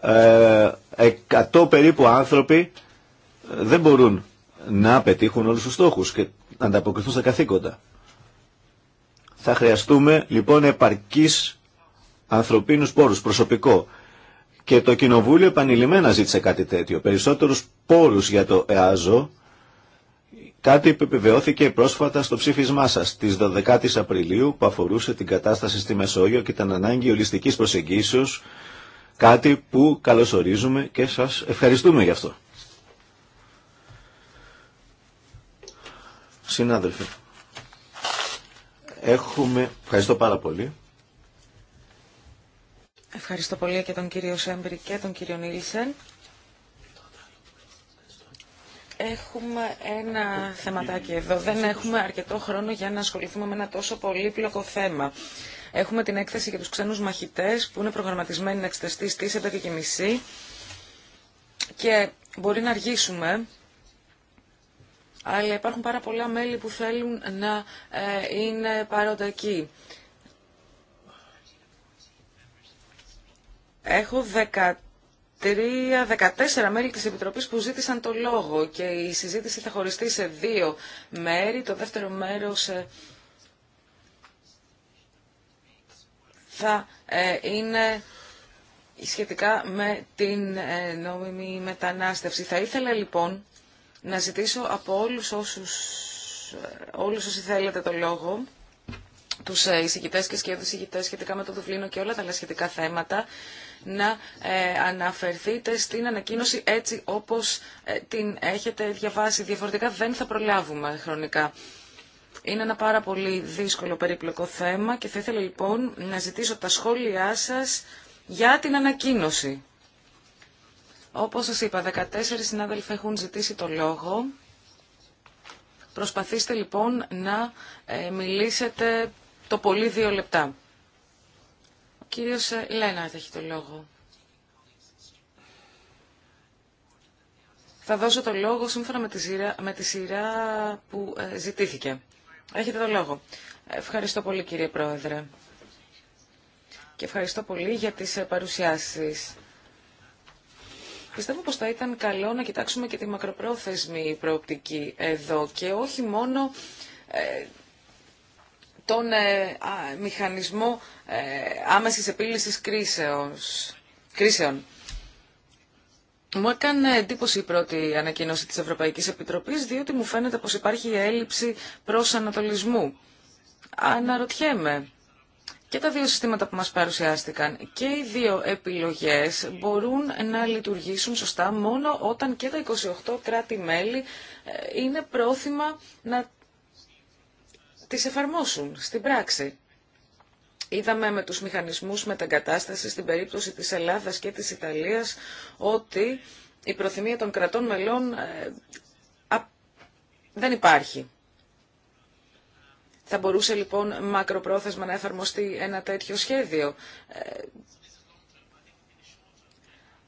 [SPEAKER 4] Ε, εκατό περίπου άνθρωποι δεν μπορούν να πετύχουν όλους τους στόχους και να ανταποκριθούν στα καθήκοντα. Θα χρειαστούμε λοιπόν επαρκείς ανθρωπίνους πόρους, προσωπικό. Και το Κοινοβούλιο επανειλημμένα ζήτησε κάτι τέτοιο. Περισσότερους πόρους για το ΕΑΖΟ Κάτι που επιβεβαιώθηκε πρόσφατα στο ψήφισμά σα τη 12η Απριλίου που αφορούσε την κατάσταση στη Μεσόγειο και την ανάγκη ολιστική προσεγγίσεω. Κάτι που καλωσορίζουμε και σα ευχαριστούμε γι' αυτό. Συνάδελφοι, έχουμε. Ευχαριστώ πάρα πολύ.
[SPEAKER 3] Ευχαριστώ πολύ και τον κύριο Σέμπρη και τον κύριο Νίλσεν. Έχουμε ένα θεματάκι εδώ. Δεν έχουμε αρκετό χρόνο για να ασχοληθούμε με ένα τόσο πολύπλοκο θέμα. Έχουμε την έκθεση για τους ξένους μαχητές που είναι προγραμματισμένη να εξεταστεί στις 11.30 και μπορεί να αργήσουμε, αλλά υπάρχουν πάρα πολλά μέλη που θέλουν να ε, είναι παρόντα εκεί. Έχω 13-14 μέλη της Επιτροπής που ζήτησαν το λόγο και η συζήτηση θα χωριστεί σε δύο μέρη. Το δεύτερο μέρος ε, θα ε, είναι σχετικά με την ε, νόμιμη μετανάστευση. Θα ήθελα λοιπόν να ζητήσω από όλους όσους, όλους όσοι θέλετε το λόγο, τους εισηγητές και σχεδόν εισηγητές σχετικά με το Δουβλίνο και όλα τα άλλα σχετικά θέματα, να ε, αναφερθείτε στην ανακοίνωση έτσι όπως ε, την έχετε διαβάσει. Διαφορετικά δεν θα προλάβουμε χρονικά. Είναι ένα πάρα πολύ δύσκολο περίπλοκο θέμα και θα ήθελα λοιπόν να ζητήσω τα σχόλιά σας για την ανακοίνωση. Όπως σας είπα, 14 συνάδελφοι έχουν ζητήσει το λόγο. Προσπαθήστε λοιπόν να ε, μιλήσετε το πολύ δύο λεπτά κύριος ε, Λέναρτ έχει το λόγο. Θα δώσω το λόγο σύμφωνα με τη σειρά, με τη σειρά που ε, ζητήθηκε. Έχετε το λόγο. Ευχαριστώ πολύ κύριε Πρόεδρε. Και ευχαριστώ πολύ για τις ε, παρουσιάσεις. Πιστεύω πως θα ήταν καλό να κοιτάξουμε και τη μακροπρόθεσμη προοπτική εδώ και όχι μόνο τον ε, μηχανισμό ε, άμεσης επίλυσης κρίσεως, κρίσεων. Μου έκανε εντύπωση η πρώτη ανακοίνωση της Ευρωπαϊκής Επιτροπής, διότι μου φαίνεται πως υπάρχει έλλειψη ανατολισμού. Αναρωτιέμαι, και τα δύο συστήματα που μας παρουσιάστηκαν και οι δύο επιλογές μπορούν να λειτουργήσουν σωστά μόνο όταν και τα 28 κράτη-μέλη ε, είναι πρόθυμα να τις εφαρμόσουν στην πράξη. Είδαμε με τους μηχανισμούς κατάσταση στην περίπτωση της Ελλάδας και της Ιταλίας ότι η προθυμία των κρατών μελών ε, δεν υπάρχει. Θα μπορούσε λοιπόν μακροπρόθεσμα να εφαρμοστεί ένα τέτοιο σχέδιο. Ε,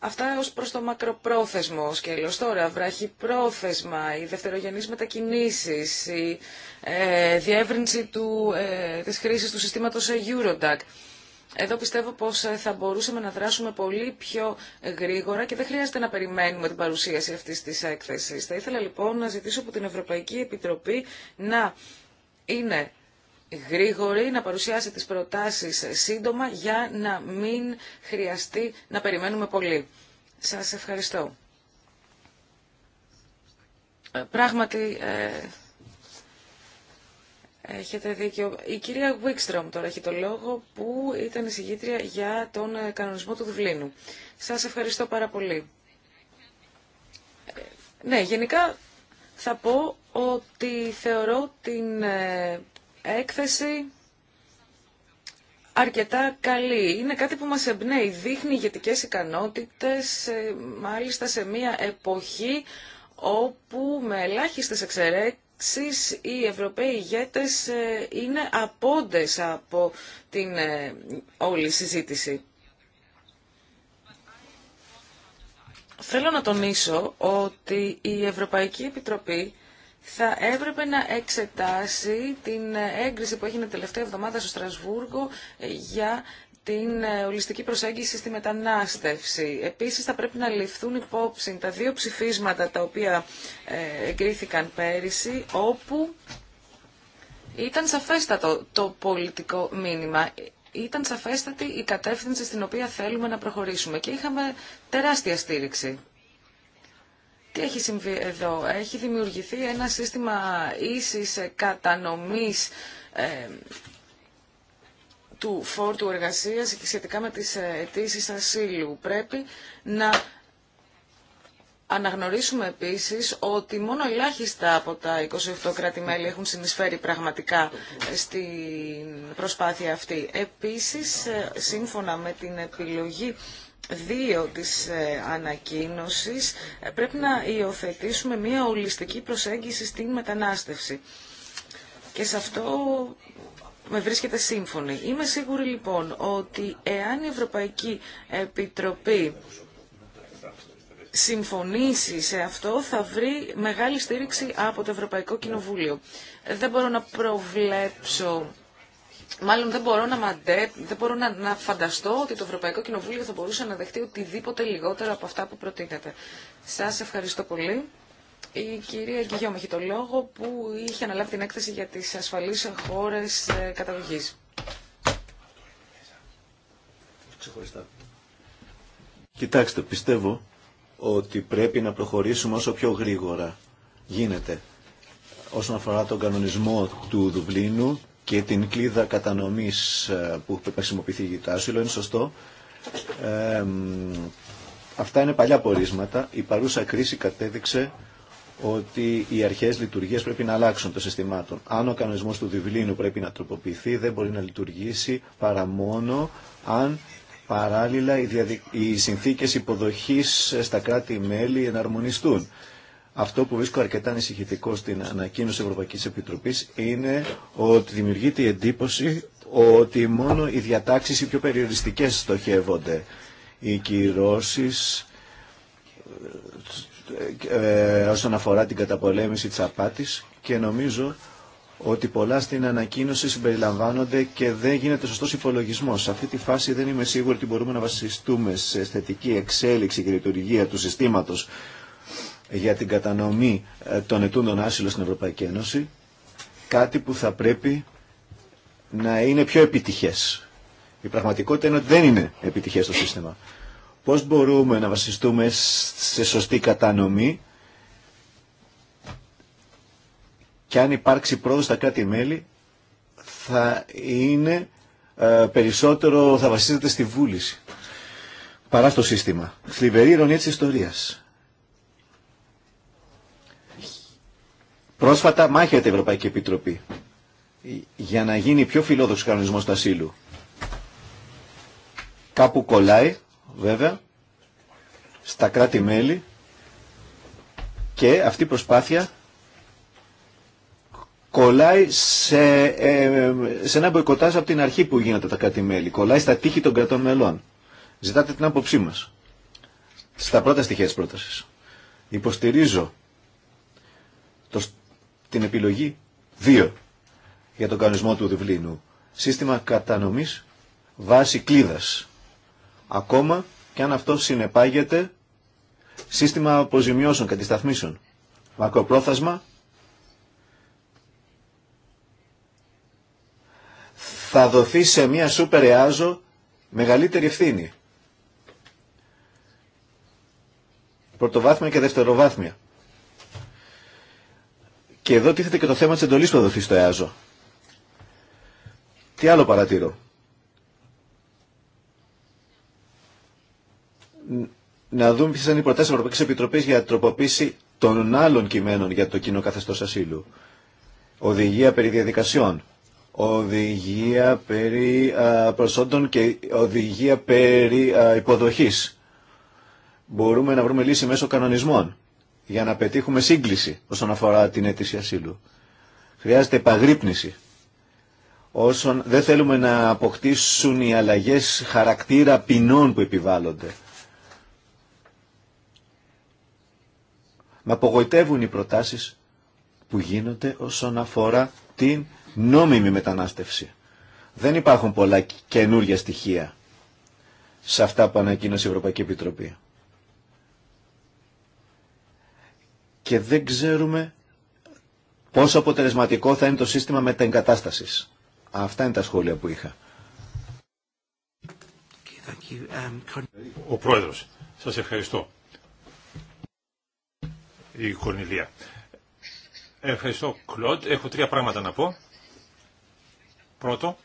[SPEAKER 3] Αυτά ως προς το μακροπρόθεσμο σκέλος. Τώρα, πρόθεσμα οι δευτερογενής μετακινήσεις, η ε, διεύρυνση του, ε, της χρήσης του συστήματος Eurodac. Εδώ πιστεύω πως ε, θα μπορούσαμε να δράσουμε πολύ πιο γρήγορα και δεν χρειάζεται να περιμένουμε την παρουσίαση αυτής της έκθεσης. Θα ήθελα λοιπόν να ζητήσω από την Ευρωπαϊκή Επιτροπή να είναι γρήγορη, να παρουσιάσει τις προτάσεις σύντομα για να μην χρειαστεί να περιμένουμε πολύ. Σας ευχαριστώ. Ε, πράγματι, ε, έχετε δίκιο. Η κυρία Βίξτρομ τώρα έχει το λόγο που ήταν η εισηγήτρια για τον ε, κανονισμό του Δουβλίνου. Σας ευχαριστώ πάρα πολύ. Ε, ναι, γενικά θα πω ότι θεωρώ την έκθεση αρκετά καλή. Είναι κάτι που μας εμπνέει, δείχνει ηγετικέ ικανότητες, ε, μάλιστα σε μια εποχή όπου με ελάχιστες εξαιρέξεις οι Ευρωπαίοι ηγέτες ε, είναι απόντες από την ε, όλη συζήτηση. Θέλω να τονίσω ότι η Ευρωπαϊκή Επιτροπή θα έπρεπε να εξετάσει την έγκριση που έγινε τελευταία εβδομάδα στο Στρασβούργο για την ε, ολιστική προσέγγιση στη μετανάστευση. Επίσης θα πρέπει να ληφθούν υπόψη τα δύο ψηφίσματα τα οποία ε, εγκρίθηκαν πέρυσι, όπου ήταν σαφέστατο το πολιτικό μήνυμα. Ήταν σαφέστατη η κατεύθυνση στην οποία θέλουμε να προχωρήσουμε και είχαμε τεράστια στήριξη. Τι έχει συμβεί εδώ. Έχει δημιουργηθεί ένα σύστημα ίσης κατανομής του φόρτου εργασίας και σχετικά με τις ε, αιτήσει ασύλου. Πρέπει να αναγνωρίσουμε επίσης ότι μόνο ελάχιστα από τα 28 κράτη-μέλη έχουν συνεισφέρει πραγματικά ε, στην προσπάθεια αυτή. Επίσης, ε, σύμφωνα με την επιλογή Δύο της ε, ανακοίνωσης ε, πρέπει να υιοθετήσουμε μια ολιστική προσέγγιση στην μετανάστευση. Και σε αυτό με βρίσκεται σύμφωνη. Είμαι σίγουρη λοιπόν ότι εάν η Ευρωπαϊκή Επιτροπή συμφωνήσει σε αυτό θα βρει μεγάλη στήριξη από το Ευρωπαϊκό Κοινοβούλιο. Δεν μπορώ να προβλέψω Μάλλον δεν μπορώ, να, μαντέ, δεν μπορώ να, να φανταστώ ότι το Ευρωπαϊκό Κοινοβούλιο θα μπορούσε να δεχτεί οτιδήποτε λιγότερο από αυτά που προτείνεται. Σας ευχαριστώ πολύ. Η κυρία Γιώμη έχει το λόγο που είχε αναλάβει την έκθεση για τις ασφαλείς χώρες ε, καταγωγής.
[SPEAKER 4] Κοιτάξτε, πιστεύω ότι πρέπει να προχωρήσουμε όσο πιο γρήγορα γίνεται όσον αφορά τον κανονισμό του Δουβλίνου και την κλίδα κατανομής ε, που πρέπει για το η είναι σωστό. αυτά είναι παλιά πορίσματα. Η παρούσα κρίση κατέδειξε ότι οι αρχές λειτουργίας πρέπει να αλλάξουν το συστημάτων. Αν ο κανονισμός του Διβλίνου πρέπει να τροποποιηθεί, δεν μπορεί να λειτουργήσει παρά μόνο αν παράλληλα οι, διαδικ... οι συνθήκες υποδοχής ε, στα κράτη-μέλη εναρμονιστούν. Αυτό που βρίσκω αρκετά ανησυχητικό στην ανακοίνωση Ευρωπαϊκής Επιτροπής είναι ότι δημιουργείται η εντύπωση ότι μόνο οι διατάξεις οι πιο περιοριστικές στοχεύονται. Οι κυρώσεις ε, ε, όσον αφορά την καταπολέμηση της απάτης και νομίζω ότι πολλά στην ανακοίνωση συμπεριλαμβάνονται και δεν γίνεται σωστός υπολογισμός. Σε αυτή τη φάση δεν είμαι σίγουρη ότι μπορούμε να βασιστούμε σε θετική εξέλιξη και λειτουργία του συστήματος για την κατανομή ε, των ετούντων άσυλων στην Ευρωπαϊκή Ένωση, κάτι που θα πρέπει να είναι πιο επιτυχές. Η πραγματικότητα είναι ότι δεν είναι επιτυχές το σύστημα. Πώς μπορούμε να βασιστούμε σε σωστή κατανομή και αν υπάρξει πρόοδος στα κράτη-μέλη θα είναι ε, περισσότερο, θα βασίζεται στη βούληση παρά στο σύστημα. Θλιβερή ηρωνία της ιστορίας. Πρόσφατα μάχεται η Ευρωπαϊκή Επιτροπή για να γίνει πιο φιλόδοξο κανονισμός του ασύλου. Κάπου κολλάει, βέβαια, στα κράτη-μέλη και αυτή η προσπάθεια κολλάει σε, ε, σε ένα μποϊκοτάζ από την αρχή που γίνονται τα κράτη-μέλη. Κολλάει στα τείχη των κρατών μελών. Ζητάτε την άποψή μας. Στα πρώτα στοιχεία της πρότασης. Υποστηρίζω το, την επιλογή 2 για τον κανονισμό του Διβλίνου. Σύστημα κατανομής βάση κλίδας. Ακόμα και αν αυτό συνεπάγεται σύστημα αποζημιώσεων, αντισταθμίσεων. Μακροπρόθεσμα θα δοθεί σε μια σούπερ εάζο μεγαλύτερη ευθύνη. Πρωτοβάθμια και δευτεροβάθμια και εδώ τίθεται και το θέμα της εντολής που θα δοθεί στο ΕΑΖΟ. Τι άλλο παρατηρώ. Να δούμε ποιες είναι οι προτάσεις της Ευρωπαϊκής Επιτροπής για τροποποίηση των άλλων κειμένων για το κοινό καθεστώς ασύλου. Οδηγία περί διαδικασιών, οδηγία περί προσόντων και οδηγία περί υποδοχής. Μπορούμε να βρούμε λύση μέσω κανονισμών για να πετύχουμε σύγκληση όσον αφορά την αίτηση ασύλου. Χρειάζεται επαγρύπνηση. Όσον δεν θέλουμε να αποκτήσουν οι αλλαγές χαρακτήρα ποινών που επιβάλλονται. Με απογοητεύουν οι προτάσεις που γίνονται όσον αφορά την νόμιμη μετανάστευση. Δεν υπάρχουν πολλά καινούργια στοιχεία σε αυτά που ανακοίνωσε η Ευρωπαϊκή Επιτροπή. και δεν ξέρουμε πόσο αποτελεσματικό θα είναι το σύστημα μεταεγκατάστασης. Αυτά είναι τα σχόλια που είχα. Um, Ο Πρόεδρος,
[SPEAKER 1] σας ευχαριστώ. Η Κορνιλία. Ευχαριστώ, Κλοντ. Έχω τρία πράγματα να πω. Πρώτο,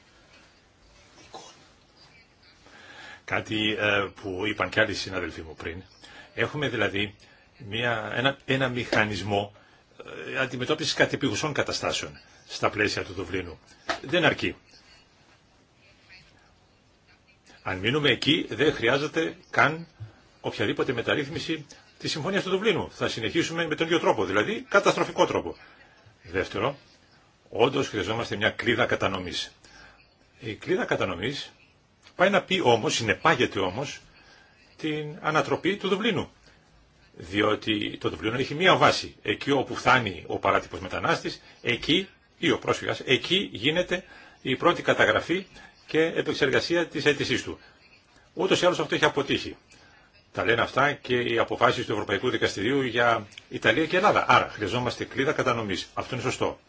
[SPEAKER 1] κάτι ε, που είπαν και άλλοι συναδελφοί μου πριν. Έχουμε δηλαδή μια, ένα, ένα μηχανισμό ε, αντιμετώπισης κατεπηγουσών καταστάσεων στα πλαίσια του Δουβλίνου. Δεν αρκεί. Αν μείνουμε εκεί, δεν χρειάζεται καν οποιαδήποτε μεταρρύθμιση τη συμφωνία του Δουβλίνου. Θα συνεχίσουμε με τον ίδιο τρόπο, δηλαδή καταστροφικό τρόπο. Δεύτερο, όντω χρειαζόμαστε μια κλίδα κατανομή. Η κλίδα κατανομή πάει να πει όμω, συνεπάγεται όμω, την ανατροπή του Δουβλίνου διότι το Δουβλίνο έχει μία βάση. Εκεί όπου φτάνει ο παράτυπος μετανάστης, εκεί ή ο πρόσφυγας, εκεί γίνεται η πρώτη καταγραφή και επεξεργασία της αίτησή του. Ούτως ή άλλως αυτό έχει αποτύχει. Τα λένε αυτά και οι αποφάσεις του Ευρωπαϊκού Δικαστηρίου για Ιταλία και Ελλάδα. Άρα χρειαζόμαστε κλίδα κατανομής. Αυτό είναι σωστό.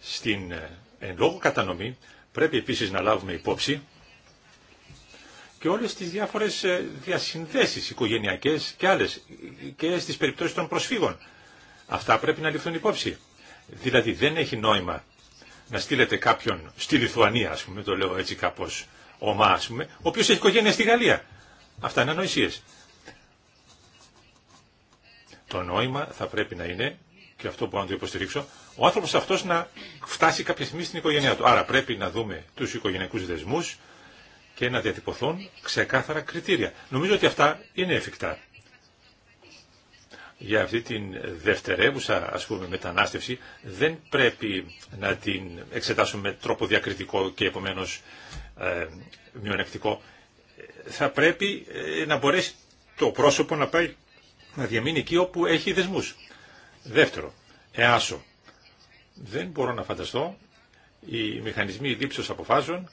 [SPEAKER 1] Στην ε, εν λόγω κατανομή πρέπει επίσης να λάβουμε υπόψη και όλες τις διάφορες ε, διασυνδέσεις οικογενειακές και άλλες και στις περιπτώσεις των προσφύγων. Αυτά πρέπει να ληφθούν υπόψη. Δηλαδή δεν έχει νόημα να στείλετε κάποιον στη Λιθουανία, ας πούμε, το λέω έτσι κάπως ομά, ας πούμε, ο οποίος έχει οικογένεια στη Γαλλία. Αυτά είναι ανοησίες. Το νόημα θα πρέπει να είναι, και αυτό μπορώ να το υποστηρίξω, ο άνθρωπος αυτός να φτάσει κάποια στιγμή στην οικογένειά του. Άρα πρέπει να δούμε τους οικογενειακούς δεσμούς, και να διατυπωθούν ξεκάθαρα κριτήρια. Νομίζω ότι αυτά είναι εφικτά. Για αυτή την δευτερεύουσα ας πούμε, μετανάστευση δεν πρέπει να την εξετάσουμε με τρόπο διακριτικό και επομένως ε, μειονεκτικό. Θα πρέπει ε, να μπορέσει το πρόσωπο να πάει να διαμείνει εκεί όπου έχει δεσμούς. Δεύτερο, Εάσω. Δεν μπορώ να φανταστώ οι μηχανισμοί λήψεως αποφάσεων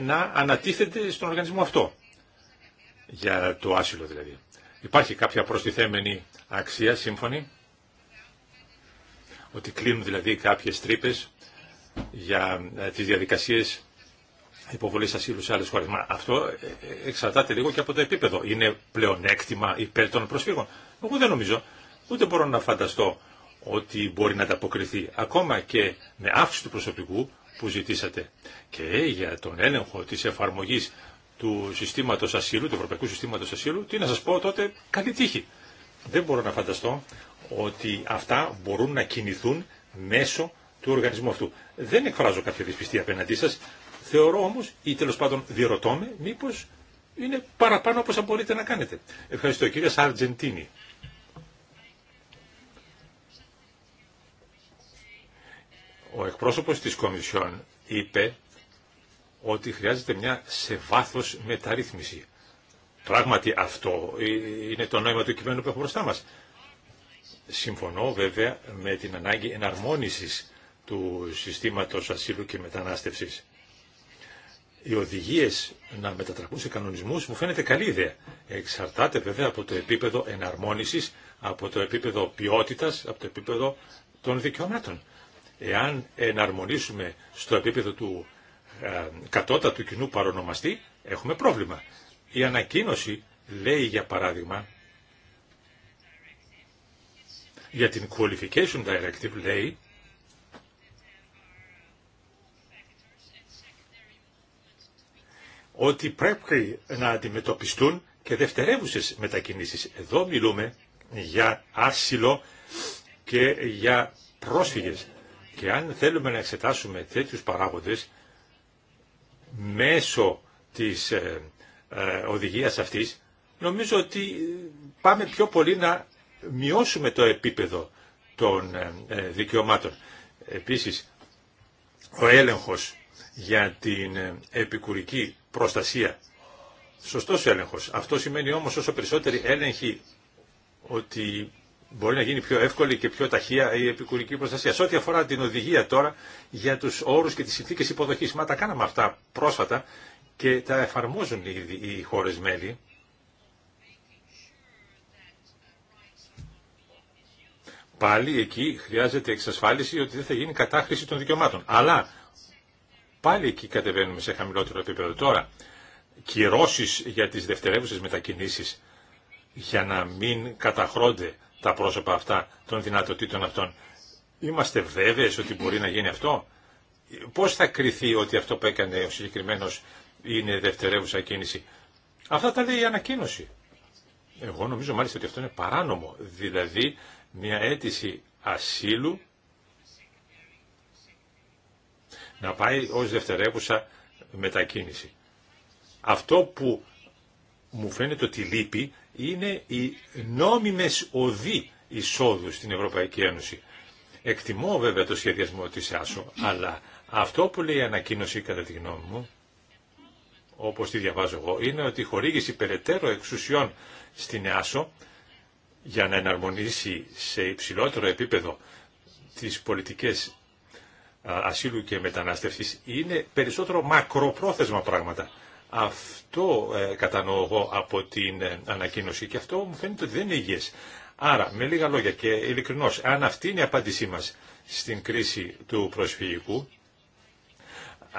[SPEAKER 1] να ανατίθεται στον οργανισμό αυτό. Για το άσυλο δηλαδή. Υπάρχει κάποια προστιθέμενη αξία, σύμφωνη, ότι κλείνουν δηλαδή κάποιες τρύπε για ε, τις διαδικασίες υποβολής ασύλου σε άλλες χώρες. αυτό ε, ε, εξαρτάται λίγο και από το επίπεδο. Είναι πλεονέκτημα υπέρ των προσφύγων. Εγώ δεν νομίζω, ούτε μπορώ να φανταστώ ότι μπορεί να ανταποκριθεί ακόμα και με αύξηση του προσωπικού που ζητήσατε και για τον έλεγχο της εφαρμογής του συστήματος ασύλου, του Ευρωπαϊκού Συστήματος Ασύλου, τι να σας πω τότε, καλή τύχη. Δεν μπορώ να φανταστώ ότι αυτά μπορούν να κινηθούν μέσω του οργανισμού αυτού. Δεν εκφράζω κάποια δυσπιστία απέναντί σας, θεωρώ όμως ή τέλος πάντων διερωτώ με μήπως είναι παραπάνω από θα μπορείτε να κάνετε. Ευχαριστώ κύριε Σαρτζεντίνη. Ο εκπρόσωπος της Κομισιόν είπε ότι χρειάζεται μια σε βάθος μεταρρύθμιση. Πράγματι αυτό είναι το νόημα του κειμένου που έχουμε μπροστά μας. Συμφωνώ βέβαια με την ανάγκη εναρμόνισης του συστήματος ασύλου και μετανάστευσης. Οι οδηγίες να μετατραπούν σε κανονισμούς μου φαίνεται καλή ιδέα. Εξαρτάται βέβαια από το επίπεδο εναρμόνισης, από το επίπεδο ποιότητας, από το επίπεδο των δικαιωμάτων. Εάν εναρμονίσουμε στο επίπεδο του ε, του κοινού παρονομαστή, έχουμε πρόβλημα. Η ανακοίνωση λέει για παράδειγμα για την Qualification Directive λέει ότι πρέπει να αντιμετωπιστούν και δευτερεύουσες μετακινήσεις. Εδώ μιλούμε για άσυλο και για πρόσφυγες. Και αν θέλουμε να εξετάσουμε τέτοιους παράγοντες μέσω της ε, ε, οδηγίας αυτής, νομίζω ότι πάμε πιο πολύ να μειώσουμε το επίπεδο των ε, ε δικαιωμάτων. Επίσης, ο έλεγχος για την ε, επικουρική προστασία. Σωστός έλεγχος. Αυτό σημαίνει όμως όσο περισσότεροι έλεγχοι ότι μπορεί να γίνει πιο εύκολη και πιο ταχεία η επικουρική προστασία. Σε ό,τι αφορά την οδηγία τώρα για τους όρου και τις συνθήκε υποδοχή. μα τα κάναμε αυτά πρόσφατα και τα εφαρμόζουν οι χώρε μέλη. Πάλι εκεί χρειάζεται εξασφάλιση ότι δεν θα γίνει κατάχρηση των δικαιωμάτων. Αλλά πάλι εκεί κατεβαίνουμε σε χαμηλότερο επίπεδο. Τώρα, κυρώσει για τι δευτερεύουσε μετακινήσεις για να μην καταχρώνται τα πρόσωπα αυτά των δυνατοτήτων αυτών. Είμαστε βέβαιες ότι μπορεί να γίνει αυτό. Πώς θα κριθεί ότι αυτό που έκανε ο συγκεκριμένος είναι δευτερεύουσα κίνηση. Αυτά τα λέει η ανακοίνωση. Εγώ νομίζω μάλιστα ότι αυτό είναι παράνομο. Δηλαδή μια αίτηση ασύλου να πάει ως δευτερεύουσα μετακίνηση. Αυτό που μου φαίνεται ότι λείπει είναι οι νόμιμες οδοί εισόδου στην Ευρωπαϊκή Ένωση. Εκτιμώ βέβαια το σχεδιασμό της ΆΣΟ, αλλά αυτό που λέει η ανακοίνωση κατά τη γνώμη μου, όπως τη διαβάζω εγώ, είναι ότι η χορήγηση περαιτέρω εξουσιών στην ΆΣΟ για να εναρμονίσει σε υψηλότερο επίπεδο τις πολιτικές ασύλου και μετανάστευσης είναι περισσότερο μακροπρόθεσμα πράγματα. Αυτό ε, κατανοώ εγώ από την ε, ανακοίνωση και αυτό μου φαίνεται ότι δεν είναι υγιές. Άρα, με λίγα λόγια και ειλικρινώς, αν αυτή είναι η απάντησή μας στην κρίση του προσφυγικού,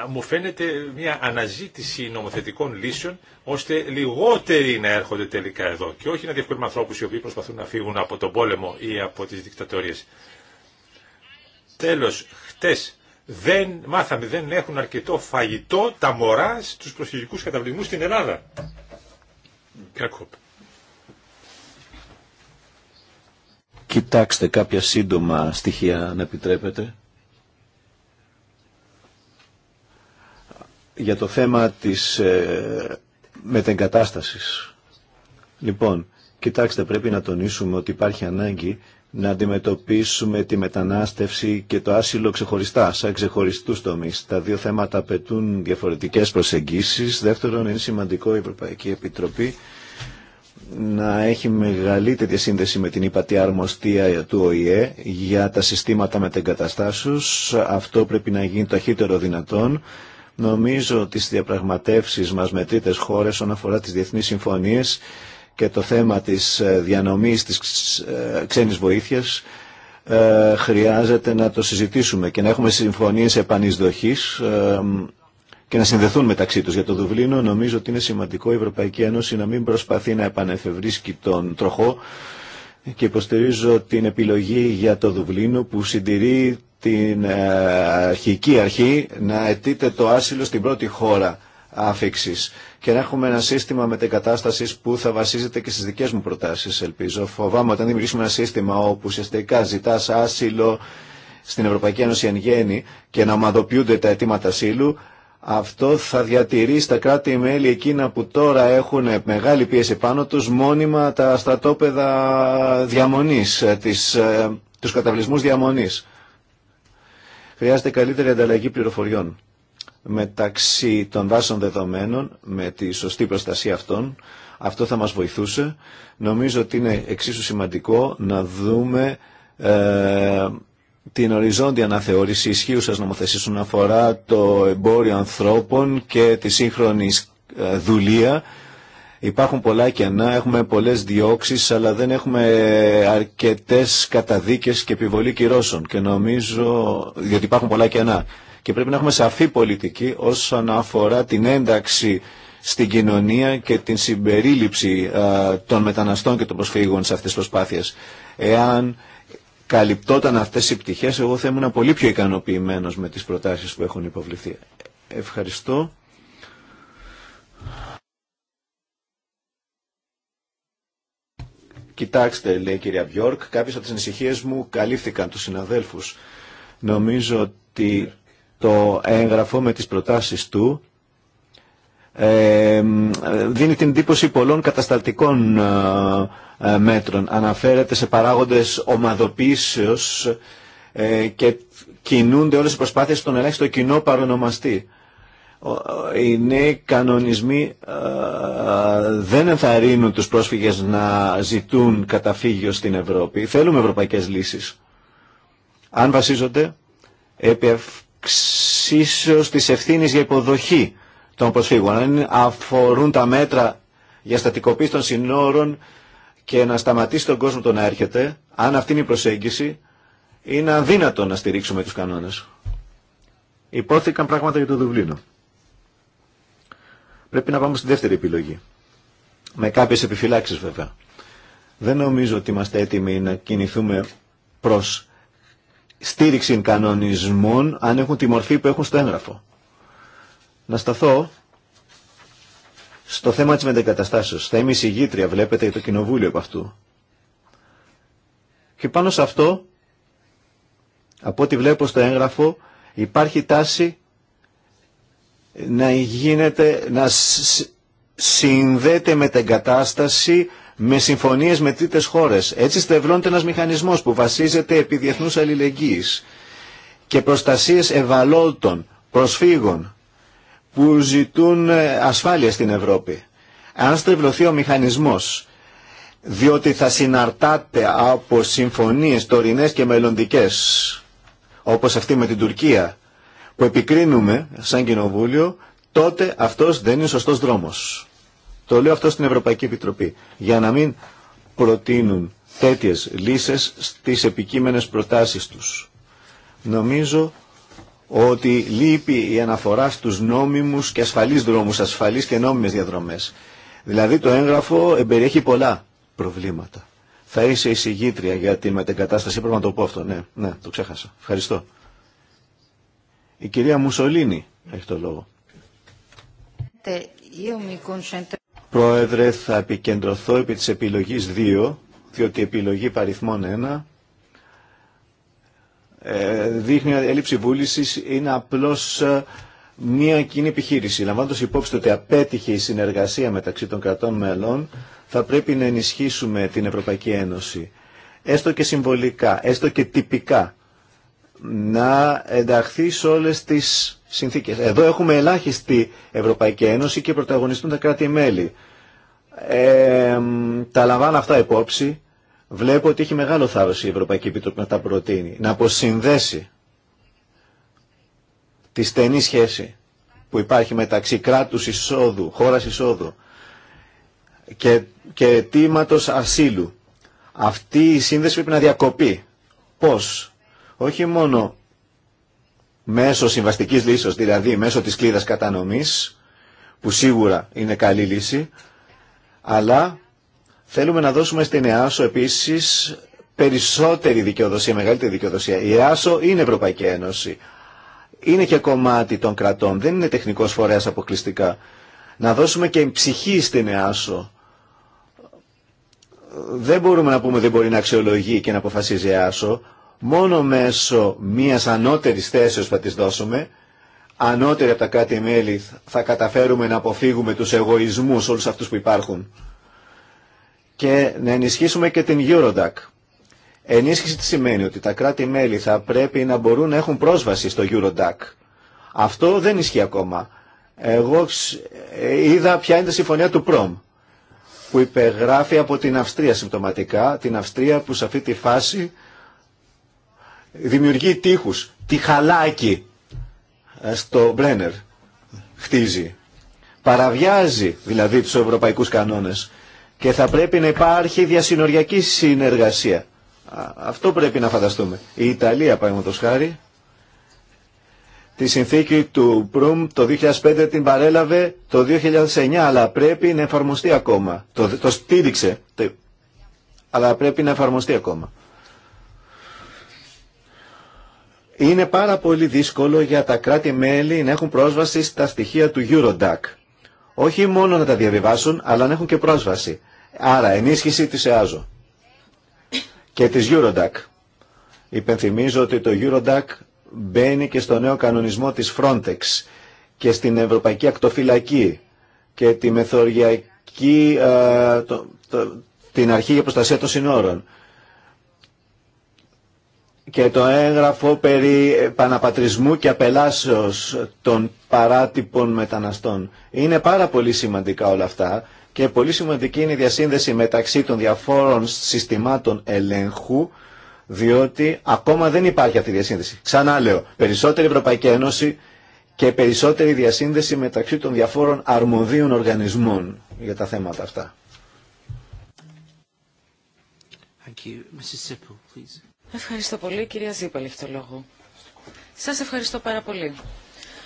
[SPEAKER 1] μου φαίνεται μια αναζήτηση νομοθετικών λύσεων, ώστε λιγότεροι να έρχονται τελικά εδώ και όχι να διευκολύνουμε ανθρώπου οι οποίοι προσπαθούν να φύγουν από τον πόλεμο ή από τις δικτατορίες. Τέλος, χτες δεν μάθαμε, δεν έχουν αρκετό φαγητό τα μωρά στους προσφυγικούς καταβλημούς στην Ελλάδα.
[SPEAKER 4] Κοιτάξτε κάποια σύντομα στοιχεία αν επιτρέπετε. Για το θέμα της ε, μετεγκατάστασης. Λοιπόν, κοιτάξτε πρέπει να τονίσουμε ότι υπάρχει ανάγκη να αντιμετωπίσουμε τη μετανάστευση και το άσυλο ξεχωριστά, σαν ξεχωριστού τομεί. Τα δύο θέματα απαιτούν διαφορετικέ προσεγγίσεις. Δεύτερον, είναι σημαντικό η Ευρωπαϊκή Επιτροπή να έχει μεγαλύτερη σύνδεση με την υπατή αρμοστία του ΟΗΕ για τα συστήματα μετεγκαταστάσεως. Αυτό πρέπει να γίνει ταχύτερο δυνατόν. Νομίζω ότι στις διαπραγματεύσεις μας με τρίτες χώρες όσον αφορά τις διεθνείς συμφωνίες και το θέμα της ε, διανομής της ε, ξένης βοήθειας ε, χρειάζεται να το συζητήσουμε και να έχουμε συμφωνίες επανεισδοχής και να συνδεθούν μεταξύ τους. Για το Δουβλίνο νομίζω ότι είναι σημαντικό η Ευρωπαϊκή Ένωση να μην προσπαθεί να επανεφευρίσκει τον τροχό και υποστηρίζω την επιλογή για το Δουβλίνο που συντηρεί την αρχική αρχή να αιτείται το άσυλο στην πρώτη χώρα άφηξη και να έχουμε ένα σύστημα μετεγκατάσταση που θα βασίζεται και στις δικές μου προτάσεις ελπίζω. Φοβάμαι όταν δημιουργήσουμε ένα σύστημα όπου ουσιαστικά ζητά άσυλο στην Ευρωπαϊκή Ένωση εν γέννη και να ομαδοποιούνται τα αιτήματα ασύλου αυτό θα διατηρεί στα κράτη-μέλη εκείνα που τώρα έχουν μεγάλη πίεση πάνω τους μόνιμα τα στρατόπεδα διαμονής, ε, του ε, τους καταβλισμούς διαμονής. Χρειάζεται καλύτερη ανταλλαγή πληροφοριών μεταξύ των βάσεων δεδομένων με τη σωστή προστασία αυτών. Αυτό θα μας βοηθούσε. Νομίζω ότι είναι εξίσου σημαντικό να δούμε ε, την οριζόντια αναθεώρηση ισχύουσας νομοθεσίας όσον αφορά το εμπόριο ανθρώπων και τη σύγχρονη ε, δουλεία. Υπάρχουν πολλά κενά, έχουμε πολλές διώξεις, αλλά δεν έχουμε αρκετές καταδίκες και επιβολή κυρώσεων. Και νομίζω, διότι υπάρχουν πολλά κενά και πρέπει να έχουμε σαφή πολιτική όσον αφορά την ένταξη στην κοινωνία και την συμπερίληψη των μεταναστών και των προσφύγων σε αυτές τις προσπάθειες. Εάν καλυπτόταν αυτές οι πτυχές, εγώ θα ήμουν πολύ πιο ικανοποιημένος με τις προτάσεις που έχουν υποβληθεί. Ευχαριστώ. Κοιτάξτε, λέει η κυρία Μπιόρκ, κάποιες από τις ανησυχίε μου καλύφθηκαν τους συναδέλφους. Νομίζω ότι ναι το έγγραφο με τις προτάσεις του δίνει την εντύπωση πολλών κατασταλτικών ε, ε, μέτρων. Αναφέρεται σε παράγοντες ομαδοποίησεως ε, και κινούνται όλες οι προσπάθειες στον ελάχιστο κοινό παρονομαστή. Οι νέοι κανονισμοί δεν ενθαρρύνουν τους πρόσφυγες να ζητούν καταφύγιο στην Ευρώπη. Θέλουμε ευρωπαϊκές λύσεις. Αν βασίζονται επί αυξήσεως της ευθύνης για υποδοχή των προσφύγων. Αν αφορούν τα μέτρα για στατικοποίηση των συνόρων και να σταματήσει τον κόσμο το να έρχεται, αν αυτή είναι η προσέγγιση, είναι αδύνατο να στηρίξουμε τους κανόνες. Υπόθηκαν πράγματα για το Δουβλίνο. Πρέπει να πάμε στη δεύτερη επιλογή. Με κάποιες επιφυλάξεις βέβαια. Δεν νομίζω ότι είμαστε έτοιμοι να κινηθούμε προς στήριξη κανονισμών αν έχουν τη μορφή που έχουν στο έγγραφο. Να σταθώ στο θέμα της μετεγκαταστάσεως. Θα είμαι εισηγήτρια, βλέπετε, για το κοινοβούλιο από αυτού. Και πάνω σε αυτό, από ό,τι βλέπω στο έγγραφο, υπάρχει τάση να γίνεται, να συνδέεται με την κατάσταση με συμφωνίες με τρίτε χώρες. Έτσι στευλώνεται ένα μηχανισμό που βασίζεται επί διεθνού αλληλεγγύη και προστασίε ευαλώτων, προσφύγων που ζητούν ε, ασφάλεια στην Ευρώπη. Αν στευλωθεί ο μηχανισμό, διότι θα συναρτάται από συμφωνίες τωρινέ και μελλοντικέ, όπως αυτή με την Τουρκία που επικρίνουμε σαν κοινοβούλιο τότε αυτός δεν είναι σωστός δρόμος. Το λέω αυτό στην Ευρωπαϊκή Επιτροπή. Για να μην προτείνουν τέτοιες λύσεις στις επικείμενες προτάσεις τους. Νομίζω ότι λείπει η αναφορά στους νόμιμους και ασφαλείς δρόμους, ασφαλείς και νόμιμες διαδρομές. Δηλαδή το έγγραφο εμπεριέχει πολλά προβλήματα. Θα είσαι εισηγήτρια για την μετεγκατάσταση, πρέπει να το πω αυτό, ναι, ναι, το ξέχασα. Ευχαριστώ. Η κυρία Μουσολίνη έχει το λόγο. Πρόεδρε, θα επικεντρωθώ επί της επιλογής 2, διότι επιλογή παριθμών 1 ε, δείχνει ότι έλλειψη βούλησης είναι απλώς ε, μια κοινή επιχείρηση. Λαμβάνοντας υπόψη ότι απέτυχε η συνεργασία μεταξύ των κρατών μελών, θα πρέπει να ενισχύσουμε την Ευρωπαϊκή Ένωση. Έστω και συμβολικά, έστω και τυπικά, να ενταχθεί σε όλες τις εδώ έχουμε ελάχιστη Ευρωπαϊκή Ένωση και πρωταγωνιστούν τα κράτη-μέλη. Ε, τα λαμβάνω αυτά υπόψη. Βλέπω ότι έχει μεγάλο θάρρο η Ευρωπαϊκή Επιτροπή να τα προτείνει. Να αποσυνδέσει τη στενή σχέση που υπάρχει μεταξύ κράτους εισόδου, χώρας εισόδου και, και αιτήματος ασύλου. Αυτή η σύνδεση πρέπει να διακοπεί. Πώς. Όχι μόνο μέσω συμβαστικής λύσεως, δηλαδή μέσω της κλίδας κατανομής, που σίγουρα είναι καλή λύση, αλλά θέλουμε να δώσουμε στην ΕΑΣΟ επίσης περισσότερη δικαιοδοσία, μεγαλύτερη δικαιοδοσία. Η ΕΑΣΟ είναι Ευρωπαϊκή Ένωση. Είναι και κομμάτι των κρατών. Δεν είναι τεχνικός φορέας αποκλειστικά. Να δώσουμε και ψυχή στην ΕΑΣΟ. Δεν μπορούμε να πούμε δεν μπορεί να αξιολογεί και να αποφασίζει η ΕΑΣΟ μόνο μέσω μιας ανώτερης θέσεως θα τις δώσουμε, ανώτερη από τα κράτη-μέλη θα καταφέρουμε να αποφύγουμε τους εγωισμούς όλους αυτούς που υπάρχουν και να ενισχύσουμε και την Eurodac. Ενίσχυση τι σημαίνει ότι τα κράτη-μέλη θα πρέπει να μπορούν να έχουν πρόσβαση στο Eurodac. Αυτό δεν ισχύει ακόμα. Εγώ ε, είδα ποια είναι τη συμφωνία του ΠΡΟΜ που υπεγράφει από την Αυστρία συμπτωματικά, την Αυστρία που σε αυτή τη φάση δημιουργεί τείχους, χαλάκι ε, στο Μπρένερ χτίζει. Παραβιάζει δηλαδή τους ευρωπαϊκούς κανόνες και θα πρέπει να υπάρχει διασυνοριακή συνεργασία. Αυτό πρέπει να φανταστούμε. Η Ιταλία, το χάρη, τη συνθήκη του Προύμ το 2005 την παρέλαβε το 2009, αλλά πρέπει να εφαρμοστεί ακόμα. Το, το στήριξε, αλλά πρέπει να εφαρμοστεί ακόμα. Είναι πάρα πολύ δύσκολο για τα κράτη-μέλη να έχουν πρόσβαση στα στοιχεία του Eurodac. Όχι μόνο να τα διαβιβάσουν, αλλά να έχουν και πρόσβαση. Άρα, ενίσχυση της ΕΑΖΟ και της Eurodac. Υπενθυμίζω ότι το Eurodac μπαίνει και στο νέο κανονισμό της Frontex και στην Ευρωπαϊκή Ακτοφυλακή και τη μεθοριακή, ε, την Αρχή για Προστασία των Συνόρων και το έγγραφο περί παναπατρισμού και απελάσεως των παράτυπων μεταναστών. Είναι πάρα πολύ σημαντικά όλα αυτά και πολύ σημαντική είναι η διασύνδεση μεταξύ των διαφόρων συστημάτων ελέγχου διότι ακόμα δεν υπάρχει αυτή η διασύνδεση. Ξανά λέω, περισσότερη Ευρωπαϊκή Ένωση και περισσότερη διασύνδεση μεταξύ των διαφόρων αρμοδίων οργανισμών για τα θέματα αυτά.
[SPEAKER 1] Thank
[SPEAKER 3] you. Ευχαριστώ πολύ. Κυρία Ζήπαλη, αυτόν το λόγο. Σας ευχαριστώ πάρα πολύ.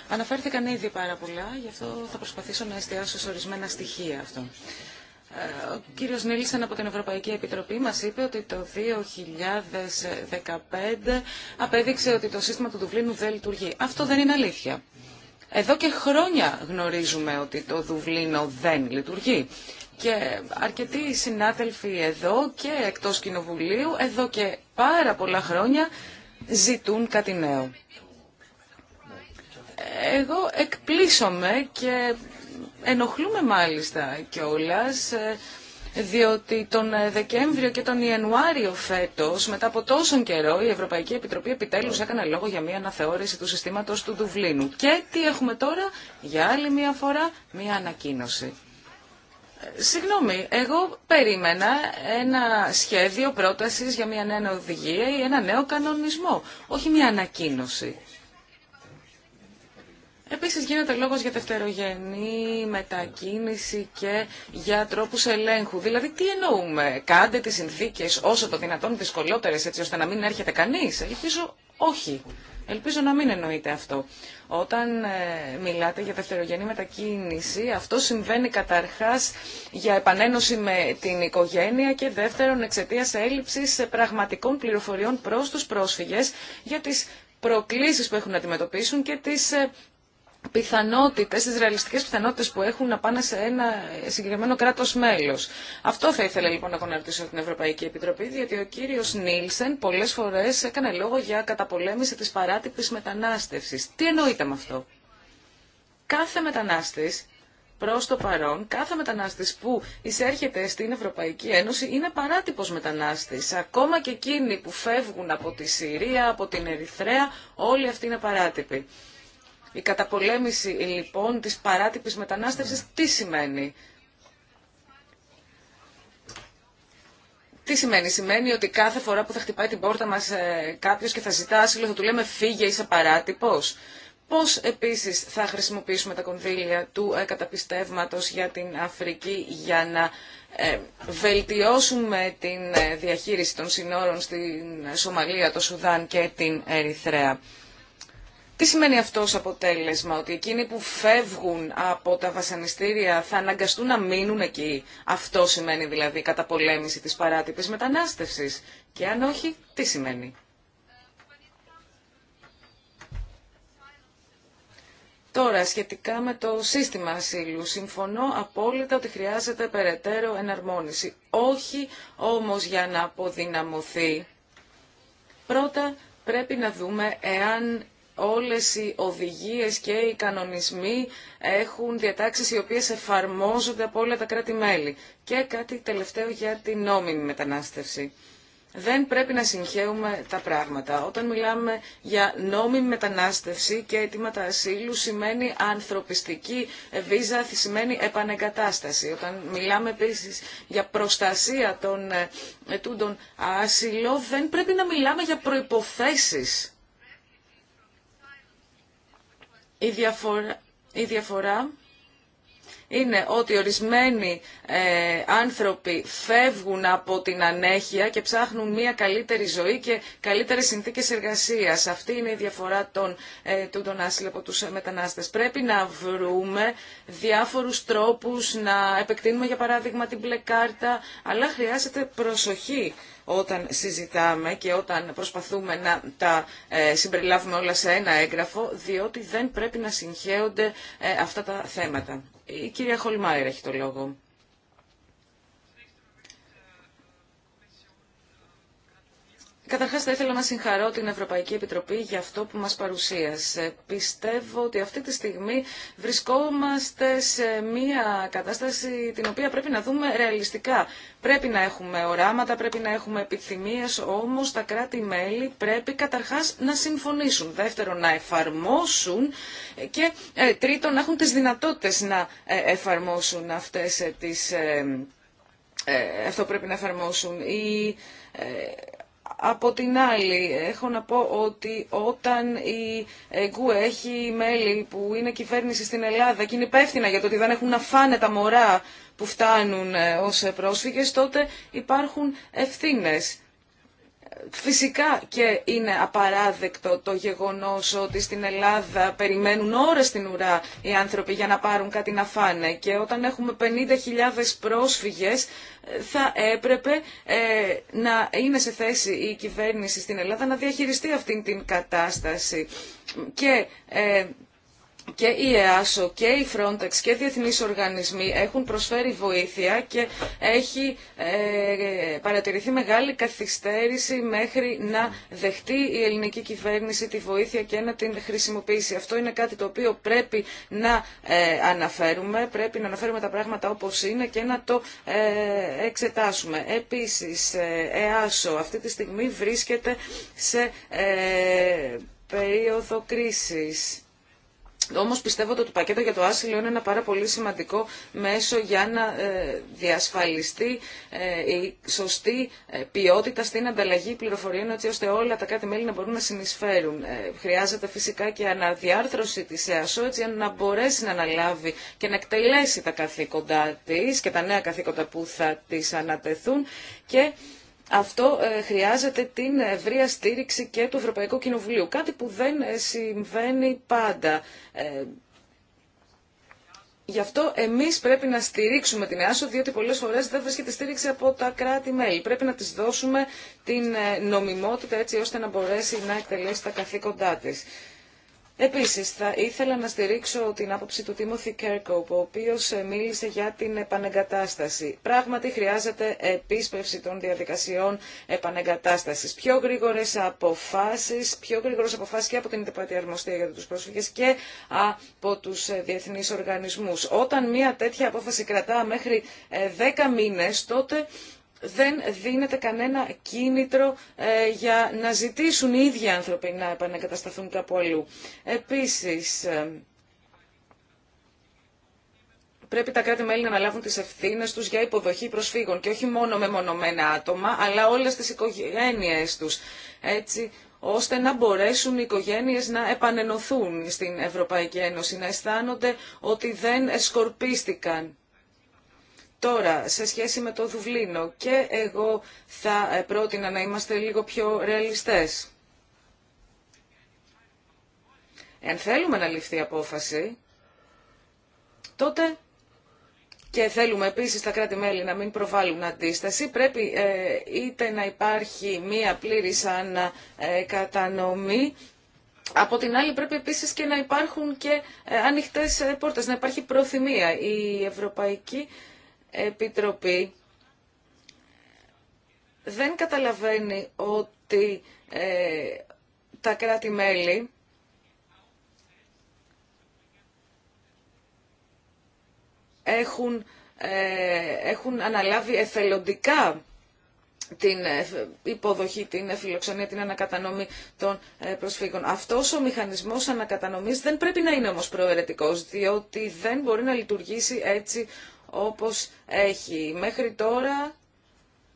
[SPEAKER 3] Αναφέρθηκαν ήδη πάρα πολλά, γι' αυτό θα προσπαθήσω να εστιάσω σε ορισμένα στοιχεία αυτό. Ε, ο κύριος Νίλσεν από την Ευρωπαϊκή Επιτροπή μας είπε ότι το 2015 απέδειξε ότι το σύστημα του Δουβλίνου δεν λειτουργεί. Αυτό δεν είναι αλήθεια. Εδώ και χρόνια γνωρίζουμε ότι το Δουβλίνο δεν λειτουργεί. Και αρκετοί συνάδελφοι εδώ και εκτός Κοινοβουλίου, εδώ και πάρα πολλά χρόνια, ζητούν κάτι νέο. Εγώ εκπλήσωμαι και ενοχλούμε μάλιστα κιόλας, διότι τον Δεκέμβριο και τον Ιανουάριο φέτος, μετά από τόσον καιρό, η Ευρωπαϊκή Επιτροπή επιτέλους έκανε λόγο για μια αναθεώρηση του συστήματος του Δουβλίνου. Και τι έχουμε τώρα, για άλλη μια φορά, μια ανακοίνωση. Συγγνώμη, εγώ περίμενα ένα σχέδιο πρότασης για μια νέα οδηγία ή ένα νέο κανονισμό, όχι μια ανακοίνωση. Επίση, γίνεται λόγο για δευτερογενή μετακίνηση και για τρόπου ελέγχου. Δηλαδή τι εννοούμε, κάντε τι συνθήκε όσο το δυνατόν δυσκολότερε, έτσι ώστε να μην έρχεται κανεί. Ελπίζω όχι. Ελπίζω να μην εννοείται αυτό. Όταν ε, μιλάτε για δευτερογενή μετακίνηση, αυτό συμβαίνει καταρχάς για επανένωση με την οικογένεια και δεύτερον εξαιτίας έλλειψης πραγματικών πληροφοριών προς τους πρόσφυγες για τις προκλήσεις που έχουν να αντιμετωπίσουν και τις ε, πιθανότητες, τις ρεαλιστικές πιθανότητες που έχουν να πάνε σε ένα συγκεκριμένο κράτος μέλος. Αυτό θα ήθελα λοιπόν να γνωρίσω την Ευρωπαϊκή Επιτροπή, διότι ο κύριος Νίλσεν πολλές φορές έκανε λόγο για καταπολέμηση της παράτυπης μετανάστευσης. Τι εννοείται με αυτό. Κάθε μετανάστης Προ το παρόν, κάθε μετανάστης που εισέρχεται στην Ευρωπαϊκή Ένωση είναι παράτυπος μετανάστης. Ακόμα και εκείνοι που φεύγουν από τη Συρία, από την Ερυθρέα, όλοι αυτοί είναι παράτυποι. Η καταπολέμηση λοιπόν της παράτυπης μετανάστευσης ναι. τι σημαίνει. Τι σημαίνει. Σημαίνει ότι κάθε φορά που θα χτυπάει την πόρτα μας ε, κάποιος και θα ζητά άσυλο θα του λέμε φύγε είσαι παράτυπος. Πώς επίσης θα χρησιμοποιήσουμε τα κονδύλια του ε, καταπιστεύματος για την Αφρική για να ε, βελτιώσουμε την ε, διαχείριση των συνόρων στην Σομαλία, το Σουδάν και την Ερυθρέα. Τι σημαίνει αυτό ως αποτέλεσμα, ότι εκείνοι που φεύγουν από τα βασανιστήρια θα αναγκαστούν να μείνουν εκεί. Αυτό σημαίνει δηλαδή καταπολέμηση της παράτυπης μετανάστευσης. Και αν όχι, τι σημαίνει. Τώρα, σχετικά με το σύστημα ασύλου, συμφωνώ απόλυτα ότι χρειάζεται περαιτέρω εναρμόνιση. Όχι όμως για να αποδυναμωθεί. Πρώτα πρέπει να δούμε εάν όλες οι οδηγίες και οι κανονισμοί έχουν διατάξεις οι οποίες εφαρμόζονται από όλα τα κράτη-μέλη. Και κάτι τελευταίο για την νόμιμη μετανάστευση. Δεν πρέπει να συγχαίουμε τα πράγματα. Όταν μιλάμε για νόμιμη μετανάστευση και αιτήματα ασύλου σημαίνει ανθρωπιστική βίζα, σημαίνει επανεγκατάσταση. Όταν μιλάμε επίσης για προστασία των ετούντων ασύλων δεν πρέπει να μιλάμε για προϋποθέσεις Η διαφορά, η διαφορά είναι ότι ορισμένοι ε, άνθρωποι φεύγουν από την ανέχεια και ψάχνουν μια καλύτερη ζωή και καλύτερες συνθήκες εργασίας. Αυτή είναι η διαφορά των, ε, του τον από τους μετανάστες. Πρέπει να βρούμε διάφορους τρόπους να επεκτείνουμε για παράδειγμα την μπλε κάρτα, αλλά χρειάζεται προσοχή όταν συζητάμε και όταν προσπαθούμε να τα ε, συμπεριλάβουμε όλα σε ένα έγγραφο, διότι δεν πρέπει να συγχέονται ε, αυτά τα θέματα. Η κυρία Χολμάιρ έχει το λόγο. Καταρχάς θα ήθελα να συγχαρώ την Ευρωπαϊκή Επιτροπή για αυτό που μας παρουσίασε. Πιστεύω ότι αυτή τη στιγμή βρισκόμαστε σε μια κατάσταση την οποία πρέπει να δούμε ρεαλιστικά. Πρέπει να έχουμε οράματα, πρέπει να έχουμε επιθυμίες, όμως τα κράτη-μέλη πρέπει καταρχάς να συμφωνήσουν, δεύτερον να εφαρμόσουν και ε, τρίτον να έχουν τις δυνατότητες να ε, εφαρμόσουν αυτές ε, τις... Αυτό πρέπει να εφαρμόσουν. Η από την άλλη, έχω να πω ότι όταν η ΕΚΟΥ έχει μέλη που είναι κυβέρνηση στην Ελλάδα και είναι υπεύθυνα για το ότι δεν έχουν να φάνε τα μωρά που φτάνουν ε, ως πρόσφυγες, τότε υπάρχουν ευθύνες. Φυσικά και είναι απαράδεκτο το γεγονός ότι στην Ελλάδα περιμένουν ώρες στην ουρά οι άνθρωποι για να πάρουν κάτι να φάνε και όταν έχουμε 50.000 πρόσφυγες ε, θα έπρεπε ε, να είναι σε θέση η κυβέρνηση στην Ελλάδα να διαχειριστεί αυτή την κατάσταση. Και... Ε, και η ΕΑΣΟ και η Frontex και διεθνείς οργανισμοί έχουν προσφέρει βοήθεια και έχει ε, παρατηρηθεί μεγάλη καθυστέρηση μέχρι να δεχτεί η ελληνική κυβέρνηση τη βοήθεια και να την χρησιμοποιήσει. Αυτό είναι κάτι το οποίο πρέπει να ε, αναφέρουμε, πρέπει να αναφέρουμε τα πράγματα όπως είναι και να το ε, εξετάσουμε. Επίσης, ΕΑΣΟ αυτή τη στιγμή βρίσκεται σε περίοδο κρίσης όμως πιστεύω ότι το πακέτο για το άσυλο είναι ένα πάρα πολύ σημαντικό μέσο για να ε, διασφαλιστεί ε, η σωστή ε, ποιότητα στην ανταλλαγή πληροφοριών έτσι ώστε όλα τα κάτι μέλη να μπορούν να συνεισφέρουν. Χρειάζεται φυσικά και αναδιάρθρωση της ΕΑΣΟ έτσι να μπορέσει να αναλάβει και να εκτελέσει τα καθήκοντά της και τα νέα καθήκοντα που θα της ανατεθούν και αυτό ε, χρειάζεται την ευρεία στήριξη και του Ευρωπαϊκού Κοινοβουλίου, κάτι που δεν ε, συμβαίνει πάντα. Ε, γι' αυτό εμεί πρέπει να στηρίξουμε την ΕΑΣΟ, διότι πολλέ φορέ δεν βρίσκεται στήριξη από τα κράτη-μέλη. Πρέπει να τη δώσουμε την νομιμότητα έτσι ώστε να μπορέσει να εκτελέσει τα καθήκοντά τη. Επίσης, θα ήθελα να στηρίξω την άποψη του Τίμωθη Κέρκο, ο οποίος ε, μίλησε για την επανεγκατάσταση. Πράγματι, χρειάζεται επίσπευση των διαδικασιών επανεγκατάστασης. Πιο γρήγορες αποφάσεις, πιο γρήγορες αποφάσεις και από την Ιντεπατή για τους πρόσφυγες και από τους ε, διεθνείς οργανισμούς. Όταν μια τέτοια απόφαση κρατά μέχρι 10 ε, μήνες, τότε δεν δίνεται κανένα κίνητρο ε, για να ζητήσουν οι ίδιοι άνθρωποι να επανακατασταθούν κάπου αλλού. Επίσης, ε, πρέπει τα κράτη-μέλη να αναλάβουν τις ευθύνες τους για υποδοχή προσφύγων και όχι μόνο με μονομένα άτομα, αλλά όλες τις οικογένειές τους, έτσι ώστε να μπορέσουν οι οικογένειες να επανενωθούν στην Ευρωπαϊκή Ένωση, να αισθάνονται ότι δεν σκορπίστηκαν. Τώρα, σε σχέση με το Δουβλίνο, και εγώ θα ε, πρότεινα να είμαστε λίγο πιο ρεαλιστές. Εάν θέλουμε να ληφθεί απόφαση, τότε και θέλουμε επίσης τα κράτη-μέλη να μην προβάλλουν αντίσταση, πρέπει ε, είτε να υπάρχει μία πλήρης ανακατανομή, ε, από την άλλη πρέπει επίσης και να υπάρχουν και ανοιχτές πόρτες, να υπάρχει προθυμία. Η Ευρωπαϊκή Επιτροπή δεν καταλαβαίνει ότι ε, τα κράτη-μέλη έχουν, ε, έχουν αναλάβει εθελοντικά την ε, υποδοχή, την φιλοξενία, την ανακατανομή των ε, προσφύγων. Αυτός ο μηχανισμός ανακατανομής δεν πρέπει να είναι όμως προαιρετικός, διότι δεν μπορεί να λειτουργήσει έτσι όπως έχει. Μέχρι τώρα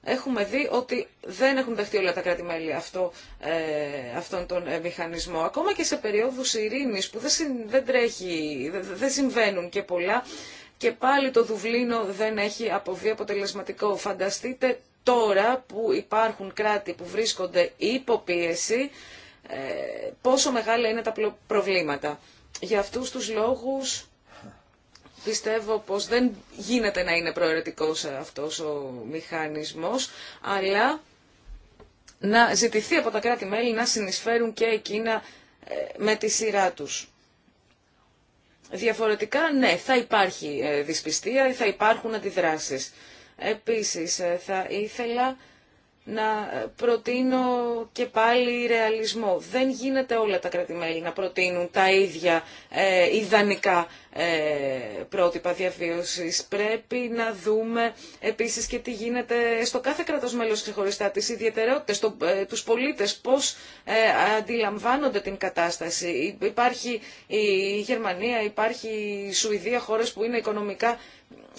[SPEAKER 3] έχουμε δει ότι δεν έχουν δεχτεί όλα τα κράτη-μέλη αυτό, ε, αυτόν τον ε, μηχανισμό. Ακόμα και σε περίοδους ειρήνης που δεν, δεν, τρέχει, δεν συμβαίνουν και πολλά και πάλι το Δουβλίνο δεν έχει αποβεί αποτελεσματικό. Φανταστείτε τώρα που υπάρχουν κράτη που βρίσκονται υπό πίεση, ε, πόσο μεγάλα είναι τα προβλήματα. Για αυτούς τους λόγους Πιστεύω πως δεν γίνεται να είναι προαιρετικός αυτός ο μηχανισμός, αλλά να ζητηθεί από τα κράτη-μέλη να συνεισφέρουν και εκείνα ε, με τη σειρά τους. Διαφορετικά, ναι, θα υπάρχει ε, δυσπιστία ή θα υπάρχουν αντιδράσεις. Επίσης, ε, θα ήθελα να προτείνω και πάλι ρεαλισμό. Δεν γίνεται όλα τα κρατημέλη να προτείνουν τα ίδια ε, ιδανικά ε, πρότυπα διαβίωσης. Πρέπει να δούμε επίσης και τι γίνεται στο κάθε κράτος μέλος ξεχωριστά, τις ιδιαιτερότητες, το, ε, τους πολίτες, πώς αντιλαμβάνονται την κατάσταση. Υπάρχει η Γερμανία, υπάρχει η Σουηδία, χώρες που είναι οικονομικά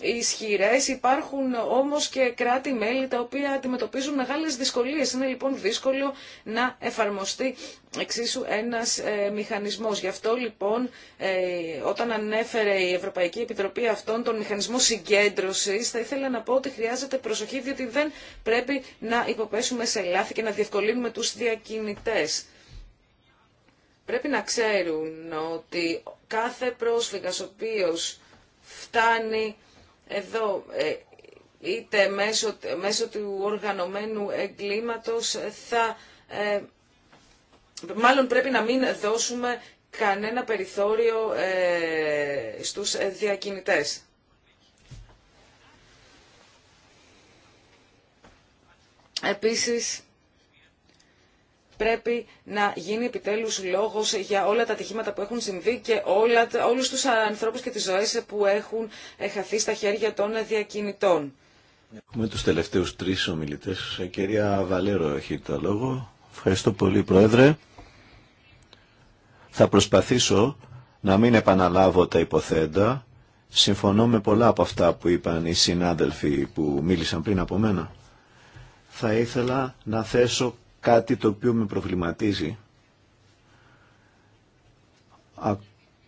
[SPEAKER 3] ισχυρές. Υπάρχουν όμως και κράτη-μέλη τα οποία αντιμετωπίζουν μεγάλες δυσκολίες. Είναι λοιπόν δύσκολο να εφαρμοστεί εξίσου ένας ε, μηχανισμός. Γι' αυτό λοιπόν ε, όταν ανέφερε η Ευρωπαϊκή Επιτροπή αυτόν τον μηχανισμό συγκέντρωσης θα ήθελα να πω ότι χρειάζεται προσοχή διότι δεν πρέπει να υποπέσουμε σε λάθη και να διευκολύνουμε τους διακινητές. Πρέπει να ξέρουν ότι κάθε πρόσφυγας ο οποίος φτάνει εδώ ε, είτε μέσω, μέσω του οργανωμένου εγκλήματος θα... Ε, μάλλον πρέπει να μην δώσουμε κανένα περιθώριο ε, στους διακινητές. Επίσης, πρέπει να γίνει επιτέλους λόγος για όλα τα ατυχήματα που έχουν συμβεί και όλα, όλους τους ανθρώπους και τις ζωές που έχουν ε, χαθεί στα χέρια των διακινητών.
[SPEAKER 4] Έχουμε τους τελευταίους τρεις ομιλητές. Η ε, κυρία Βαλέρο έχει το λόγο. Ευχαριστώ πολύ Πρόεδρε. Θα προσπαθήσω να μην επαναλάβω τα υποθέντα. Συμφωνώ με πολλά από αυτά που είπαν οι συνάδελφοι που μίλησαν πριν από μένα. Θα ήθελα να θέσω κάτι το οποίο με προβληματίζει.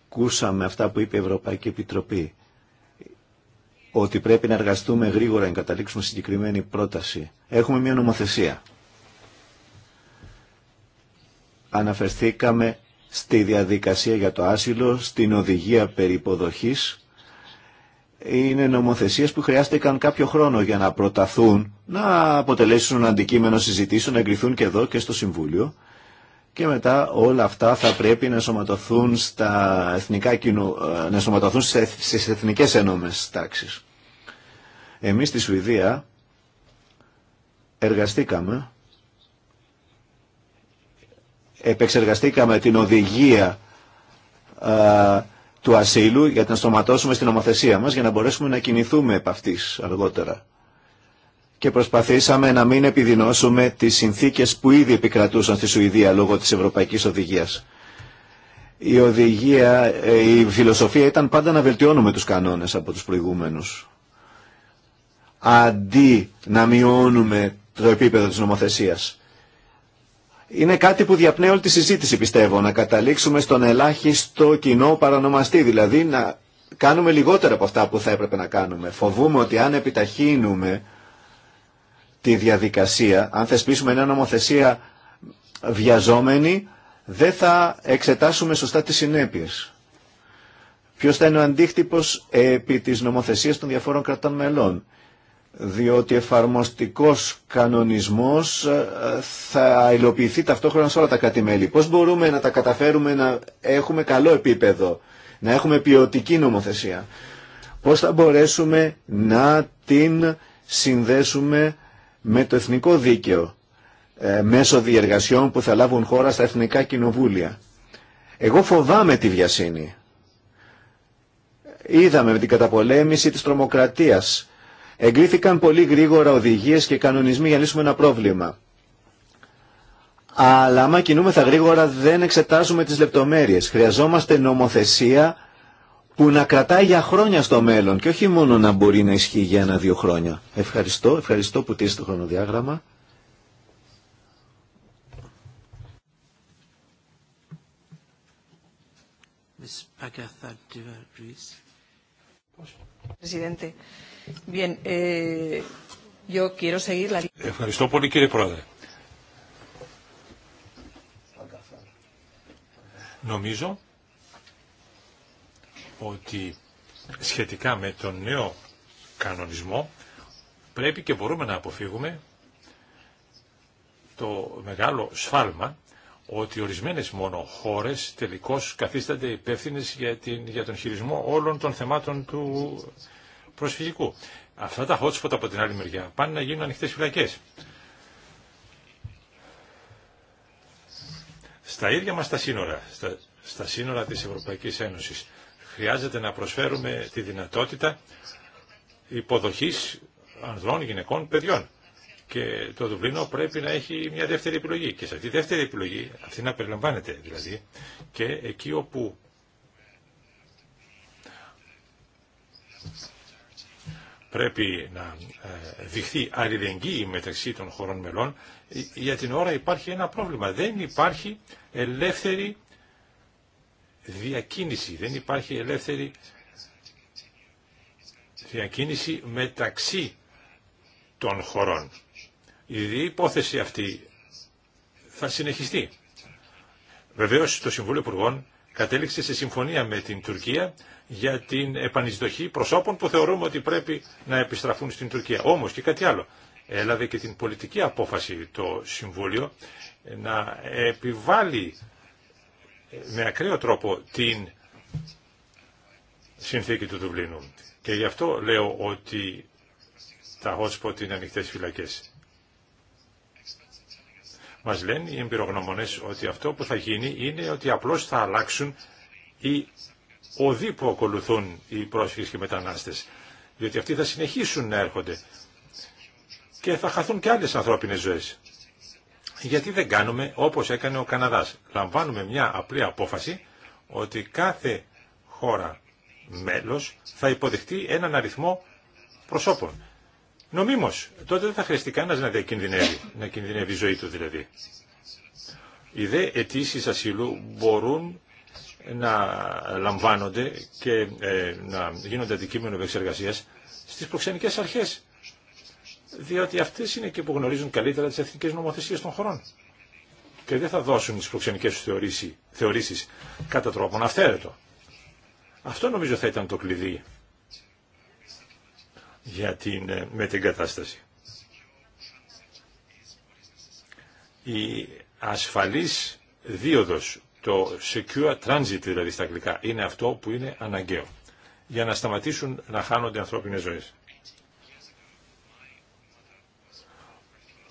[SPEAKER 4] Ακούσαμε αυτά που είπε η Ευρωπαϊκή Επιτροπή, ότι πρέπει να εργαστούμε γρήγορα να καταλήξουμε συγκεκριμένη πρόταση. Έχουμε μια νομοθεσία. Αναφερθήκαμε στη διαδικασία για το άσυλο, στην οδηγία περί υποδοχής είναι νομοθεσίες που χρειάστηκαν κάποιο χρόνο για να προταθούν, να αποτελέσουν αντικείμενο συζητήσεων, να εγκριθούν και εδώ και στο Συμβούλιο και μετά όλα αυτά θα πρέπει να σωματωθούν, στα εθνικά κοινο... Ε, να σωματωθούν στις εθνικές ενόμες τάξεις. Εμείς στη Σουηδία εργαστήκαμε, επεξεργαστήκαμε την οδηγία ε, του ασύλου για να στοματώσουμε στην ομοθεσία μας για να μπορέσουμε να κινηθούμε επ' αυτής αργότερα. Και προσπαθήσαμε να μην επιδεινώσουμε τις συνθήκες που ήδη επικρατούσαν στη Σουηδία λόγω της Ευρωπαϊκής Οδηγίας. Η οδηγία, ε, η φιλοσοφία ήταν πάντα να βελτιώνουμε τους κανόνες από τους προηγούμενους. Αντί να μειώνουμε το επίπεδο της νομοθεσίας είναι κάτι που διαπνέει όλη τη συζήτηση πιστεύω, να καταλήξουμε στον ελάχιστο κοινό παρανομαστή, δηλαδή να κάνουμε λιγότερα από αυτά που θα έπρεπε να κάνουμε. Φοβούμε ότι αν επιταχύνουμε τη διαδικασία, αν θεσπίσουμε μια νομοθεσία βιαζόμενη, δεν θα εξετάσουμε σωστά τις συνέπειες. Ποιος θα είναι ο αντίκτυπος επί της νομοθεσίας των διαφόρων κρατών μελών διότι εφαρμοστικός κανονισμός ε, θα υλοποιηθεί ταυτόχρονα σε όλα τα κράτη-μέλη. Πώς μπορούμε να τα καταφέρουμε να έχουμε καλό επίπεδο, να έχουμε ποιοτική νομοθεσία. Πώς θα μπορέσουμε να την συνδέσουμε με το εθνικό δίκαιο ε, μέσω διεργασιών που θα λάβουν χώρα στα εθνικά κοινοβούλια. Εγώ φοβάμαι τη βιασύνη. Είδαμε με την καταπολέμηση της τρομοκρατίας Εγκρίθηκαν πολύ γρήγορα οδηγίες και κανονισμοί για να λύσουμε ένα πρόβλημα. Αλλά άμα κινούμεθα γρήγορα δεν εξετάζουμε τις λεπτομέρειες. Χρειαζόμαστε νομοθεσία που να κρατάει για χρόνια στο μέλλον και όχι μόνο να μπορεί να ισχύει για ένα-δύο χρόνια. Ευχαριστώ, ευχαριστώ που τήρησε το χρονοδιάγραμμα.
[SPEAKER 3] Presidente, Eh,
[SPEAKER 1] Ευχαριστώ πολύ κύριε Πρόεδρε. Νομίζω ότι σχετικά με τον νέο κανονισμό πρέπει και μπορούμε να αποφύγουμε το μεγάλο σφάλμα ότι ορισμένες μόνο χώρες τελικώς καθίστανται υπεύθυνες για, για τον χειρισμό όλων των θεμάτων του προσφυγικού. Αυτά τα spot από την άλλη μεριά πάνε να γίνουν ανοιχτέ φυλακέ. Στα ίδια μας τα σύνορα, στα, στα σύνορα της Ευρωπαϊκής Ένωσης, χρειάζεται να προσφέρουμε τη δυνατότητα υποδοχής ανδρών, γυναικών, παιδιών. Και το Δουβλίνο πρέπει να έχει μια δεύτερη επιλογή. Και σε αυτή τη δεύτερη επιλογή, αυτή να περιλαμβάνεται δηλαδή, και εκεί όπου πρέπει να ε, δειχθεί αλληλεγγύη μεταξύ των χωρών μελών, για την ώρα υπάρχει ένα πρόβλημα. Δεν υπάρχει ελεύθερη διακίνηση, δεν υπάρχει ελεύθερη διακίνηση μεταξύ των χωρών. Η υπόθεση αυτή θα συνεχιστεί. Βεβαίως το Συμβούλιο Υπουργών κατέληξε σε συμφωνία με την Τουρκία για την επανεισδοχή προσώπων που θεωρούμε ότι πρέπει να επιστραφούν στην Τουρκία. Όμως και κάτι άλλο. Έλαβε και την πολιτική απόφαση το Συμβούλιο να επιβάλλει με ακραίο τρόπο την συνθήκη του Δουβλίνου. Και γι' αυτό λέω ότι τα hotspot είναι ανοιχτές φυλακές. Μας λένε οι εμπειρογνωμονές ότι αυτό που θα γίνει είναι ότι απλώς θα αλλάξουν οι οδοί που ακολουθούν οι πρόσφυγες και οι μετανάστες, διότι αυτοί θα συνεχίσουν να έρχονται και θα χαθούν και άλλες ανθρώπινες ζωές. Γιατί δεν κάνουμε όπως έκανε ο Καναδάς. Λαμβάνουμε μια απλή απόφαση ότι κάθε χώρα μέλος θα υποδεχτεί έναν αριθμό προσώπων. Νομίμως, τότε δεν θα χρειαστεί κανένας να διακινδυνεύει, να κινδυνεύει η ζωή του δηλαδή. Οι δε αιτήσει ασύλου μπορούν να λαμβάνονται και ε, να γίνονται αντικείμενο επεξεργασία στις προξενικές αρχές. Διότι αυτές είναι και που γνωρίζουν καλύτερα τις εθνικές νομοθεσίες των χωρών. Και δεν θα δώσουν τις προξενικές τους θεωρήσεις, θεωρήσεις κατά τρόπον αυθαίρετο. Αυτό νομίζω θα ήταν το κλειδί για την ε, κατάσταση Η ασφαλής δίωδος το secure transit δηλαδή στα αγγλικά είναι αυτό που είναι αναγκαίο για να σταματήσουν να χάνονται ανθρώπινες ζωές.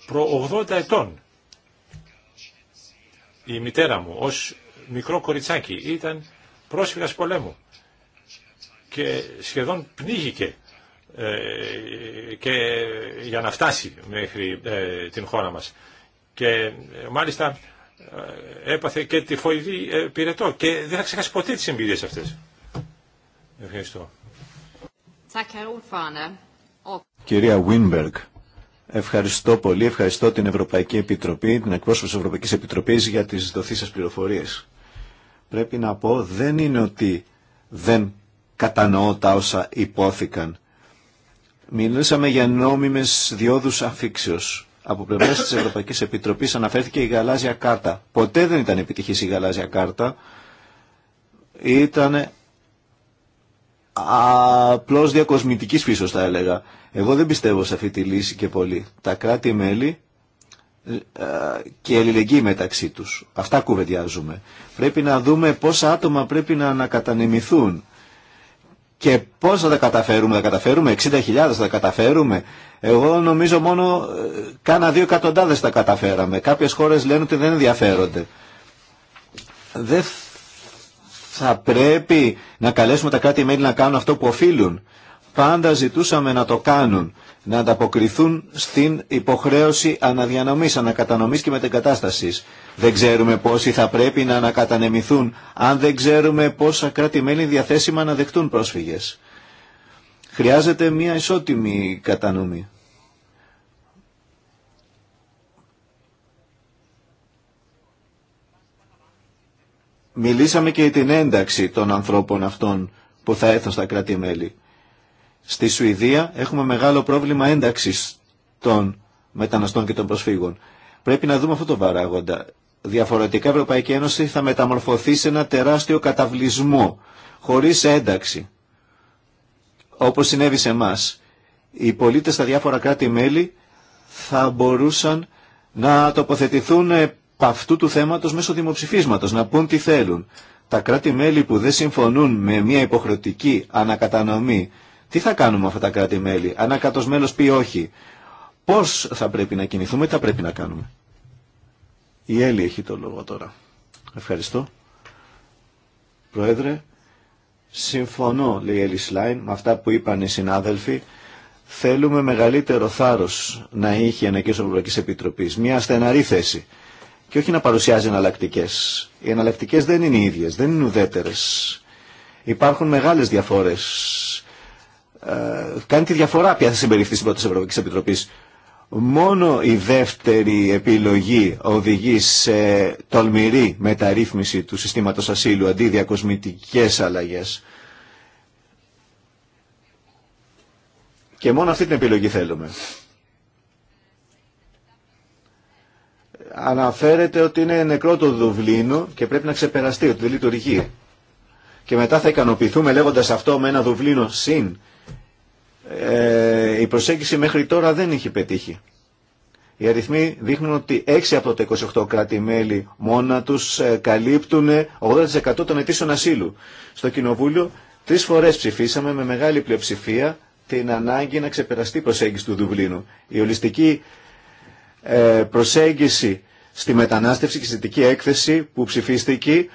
[SPEAKER 1] Προ 80 ετών η μητέρα μου ως μικρό κοριτσάκι ήταν πρόσφυγας πολέμου και σχεδόν πνίγηκε ε, και για να φτάσει μέχρι ε, την χώρα μας. Και ε, μάλιστα έπαθε και τη φοηδή ε, πυρετό και δεν θα ξεχάσει ποτέ τις εμπειρίες αυτές. Ευχαριστώ.
[SPEAKER 4] Κυρία Βίνμπεργκ, ευχαριστώ πολύ, ευχαριστώ την Ευρωπαϊκή Επιτροπή, την εκπρόσωπο της Ευρωπαϊκής Επιτροπής για τις σας πληροφορίες. Πρέπει να πω, δεν είναι ότι δεν κατανοώ τα όσα υπόθηκαν. Μιλήσαμε για νόμιμες διόδους αφήξεως. Από πλευρά τη Ευρωπαϊκή Επιτροπή αναφέρθηκε η γαλάζια κάρτα. Ποτέ δεν ήταν επιτυχή η γαλάζια κάρτα. Ήταν απλώ διακοσμητική φύσεω, θα έλεγα. Εγώ δεν πιστεύω σε αυτή τη λύση και πολύ. Τα κράτη-μέλη ε, και ελληνική μεταξύ τους. Αυτά κουβεντιάζουμε. Πρέπει να δούμε πόσα άτομα πρέπει να ανακατανεμηθούν και πόσα θα τα καταφέρουμε. Θα καταφέρουμε 60.000, θα τα καταφέρουμε εγώ νομίζω μόνο ε, κάνα δύο εκατοντάδες τα καταφέραμε. Κάποιες χώρες λένε ότι δεν ενδιαφέρονται. Δεν θα πρέπει να καλέσουμε τα κράτη-μέλη να κάνουν αυτό που οφείλουν. Πάντα ζητούσαμε να το κάνουν, να ανταποκριθούν στην υποχρέωση αναδιανομής, ανακατανομής και μετεγκατάστασης. Δεν ξέρουμε πόσοι θα πρέπει να ανακατανεμηθούν, αν δεν ξέρουμε πόσα κράτη-μέλη διαθέσιμα να δεχτούν πρόσφυγες. Χρειάζεται μια ισότιμη κατανομή. Μιλήσαμε και για την ένταξη των ανθρώπων αυτών που θα έρθουν στα κράτη-μέλη. Στη Σουηδία έχουμε μεγάλο πρόβλημα ένταξης των μεταναστών και των προσφύγων. Πρέπει να δούμε αυτό το παράγοντα. Διαφορετικά η Ευρωπαϊκή Ένωση θα μεταμορφωθεί σε ένα τεράστιο καταβλισμό, χωρίς ένταξη όπως συνέβη σε εμά. Οι πολίτες στα διάφορα κράτη-μέλη θα μπορούσαν να τοποθετηθούν επ' αυτού του θέματος μέσω δημοψηφίσματος, να πούν τι θέλουν. Τα κράτη-μέλη που δεν συμφωνούν με μια υποχρεωτική ανακατανομή, τι θα κάνουμε αυτά τα κράτη-μέλη, αν μέλος πει όχι. Πώς θα πρέπει να κινηθούμε, τι θα πρέπει να κάνουμε. Η Έλλη έχει το λόγο τώρα. Ευχαριστώ. Πρόεδρε, Συμφωνώ, λέει η Ελισλάιν, με αυτά που είπαν οι συνάδελφοι. Θέλουμε μεγαλύτερο θάρρο να έχει η Ενεκή Ευρωπαϊκή Επιτροπή. Μια στεναρή θέση. Και όχι να παρουσιάζει εναλλακτικέ. Οι εναλλακτικέ δεν είναι ίδιε, δεν είναι ουδέτερε. Υπάρχουν μεγάλε διαφορέ. Ε, κάνει τη διαφορά ποια θα συμπεριφθεί στην πρώτη Ευρωπαϊκή Επιτροπή. Μόνο η δεύτερη επιλογή οδηγεί σε τολμηρή μεταρρύθμιση του συστήματος ασύλου αντί διακοσμητικές αλλαγές. Και μόνο αυτή την επιλογή θέλουμε. Αναφέρεται ότι είναι νεκρό το Δουβλίνο και πρέπει να ξεπεραστεί, ότι δεν λειτουργεί. Και μετά θα ικανοποιηθούμε λέγοντας αυτό με ένα Δουβλίνο συν ε, η προσέγγιση μέχρι τώρα δεν είχε πετύχει. Οι αριθμοί δείχνουν ότι 6 από τα 28 κράτη-μέλη μόνα τους ε, καλύπτουν 80% των αιτήσεων ασύλου. Στο Κοινοβούλιο τρεις φορές ψηφίσαμε με μεγάλη πλειοψηφία την ανάγκη να ξεπεραστεί η προσέγγιση του Δουβλίνου. Η ολιστική ε, προσέγγιση στη μετανάστευση και στη δυτική έκθεση που ψηφίστηκε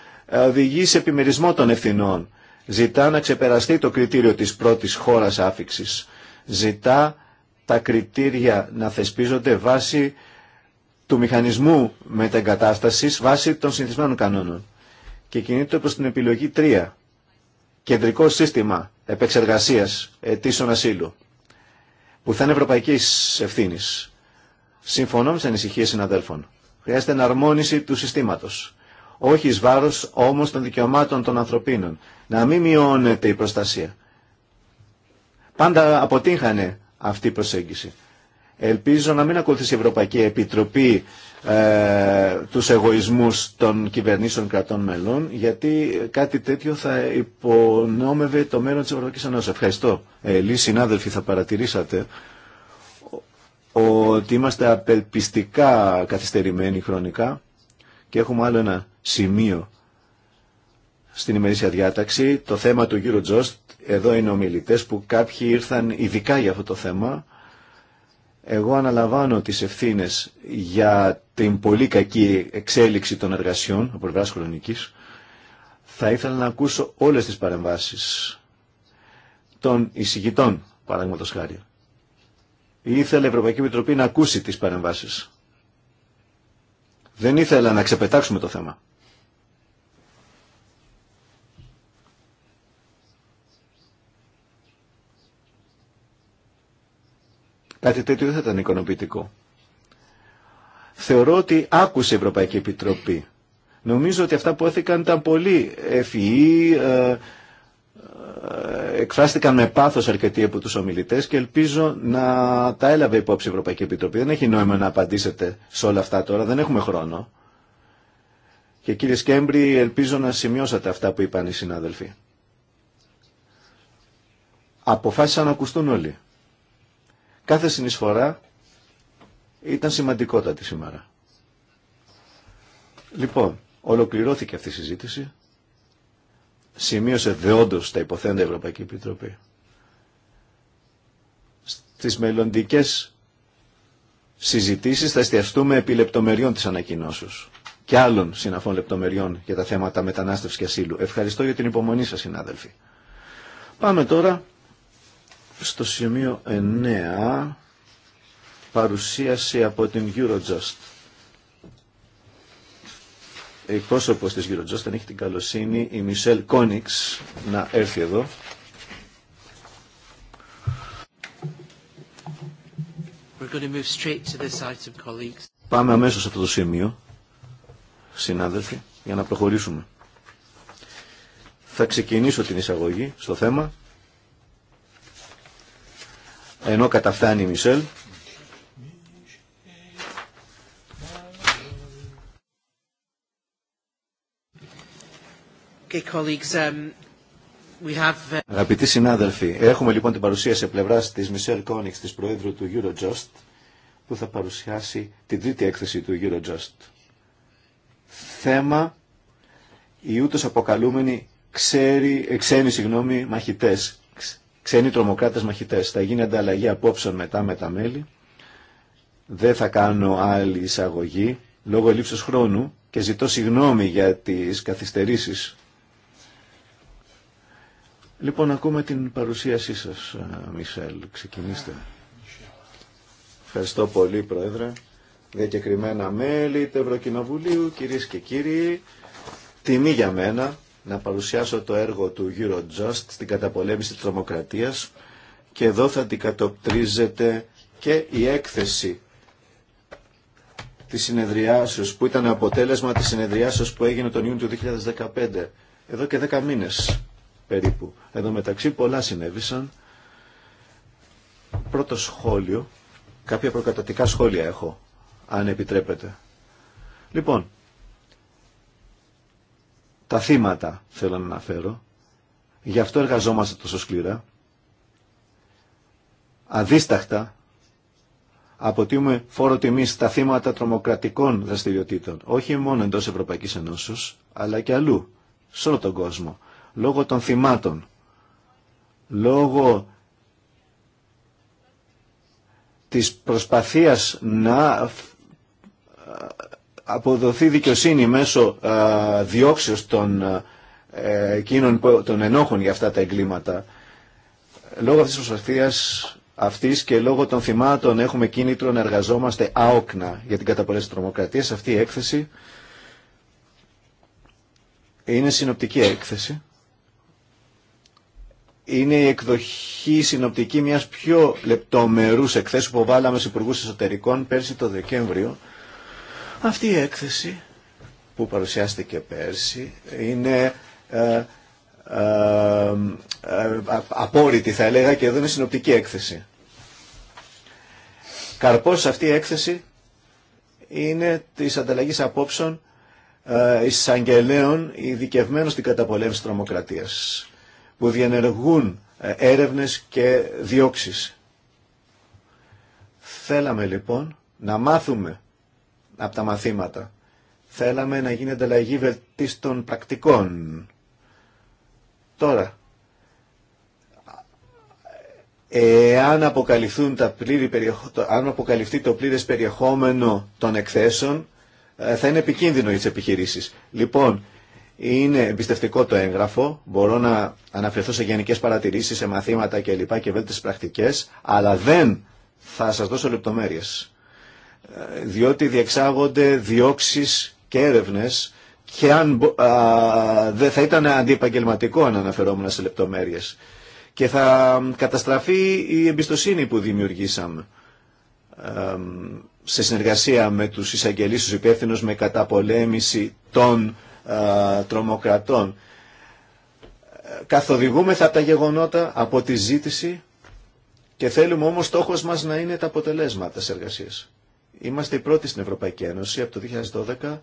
[SPEAKER 4] οδηγεί σε επιμερισμό των ευθυνών Ζητά να ξεπεραστεί το κριτήριο της πρώτης χώρας άφηξης. Ζητά τα κριτήρια να θεσπίζονται βάσει του μηχανισμού μεταγκατάστασης, βάσει των συνηθισμένων κανόνων. Και κινείται προς την επιλογή 3. Κεντρικό σύστημα επεξεργασίας αιτήσεων ασύλου, που θα είναι ευρωπαϊκής ευθύνης. Συμφωνώ με τι ανησυχίε συναδέλφων. Χρειάζεται εναρμόνιση του συστήματος όχι εις βάρος όμως των δικαιωμάτων των ανθρωπίνων. Να μην μειώνεται η προστασία. Πάντα αποτύχανε αυτή η προσέγγιση. Ελπίζω να μην ακολουθήσει η Ευρωπαϊκή Επιτροπή ε, τους εγωισμούς των κυβερνήσεων κρατών μελών, γιατί κάτι τέτοιο θα υπονόμευε το μέλλον της Ευρωπαϊκής Ενώσης. Ευχαριστώ. Ελείς συνάδελφοι, θα παρατηρήσατε ότι είμαστε απελπιστικά καθυστερημένοι χρονικά και έχουμε άλλο ένα σημείο στην ημερήσια διάταξη, το θέμα του Eurojust, εδώ είναι ομιλητές που κάποιοι ήρθαν ειδικά για αυτό το θέμα. Εγώ αναλαμβάνω τις ευθύνες για την πολύ κακή εξέλιξη των εργασιών από πλευράς χρονικής. Θα ήθελα να ακούσω όλες τις παρεμβάσεις των εισηγητών, παράδειγμα. χάρη. Ήθελε η Ευρωπαϊκή Επιτροπή να ακούσει τις παρεμβάσεις. Δεν ήθελα να ξεπετάξουμε το θέμα. Κάτι τέτοιο δεν θα ήταν ικανοποιητικό. Θεωρώ ότι άκουσε η Ευρωπαϊκή Επιτροπή. Νομίζω ότι αυτά που έθηκαν ήταν πολύ ευφυή, ε, ε, εκφράστηκαν με πάθος αρκετοί από τους ομιλητές και ελπίζω να τα έλαβε υπόψη η Ευρωπαϊκή Επιτροπή. Δεν έχει νόημα να απαντήσετε σε όλα αυτά τώρα, δεν έχουμε χρόνο. Και κύριε Σκέμπρη, ελπίζω να σημειώσατε αυτά που είπαν οι συνάδελφοι. Αποφάσισαν να ακουστούν όλοι. Κάθε συνεισφορά ήταν σημαντικότατη σήμερα. Λοιπόν, ολοκληρώθηκε αυτή η συζήτηση. Σημείωσε δεόντως τα υποθέντα Ευρωπαϊκή Επιτροπή. Στις μελλοντικέ συζητήσεις θα εστιαστούμε επί λεπτομεριών της ανακοινώσεως και άλλων συναφών λεπτομεριών για τα θέματα μετανάστευσης και ασύλου. Ευχαριστώ για την υπομονή σας, συνάδελφοι. Πάμε τώρα στο σημείο 9 παρουσίαση από την Eurojust. Η πρόσωπος της Eurojust δεν έχει την καλοσύνη η Μισελ Κόνιξ να έρθει εδώ. Πάμε αμέσως σε αυτό το σημείο, συνάδελφοι, για να προχωρήσουμε. Θα ξεκινήσω την εισαγωγή στο θέμα ενώ καταφτάνει η Μισελ.
[SPEAKER 2] Um,
[SPEAKER 4] uh, Αγαπητοί συνάδελφοι, έχουμε λοιπόν την παρουσίαση σε πλευρά τη Μισελ Κόνιξ, τη Προέδρου του Eurojust, που θα παρουσιάσει την τρίτη έκθεση του Eurojust. Θέμα «Οι ούτως αποκαλούμενοι ξέρει, ε, ξένοι συγγνώμη, μαχητές ξένοι τρομοκράτες μαχητές. Θα γίνει ανταλλαγή απόψεων μετά με τα μέλη. Δεν θα κάνω άλλη εισαγωγή λόγω λύψης χρόνου και ζητώ συγγνώμη για τις καθυστερήσεις. Λοιπόν, ακούμε την παρουσίασή σας, Μισελ. Ξεκινήστε. Ευχαριστώ πολύ, Πρόεδρε. Διακεκριμένα μέλη του Ευρωκοινοβουλίου, κυρίες και κύριοι, τιμή για μένα να παρουσιάσω το έργο του Eurojust στην καταπολέμηση της τρομοκρατίας και εδώ θα αντικατοπτρίζεται και η έκθεση της συνεδριάσεως που ήταν αποτέλεσμα της συνεδριάσεως που έγινε τον Ιούνιο του 2015 εδώ και 10 μήνες περίπου εδώ μεταξύ πολλά συνέβησαν πρώτο σχόλιο κάποια προκατατικά σχόλια έχω αν επιτρέπετε λοιπόν τα θύματα θέλω να αναφέρω. Γι' αυτό εργαζόμαστε τόσο σκληρά. Αδίσταχτα αποτείουμε φόρο τιμή στα θύματα τρομοκρατικών δραστηριοτήτων, όχι μόνο εντός Ευρωπαϊκής Ενώσεως, αλλά και αλλού, σε όλο τον κόσμο, λόγω των θυμάτων, λόγω της προσπαθίας να αποδοθεί δικαιοσύνη μέσω διώξεως των εκείνων των ενόχων για αυτά τα εγκλήματα. Λόγω αυτής της προσπαθίας αυτής και λόγω των θυμάτων έχουμε κίνητρο να εργαζόμαστε άοκνα για την καταπολέμηση της τρομοκρατίας. Αυτή η έκθεση είναι συνοπτική έκθεση. Είναι η εκδοχή συνοπτική μιας πιο λεπτομερούς εκθέσεις που βάλαμε στους Υπουργούς Εσωτερικών πέρσι το Δεκέμβριο αυτή η έκθεση που παρουσιάστηκε πέρσι είναι ε, ε, ε, απόρριτη θα έλεγα και εδώ είναι συνοπτική έκθεση. Καρπός αυτή η έκθεση είναι της ανταλλαγής απόψεων ε, εισαγγελέων ειδικευμένων στην καταπολέμηση τρομοκρατίας που διενεργούν έρευνες και διώξεις. Θέλαμε λοιπόν να μάθουμε από τα μαθήματα. Θέλαμε να γίνει ανταλλαγή βελτίστων πρακτικών. Τώρα, εάν αποκαλυφθούν τα πλήρη περιεχο... αν αποκαλυφθεί το πλήρες περιεχόμενο των εκθέσεων, ε, θα είναι επικίνδυνο για τις επιχειρήσεις. Λοιπόν, είναι εμπιστευτικό το έγγραφο, μπορώ να αναφερθώ σε γενικές παρατηρήσεις, σε μαθήματα κλπ. και βέλτιστες πρακτικές, αλλά δεν θα σας δώσω λεπτομέρειες διότι διεξάγονται διώξεις και έρευνες και αν θα ήταν αντιεπαγγελματικό αν αναφερόμουν σε λεπτομέρειες και θα καταστραφεί η εμπιστοσύνη που δημιουργήσαμε σε συνεργασία με τους εισαγγελείς τους υπεύθυνους με καταπολέμηση των τρομοκρατών. Καθοδηγούμεθα θα τα γεγονότα, από τη ζήτηση και θέλουμε όμως στόχος μας να είναι τα αποτελέσματα της εργασίας. Είμαστε οι πρώτοι στην Ευρωπαϊκή Ένωση από το 2012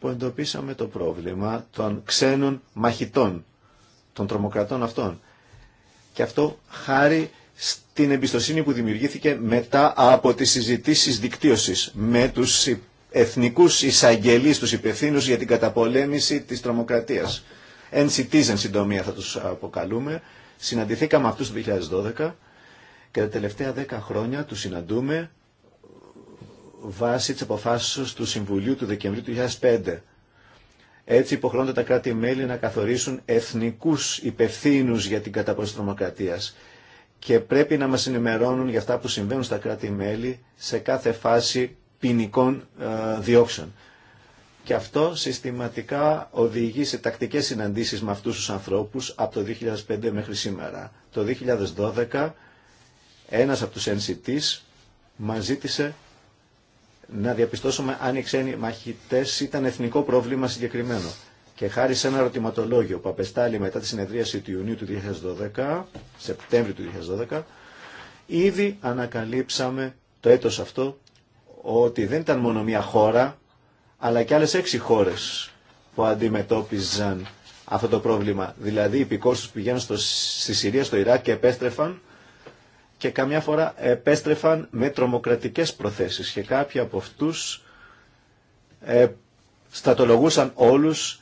[SPEAKER 4] που εντοπίσαμε το πρόβλημα των ξένων μαχητών, των τρομοκρατών αυτών. Και αυτό χάρη στην εμπιστοσύνη που δημιουργήθηκε μετά από τις συζητήσεις δικτύωσης με τους εθνικούς εισαγγελείς, τους υπευθύνου για την καταπολέμηση της τρομοκρατίας. NCTs εν συντομία θα τους αποκαλούμε. Συναντηθήκαμε αυτούς το 2012 και τα τελευταία 10 χρόνια τους συναντούμε βάσει τη αποφάσεω του Συμβουλίου του Δεκεμβρίου του 2005. Έτσι υποχρεώνται τα κράτη-μέλη να καθορίσουν εθνικού υπευθύνου για την τη τρομοκρατία και πρέπει να μα ενημερώνουν για αυτά που συμβαίνουν στα κράτη-μέλη σε κάθε φάση ποινικών ε, διώξεων. Και αυτό συστηματικά οδηγεί σε τακτικές συναντήσεις με αυτούς τους ανθρώπους από το 2005 μέχρι σήμερα. Το 2012 ένας από τους NCTs μας ζήτησε να διαπιστώσουμε αν οι ξένοι μαχητέ ήταν εθνικό πρόβλημα συγκεκριμένο. Και χάρη σε ένα ερωτηματολόγιο που απεστάλλει μετά τη συνεδρίαση του Ιουνίου του 2012, Σεπτέμβρη του 2012, ήδη ανακαλύψαμε το έτος αυτό ότι δεν ήταν μόνο μια χώρα, αλλά και άλλες έξι χώρες που αντιμετώπιζαν αυτό το πρόβλημα. Δηλαδή οι υπηκόρους πηγαίνουν στη Συρία, στο Ιράκ και επέστρεφαν, και καμιά φορά επέστρεφαν με τρομοκρατικές προθέσεις και κάποιοι από αυτούς ε, στατολογούσαν όλους,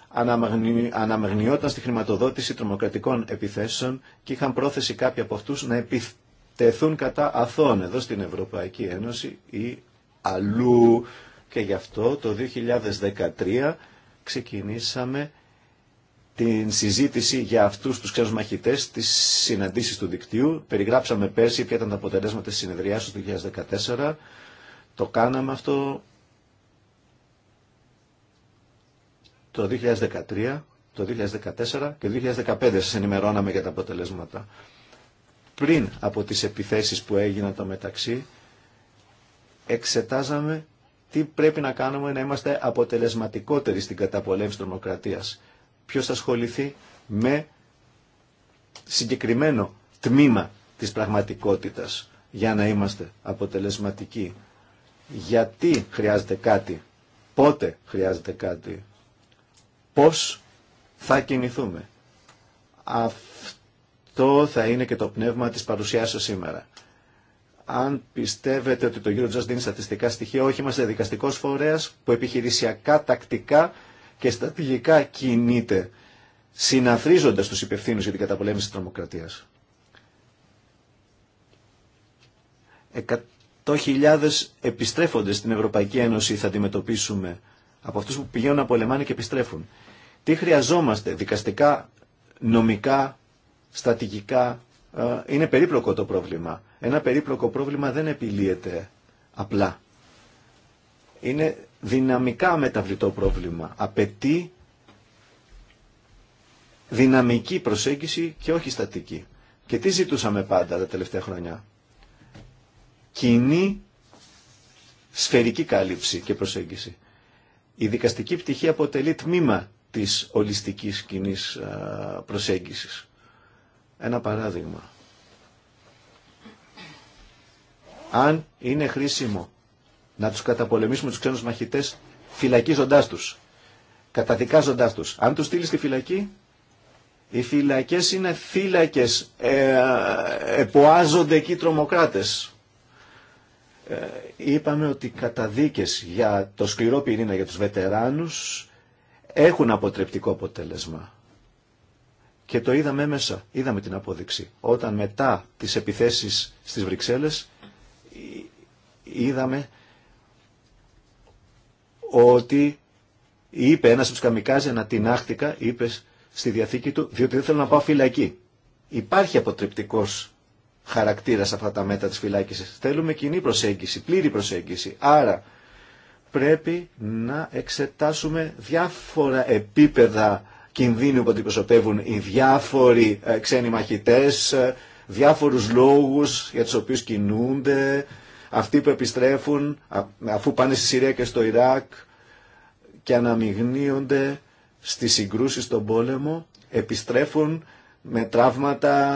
[SPEAKER 4] αναμεγνιόταν στη χρηματοδότηση τρομοκρατικών επιθέσεων και είχαν πρόθεση κάποιοι από αυτούς να επιτεθούν κατά αθών εδώ στην Ευρωπαϊκή Ένωση ή αλλού. Και γι' αυτό το 2013 ξεκινήσαμε την συζήτηση για αυτούς τους ξένους μαχητές της συναντήσεις του δικτύου. Περιγράψαμε πέρσι ποια ήταν τα αποτελέσματα της συνεδρία του 2014. Το κάναμε αυτό το 2013, το 2014 και το 2015 σας ενημερώναμε για τα αποτελέσματα. Πριν από τις επιθέσεις που έγιναν το μεταξύ, εξετάζαμε τι πρέπει να κάνουμε να είμαστε αποτελεσματικότεροι στην καταπολέμηση τρομοκρατίας ποιος θα ασχοληθεί με συγκεκριμένο τμήμα της πραγματικότητας για να είμαστε αποτελεσματικοί. Γιατί χρειάζεται κάτι, πότε χρειάζεται κάτι, πώς θα κινηθούμε. Αυτό θα είναι και το πνεύμα της παρουσιάσεως σήμερα. Αν πιστεύετε ότι το Eurojust δίνει στατιστικά στοιχεία, όχι είμαστε δικαστικός φορέας που επιχειρησιακά, τακτικά και στρατηγικά κινείται συναθρίζοντας τους υπευθύνους για την καταπολέμηση της τρομοκρατίας. 100.000 επιστρέφοντες στην Ευρωπαϊκή Ένωση θα αντιμετωπίσουμε από αυτούς που πηγαίνουν να πολεμάνε και επιστρέφουν. Τι χρειαζόμαστε δικαστικά, νομικά, στρατηγικά. Ε, είναι περίπλοκο το πρόβλημα. Ένα περίπλοκο πρόβλημα δεν επιλύεται απλά. Είναι δυναμικά μεταβλητό πρόβλημα. Απαιτεί δυναμική προσέγγιση και όχι στατική. Και τι ζητούσαμε πάντα τα τελευταία χρόνια. Κοινή σφαιρική κάλυψη και προσέγγιση. Η δικαστική πτυχή αποτελεί τμήμα της ολιστικής κοινή προσέγγισης. Ένα παράδειγμα. Αν είναι χρήσιμο να τους καταπολεμήσουμε τους ξένους μαχητές φυλακίζοντάς τους, καταδικάζοντάς τους. Αν τους στείλει στη φυλακή, οι φυλακές είναι θύλακες, ε, εποάζονται εκεί τρομοκράτες. Ε, είπαμε ότι καταδίκες για το σκληρό πυρήνα για τους βετεράνους έχουν αποτρεπτικό αποτέλεσμα. Και το είδαμε μέσα, είδαμε την απόδειξη. Όταν μετά τις επιθέσεις στις Βρυξέλλες ε, είδαμε ότι είπε ένας από τους την άχτηκα, είπε στη διαθήκη του, διότι δεν θέλω να πάω φυλακή. Υπάρχει αποτρεπτικός χαρακτήρας αυτά τα μέτρα της φυλάκησης. Θέλουμε κοινή προσέγγιση, πλήρη προσέγγιση. Άρα πρέπει να εξετάσουμε διάφορα επίπεδα κινδύνου που αντιπροσωπεύουν οι διάφοροι ε, ξένοι μαχητές, ε, διάφορους λόγους για τους οποίους κινούνται, αυτοί που επιστρέφουν αφού πάνε στη Συρία και στο Ιράκ και αναμειγνύονται στις συγκρούσεις στον πόλεμο, επιστρέφουν με τραύματα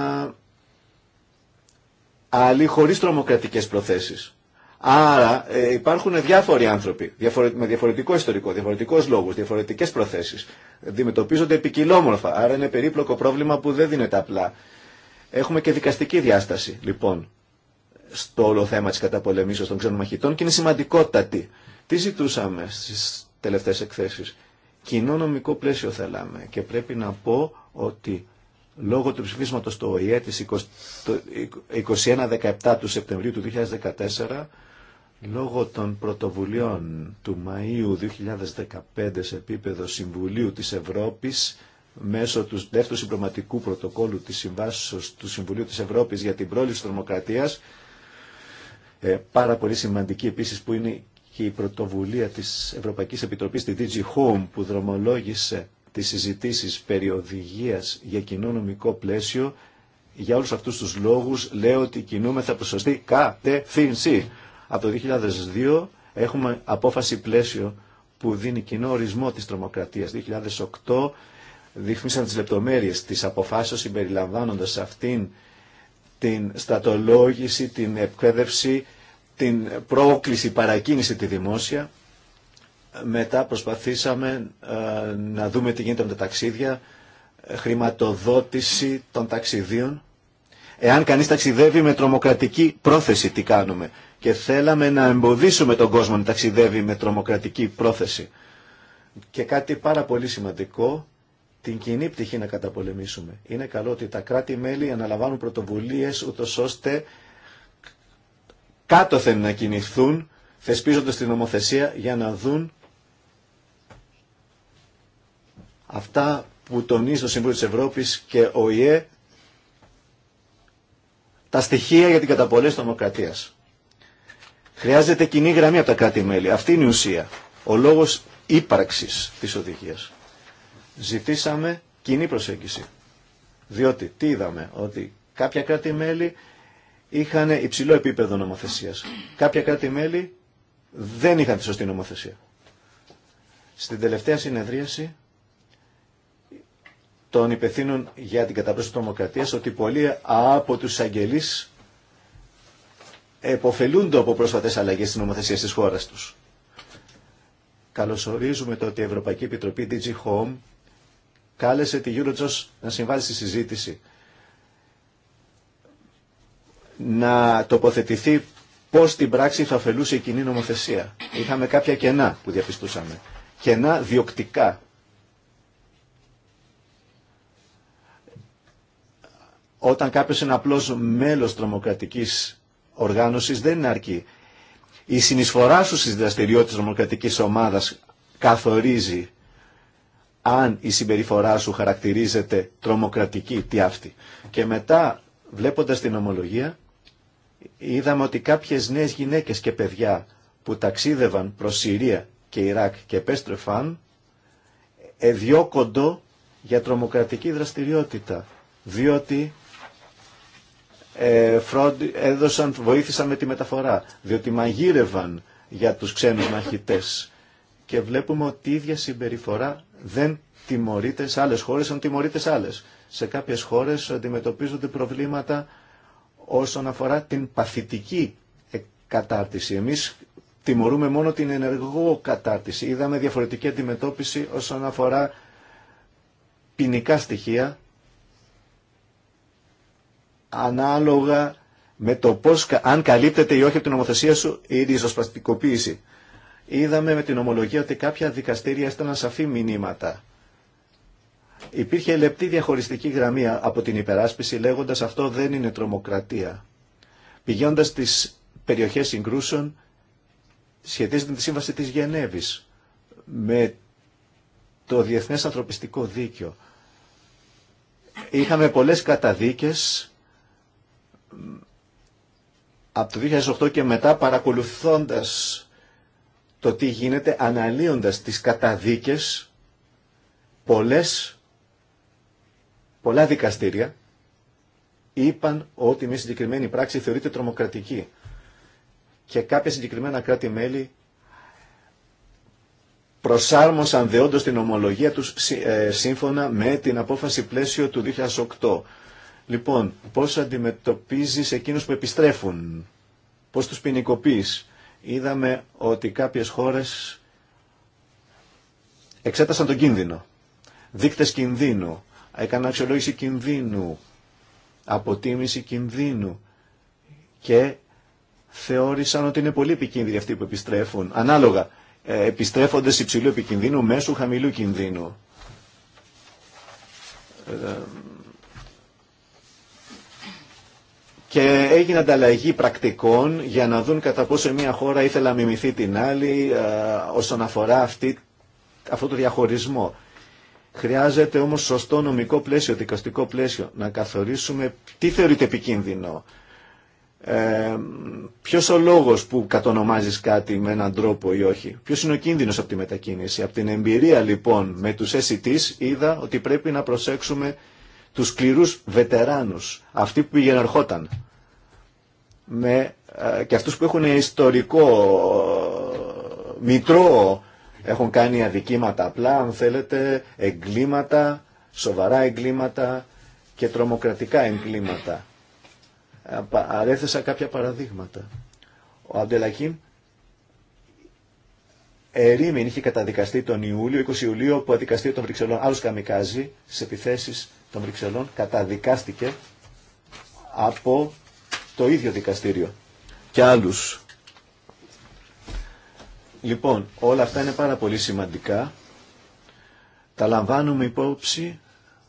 [SPEAKER 4] άλλοι χωρίς τρομοκρατικές προθέσεις. Άρα ε, υπάρχουν διάφοροι άνθρωποι διαφορε... με διαφορετικό ιστορικό, διαφορετικός λόγους, διαφορετικές προθέσεις. Δημιουργούνται επικοινόμορφα, άρα είναι περίπλοκο πρόβλημα που δεν δίνεται απλά. Έχουμε και δικαστική διάσταση, λοιπόν στο όλο θέμα της καταπολεμήσεως των ξένων μαχητών και είναι σημαντικότατη. Τι ζητούσαμε στις τελευταίες εκθέσεις. Κοινό νομικό πλαίσιο θέλαμε και πρέπει να πω ότι λόγω του ψηφίσματος του ΟΗΕ της 21-17 του Σεπτεμβρίου του 2014 λόγω των πρωτοβουλίων του Μαΐου 2015 σε επίπεδο Συμβουλίου της Ευρώπης μέσω του δεύτερου συμπροματικού πρωτοκόλου της Συμβάσεως του Συμβουλίου της Ευρώπης για την πρόληψη τρομοκρατίας ε, πάρα πολύ σημαντική επίσης που είναι και η πρωτοβουλία της Ευρωπαϊκής Επιτροπής τη DG Home που δρομολόγησε τις συζητήσεις περί οδηγίας για κοινό νομικό πλαίσιο. Για όλους αυτούς τους λόγους λέω ότι κινούμεθα προς σωστή κατεύθυνση. Από το 2002 έχουμε απόφαση πλαίσιο που δίνει κοινό ορισμό της τρομοκρατίας. 2008 δείχνησαν τις λεπτομέρειες της αποφάσεως συμπεριλαμβάνοντας αυτήν την στατολόγηση, την εκπαίδευση, την πρόκληση παρακίνηση τη δημόσια. Μετά προσπαθήσαμε ε, να δούμε τι γίνεται με τα ταξίδια, χρηματοδότηση των ταξιδίων. Εάν κανείς ταξιδεύει με τρομοκρατική πρόθεση, τι κάνουμε. Και θέλαμε να εμποδίσουμε τον κόσμο να ταξιδεύει με τρομοκρατική πρόθεση. Και κάτι πάρα πολύ σημαντικό, την κοινή πτυχή να καταπολεμήσουμε. Είναι καλό ότι τα κράτη-μέλη αναλαμβάνουν πρωτοβουλίες ούτως ώστε κάτωθεν να κινηθούν θεσπίζοντας την νομοθεσία για να δουν αυτά που τονίζει το Συμβούλιο της Ευρώπης και ο ΙΕ τα στοιχεία για την καταπολέμηση της δημοκρατίας. Χρειάζεται κοινή γραμμή από τα κράτη-μέλη. Αυτή είναι η ουσία. Ο λόγος ύπαρξης της οδηγίας. Ζητήσαμε κοινή προσέγγιση. Διότι τι είδαμε, ότι κάποια κράτη-μέλη είχαν υψηλό νομοθεσία. νομοθεσίας. Κάποια κράτη-μέλη δεν είχαν τη σωστή νομοθεσία. Στην τελευταία συνεδρίαση των υπευθύνων για την καταπρόσωση της ότι πολλοί από τους αγγελείς εποφελούνται από πρόσφατες αλλαγές στι νομοθεσία της χώρας τους. Καλωσορίζουμε το ότι η Ευρωπαϊκή Επιτροπή DG Home κάλεσε τη Eurojust να συμβάλλει στη συζήτηση να τοποθετηθεί πώς την πράξη θα ωφελούσε η κοινή νομοθεσία. Είχαμε κάποια κενά που διαπιστούσαμε. Κενά διοκτικά. Όταν κάποιος είναι απλώς μέλος τρομοκρατικής οργάνωσης δεν είναι αρκεί. Η συνεισφορά σου στις δραστηριότητες τρομοκρατικής ομάδας καθορίζει αν η συμπεριφορά σου χαρακτηρίζεται τρομοκρατική, τι αυτή. Και μετά, βλέποντας την ομολογία, είδαμε ότι κάποιες νέες γυναίκες και παιδιά που ταξίδευαν προς Συρία και Ιράκ και επέστρεφαν εδιώκοντο για τρομοκρατική δραστηριότητα διότι ε, έδωσαν, βοήθησαν με τη μεταφορά διότι μαγείρευαν για τους ξένους μαχητές και βλέπουμε ότι η ίδια συμπεριφορά δεν τιμωρείται σε άλλες χώρες αν τιμωρείται σε άλλες. Σε κάποιες χώρες αντιμετωπίζονται προβλήματα όσον αφορά την παθητική κατάρτιση. Εμείς τιμωρούμε μόνο την ενεργό κατάρτιση. Είδαμε διαφορετική αντιμετώπιση όσον αφορά ποινικά στοιχεία ανάλογα με το πώς, αν καλύπτεται ή όχι από την νομοθεσία σου η ριζοσπαστικοποίηση. Είδαμε με την ομολογία ότι κάποια δικαστήρια έστειλαν σαφή μηνύματα Υπήρχε λεπτή διαχωριστική γραμμή από την υπεράσπιση λέγοντας αυτό δεν είναι τρομοκρατία. Πηγαίνοντας στις περιοχές συγκρούσεων σχετίζεται με τη σύμβαση της Γενέβης με το Διεθνές Ανθρωπιστικό Δίκαιο. Είχαμε πολλές καταδίκες από το 2008 και μετά παρακολουθώντας το τι γίνεται αναλύοντας τις καταδίκες πολλές Πολλά δικαστήρια είπαν ότι μια συγκεκριμένη πράξη θεωρείται τρομοκρατική και κάποια συγκεκριμένα κράτη-μέλη προσάρμοσαν δεόντως την ομολογία τους ε, σύμφωνα με την απόφαση πλαίσιο του 2008. Λοιπόν, πώς αντιμετωπίζεις εκείνους που επιστρέφουν, πώς τους ποινικοποιεί. Είδαμε ότι κάποιες χώρες εξέτασαν τον κίνδυνο, δείκτες κινδύνου, έκανα αξιολόγηση κινδύνου, αποτίμηση κινδύνου και θεώρησαν ότι είναι πολύ επικίνδυνοι αυτοί που επιστρέφουν. Ανάλογα, ε, επιστρέφονται σε υψηλού επικινδύνου, μέσου χαμηλού κινδύνου. Ε, και έγινε ανταλλαγή πρακτικών για να δουν κατά πόσο μια χώρα ήθελα να μιμηθεί την άλλη ε, όσον αφορά αυτή, αυτό το διαχωρισμό. Χρειάζεται όμως σωστό νομικό πλαίσιο, δικαστικό πλαίσιο, να καθορίσουμε τι θεωρείται επικίνδυνο. Ε, ποιος ο λόγος που κατονομάζεις κάτι με έναν τρόπο ή όχι. ποιο είναι ο κίνδυνος από τη μετακίνηση. Από την εμπειρία λοιπόν με τους SETs είδα ότι πρέπει να προσέξουμε τους σκληρού βετεράνου, αυτοί που πήγαιναν Με, ε, και αυτούς που έχουν ιστορικό ε, μητρό έχουν κάνει αδικήματα απλά, αν θέλετε, εγκλήματα, σοβαρά εγκλήματα και τρομοκρατικά εγκλήματα. Αρέθεσα κάποια παραδείγματα. Ο Αντελαχήμ ερήμην είχε καταδικαστεί τον Ιούλιο, 20 Ιουλίου, που αδικαστεί των Βρυξελών. Άλλος καμικάζει στις επιθέσεις των Βρυξελών, καταδικάστηκε από το ίδιο δικαστήριο και άλλους Λοιπόν, όλα αυτά είναι πάρα πολύ σημαντικά. Τα λαμβάνουμε υπόψη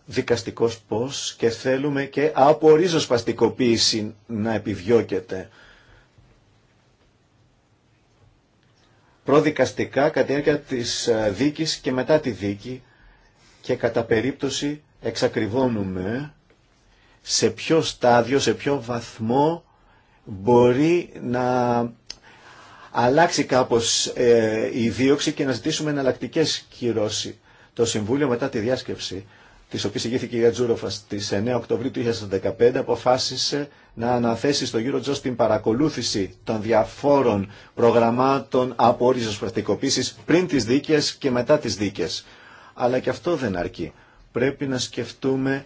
[SPEAKER 4] δικαστικός πώς και θέλουμε και από ρίζοσπαστικοποίηση να επιδιώκεται. Προδικαστικά κατά τη διάρκεια της ε, δίκης και μετά τη δίκη και κατά περίπτωση εξακριβώνουμε σε ποιο στάδιο, σε ποιο βαθμό μπορεί να αλλάξει κάπως ε, η δίωξη και να ζητήσουμε εναλλακτικέ κυρώσει. Το Συμβούλιο μετά τη διάσκεψη της οποίας ηγήθηκε η Τζούροφα στις 9 Οκτωβρίου του 2015 αποφάσισε να αναθέσει στο Eurojust την παρακολούθηση των διαφόρων προγραμμάτων από όριζες πρακτικοποίησης πριν τις δίκες και μετά τις δίκες. Αλλά και αυτό δεν αρκεί. Πρέπει να σκεφτούμε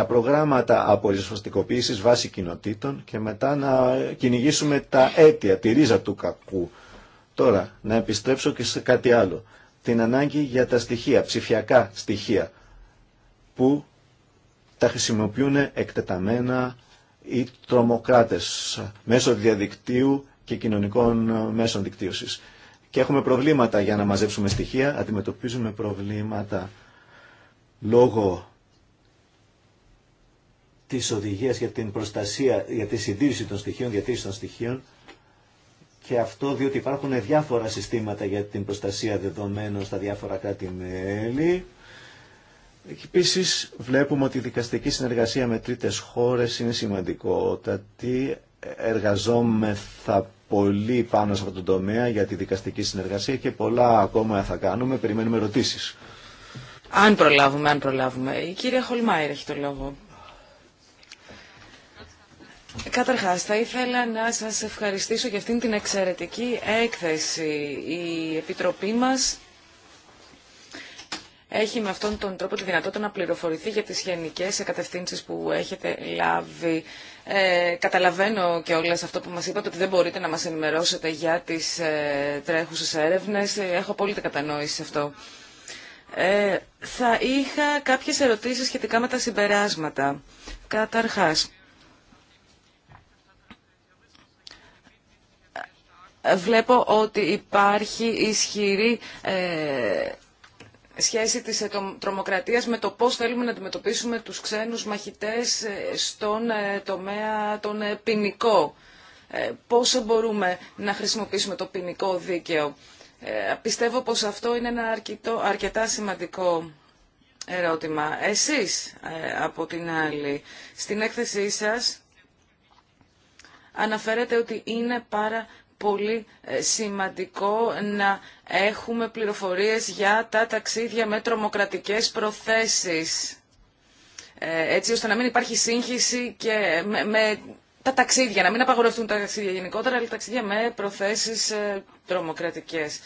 [SPEAKER 4] τα προγράμματα απορριζοσπαστικοποίησης βάση κοινοτήτων και μετά να κυνηγήσουμε τα αίτια, τη ρίζα του κακού. Τώρα, να επιστρέψω και σε κάτι άλλο. Την ανάγκη για τα στοιχεία, ψηφιακά στοιχεία, που τα χρησιμοποιούν εκτεταμένα οι τρομοκράτες μέσω διαδικτύου και κοινωνικών μέσων δικτύωσης. Και έχουμε προβλήματα για να μαζέψουμε στοιχεία, αντιμετωπίζουμε προβλήματα λόγω Τη οδηγία για την προστασία, για τη συντήρηση των στοιχείων, διατήρηση των στοιχείων και αυτό διότι υπάρχουν διάφορα συστήματα για την προστασία δεδομένων στα διάφορα κράτη-μέλη. Επίση, βλέπουμε ότι η δικαστική συνεργασία με τρίτες χώρες είναι σημαντικότατη. Εργαζόμεθα πολύ πάνω σε αυτό το τομέα για τη δικαστική συνεργασία και πολλά ακόμα θα κάνουμε. Περιμένουμε ερωτήσεις.
[SPEAKER 3] Αν προλάβουμε, αν προλάβουμε. Η κυρία Χολμάιρ έχει το λόγο. Καταρχάς, θα ήθελα να σας ευχαριστήσω για αυτήν την εξαιρετική έκθεση. Η Επιτροπή μας έχει με αυτόν τον τρόπο τη δυνατότητα να πληροφορηθεί για τις γενικές εκατευθύνσεις που έχετε λάβει. Ε, καταλαβαίνω και όλα σε αυτό που μας είπατε ότι δεν μπορείτε να μας ενημερώσετε για τις ε, τρέχουσες έρευνες. Ε, έχω απόλυτη κατανόηση σε αυτό. Ε, θα είχα κάποιες ερωτήσεις σχετικά με τα συμπεράσματα. Καταρχάς, βλέπω ότι υπάρχει ισχυρή ε, σχέση της τρομοκρατίας με το πώς θέλουμε να αντιμετωπίσουμε τους ξένους μαχητές ε, στον ε, τομέα τον ε, ποινικό. Πώς μπορούμε να χρησιμοποιήσουμε το ποινικό δίκαιο. Πιστεύω πως αυτό είναι ένα αρκετό, αρκετά σημαντικό ερώτημα. αρκετα σημαντικο από την άλλη, στην έκθεσή σας αναφέρετε ότι είναι πάρα πολύ ε, σημαντικό να έχουμε πληροφορίες για τα ταξίδια με τρομοκρατικές προθέσεις. Ε, έτσι ώστε να μην υπάρχει σύγχυση και ε, με, τα ταξίδια, να μην απαγορευτούν τα ταξίδια γενικότερα, αλλά τα ταξίδια με προθέσεις τρομοκρατικές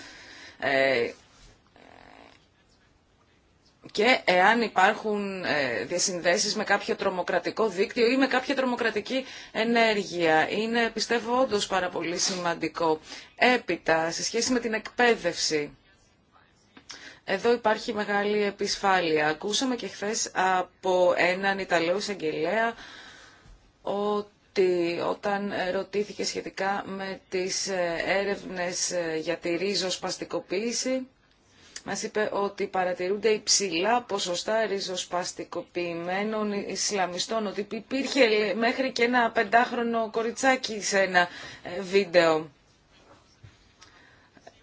[SPEAKER 3] και εάν υπάρχουν ε, διασυνδέσεις με κάποιο τρομοκρατικό δίκτυο ή με κάποια τρομοκρατική ενέργεια. Είναι, πιστεύω, όντω πάρα πολύ σημαντικό. Έπειτα, σε σχέση με την εκπαίδευση, εδώ υπάρχει μεγάλη επισφάλεια. Ακούσαμε και χθε από έναν Ιταλό εισαγγελέα ότι όταν ρωτήθηκε σχετικά με τις ε, έρευνες ε, για τη ρίζοσπαστικοποίηση, μας είπε ότι παρατηρούνται υψηλά ποσοστά ριζοσπαστικοποιημένων Ισλαμιστών, ότι υπήρχε μέχρι και ένα πεντάχρονο κοριτσάκι σε ένα ε, βίντεο.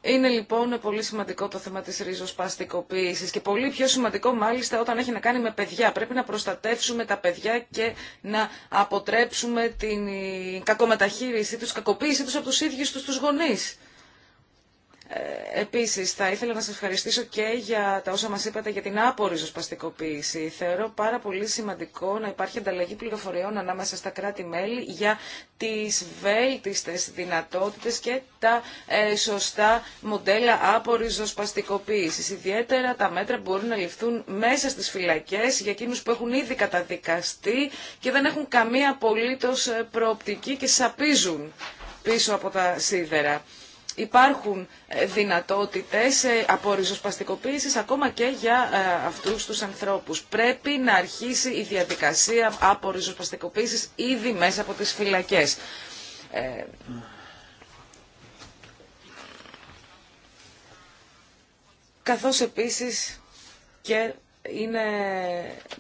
[SPEAKER 3] Είναι λοιπόν πολύ σημαντικό το θέμα της ριζοσπαστικοποίησης και πολύ πιο σημαντικό μάλιστα όταν έχει να κάνει με παιδιά. Πρέπει να προστατεύσουμε τα παιδιά και να αποτρέψουμε την κακομεταχείρισή τους, κακοποίησή τους από τους ίδιους τους, τους γονείς. Επίσης, θα ήθελα να σας ευχαριστήσω και για τα όσα μας είπατε για την άπορη ζωσπαστικοποίηση. Θεωρώ πάρα πολύ σημαντικό να υπάρχει ανταλλαγή πληροφοριών ανάμεσα στα κράτη-μέλη για τις βέλτιστες δυνατότητες και τα ε, σωστά μοντέλα άπορη ζωσπαστικοποίησης. Ιδιαίτερα τα μέτρα μπορούν να ληφθούν μέσα στις φυλακές για εκείνους που έχουν ήδη καταδικαστεί και δεν έχουν καμία απολύτως ε, προοπτική και σαπίζουν πίσω από τα σίδερα υπάρχουν ε, δυνατότητες ε, από ριζοσπαστικοποίησης ακόμα και για ε, αυτούς τους ανθρώπους. Πρέπει να αρχίσει η διαδικασία από ριζοσπαστικοποίησης ήδη μέσα από τις φυλακές. Καθώς επίσης και είναι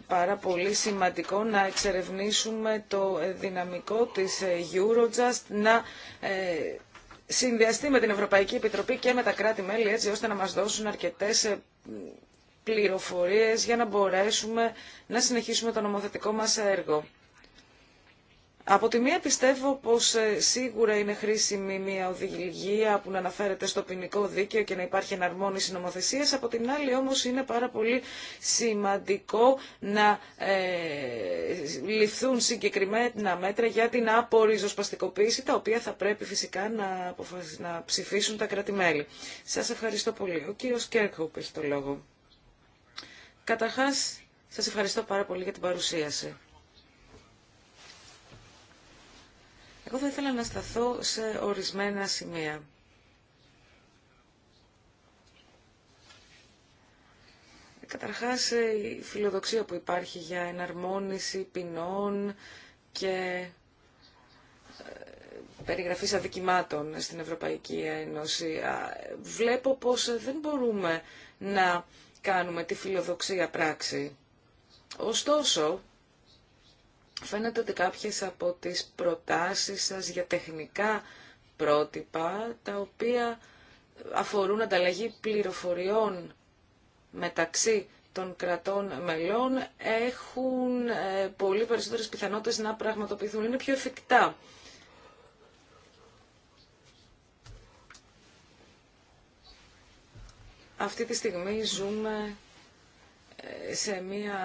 [SPEAKER 3] πάρα πολύ σημαντικό να εξερευνήσουμε το δυναμικό της Eurojust, να συνδυαστεί με την Ευρωπαϊκή Επιτροπή και με τα κράτη-μέλη έτσι ώστε να μας δώσουν αρκετές ε, πληροφορίες για να μπορέσουμε να συνεχίσουμε το νομοθετικό μας έργο. Από τη μία πιστεύω πως ε, σίγουρα είναι χρήσιμη μια οδηγία που να αναφέρεται στο ποινικό δίκαιο και να υπάρχει εναρμόνιση νομοθεσίας. Από την άλλη όμως είναι πάρα πολύ σημαντικό να ε, ληφθούν συγκεκριμένα μέτρα για την απορριζοσπαστικοποίηση, τα οποία θα πρέπει φυσικά να, να ψηφίσουν τα κράτη-μέλη. Σας ευχαριστώ πολύ. Ο κύριος Κέρκοπ έχει το λόγο. Καταρχάς, σας ευχαριστώ πάρα πολύ για την παρουσίαση. Εγώ θα ήθελα να σταθώ σε ορισμένα σημεία. Καταρχάς, η φιλοδοξία που υπάρχει για εναρμόνιση ποινών και ε, περιγραφής αδικημάτων στην Ευρωπαϊκή Ένωση. Βλέπω πως δεν μπορούμε να κάνουμε τη φιλοδοξία πράξη. Ωστόσο, Φαίνεται ότι κάποιες από τις προτάσεις σας για τεχνικά πρότυπα, τα οποία αφορούν ανταλλαγή πληροφοριών μεταξύ των κρατών μελών, έχουν ε, πολύ περισσότερες πιθανότητες να πραγματοποιηθούν. Είναι πιο εφικτά. Αυτή τη στιγμή ζούμε σε μια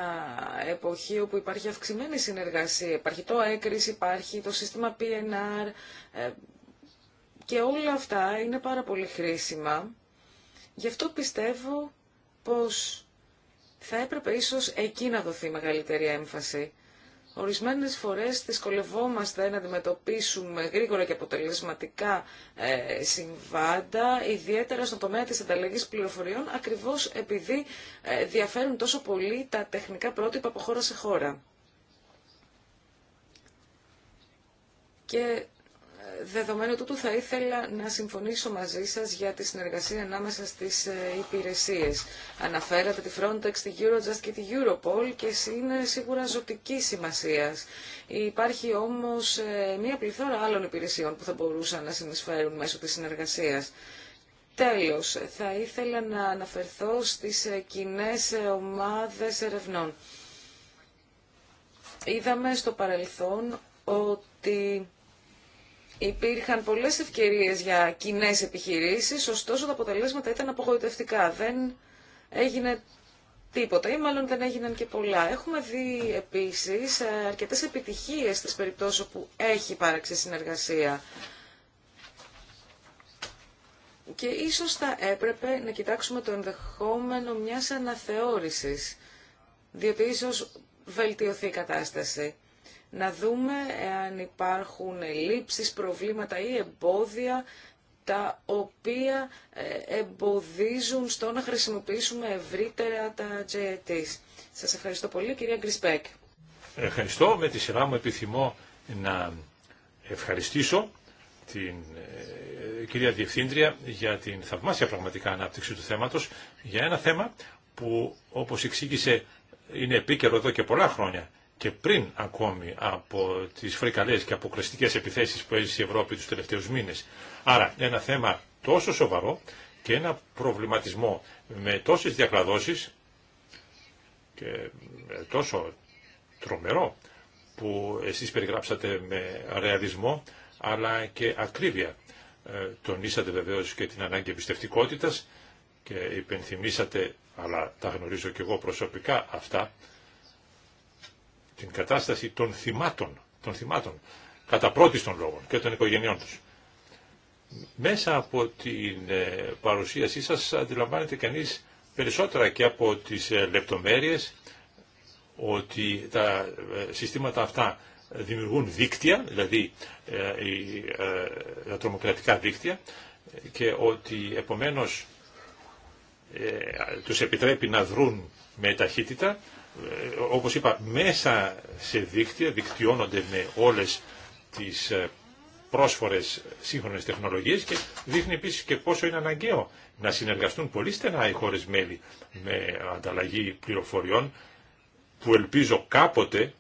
[SPEAKER 3] εποχή όπου υπάρχει αυξημένη συνεργασία. Υπάρχει το έκρηση, υπάρχει το σύστημα PNR ε, και όλα αυτά είναι πάρα πολύ χρήσιμα. Γι' αυτό πιστεύω πως θα έπρεπε ίσως εκεί να δοθεί μεγαλύτερη έμφαση. Ορισμένες φορές δυσκολευόμαστε να αντιμετωπίσουμε γρήγορα και αποτελεσματικά ε, συμβάντα, ιδιαίτερα στον τομέα της ανταλλαγής πληροφοριών, ακριβώς επειδή ε, διαφέρουν τόσο πολύ τα τεχνικά πρότυπα από χώρα σε χώρα. Και Δεδομένου τούτου θα ήθελα να συμφωνήσω μαζί σας για τη συνεργασία ανάμεσα στις ε, υπηρεσίες. Αναφέρατε τη Frontex, τη Eurojust και τη Europol και είναι σίγουρα ζωτική σημασία. Υπάρχει όμως ε, μία πληθώρα άλλων υπηρεσιών που θα μπορούσαν να συνεισφέρουν μέσω της συνεργασίας. Τέλος, θα ήθελα να αναφερθώ στις ε, κοινέ ομάδες ερευνών. Είδαμε στο παρελθόν ότι Υπήρχαν πολλές ευκαιρίε για κοινέ επιχειρήσεις, ωστόσο τα αποτελέσματα ήταν απογοητευτικά. Δεν έγινε τίποτα ή μάλλον δεν έγιναν και πολλά. Έχουμε δει επίσης ε, αρκετές επιτυχίες στις περιπτώσεις όπου έχει υπάρξει συνεργασία. Και ίσως θα έπρεπε να κοιτάξουμε το ενδεχόμενο μιας αναθεώρησης, διότι ίσως βελτιωθεί η μαλλον δεν εγιναν και πολλα εχουμε δει επισης αρκετες επιτυχιες στι περιπτωσεις οπου εχει υπαρξει συνεργασια και ισως θα επρεπε να κοιταξουμε το ενδεχομενο μιας αναθεωρησης διοτι ισως βελτιωθει η κατασταση να δούμε εάν υπάρχουν λήψεις, προβλήματα ή εμπόδια τα οποία ε, εμποδίζουν στο να χρησιμοποιήσουμε ευρύτερα τα JETs. Σας ευχαριστώ πολύ κυρία Γκρισπέκ.
[SPEAKER 1] Ευχαριστώ. Με τη σειρά μου επιθυμώ να ευχαριστήσω την ε, κυρία Διευθύντρια για την θαυμάσια πραγματικά ανάπτυξη του θέματος για ένα θέμα που όπως εξήγησε είναι επίκαιρο εδώ και πολλά χρόνια και πριν ακόμη από τις φρικαλές και αποκλειστικές επιθέσεις που έζησε η Ευρώπη τους τελευταίους μήνες. Άρα ένα θέμα τόσο σοβαρό και ένα προβληματισμό με τόσες διακλαδώσεις και τόσο τρομερό που εσείς περιγράψατε με ρεαλισμό αλλά και ακρίβεια. Ε, τονίσατε βεβαίως και την ανάγκη εμπιστευτικότητας και υπενθυμίσατε, αλλά τα γνωρίζω και εγώ προσωπικά αυτά, την κατάσταση των θυμάτων, των θυμάτων κατά πρώτης των λόγων και των οικογενειών τους. Μέσα από την ε, παρουσίασή σας αντιλαμβάνεται κανείς περισσότερα και από τις ε, λεπτομέρειες ότι τα ε, συστήματα αυτά δημιουργούν δίκτυα, δηλαδή τα τρομοκρατικά δίκτυα και ότι επομένως τους επιτρέπει να δρουν με ταχύτητα ε, όπως είπα, μέσα σε δίκτυα, δικτυώνονται με όλες τις ε, πρόσφορες σύγχρονες τεχνολογίες και δείχνει επίσης και πόσο είναι αναγκαίο να συνεργαστούν πολύ στενά οι χώρες μέλη με ανταλλαγή πληροφοριών που ελπίζω κάποτε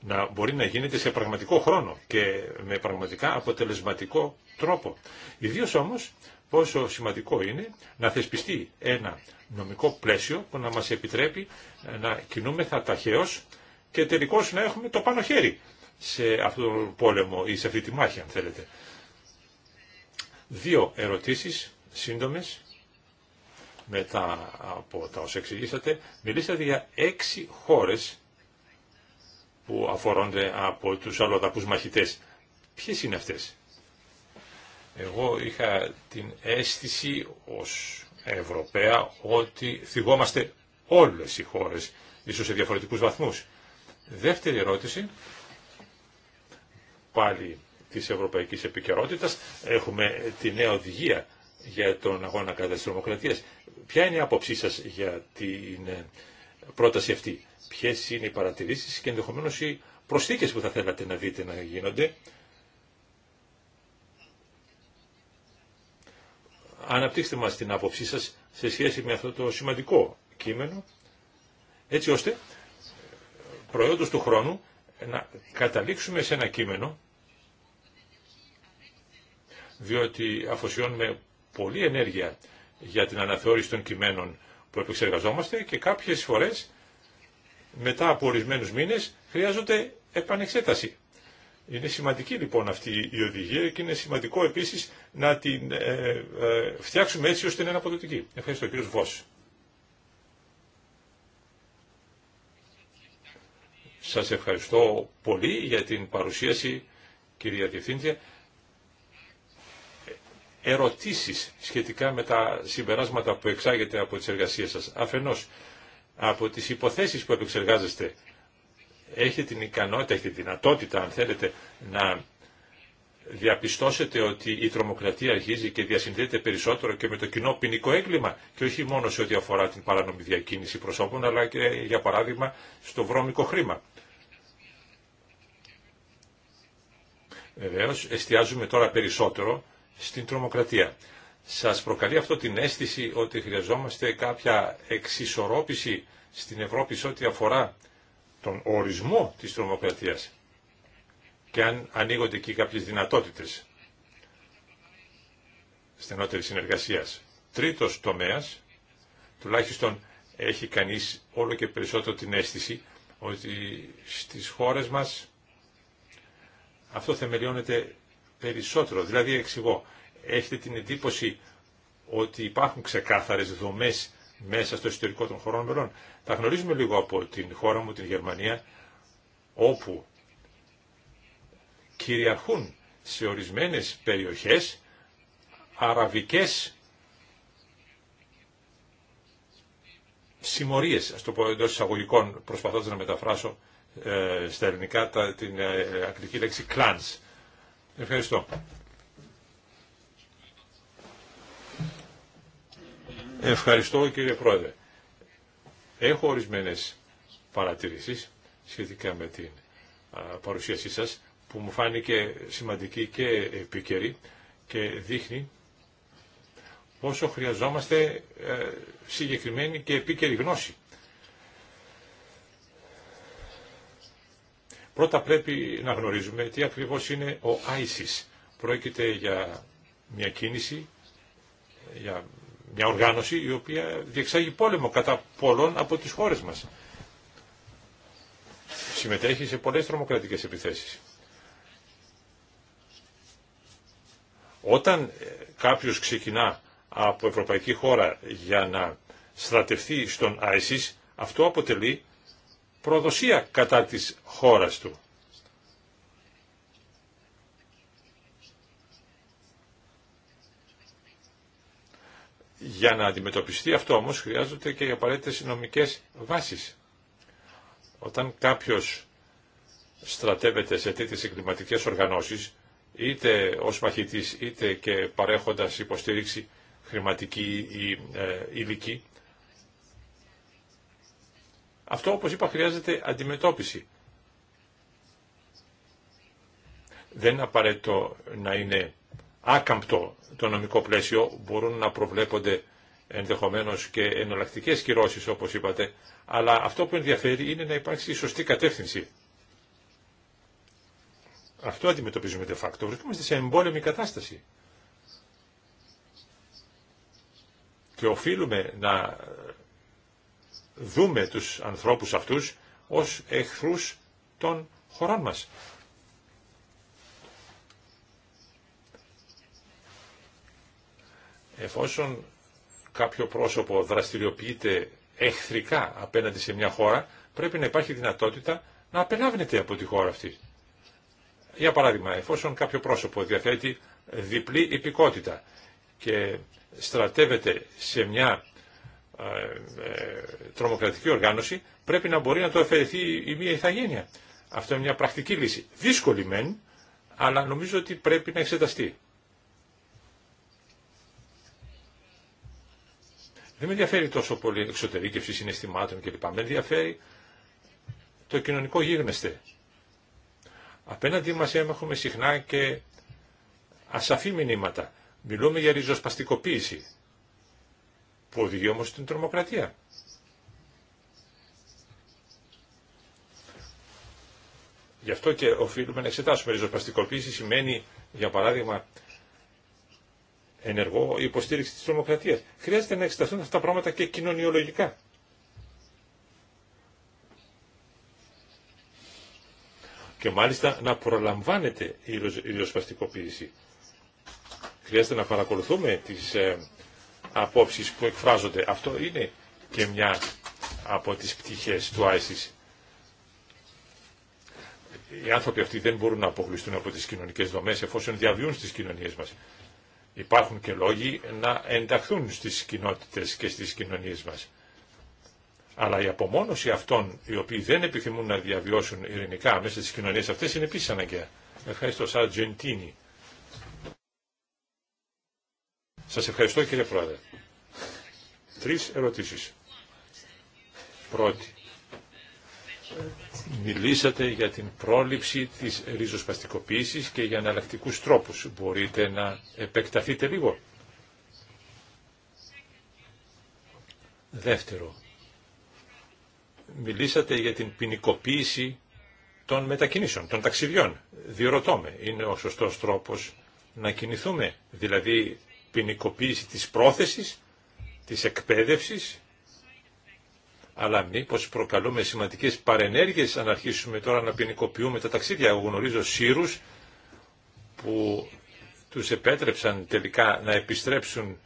[SPEAKER 1] να μπορεί να γίνεται σε πραγματικό χρόνο και με πραγματικά αποτελεσματικό τρόπο. Ιδίως όμως πόσο σημαντικό είναι να θεσπιστεί ένα νομικό πλαίσιο που να μας επιτρέπει να κινούμεθα ταχαίως και τελικώς να έχουμε το πάνω χέρι σε αυτόν τον πόλεμο ή σε αυτή τη μάχη αν θέλετε. Δύο ερωτήσεις σύντομες μετά από τα όσα εξηγήσατε. Μιλήσατε για έξι χώρες που αφορώνται από τους αλλοδαπούς μαχητές. Ποιες είναι αυτές. Εγώ είχα την αίσθηση ως Ευρωπαία ότι θυγόμαστε όλες οι χώρες, ίσως σε διαφορετικούς βαθμούς. Δεύτερη ερώτηση, πάλι της ευρωπαϊκής επικαιρότητας, έχουμε τη νέα οδηγία για τον αγώνα κατά της τρομοκρατίας. Ποια είναι η άποψή σας για την ε, πρόταση αυτή, ποιες είναι οι παρατηρήσεις και ενδεχομένως οι προσθήκες που θα θέλατε να δείτε να γίνονται αναπτύξτε μας την άποψή σας σε σχέση με αυτό το σημαντικό κείμενο, έτσι ώστε προϊόντος του χρόνου να καταλήξουμε σε ένα κείμενο, διότι αφοσιώνουμε πολλή ενέργεια για την αναθεώρηση των κειμένων που επεξεργαζόμαστε και κάποιες φορές μετά από ορισμένου μήνες χρειάζονται επανεξέταση. Είναι σημαντική λοιπόν αυτή η οδηγία και είναι σημαντικό επίσης να την ε, ε, φτιάξουμε έτσι ώστε να είναι αποδοτική. Ευχαριστώ κύριος Σας ευχαριστώ πολύ για την παρουσίαση κυρία Διευθύντρια. Ερωτήσεις σχετικά με τα συμπεράσματα που εξάγεται από τις εργασίες σας. Αφενός, από τις υποθέσεις που επεξεργάζεστε έχει την ικανότητα, έχει τη δυνατότητα αν θέλετε να διαπιστώσετε ότι η τρομοκρατία αρχίζει και διασυνδέεται περισσότερο και με το κοινό ποινικό έγκλημα και όχι μόνο σε ό,τι αφορά την παράνομη διακίνηση προσώπων αλλά και για παράδειγμα στο βρώμικο χρήμα. Βεβαίω, εστιάζουμε τώρα περισσότερο στην τρομοκρατία. Σας προκαλεί αυτό την αίσθηση ότι χρειαζόμαστε κάποια εξισορρόπηση στην Ευρώπη σε ό,τι αφορά τον ορισμό της τρομοκρατίας και αν ανοίγονται εκεί κάποιες δυνατότητες στενότερη συνεργασίας. Τρίτος τομέας, τουλάχιστον έχει κανείς όλο και περισσότερο την αίσθηση ότι στις χώρες μας αυτό θεμελιώνεται περισσότερο. Δηλαδή εξηγώ, έχετε την εντύπωση ότι υπάρχουν ξεκάθαρες δομές μέσα στο εσωτερικό των χωρών μελών. Τα γνωρίζουμε λίγο από την χώρα μου, την Γερμανία, όπου κυριαρχούν σε ορισμένες περιοχές αραβικές συμμορίες, ας το πω εντός εισαγωγικών, προσπαθώντας να μεταφράσω ε, στα ελληνικά τα, την ε, ε λέξη clans. Ευχαριστώ. Ευχαριστώ κύριε Πρόεδρε. Έχω ορισμένες παρατηρήσεις σχετικά με την παρουσίασή σας που μου φάνηκε σημαντική και επίκαιρη και δείχνει πόσο χρειαζόμαστε ε, συγκεκριμένη και επίκαιρη γνώση. Πρώτα πρέπει να γνωρίζουμε τι ακριβώς είναι ο ISIS. Πρόκειται για μια κίνηση, για μια οργάνωση η οποία διεξάγει πόλεμο κατά πολλών από τις χώρες μας. Συμμετέχει σε πολλές τρομοκρατικές επιθέσεις. Όταν ε, κάποιος ξεκινά από ευρωπαϊκή χώρα για να στρατευτεί στον ISIS, αυτό αποτελεί προδοσία κατά της χώρας του. Για να αντιμετωπιστεί αυτό όμως χρειάζονται και οι απαραίτητες νομικές βάσεις. Όταν κάποιος στρατεύεται σε τέτοιες εγκληματικές οργανώσεις, είτε ως μαχητής είτε και παρέχοντας υποστήριξη χρηματική ή ε, υλική, αυτό όπως είπα χρειάζεται αντιμετώπιση. Δεν είναι απαραίτητο να είναι άκαμπτο το νομικό πλαίσιο, μπορούν να προβλέπονται ενδεχομένως και εναλλακτικέ κυρώσεις όπως είπατε, αλλά αυτό που ενδιαφέρει είναι να υπάρξει η σωστή κατεύθυνση. Αυτό αντιμετωπίζουμε de facto. Βρισκόμαστε σε εμπόλεμη κατάσταση. Και οφείλουμε να δούμε τους ανθρώπους αυτούς ως εχθρούς των χωρών μας. Εφόσον κάποιο πρόσωπο δραστηριοποιείται εχθρικά απέναντι σε μια χώρα, πρέπει να υπάρχει δυνατότητα να απελάβνεται από τη χώρα αυτή. Για παράδειγμα, εφόσον κάποιο πρόσωπο διαθέτει διπλή υπηκότητα και στρατεύεται σε μια ε, ε, τρομοκρατική οργάνωση, πρέπει να μπορεί να το αφαιρεθεί η μία ηθαγένεια. Αυτό είναι μια πρακτική λύση. Δύσκολη μεν, αλλά νομίζω ότι πρέπει να εξεταστεί. Δεν με ενδιαφέρει τόσο πολύ εξωτερήκευση συναισθημάτων κλπ. Με ενδιαφέρει το κοινωνικό γίγνεσθε. Απέναντί μας έχουμε συχνά και ασαφή μηνύματα. Μιλούμε για ριζοσπαστικοποίηση που οδηγεί όμως στην τρομοκρατία. Γι' αυτό και οφείλουμε να εξετάσουμε. Ριζοσπαστικοποίηση σημαίνει, για παράδειγμα, ενεργό υποστήριξη της τρομοκρατίας. Χρειάζεται να εξεταστούν αυτά τα πράγματα και κοινωνιολογικά. Και μάλιστα να προλαμβάνεται η ριζοσπαστικοποίηση. Χρειάζεται να παρακολουθούμε τις ε, απόψεις που εκφράζονται. Αυτό είναι και μια από τις πτυχές του ISIS. Οι άνθρωποι αυτοί δεν μπορούν να αποκλειστούν από τις κοινωνικές δομές εφόσον διαβιούν στις κοινωνίες μας. Υπάρχουν και λόγοι να ενταχθούν στις κοινότητες και στις κοινωνίες μας. Αλλά η απομόνωση αυτών οι οποίοι δεν επιθυμούν να διαβιώσουν ειρηνικά μέσα στις κοινωνίες αυτές είναι επίσης αναγκαία. Ευχαριστώ τζεντίνη. Σας ευχαριστώ κύριε Πρόεδρε. Τρεις ερωτήσεις. Πρώτη. Μιλήσατε για την πρόληψη της ριζοσπαστικοποίησης και για εναλλακτικού τρόπους. Μπορείτε να επεκταθείτε λίγο. Δεύτερο, μιλήσατε για την ποινικοποίηση των μετακινήσεων, των ταξιδιών. Διερωτώ είναι ο σωστός τρόπος να κινηθούμε, δηλαδή ποινικοποίηση της πρόθεσης, της εκπαίδευσης, αλλά μήπως προκαλούμε σημαντικές παρενέργειες αν αρχίσουμε τώρα να ποινικοποιούμε τα ταξίδια. Εγώ γνωρίζω σύρους που τους επέτρεψαν τελικά να επιστρέψουν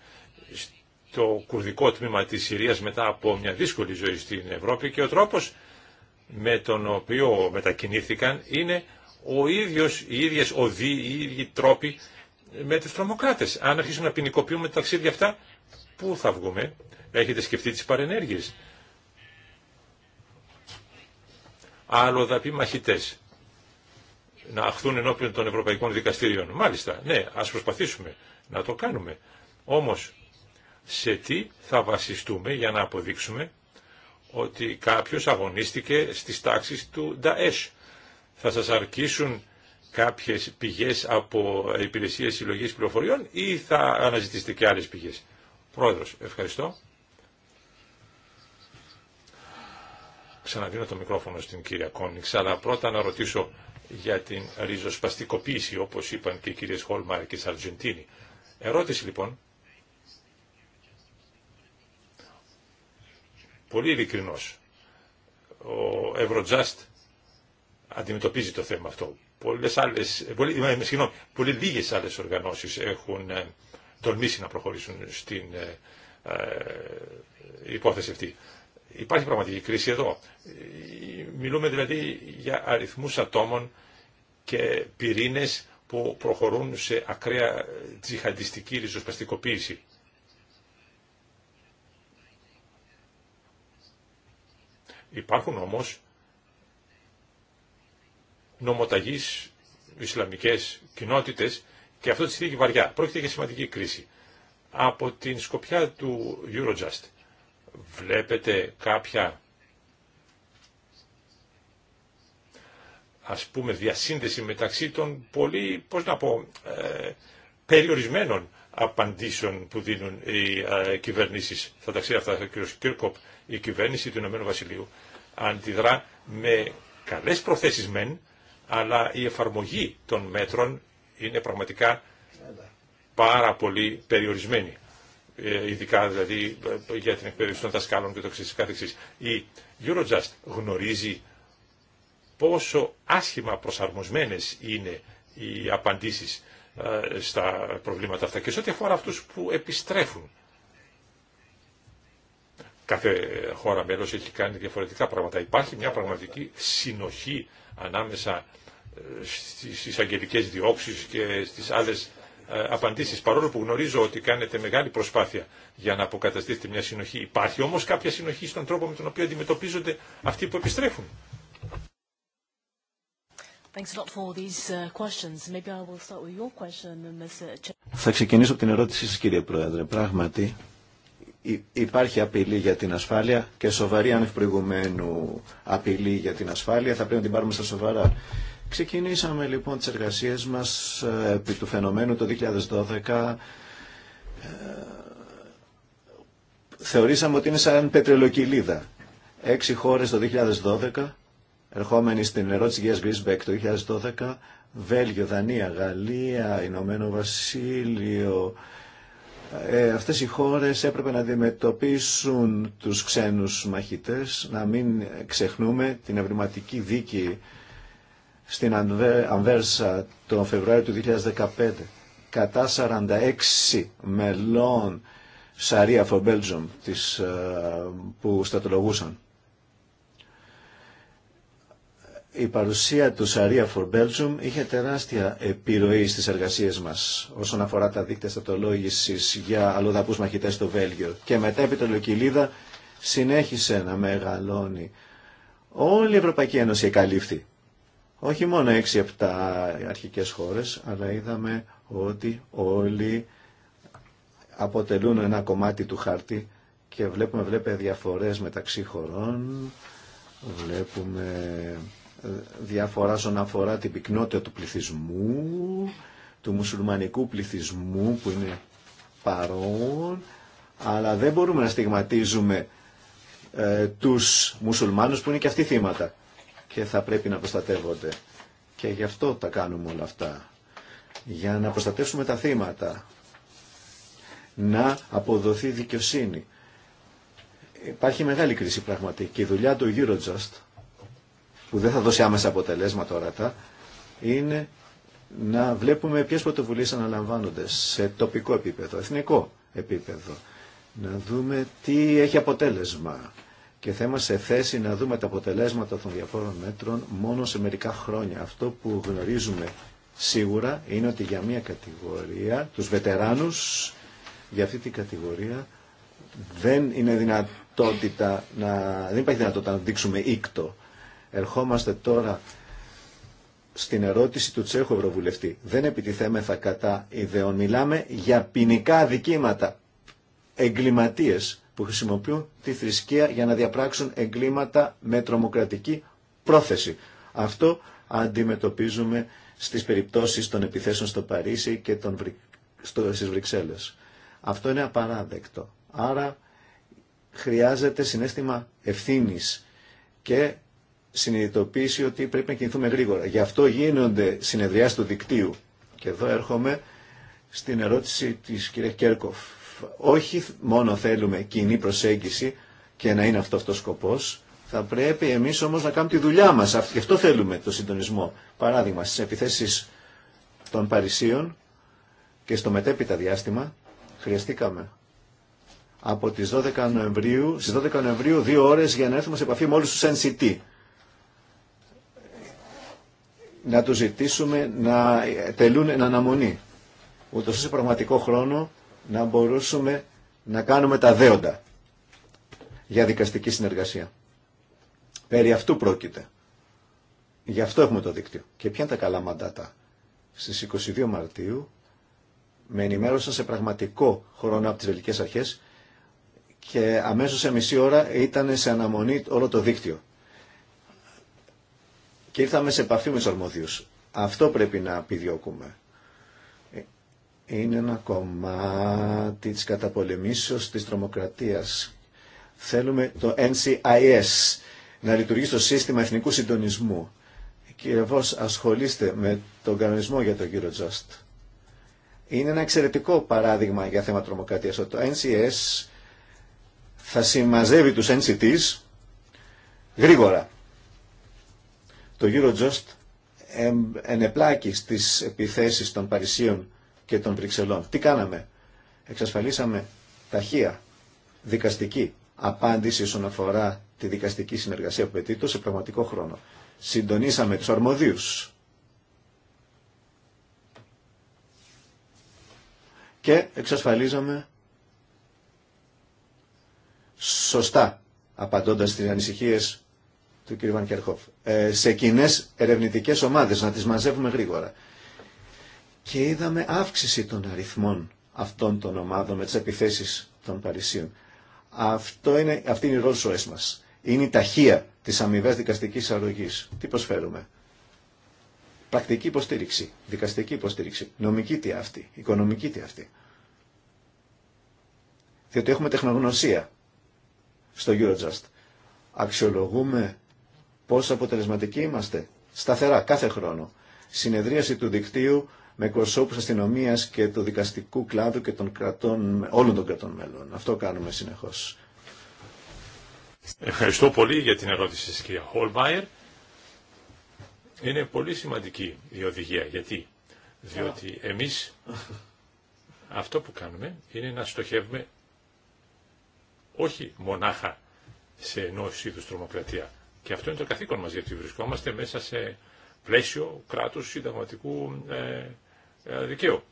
[SPEAKER 1] στο κουρδικό τμήμα της Συρίας μετά από μια δύσκολη ζωή στην Ευρώπη και ο τρόπος με τον οποίο μετακινήθηκαν είναι ο ίδιος, οι ίδιες οδοί, οι ίδιοι τρόποι με τους τρομοκράτες. Αν αρχίσουμε να ποινικοποιούμε τα ταξίδια αυτά, πού θα βγούμε. Έχετε σκεφτεί τις παρενέργειες. πει μαχητές να αχθούν ενώπιον των ευρωπαϊκών δικαστήριων. Μάλιστα, ναι, ας προσπαθήσουμε να το κάνουμε. Όμως, σε τι θα βασιστούμε για να αποδείξουμε ότι κάποιος αγωνίστηκε στις τάξεις του ΝταΕΣ. Θα σας αρκίσουν κάποιες πηγές από υπηρεσίες συλλογής πληροφοριών ή θα αναζητήσετε και άλλες πηγές. Πρόεδρος, ευχαριστώ. Ξαναδίνω το μικρόφωνο στην κυρία Κόνιξ, αλλά πρώτα να ρωτήσω για την ριζοσπαστικοποίηση, όπως είπαν και οι κυρίες Χόλμαρ και Σαρτζεντίνη. Ερώτηση λοιπόν, πολύ ειλικρινός, ο Ευρωτζάστ αντιμετωπίζει το θέμα αυτό. Πολλές άλλες, πολύ, ε, συγγνώμη, πολύ λίγες άλλες οργανώσεις έχουν ε, τολμήσει να προχωρήσουν στην ε, ε υπόθεση αυτή. Υπάρχει πραγματική κρίση εδώ. Μιλούμε δηλαδή για αριθμούς ατόμων και πυρήνες που προχωρούν σε ακραία τζιχαντιστική ριζοσπαστικοποίηση. Υπάρχουν όμως νομοταγείς Ισλαμικές κοινότητες και αυτό τη στήριξε βαριά. Πρόκειται για σημαντική κρίση. Από την σκοπιά του Eurojust Βλέπετε κάποια ας πούμε διασύνδεση μεταξύ των πολύ, πώς να πω, ε, περιορισμένων απαντήσεων που δίνουν οι ε, Θα τα ξέρει αυτά ο κ. Κύρκοπ, η κυβέρνηση του Ηνωμένου Βασιλείου αντιδρά με καλές προθέσεις μεν, αλλά η εφαρμογή των μέτρων είναι πραγματικά πάρα πολύ περιορισμένη. Ε, ειδικά δηλαδή ε, για την εκπαίδευση των δασκάλων και το καθεξής. Η Eurojust γνωρίζει πόσο άσχημα προσαρμοσμένες είναι οι απαντήσεις ε, στα προβλήματα αυτά και σε ό,τι αφορά αυτούς που επιστρέφουν. Κάθε χώρα μέλος έχει κάνει διαφορετικά πράγματα. Υπάρχει μια πραγματική συνοχή ανάμεσα στις αγγελικές διώξεις και στις άλλες ε, απαντήσεις, παρόλο που γνωρίζω ότι κάνετε μεγάλη προσπάθεια για να αποκαταστήσετε μια συνοχή. Υπάρχει όμως κάποια συνοχή στον τρόπο με τον οποίο αντιμετωπίζονται αυτοί που επιστρέφουν.
[SPEAKER 4] Θα ξεκινήσω από την ερώτησή σας κύριε Πρόεδρε. Πράγματι υπάρχει απειλή για την ασφάλεια και σοβαρή ανευπροηγουμένου απειλή για την ασφάλεια. Θα πρέπει να την πάρουμε στα σοβαρά. Ξεκινήσαμε λοιπόν τις εργασίες μας ε, επί του φαινομένου το 2012. Ε, θεωρήσαμε ότι είναι σαν πετρελοκυλίδα. Έξι χώρες το 2012, ερχόμενοι στην ερώτηση Γείας Γκρισμπέκ το 2012, Βέλγιο, Δανία, Γαλλία, Ηνωμένο Βασίλειο, ε, αυτές οι χώρες έπρεπε να αντιμετωπίσουν τους ξένους μαχητές, να μην ξεχνούμε την ευρηματική δίκη στην Ανβέρσα τον Φεβρουάριο του 2015 κατά 46 μελών Σαρία for Belgium της, ε, που στατολογούσαν. Η παρουσία του Σαρία for Belgium είχε τεράστια επιρροή στις εργασίες μας όσον αφορά τα δίκτυα στατολόγησης για αλλοδαπούς μαχητές στο Βέλγιο και μετά η συνέχισε να μεγαλώνει. Όλη η Ευρωπαϊκή Ένωση εκαλύφθη όχι μόνο 6-7 αρχικές χώρες, αλλά είδαμε ότι όλοι αποτελούν ένα κομμάτι του χάρτη και βλέπουμε βλέπε διαφορές μεταξύ χωρών, βλέπουμε ε, διαφορά όσον αφορά την πυκνότητα του πληθυσμού, του μουσουλμανικού πληθυσμού που είναι παρόν, αλλά δεν μπορούμε να στιγματίζουμε ε, τους μουσουλμάνους που είναι και αυτοί θύματα και θα πρέπει να προστατεύονται. Και γι' αυτό τα κάνουμε όλα αυτά. Για να προστατεύσουμε τα θύματα. Να αποδοθεί δικαιοσύνη. Υπάρχει μεγάλη κρίση πραγματική. και η δουλειά του Eurojust που δεν θα δώσει άμεσα αποτελέσματα ορατά είναι να βλέπουμε ποιε πρωτοβουλίε αναλαμβάνονται σε τοπικό επίπεδο, εθνικό επίπεδο. Να δούμε τι έχει αποτέλεσμα και θα είμαστε σε θέση να δούμε τα αποτελέσματα των διαφόρων μέτρων μόνο σε μερικά χρόνια. Αυτό που γνωρίζουμε σίγουρα είναι ότι για μια κατηγορία, τους βετεράνους, για αυτή την κατηγορία δεν είναι δυνατότητα να, δεν υπάρχει δυνατότητα να δείξουμε ίκτο. Ερχόμαστε τώρα στην ερώτηση του Τσέχου Ευρωβουλευτή. Δεν επιτιθέμεθα κατά ιδεών. Μιλάμε για ποινικά δικήματα. Εγκληματίες που χρησιμοποιούν τη θρησκεία για να διαπράξουν εγκλήματα με τρομοκρατική πρόθεση. Αυτό αντιμετωπίζουμε στις περιπτώσεις των επιθέσεων στο Παρίσι και των, στο, στις Βρυξέλλες. Αυτό είναι απαράδεκτο. Άρα χρειάζεται συνέστημα ευθύνης και συνειδητοποίηση ότι πρέπει να κινηθούμε γρήγορα. Γι' αυτό γίνονται συνεδρία του δικτύου. Και εδώ έρχομαι στην ερώτηση της κυρία Κέρκοφ όχι μόνο θέλουμε κοινή προσέγγιση και να είναι αυτό αυτός σκοπός, θα πρέπει εμείς όμως να κάνουμε τη δουλειά μας. Γι' αυτό θέλουμε το συντονισμό. Παράδειγμα, στις επιθέσεις των Παρισίων και στο μετέπειτα διάστημα χρειαστήκαμε από τις 12 Νοεμβρίου, στις 12 Νοεμβρίου δύο ώρες για να έρθουμε σε επαφή με όλους τους NCT. Να τους ζητήσουμε να τελούν εν αναμονή. Ούτως σε πραγματικό χρόνο να μπορούσουμε να κάνουμε τα δέοντα για δικαστική συνεργασία. Περί αυτού πρόκειται. Γι' αυτό έχουμε το δίκτυο. Και ποια είναι τα καλά μαντάτα. Στις 22 Μαρτίου με ενημέρωσαν σε πραγματικό χρόνο από τις βελικές αρχές και αμέσως σε μισή ώρα ήταν σε αναμονή όλο το δίκτυο. Και ήρθαμε σε επαφή με τους αρμόδιους. Αυτό πρέπει να επιδιώκουμε είναι ένα κομμάτι της καταπολεμήσεως της τρομοκρατίας. Θέλουμε το NCIS να λειτουργεί στο σύστημα εθνικού συντονισμού. Κύριε Βος, ασχολείστε με τον κανονισμό για το Eurojust. Είναι ένα εξαιρετικό παράδειγμα για θέμα τρομοκρατίας. Το NCS θα συμμαζεύει τους NCTs γρήγορα. Το Eurojust ενεπλάκει στις επιθέσεις των Παρισίων και των Βρυξελών. Τι κάναμε. Εξασφαλίσαμε ταχεία δικαστική απάντηση όσον αφορά τη δικαστική συνεργασία που πετύχει σε πραγματικό χρόνο. Συντονίσαμε τους αρμοδίους και εξασφαλίζαμε σωστά απαντώντας στις ανησυχίες του κ. Βανκερχόφ. Ε, σε κοινέ ερευνητικές ομάδες, να τις μαζεύουμε γρήγορα και είδαμε αύξηση των αριθμών αυτών των ομάδων με τις επιθέσεις των Παρισίων. Αυτό είναι, αυτή είναι η ρόλη ζωές μας. Είναι η ταχεία της αμοιβές δικαστικής αρρωγής. Τι προσφέρουμε. Πρακτική υποστήριξη, δικαστική υποστήριξη, νομική τι αυτή, οικονομική τι αυτή. Διότι έχουμε τεχνογνωσία στο Eurojust. Αξιολογούμε πόσο αποτελεσματικοί είμαστε. Σταθερά, κάθε χρόνο. Συνεδρίαση του δικτύου με εκπροσώπους αστυνομία και του δικαστικού κλάδου και των κρατών, όλων των κρατών μέλων. Αυτό κάνουμε συνεχώς.
[SPEAKER 1] Ευχαριστώ πολύ για την ερώτηση τη κυρία Είναι πολύ σημαντική η οδηγία. Γιατί? Διότι εμείς αυτό που κάνουμε είναι να στοχεύουμε όχι μονάχα σε ενό είδου τρομοκρατία. Και αυτό είναι το καθήκον μας, γιατί βρισκόμαστε μέσα σε πλαίσιο κράτους συνταγματικού ε, ε, δικαίου.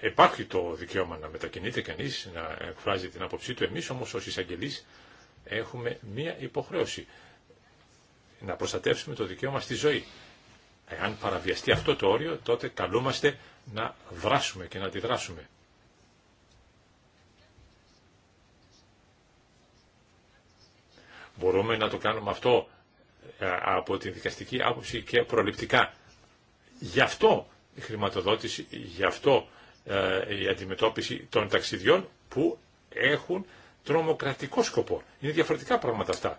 [SPEAKER 1] Υπάρχει το δικαίωμα να μετακινείται κανεί, να εκφράζει την άποψή του. Εμεί όμω ω εισαγγελεί έχουμε μία υποχρέωση. Να προστατεύσουμε το δικαίωμα στη ζωή. Εάν παραβιαστεί αυτό το όριο, τότε καλούμαστε να δράσουμε και να αντιδράσουμε. Μπορούμε να το κάνουμε αυτό ε, από την δικαστική άποψη και προληπτικά. Γι' αυτό χρηματοδότηση γι' αυτό ε, η αντιμετώπιση των ταξιδιών που έχουν τρομοκρατικό σκοπό. Είναι διαφορετικά πράγματα αυτά.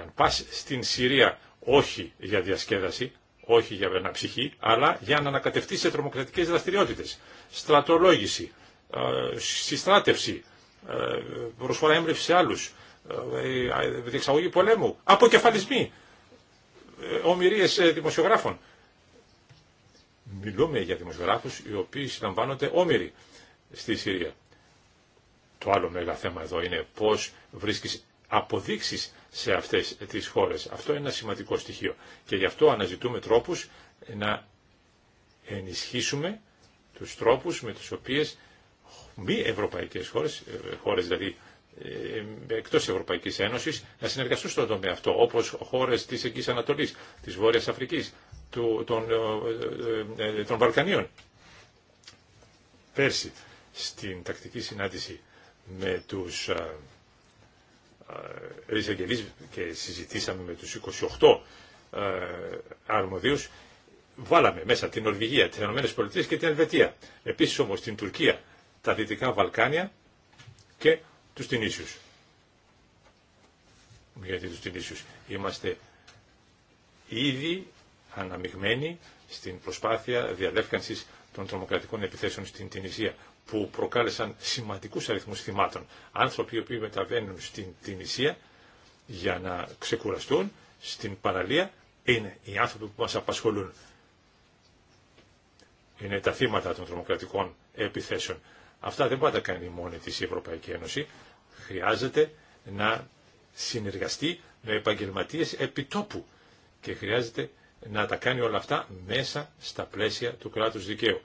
[SPEAKER 1] Αν πας στην Συρία όχι για διασκέδαση, όχι για ψυχή, αλλά για να ανακατευτεί σε τρομοκρατικές δραστηριότητες. Στρατολόγηση, ε, συστράτευση, ε, προσφορά έμπνευση σε άλλους, ε, διεξαγωγή πολέμου, αποκεφαλισμοί, ομοιρίες δημοσιογράφων μιλούμε για δημοσιογράφους οι οποίοι συλλαμβάνονται όμοιροι στη Συρία. Το άλλο μεγάλο θέμα εδώ είναι πώς βρίσκεις αποδείξεις σε αυτές τις χώρες. Αυτό είναι ένα σημαντικό στοιχείο. Και γι' αυτό αναζητούμε τρόπους να ενισχύσουμε τους τρόπους με τους οποίες μη ευρωπαϊκές χώρες, ε, χώρες δηλαδή ε, εκτός Ευρωπαϊκής Ένωσης να συνεργαστούν στον τομέα αυτό, όπως χώρες της Εγγύης Ανατολής, της Βόρειας Αφρικής, του, των, ε, ε, των Βαλκανίων. Πέρσι, στην τακτική συνάντηση με τους εισαγγελείς και συζητήσαμε με τους 28 αρμοδίους, βάλαμε μέσα την Ορβηγία τις ΗΠΑ και την Ελβετία. Επίσης όμως την Τουρκία, τα Δυτικά Βαλκάνια και τους Τινήσιου. Γιατί του Τινήσιου είμαστε ήδη αναμειγμένοι στην προσπάθεια διαλεύκανσης των τρομοκρατικών επιθέσεων στην Τινησία που προκάλεσαν σημαντικούς αριθμούς θυμάτων. Άνθρωποι οι οποίοι μεταβαίνουν στην Τινησία για να ξεκουραστούν στην παραλία είναι οι άνθρωποι που μας απασχολούν. Είναι τα θύματα των τρομοκρατικών επιθέσεων. Αυτά δεν πάντα κάνει μόνη της η Ευρωπαϊκή Ένωση χρειάζεται να συνεργαστεί με επαγγελματίες επιτόπου και χρειάζεται να τα κάνει όλα αυτά μέσα στα πλαίσια του κράτους δικαίου.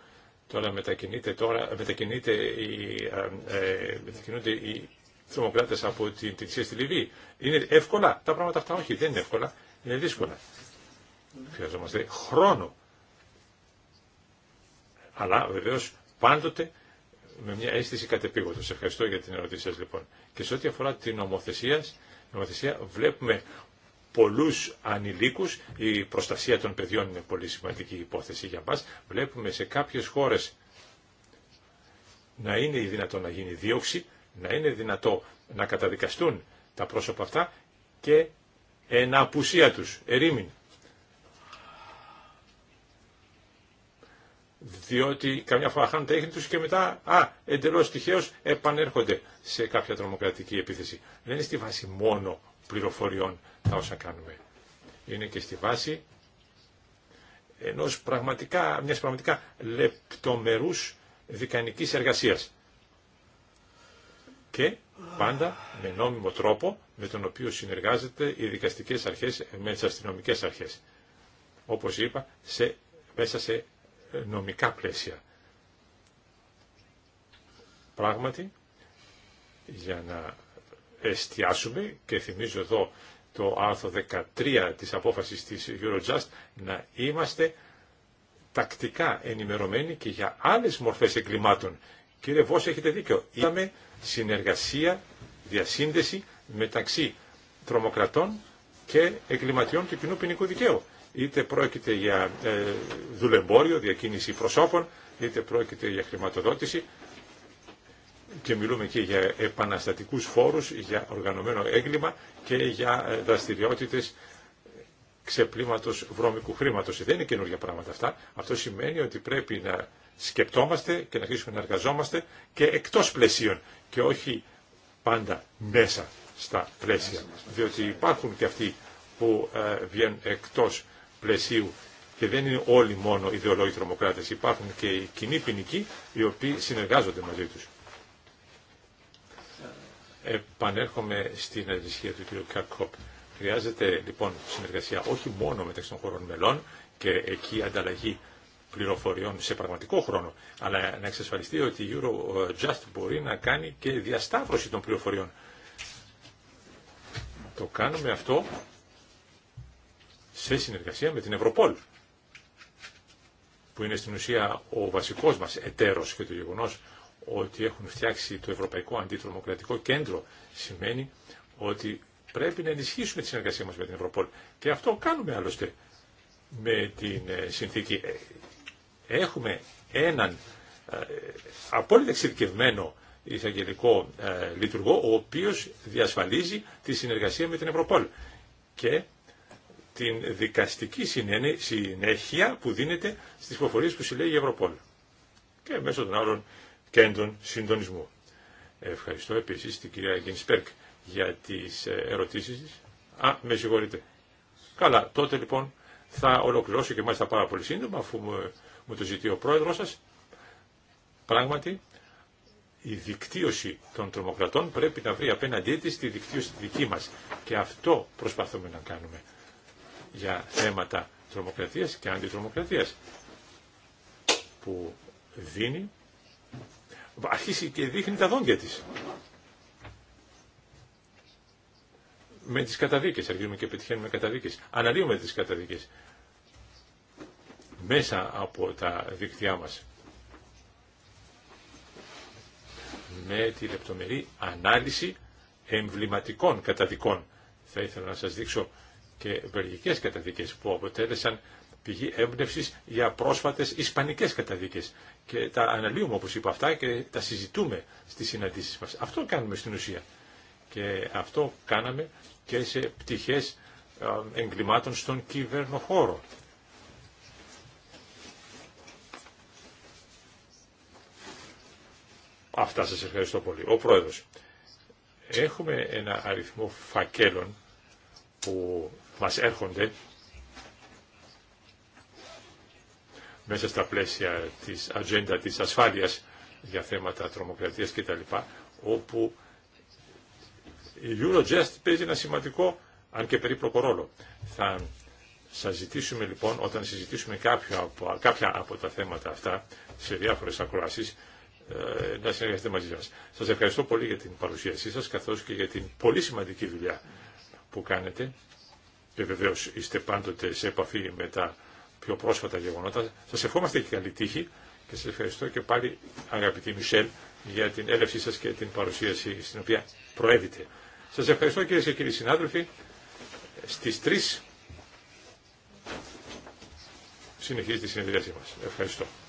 [SPEAKER 1] Τώρα μετακινείται, τώρα, μετακινείται οι, ε, ε, μετακινούνται οι τρομοκράτες από την Τιτσία στη Λιβύη. Είναι εύκολα τα πράγματα αυτά, όχι δεν είναι εύκολα, είναι δύσκολα. Χρειαζόμαστε χρόνο. Αλλά βεβαίως πάντοτε με μια αίσθηση κατεπίγοντος. Ευχαριστώ για την ερώτησή σας λοιπόν. Και σε ό,τι αφορά την νομοθεσία, βλέπουμε πολλούς ανηλίκους, η προστασία των παιδιών είναι πολύ σημαντική υπόθεση για μα. βλέπουμε σε κάποιες χώρες να είναι δυνατό να γίνει δίωξη, να είναι δυνατό να καταδικαστούν τα πρόσωπα αυτά και εν απουσία τους, ερήμην. διότι καμιά φορά χάνουν τα τους και μετά, α, εντελώς τυχαίως επανέρχονται σε κάποια τρομοκρατική επίθεση. Δεν είναι στη βάση μόνο πληροφοριών τα όσα κάνουμε. Είναι και στη βάση ενός πραγματικά, μιας πραγματικά λεπτομερούς δικανικής εργασίας. Και πάντα με νόμιμο τρόπο με τον οποίο συνεργάζεται οι δικαστικές αρχές με τις αστυνομικές αρχές. Όπως είπα, σε, μέσα σε νομικά πλαίσια. Πράγματι, για να εστιάσουμε και θυμίζω εδώ το άρθρο 13 της απόφασης της Eurojust να είμαστε τακτικά ενημερωμένοι και για άλλες μορφές εγκλημάτων. Κύριε Βόση, έχετε δίκιο. Είδαμε συνεργασία, διασύνδεση μεταξύ τρομοκρατών και εγκληματιών του κοινού ποινικού δικαίου είτε πρόκειται για ε, δουλεμπόριο, διακίνηση προσώπων, είτε πρόκειται για χρηματοδότηση και μιλούμε και για επαναστατικούς φόρους, για οργανωμένο έγκλημα και για ε, δραστηριότητες ξεπλήματος βρώμικου χρήματος. Δεν είναι καινούργια πράγματα αυτά. Αυτό σημαίνει ότι πρέπει να σκεπτόμαστε και να αρχίσουμε να εργαζόμαστε και εκτός πλαισίων και όχι πάντα μέσα στα πλαίσια. Διότι υπάρχουν και αυτοί που ε, βγαίνουν εκτός πλαισίου και δεν είναι όλοι μόνο ιδεολόγοι τρομοκράτες. Υπάρχουν και οι κοινοί ποινικοί οι οποίοι συνεργάζονται μαζί τους. Επανέρχομαι στην ανησυχία του κ. Κάρκοπ. Χρειάζεται λοιπόν συνεργασία όχι μόνο μεταξύ των χωρών μελών και εκεί ανταλλαγή πληροφοριών σε πραγματικό χρόνο, αλλά να εξασφαλιστεί ότι η Eurojust μπορεί να κάνει και διασταύρωση των πληροφοριών. Το κάνουμε αυτό σε συνεργασία με την Ευρωπόλ, που είναι στην ουσία ο βασικός μας εταίρος και το γεγονός ότι έχουν φτιάξει το Ευρωπαϊκό Αντιτρομοκρατικό Κέντρο σημαίνει ότι πρέπει να ενισχύσουμε τη συνεργασία μας με την Ευρωπόλ. Και αυτό κάνουμε άλλωστε με την ε, συνθήκη. Ε, έχουμε έναν ε, απόλυτα εξειδικευμένο εισαγγελικό λειτουργό, ο οποίος διασφαλίζει τη συνεργασία με την Ευρωπόλ. Και την δικαστική συνέχεια που δίνεται στις προφορίες που συλλέγει η Ευρωπόλ και μέσω των άλλων κέντρων συντονισμού. Ευχαριστώ επίσης την κυρία Γκίνσπερκ για τις ε, ερωτήσεις της. Α, με συγχωρείτε. Καλά, τότε λοιπόν θα ολοκληρώσω και μάλιστα πάρα πολύ σύντομα αφού μου το ζητεί ο πρόεδρος σας. Πράγματι, η δικτύωση των τρομοκρατών πρέπει να βρει απέναντί της τη δικτύωση δική μας. Και αυτό προσπαθούμε να κάνουμε για θέματα τρομοκρατίας και αντιτρομοκρατίας που δίνει αρχίσει και δείχνει τα δόντια της με τις καταδίκες αρχίζουμε και πετυχαίνουμε καταδίκες αναλύουμε τις καταδίκες μέσα από τα δίκτυά μας με τη λεπτομερή ανάλυση εμβληματικών καταδικών θα ήθελα να σας δείξω και βελγικές καταδίκες που αποτέλεσαν πηγή έμπνευση για πρόσφατες ισπανικές καταδίκες. Και τα αναλύουμε όπως είπα αυτά και τα συζητούμε στις συναντήσεις μας. Αυτό κάνουμε στην ουσία. Και αυτό κάναμε και σε πτυχές ε, εγκλημάτων στον κυβερνοχώρο. Αυτά σας ευχαριστώ πολύ. Ο Πρόεδρος. Έχουμε ένα αριθμό φακέλων που μας έρχονται μέσα στα πλαίσια της ατζέντα της ασφάλειας για θέματα τρομοκρατίας κτλ. όπου η Eurojust παίζει ένα σημαντικό, αν και περίπλοκο ρόλο. Θα σας ζητήσουμε λοιπόν, όταν συζητήσουμε κάποια από τα θέματα αυτά σε διάφορες ακροάσεις, ε, να συνεργαστείτε μαζί σας. Σας ευχαριστώ πολύ για την παρουσίασή σας, καθώς και για την πολύ σημαντική δουλειά που κάνετε και βεβαίως είστε πάντοτε σε επαφή με τα πιο πρόσφατα γεγονότα. Σας ευχόμαστε και καλή τύχη και σας ευχαριστώ και πάλι αγαπητή Μισελ για την έλευσή σας και την παρουσίαση στην οποία προέβητε. Σας ευχαριστώ κύριε και κύριοι συνάδελφοι. Στις 3
[SPEAKER 4] συνεχίζει τη συνεδρίασή μας. Ευχαριστώ.